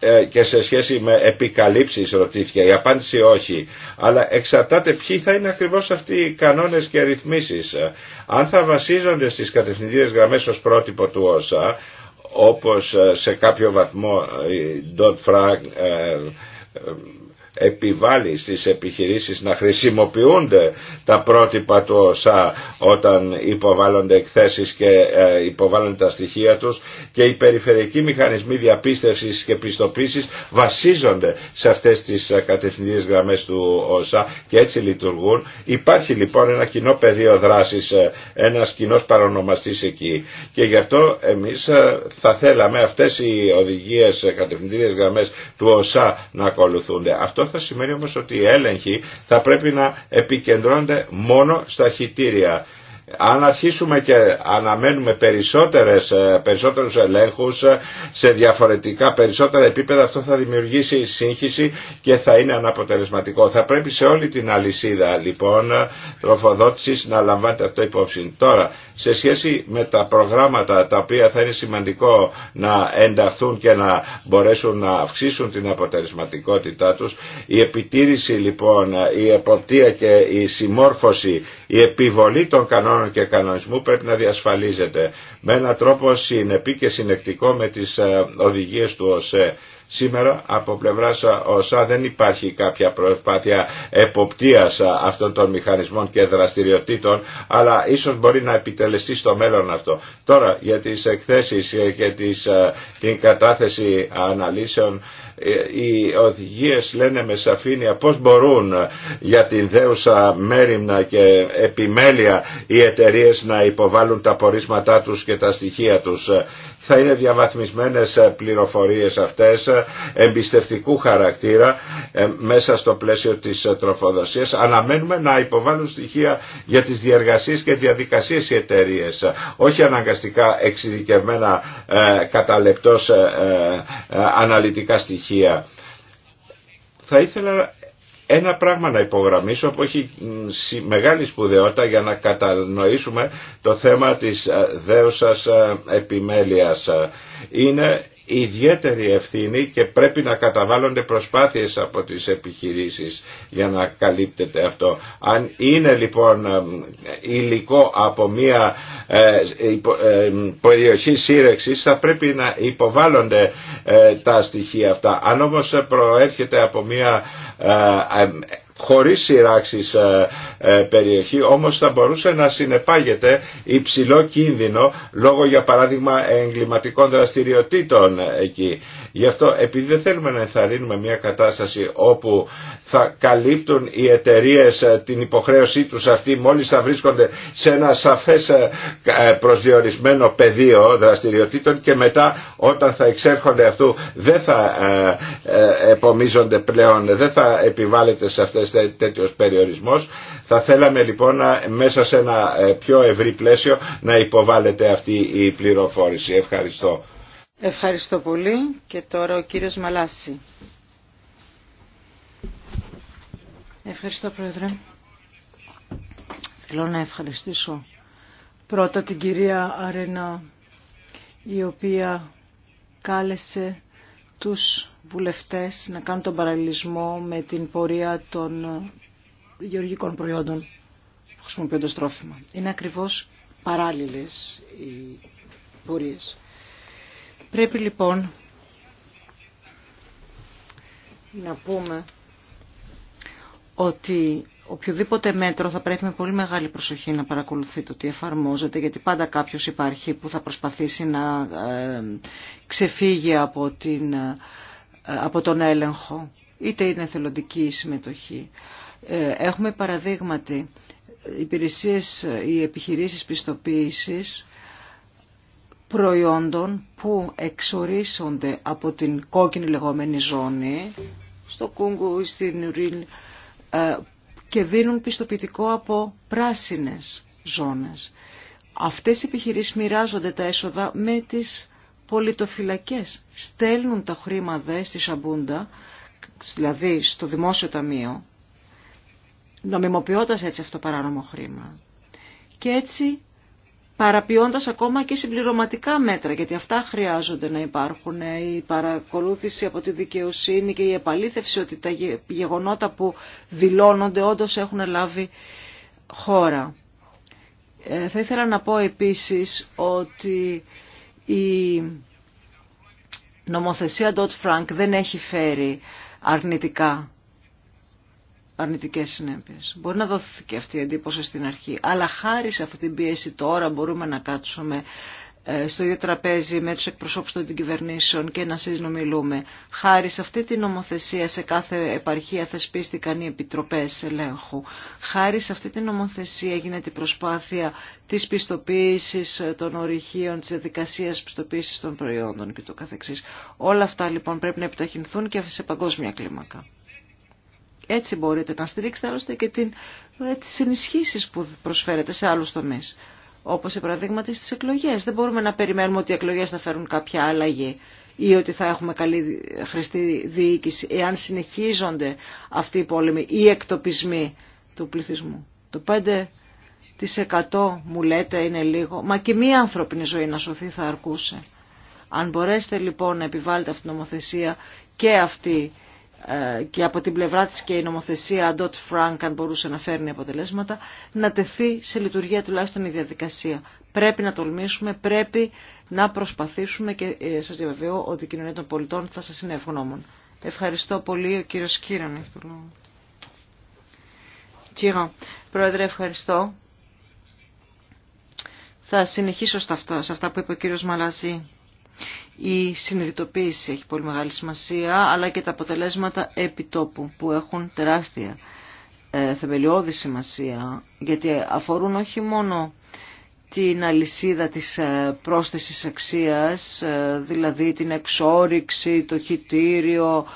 Ε, και σε σχέση με επικαλύψεις ρωτήθηκε. Η απάντηση όχι. Αλλά εξαρτάται ποιοι θα είναι ακριβώς αυτοί οι κανόνες και ρυθμίσεις. Ε, αν θα βασίζονται στις κατευθυντήρες γραμμές ως πρότυπο του ΩΣΑ, όπως ε, σε κάποιο βαθμό η Dodd Frank επιβάλλει στις επιχειρήσεις να χρησιμοποιούνται τα πρότυπα του ΩΣΑ όταν υποβάλλονται εκθέσεις και ε, υποβάλλονται τα στοιχεία τους και οι περιφερειακοί μηχανισμοί διαπίστευσης και πιστοποίησης βασίζονται σε αυτές τις ε, κατευθυντήριες γραμμές του ΩΣΑ και έτσι λειτουργούν. Υπάρχει λοιπόν ένα κοινό πεδίο δράσης, ε, ένας κοινός παρονομαστής εκεί και γι' αυτό εμείς θα θέλαμε αυτές οι οδηγίες κατευθυντήριες γραμμές του ΩΣΑ να ακολουθούνται. Αυτό θα σημαίνει όμως ότι οι έλεγχοι θα πρέπει να επικεντρώνονται μόνο στα χιτήρια. Αν αρχίσουμε και αναμένουμε περισσότερες, ε, περισσότερους ελέγχους ε, σε διαφορετικά περισσότερα επίπεδα αυτό θα δημιουργήσει σύγχυση και θα είναι αναποτελεσματικό. Θα πρέπει σε όλη την αλυσίδα λοιπόν τροφοδότησης να λαμβάνετε αυτό υπόψη. Τώρα σε σχέση με τα προγράμματα τα οποία θα είναι σημαντικό να ενταχθούν και να μπορέσουν να αυξήσουν την αποτελεσματικότητά τους. Η επιτήρηση λοιπόν, η εποπτεία και η συμμόρφωση, η επιβολή των κανόνων και κανονισμού πρέπει να διασφαλίζεται με έναν τρόπο συνεπή και συνεκτικό με τις ε, οδηγίες του ΟΣΕ. Σήμερα από πλευρά ΩΣΑ δεν υπάρχει κάποια προσπάθεια εποπτείας αυτών των μηχανισμών και δραστηριοτήτων, αλλά ίσως μπορεί να επιτελεστεί στο μέλλον αυτό. Τώρα για τις εκθέσεις και ε, την κατάθεση αναλύσεων ε, οι οδηγίες λένε με σαφήνεια πώς μπορούν για την δέουσα μέρημνα και επιμέλεια οι εταιρείε να υποβάλουν τα πορίσματά τους και τα στοιχεία τους. Θα είναι διαβαθμισμένες πληροφορίες αυτές εμπιστευτικού χαρακτήρα ε, μέσα στο πλαίσιο της τροφοδοσίας. Αναμένουμε να υποβάλουν στοιχεία για τις διεργασίες και διαδικασίες οι εταιρείε. όχι αναγκαστικά εξειδικευμένα ε, ε αναλυτικά στοιχεία θα ήθελα ένα πράγμα να υπογραμμίσω που έχει μεγάλη σπουδαιότητα για να κατανοήσουμε το θέμα της ε, δέουσας ε, επιμέλειας. Είναι ιδιαίτερη ευθύνη και πρέπει να καταβάλλονται προσπάθειες από τις επιχειρήσεις για να καλύπτεται αυτό. Αν είναι λοιπόν ε, υλικό από μια ε, ε, περιοχή σύρεξης θα πρέπει να υποβάλλονται τα στοιχεία αυτά. Αν όμως προέρχεται από μια χωρίς σειράξεις ε, ε, περιοχή, όμως θα μπορούσε να συνεπάγεται υψηλό κίνδυνο λόγω για παράδειγμα εγκληματικών δραστηριοτήτων εκεί. Γι' αυτό επειδή δεν θέλουμε να ενθαρρύνουμε μια κατάσταση όπου θα καλύπτουν οι εταιρείε ε, την υποχρέωσή τους αυτή μόλις θα βρίσκονται σε ένα σαφές ε, ε, προσδιορισμένο πεδίο δραστηριοτήτων και μετά όταν θα εξέρχονται αυτού δεν θα επομίζονται πλέον, δεν θα επιβάλλεται σε αυτές τέτοιος περιορισμός. Θα θέλαμε λοιπόν μέσα σε ένα πιο ευρύ πλαίσιο να υποβάλλεται αυτή η πληροφόρηση. Ευχαριστώ. Ευχαριστώ πολύ και τώρα ο κύριος Μαλάση. Ευχαριστώ Πρόεδρε. Θέλω να ευχαριστήσω πρώτα την κυρία Αρένα η οποία κάλεσε τους βουλευτές να κάνουν τον παραλληλισμό με την πορεία των γεωργικών προϊόντων χρησιμοποιώντας τρόφιμα. Είναι ακριβώς παράλληλες οι πορείες. Πρέπει λοιπόν να πούμε ότι οποιοδήποτε μέτρο θα πρέπει με πολύ μεγάλη προσοχή να παρακολουθεί το τι εφαρμόζεται, γιατί πάντα κάποιος υπάρχει που θα προσπαθήσει να ε, ξεφύγει από, ε, από τον έλεγχο, είτε είναι θελοντική η συμμετοχή. Ε, έχουμε παραδείγματι υπηρεσίες ή επιχειρήσεις πιστοποίησης προϊόντων που εξορίσονται από την κόκκινη λεγόμενη ζώνη στο Κούγκου, ή στην Ουρίλ ε, και δίνουν πιστοποιητικό από πράσινες ζώνες. Αυτές οι επιχειρήσεις μοιράζονται τα έσοδα με τις πολιτοφυλακές. Στέλνουν τα χρήματα στη Σαμπούντα, δηλαδή στο δημόσιο ταμείο, νομιμοποιώντας έτσι αυτό το παράνομο χρήμα. Και έτσι παραποιώντας ακόμα και συμπληρωματικά μέτρα, γιατί αυτά χρειάζονται να υπάρχουν, ε, η παρακολούθηση από τη δικαιοσύνη και η επαλήθευση ότι τα γεγονότα που δηλώνονται όντως έχουν λάβει χώρα. Ε, θα ήθελα να πω επίσης ότι η νομοθεσία Dodd Frank δεν έχει φέρει αρνητικά αρνητικές συνέπειες. Μπορεί να δόθηκε και αυτή η εντύπωση στην αρχή, αλλά χάρη σε αυτή την πίεση τώρα μπορούμε να κάτσουμε ε, στο ίδιο τραπέζι με τους εκπροσώπους των κυβερνήσεων και να συνομιλούμε. Χάρη σε αυτή την νομοθεσία σε κάθε επαρχία θεσπίστηκαν οι επιτροπές ελέγχου. Χάρη σε αυτή την νομοθεσία γίνεται η προσπάθεια της πιστοποίησης των ορυχείων, της διαδικασία πιστοποίησης των προϊόντων και Όλα αυτά λοιπόν πρέπει να επιταχυνθούν και σε παγκόσμια κλίμακα. Έτσι μπορείτε να στηρίξετε άλλωστε και την, ε, τις ενισχύσεις που προσφέρετε σε άλλους τομείς. Όπως σε παραδείγματι στις εκλογές. Δεν μπορούμε να περιμένουμε ότι οι εκλογές θα φέρουν κάποια άλλαγη ή ότι θα έχουμε καλή χρηστή διοίκηση εάν συνεχίζονται αυτοί οι πόλεμοι ή εκτοπισμοί του πληθυσμού. Το 5% μου λέτε είναι λίγο, μα και μία ανθρώπινη ζωή να σωθεί θα αρκούσε. Αν μπορέσετε λοιπόν να επιβάλλετε αυτήν την νομοθεσία και αυτή ε, και από την πλευρά της και η νομοθεσία Dot Frank αν μπορούσε να φέρνει αποτελέσματα, να τεθεί σε λειτουργία τουλάχιστον η διαδικασία. Πρέπει να τολμήσουμε, πρέπει να προσπαθήσουμε και ε, σας διαβεβαιώ ότι η κοινωνία των πολιτών θα σας είναι ευγνώμων. Ευχαριστώ πολύ. Ο κύριος Κύρον. Πρόεδρε, ευχαριστώ. Θα συνεχίσω σε αυτά που είπε ο κύριος Μαλαζή η συνειδητοποίηση έχει πολύ μεγάλη σημασία, αλλά και τα αποτελέσματα επιτόπου που έχουν τεράστια ε, θεμελιώδη σημασία, γιατί αφορούν όχι μόνο την αλυσίδα της ε, πρόσθεσης αξίας, ε, δηλαδή την εξόριξη, το χιτήριο,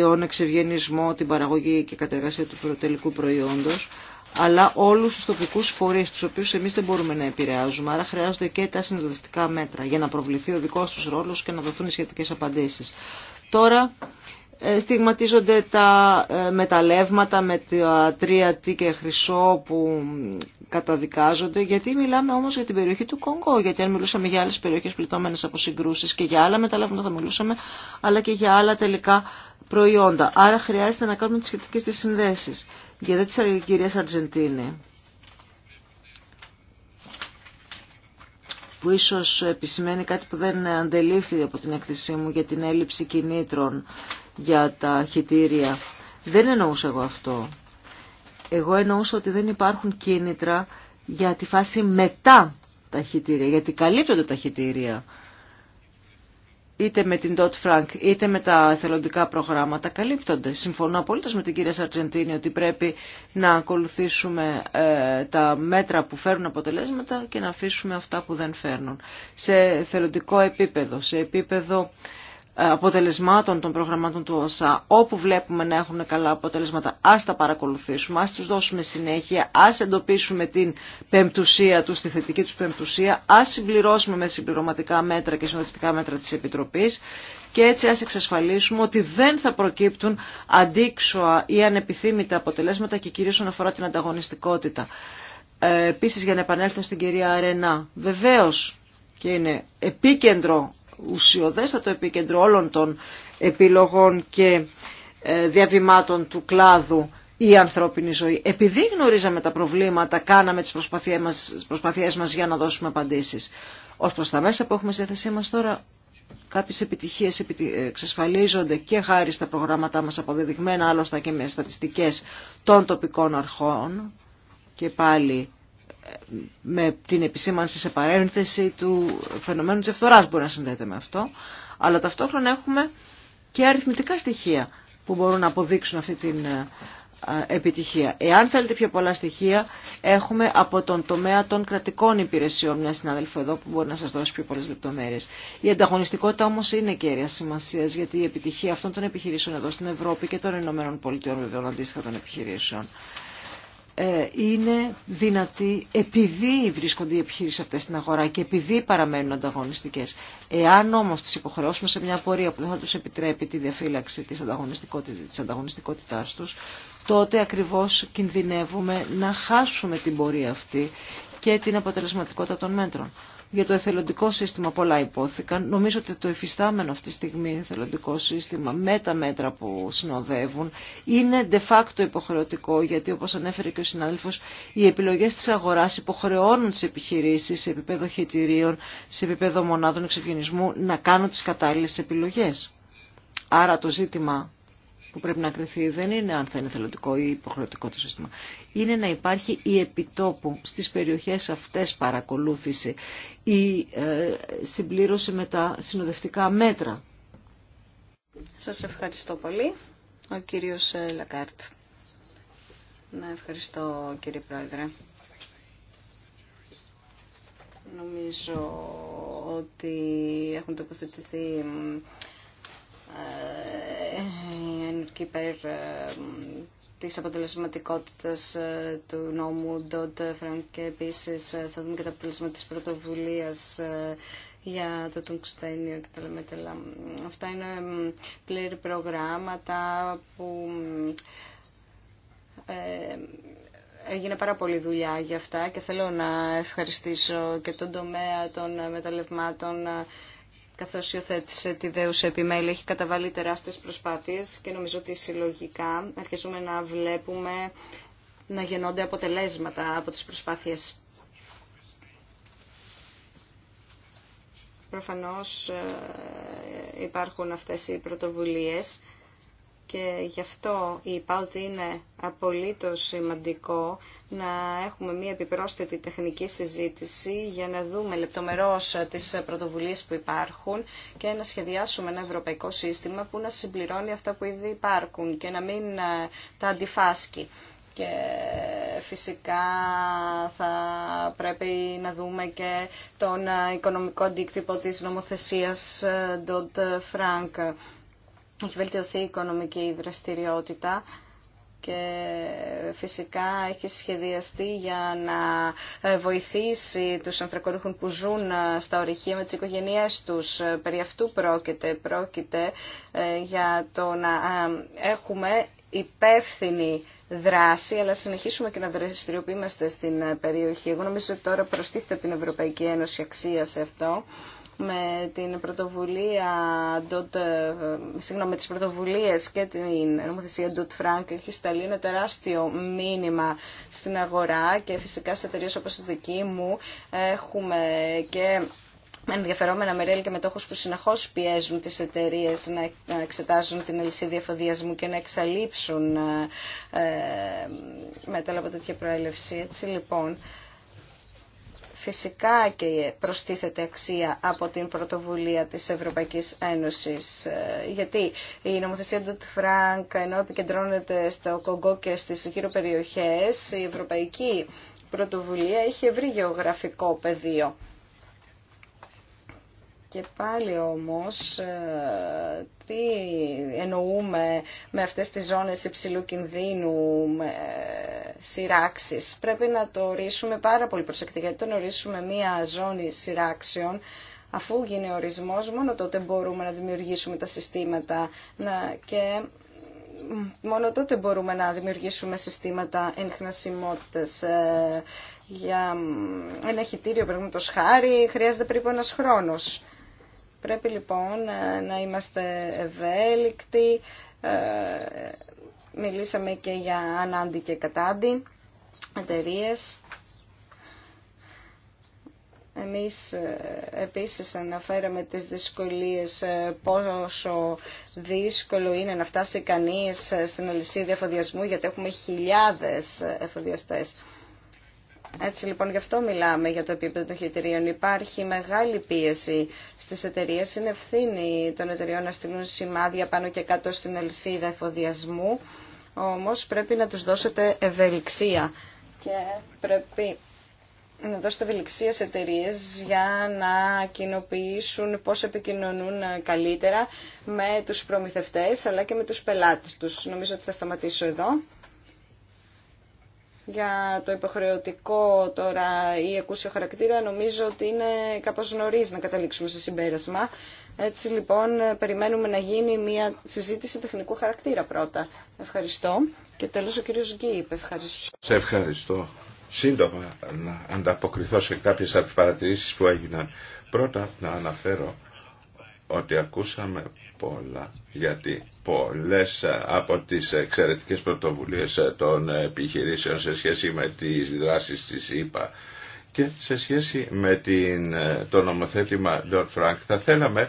τον εξευγενισμό, την παραγωγή και κατεργασία του προτελικού προϊόντος, αλλά όλου του τοπικού φορεί του οποίου εμεί δεν μπορούμε να επηρεάζουμε. Άρα χρειάζονται και τα συνοδευτικά μέτρα για να προβληθεί ο δικό του ρόλος και να δοθούν οι σχετικέ απαντήσει. Τώρα ε, στιγματίζονται τα ε, μεταλλεύματα με τα τρία τι και χρυσό που καταδικάζονται γιατί μιλάμε όμω για την περιοχή του Κονγκό γιατί αν μιλούσαμε για άλλε περιοχέ πληττόμενε από συγκρούσει και για άλλα μεταλλεύματα θα μιλούσαμε αλλά και για άλλα τελικά προϊόντα. Άρα χρειάζεται να κάνουμε τις σχετικές τις συνδέσεις. Για της κυρία Αργεντίνη, που ίσως επισημαίνει κάτι που δεν αντελήφθη από την έκθεσή μου για την έλλειψη κινήτρων για τα χιτήρια. Δεν εννοούσα εγώ αυτό. Εγώ εννοούσα ότι δεν υπάρχουν κίνητρα για τη φάση μετά τα χιτήρια, γιατί καλύπτονται τα χιτήρια είτε με την Dot Frank είτε με τα εθελοντικά προγράμματα καλύπτονται. Συμφωνώ απολύτως με την κυρία Σαρτζεντίνη ότι πρέπει να ακολουθήσουμε ε, τα μέτρα που φέρουν αποτελέσματα και να αφήσουμε αυτά που δεν φέρνουν. Σε θελοντικό επίπεδο, σε επίπεδο ε, αποτελεσμάτων των προγραμμάτων του ΩΣΑ, όπου βλέπουμε να έχουν καλά αποτελέσματα, ας τα παρακολουθήσουμε, ας τους δώσουμε συνέχεια, ας εντοπίσουμε την πεμπτουσία τους, τη θετική τους πεμπτουσία, ας συμπληρώσουμε με συμπληρωματικά μέτρα και συνοδευτικά μέτρα της Επιτροπής και έτσι ας εξασφαλίσουμε ότι δεν θα προκύπτουν αντίξωα ή ανεπιθύμητα αποτελέσματα και κυρίως όσον αφορά την ανταγωνιστικότητα. Ε, επίσης για να επανέλθω στην κυρία Αρενά, βεβαίως και είναι επίκεντρο ουσιοδέστατο επίκεντρο όλων των επιλογών και ε, διαβημάτων του κλάδου η ανθρώπινη ζωή. Επειδή γνωρίζαμε τα προβλήματα, κάναμε τις προσπαθίες μας, μας για να δώσουμε απαντήσεις. Ως προς τα μέσα που έχουμε στη θέση μας τώρα, κάποιες επιτυχίες εξασφαλίζονται και χάρη στα προγράμματά μας αποδεδειγμένα, άλλωστε και με στατιστικές των τοπικών αρχών και πάλι με την επισήμανση σε παρένθεση του φαινομένου της ευθοράς μπορεί να συνδέεται με αυτό, αλλά ταυτόχρονα έχουμε και αριθμητικά στοιχεία που μπορούν να αποδείξουν αυτή την ε, επιτυχία. Εάν θέλετε πιο πολλά στοιχεία, έχουμε από τον τομέα των κρατικών υπηρεσιών μια συνάδελφο εδώ που μπορεί να σας δώσει πιο πολλές λεπτομέρειες. Η ανταγωνιστικότητα όμως είναι κέρια σημασίας γιατί η επιτυχία αυτών των επιχειρήσεων εδώ στην Ευρώπη και των Ηνωμένων Πολιτειών βεβαίων αντίστοιχα των επιχειρήσεων ε, είναι δυνατή επειδή βρίσκονται οι επιχείρησεις αυτές στην αγορά και επειδή παραμένουν ανταγωνιστικές. Εάν όμως τις υποχρεώσουμε σε μια πορεία που δεν θα τους επιτρέπει τη διαφύλαξη της, ανταγωνιστικότητά της ανταγωνιστικότητάς τους, τότε ακριβώς κινδυνεύουμε να χάσουμε την πορεία αυτή και την αποτελεσματικότητα των μέτρων. Για το εθελοντικό σύστημα πολλά υπόθηκαν. Νομίζω ότι το εφιστάμενο αυτή τη στιγμή εθελοντικό σύστημα με τα μέτρα που συνοδεύουν είναι de facto υποχρεωτικό γιατί όπως ανέφερε και ο συνάδελφος οι επιλογές της αγοράς υποχρεώνουν τις επιχειρήσεις σε επίπεδο χιτηρίων, σε επίπεδο μονάδων εξευγενισμού να κάνουν τις κατάλληλες επιλογές. Άρα το ζήτημα που πρέπει να κρυθεί δεν είναι αν θα είναι θελοντικό ή υποχρεωτικό το σύστημα. Είναι να υπάρχει η επιτόπου στις περιοχές αυτές παρακολούθηση, η ε, συμπλήρωση με τα συνοδευτικά μέτρα. Σας ευχαριστώ πολύ. Ο κύριος ε, Λακάρτ. Να ευχαριστώ κύριε Πρόεδρε. Νομίζω ότι έχουν τοποθετηθεί ε, υπέρ ε, της αποτελεσματικότητας ε, του νόμου Dodd Frank και επίσης ε, θα δούμε και τα αποτελέσματα της πρωτοβουλίας για το Τουγκστένιο και τα Λεμέτελα. Αυτά είναι πλήρη προγράμματα που έγινε πάρα πολλή δουλειά για αυτά και θέλω να ευχαριστήσω και τον τομέα των μεταλλευμάτων καθώς υιοθέτησε τη δέουσα επιμέλεια, έχει καταβάλει τεράστιες προσπάθειες και νομίζω ότι συλλογικά αρχίζουμε να βλέπουμε να γεννώνται αποτελέσματα από τις προσπάθειες. Προφανώς ε, υπάρχουν αυτές οι πρωτοβουλίες και γι' αυτό είπα ότι είναι απολύτως σημαντικό να έχουμε μια επιπρόσθετη τεχνική συζήτηση για να δούμε λεπτομερώς τις πρωτοβουλίες που υπάρχουν και να σχεδιάσουμε ένα ευρωπαϊκό σύστημα που να συμπληρώνει αυτά που ήδη υπάρχουν και να μην ε, τα αντιφάσκει. Και φυσικά θα πρέπει να δούμε και τον ε, οικονομικό αντίκτυπο της νομοθεσίας ε, Dodd Frank έχει βελτιωθεί η οικονομική δραστηριότητα και φυσικά έχει σχεδιαστεί για να ε, βοηθήσει τους ανθρακορύχων που ζουν ε, στα ορυχεία με τις οικογένειές τους. Ε, περί αυτού πρόκειται, πρόκειται για το να έχουμε υπεύθυνη δράση, αλλά συνεχίσουμε και να δραστηριοποιήμαστε στην περιοχή. Εγώ νομίζω ότι τώρα προστίθεται την Ευρωπαϊκή Ένωση αξία σε αυτό με την πρωτοβουλία συγγνώμη, με τις πρωτοβουλίες και την νομοθεσία Dot Frank έχει σταλεί ένα τεράστιο μήνυμα στην αγορά και φυσικά σε εταιρείε όπως η δική μου έχουμε και ενδιαφερόμενα μερέλη και μετόχους που συνεχώ πιέζουν τις εταιρείε να εξετάζουν την αλυσίδια εφοδιασμού και να εξαλείψουν ε, ε μετάλλα από τέτοια προέλευση. Έτσι λοιπόν, Φυσικά και προστίθεται αξία από την πρωτοβουλία της Ευρωπαϊκής Ένωσης. Ε, γιατί η νομοθεσία του Φρανκ ενώ επικεντρώνεται στο Κογκό και στις γύρω περιοχές, η Ευρωπαϊκή Πρωτοβουλία έχει ευρύ γεωγραφικό πεδίο. Και πάλι όμως, ε, τι εννοούμε με αυτές τις ζώνες υψηλού κινδύνου, με ε, Πρέπει να το ορίσουμε πάρα πολύ προσεκτικά, γιατί να ορίσουμε μία ζώνη σειράξεων, αφού γίνει ορισμός, μόνο τότε μπορούμε να δημιουργήσουμε τα συστήματα να, και μόνο τότε μπορούμε να δημιουργήσουμε συστήματα ενχνασιμότητας ε, για ένα χιτήριο, το χάρη, χρειάζεται περίπου ένας χρόνος. Πρέπει λοιπόν ε, να είμαστε ευέλικτοι, ε, μιλήσαμε και για ανάντι και κατάντι εταιρείε. Εμείς ε, επίσης αναφέραμε τις δυσκολίες πόσο δύσκολο είναι να φτάσει κανείς στην αλυσίδα εφοδιασμού γιατί έχουμε χιλιάδες εφοδιαστές. Έτσι λοιπόν γι' αυτό μιλάμε για το επίπεδο των χειτερίων. Υπάρχει μεγάλη πίεση στις εταιρείες. Είναι ευθύνη των εταιρείων να στείλουν σημάδια πάνω και κάτω στην αλυσίδα εφοδιασμού. Όμως πρέπει να τους δώσετε ευελιξία και πρέπει να δώσετε ευελιξία σε εταιρείε για να κοινοποιήσουν πώς επικοινωνούν καλύτερα με τους προμηθευτές αλλά και με τους πελάτες τους. Νομίζω ότι θα σταματήσω εδώ για το υποχρεωτικό τώρα ή εκούσιο χαρακτήρα νομίζω ότι είναι κάπως νωρίς να καταλήξουμε σε συμπέρασμα. Έτσι λοιπόν περιμένουμε να γίνει μια συζήτηση τεχνικού χαρακτήρα πρώτα. Ευχαριστώ. Και τέλος ο κύριος Γκίπ. Ευχαριστώ. Σε ευχαριστώ. Σύντομα να ανταποκριθώ σε κάποιες από τις παρατηρήσεις που έγιναν. Πρώτα να αναφέρω ότι ακούσαμε πολλά, γιατί πολλές ε, από τις εξαιρετικές πρωτοβουλίες ε, των επιχειρήσεων σε σχέση με τις δράσεις της ΕΠΑ και σε σχέση με την, ε, το νομοθέτημα Lord Frank θα θέλαμε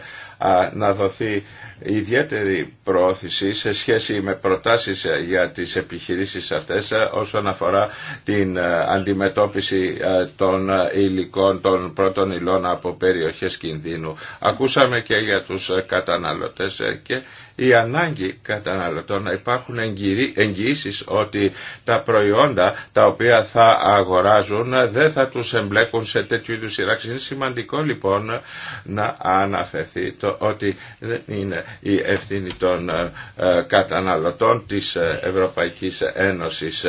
να δοθεί ιδιαίτερη προώθηση σε σχέση με προτάσεις ε, για τις επιχειρήσεις αυτές ε, όσον αφορά την αντιμετώπιση των υλικών, των πρώτων υλών από περιοχές κινδύνου. Ακούσαμε και για τους καταναλωτές και η ανάγκη καταναλωτών να υπάρχουν εγγυήσεις ότι τα προϊόντα τα οποία θα αγοράζουν δεν θα τους εμπλέκουν σε τέτοιου είδου σειράξει. Είναι σημαντικό λοιπόν να αναφερθεί το ότι δεν είναι η ευθύνη των ε, ε, καταναλωτών της ε, Ευρωπαϊκής Ένωσης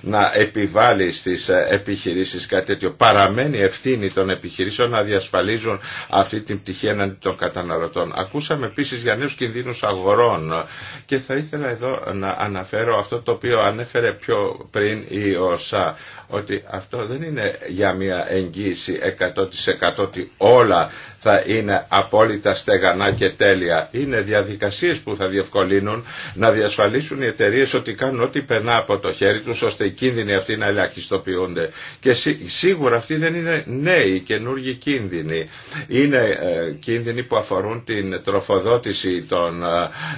να επιβάλλει στις επιχειρήσεις κάτι τέτοιο. Παραμένει ευθύνη των επιχειρήσεων να διασφαλίζουν αυτή την πτυχή έναντι των καταναλωτών. Ακούσαμε επίσης για νέους κινδύνους αγορών και θα ήθελα εδώ να αναφέρω αυτό το οποίο ανέφερε πιο πριν η ΟΣΑ ότι αυτό δεν είναι για μια εγγύηση 100% ότι όλα θα είναι απόλυτα στεγανά και τέλεια. Είναι διαδικασίες που θα διευκολύνουν να διασφαλίσουν οι εταιρείε ότι κάνουν ό,τι περνά από το χέρι τους ώστε οι κίνδυνοι αυτοί να ελαχιστοποιούνται. Και σίγουρα αυτοί δεν είναι νέοι καινούργοι κίνδυνοι. Είναι ε, κίνδυνοι που αφορούν την τροφοδότηση των,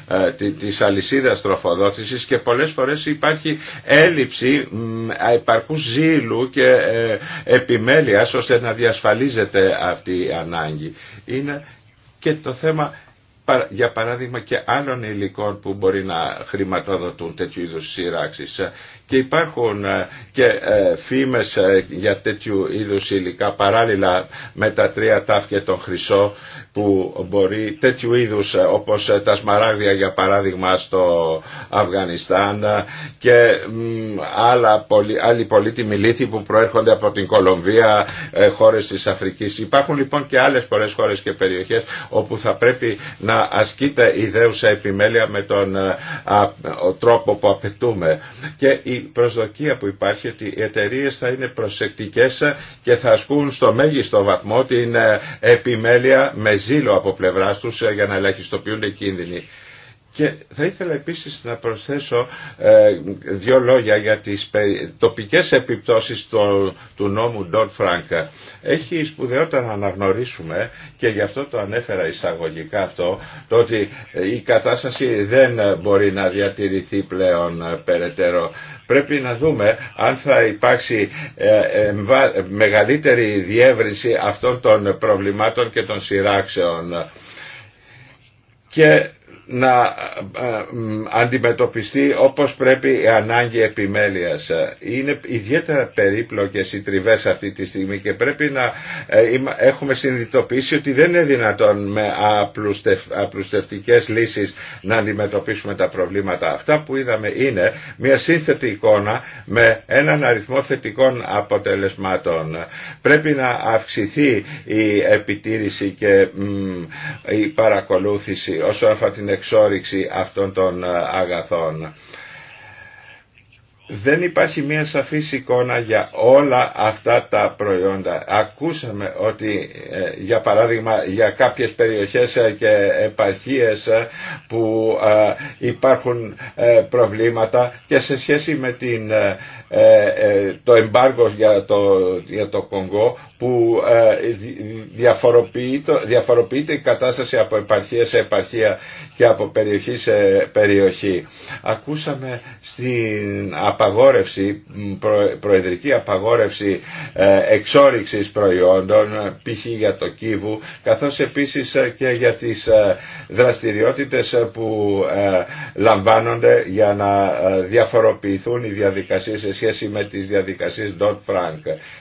ε, ε, της αλυσίδας τροφοδότησης και πολλές φορές υπάρχει έλλειψη υπαρκού ζήλου και επιμέλειας ώστε να διασφαλίζεται αυτή η ανάγκη είναι και το θέμα για παράδειγμα και άλλων υλικών που μπορεί να χρηματοδοτούν τέτοιου είδους σειράξεις και υπάρχουν ε, και ε, φήμες ε, για τέτοιου είδους υλικά παράλληλα με τα τρία τάφ και τον χρυσό που μπορεί τέτοιου είδους όπως τα σμαράγδια για παράδειγμα στο Αφγανιστάν και άλλα, άλλοι πολύτιμοι λίθοι που προέρχονται από την Κολομβία, χώρες της Αφρικής. Υπάρχουν λοιπόν και άλλες πολλές χώρες και περιοχές όπου θα πρέπει να ασκείται δέουσα επιμέλεια με τον τρόπο που απαιτούμε. Και η προσδοκία που υπάρχει ότι οι εταιρείε θα είναι προσεκτικές και θα ασκούν στο μέγιστο βαθμό την ε, επιμέλεια με ζήλο από πλευρά τους ε, για να ελαχιστοποιούνται οι κίνδυνοι. Και θα ήθελα επίσης να προσθέσω ε, δύο λόγια για τις τοπικές επιπτώσεις του νόμου Ντόρ Φρανκ. Έχει σπουδαιότητα να αναγνωρίσουμε και γι' αυτό το ανέφερα εισαγωγικά αυτό, το ότι ε, η κατάσταση δεν μπορεί να διατηρηθεί πλέον ε, περαιτέρω. Πρέπει να δούμε αν θα υπάρξει μεγαλύτερη διεύρυνση αυτών των προβλημάτων και των σειράξεων. Και να ε, ε, αντιμετωπιστεί όπως πρέπει η ανάγκη επιμέλειας. Ε, είναι ιδιαίτερα περίπλοκες οι τριβές αυτή τη στιγμή και πρέπει να έχουμε συνειδητοποιήσει ότι δεν είναι δυνατόν με απλουστευτικές λύσεις να αντιμετωπίσουμε τα προβλήματα. Αυτά που είδαμε είναι μια σύνθετη εικόνα με έναν αριθμό θετικών αποτελεσμάτων. Πρέπει να αυξηθεί η επιτήρηση και η παρακολούθηση Όσο αφορά την εξόριξη αυτών των ε, αγαθών. Δεν υπάρχει μια σαφής εικόνα για όλα αυτά τα προϊόντα. Ακούσαμε ότι ε, για παράδειγμα για κάποιες περιοχές ε, και επαρχίες που υπάρχουν προβλήματα και σε σχέση με την ε, ε, το εμπάργο για το, για Κονγκό που ε, το, διαφοροποιείται η κατάσταση από επαρχία σε επαρχία και από περιοχή σε περιοχή. Ακούσαμε στην απαγόρευση, προεδρική απαγόρευση εξόριξης προϊόντων, π.χ. για το Κίβου, καθώς επίσης και για τις δραστηριότητες που λαμβάνονται για να διαφοροποιηθούν οι διαδικασίες σχέση με τις διαδικασίες Dodd-Frank.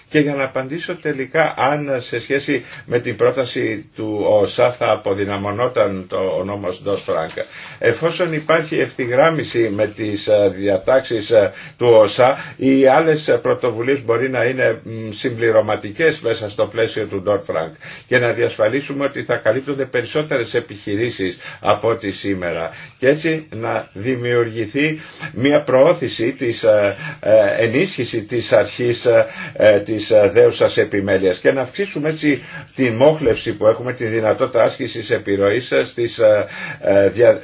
Και για να απαντήσω τελικά αν σε σχέση με την πρόταση του ΩΣΑ θα αποδυναμωνόταν το ο νόμος Dodd-Frank. Εφόσον υπάρχει ευθυγράμμιση με τις ε, διατάξεις ε, του ΟΣΑ, οι άλλες πρωτοβουλίες μπορεί να είναι συμπληρωματικές μέσα στο πλαίσιο του Dodd-Frank και να διασφαλίσουμε ότι θα καλύπτονται περισσότερες επιχειρήσεις από ό,τι σήμερα και έτσι να δημιουργηθεί μια προώθηση της ε, ενίσχυση της αρχής ε, ε, της ε, δέουσας επιμέλειας και να αυξήσουμε έτσι τη μόχλευση που έχουμε τη δυνατότητα άσκησης επιρροής στις,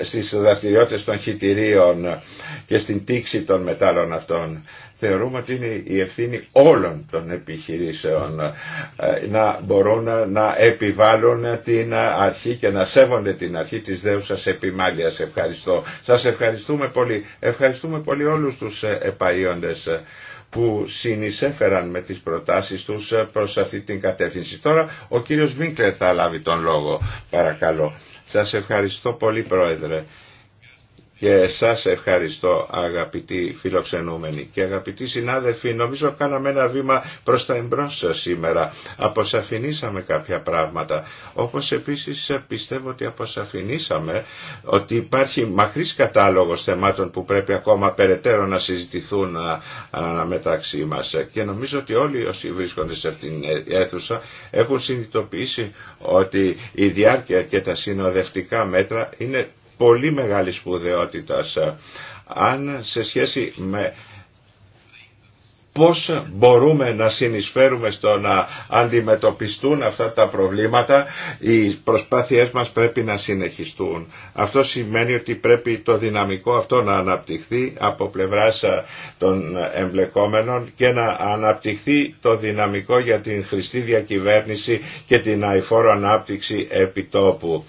στις δραστηριότητες των χιτηρίων και στην τήξη των μετάλλων αυτών θεωρούμε ότι είναι η ευθύνη όλων των επιχειρήσεων ε, να μπορούν να επιβάλλουν την αρχή και να σέβονται την αρχή της δέουσας επιμάλειας. Ευχαριστώ. Σας ευχαριστούμε πολύ. Ευχαριστούμε πολύ όλους τους ε, επαΐοντες ε, που συνεισέφεραν με τις προτάσεις τους προς αυτή την κατεύθυνση. Τώρα ο κύριος Βίνκλερ θα λάβει τον λόγο. Παρακαλώ. Σας ευχαριστώ πολύ Πρόεδρε. Και σας ευχαριστώ αγαπητοί φιλοξενούμενοι και αγαπητοί συνάδελφοι. Νομίζω κάναμε ένα βήμα προς τα εμπρός σήμερα. Αποσαφηνίσαμε κάποια πράγματα. Όπως επίσης πιστεύω ότι αποσαφηνίσαμε ότι υπάρχει μακρύς κατάλογος θεμάτων που πρέπει ακόμα περαιτέρω να συζητηθούν μεταξύ μας. Και νομίζω ότι όλοι όσοι βρίσκονται σε αυτήν την αίθουσα έχουν συνειδητοποιήσει ότι η διάρκεια και τα συνοδευτικά μέτρα είναι πολύ μεγάλη σπουδαιότητα Αν σε σχέση με πώς μπορούμε να συνεισφέρουμε στο να αντιμετωπιστούν αυτά τα προβλήματα, οι προσπάθειές μας πρέπει να συνεχιστούν. Αυτό σημαίνει ότι πρέπει το δυναμικό αυτό να αναπτυχθεί από πλευράς των εμπλεκόμενων και να αναπτυχθεί το δυναμικό για την χρηστή διακυβέρνηση και την αηφόρο ανάπτυξη επιτόπου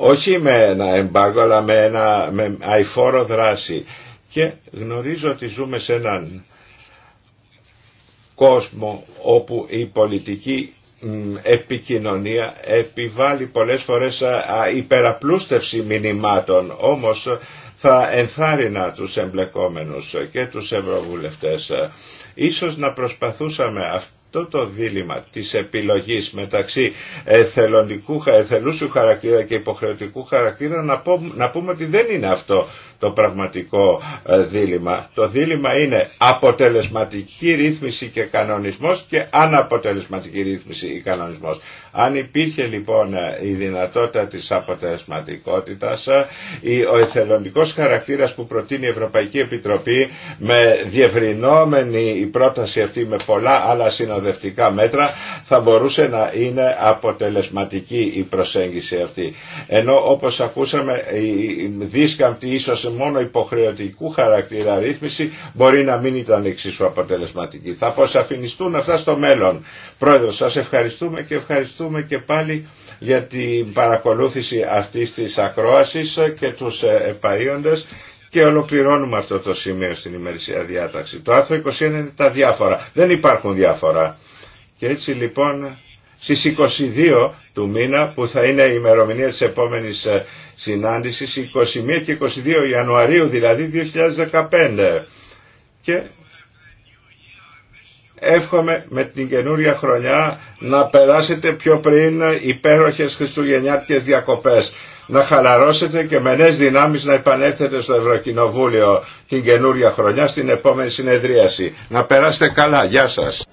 όχι με ένα εμπάγκο αλλά με ένα αηφόρο δράση. Και γνωρίζω ότι ζούμε σε έναν κόσμο όπου η πολιτική επικοινωνία επιβάλλει πολλές φορές υπεραπλούστευση μηνυμάτων όμως θα ενθάρρυνα τους εμπλεκόμενους και τους ευρωβουλευτές. Ίσως να προσπαθούσαμε αυτό το δίλημα της επιλογής μεταξύ εθελοντικού, εθελούσου χαρακτήρα και υποχρεωτικού χαρακτήρα να, να πούμε ότι δεν είναι αυτό το πραγματικό ε, δίλημα. Το δίλημα είναι αποτελεσματική ρύθμιση και κανονισμός και αναποτελεσματική ρύθμιση ή κανονισμός. Αν υπήρχε λοιπόν ε, η δυνατότητα της αποτελεσματικότητας, ε, ο εθελοντικός χαρακτήρας που προτείνει η Ευρωπαϊκή Επιτροπή με διευρυνόμενη η πρόταση αυτή με πολλά άλλα συνοδευτικά μέτρα θα μπορούσε να είναι αποτελεσματική η προσέγγιση αυτή. Ενώ όπως ακούσαμε η δίσκαμπτη ίσως μόνο υποχρεωτικού χαρακτήρα ρύθμιση μπορεί να μην ήταν εξίσου αποτελεσματική. Θα αποσαφινιστούν αυτά στο μέλλον. Πρόεδρος σας ευχαριστούμε και ευχαριστούμε και πάλι για την παρακολούθηση αυτής της ακρόασης και τους ε, επαΐοντες και ολοκληρώνουμε αυτό το σημείο στην ημερησία διάταξη. Το άρθρο 21 είναι τα διάφορα. Δεν υπάρχουν διάφορα. Και έτσι λοιπόν στις 22 του μήνα που θα είναι η ημερομηνία της επόμενης ε, Συνάντηση 21 και 22 Ιανουαρίου δηλαδή 2015 και εύχομαι με την καινούρια χρονιά να περάσετε πιο πριν υπέροχες χριστουγεννιάτικες διακοπές να χαλαρώσετε και με νέες δυνάμεις να επανέλθετε στο Ευρωκοινοβούλιο την καινούρια χρονιά στην επόμενη συνεδρίαση. Να περάσετε καλά. Γεια σας.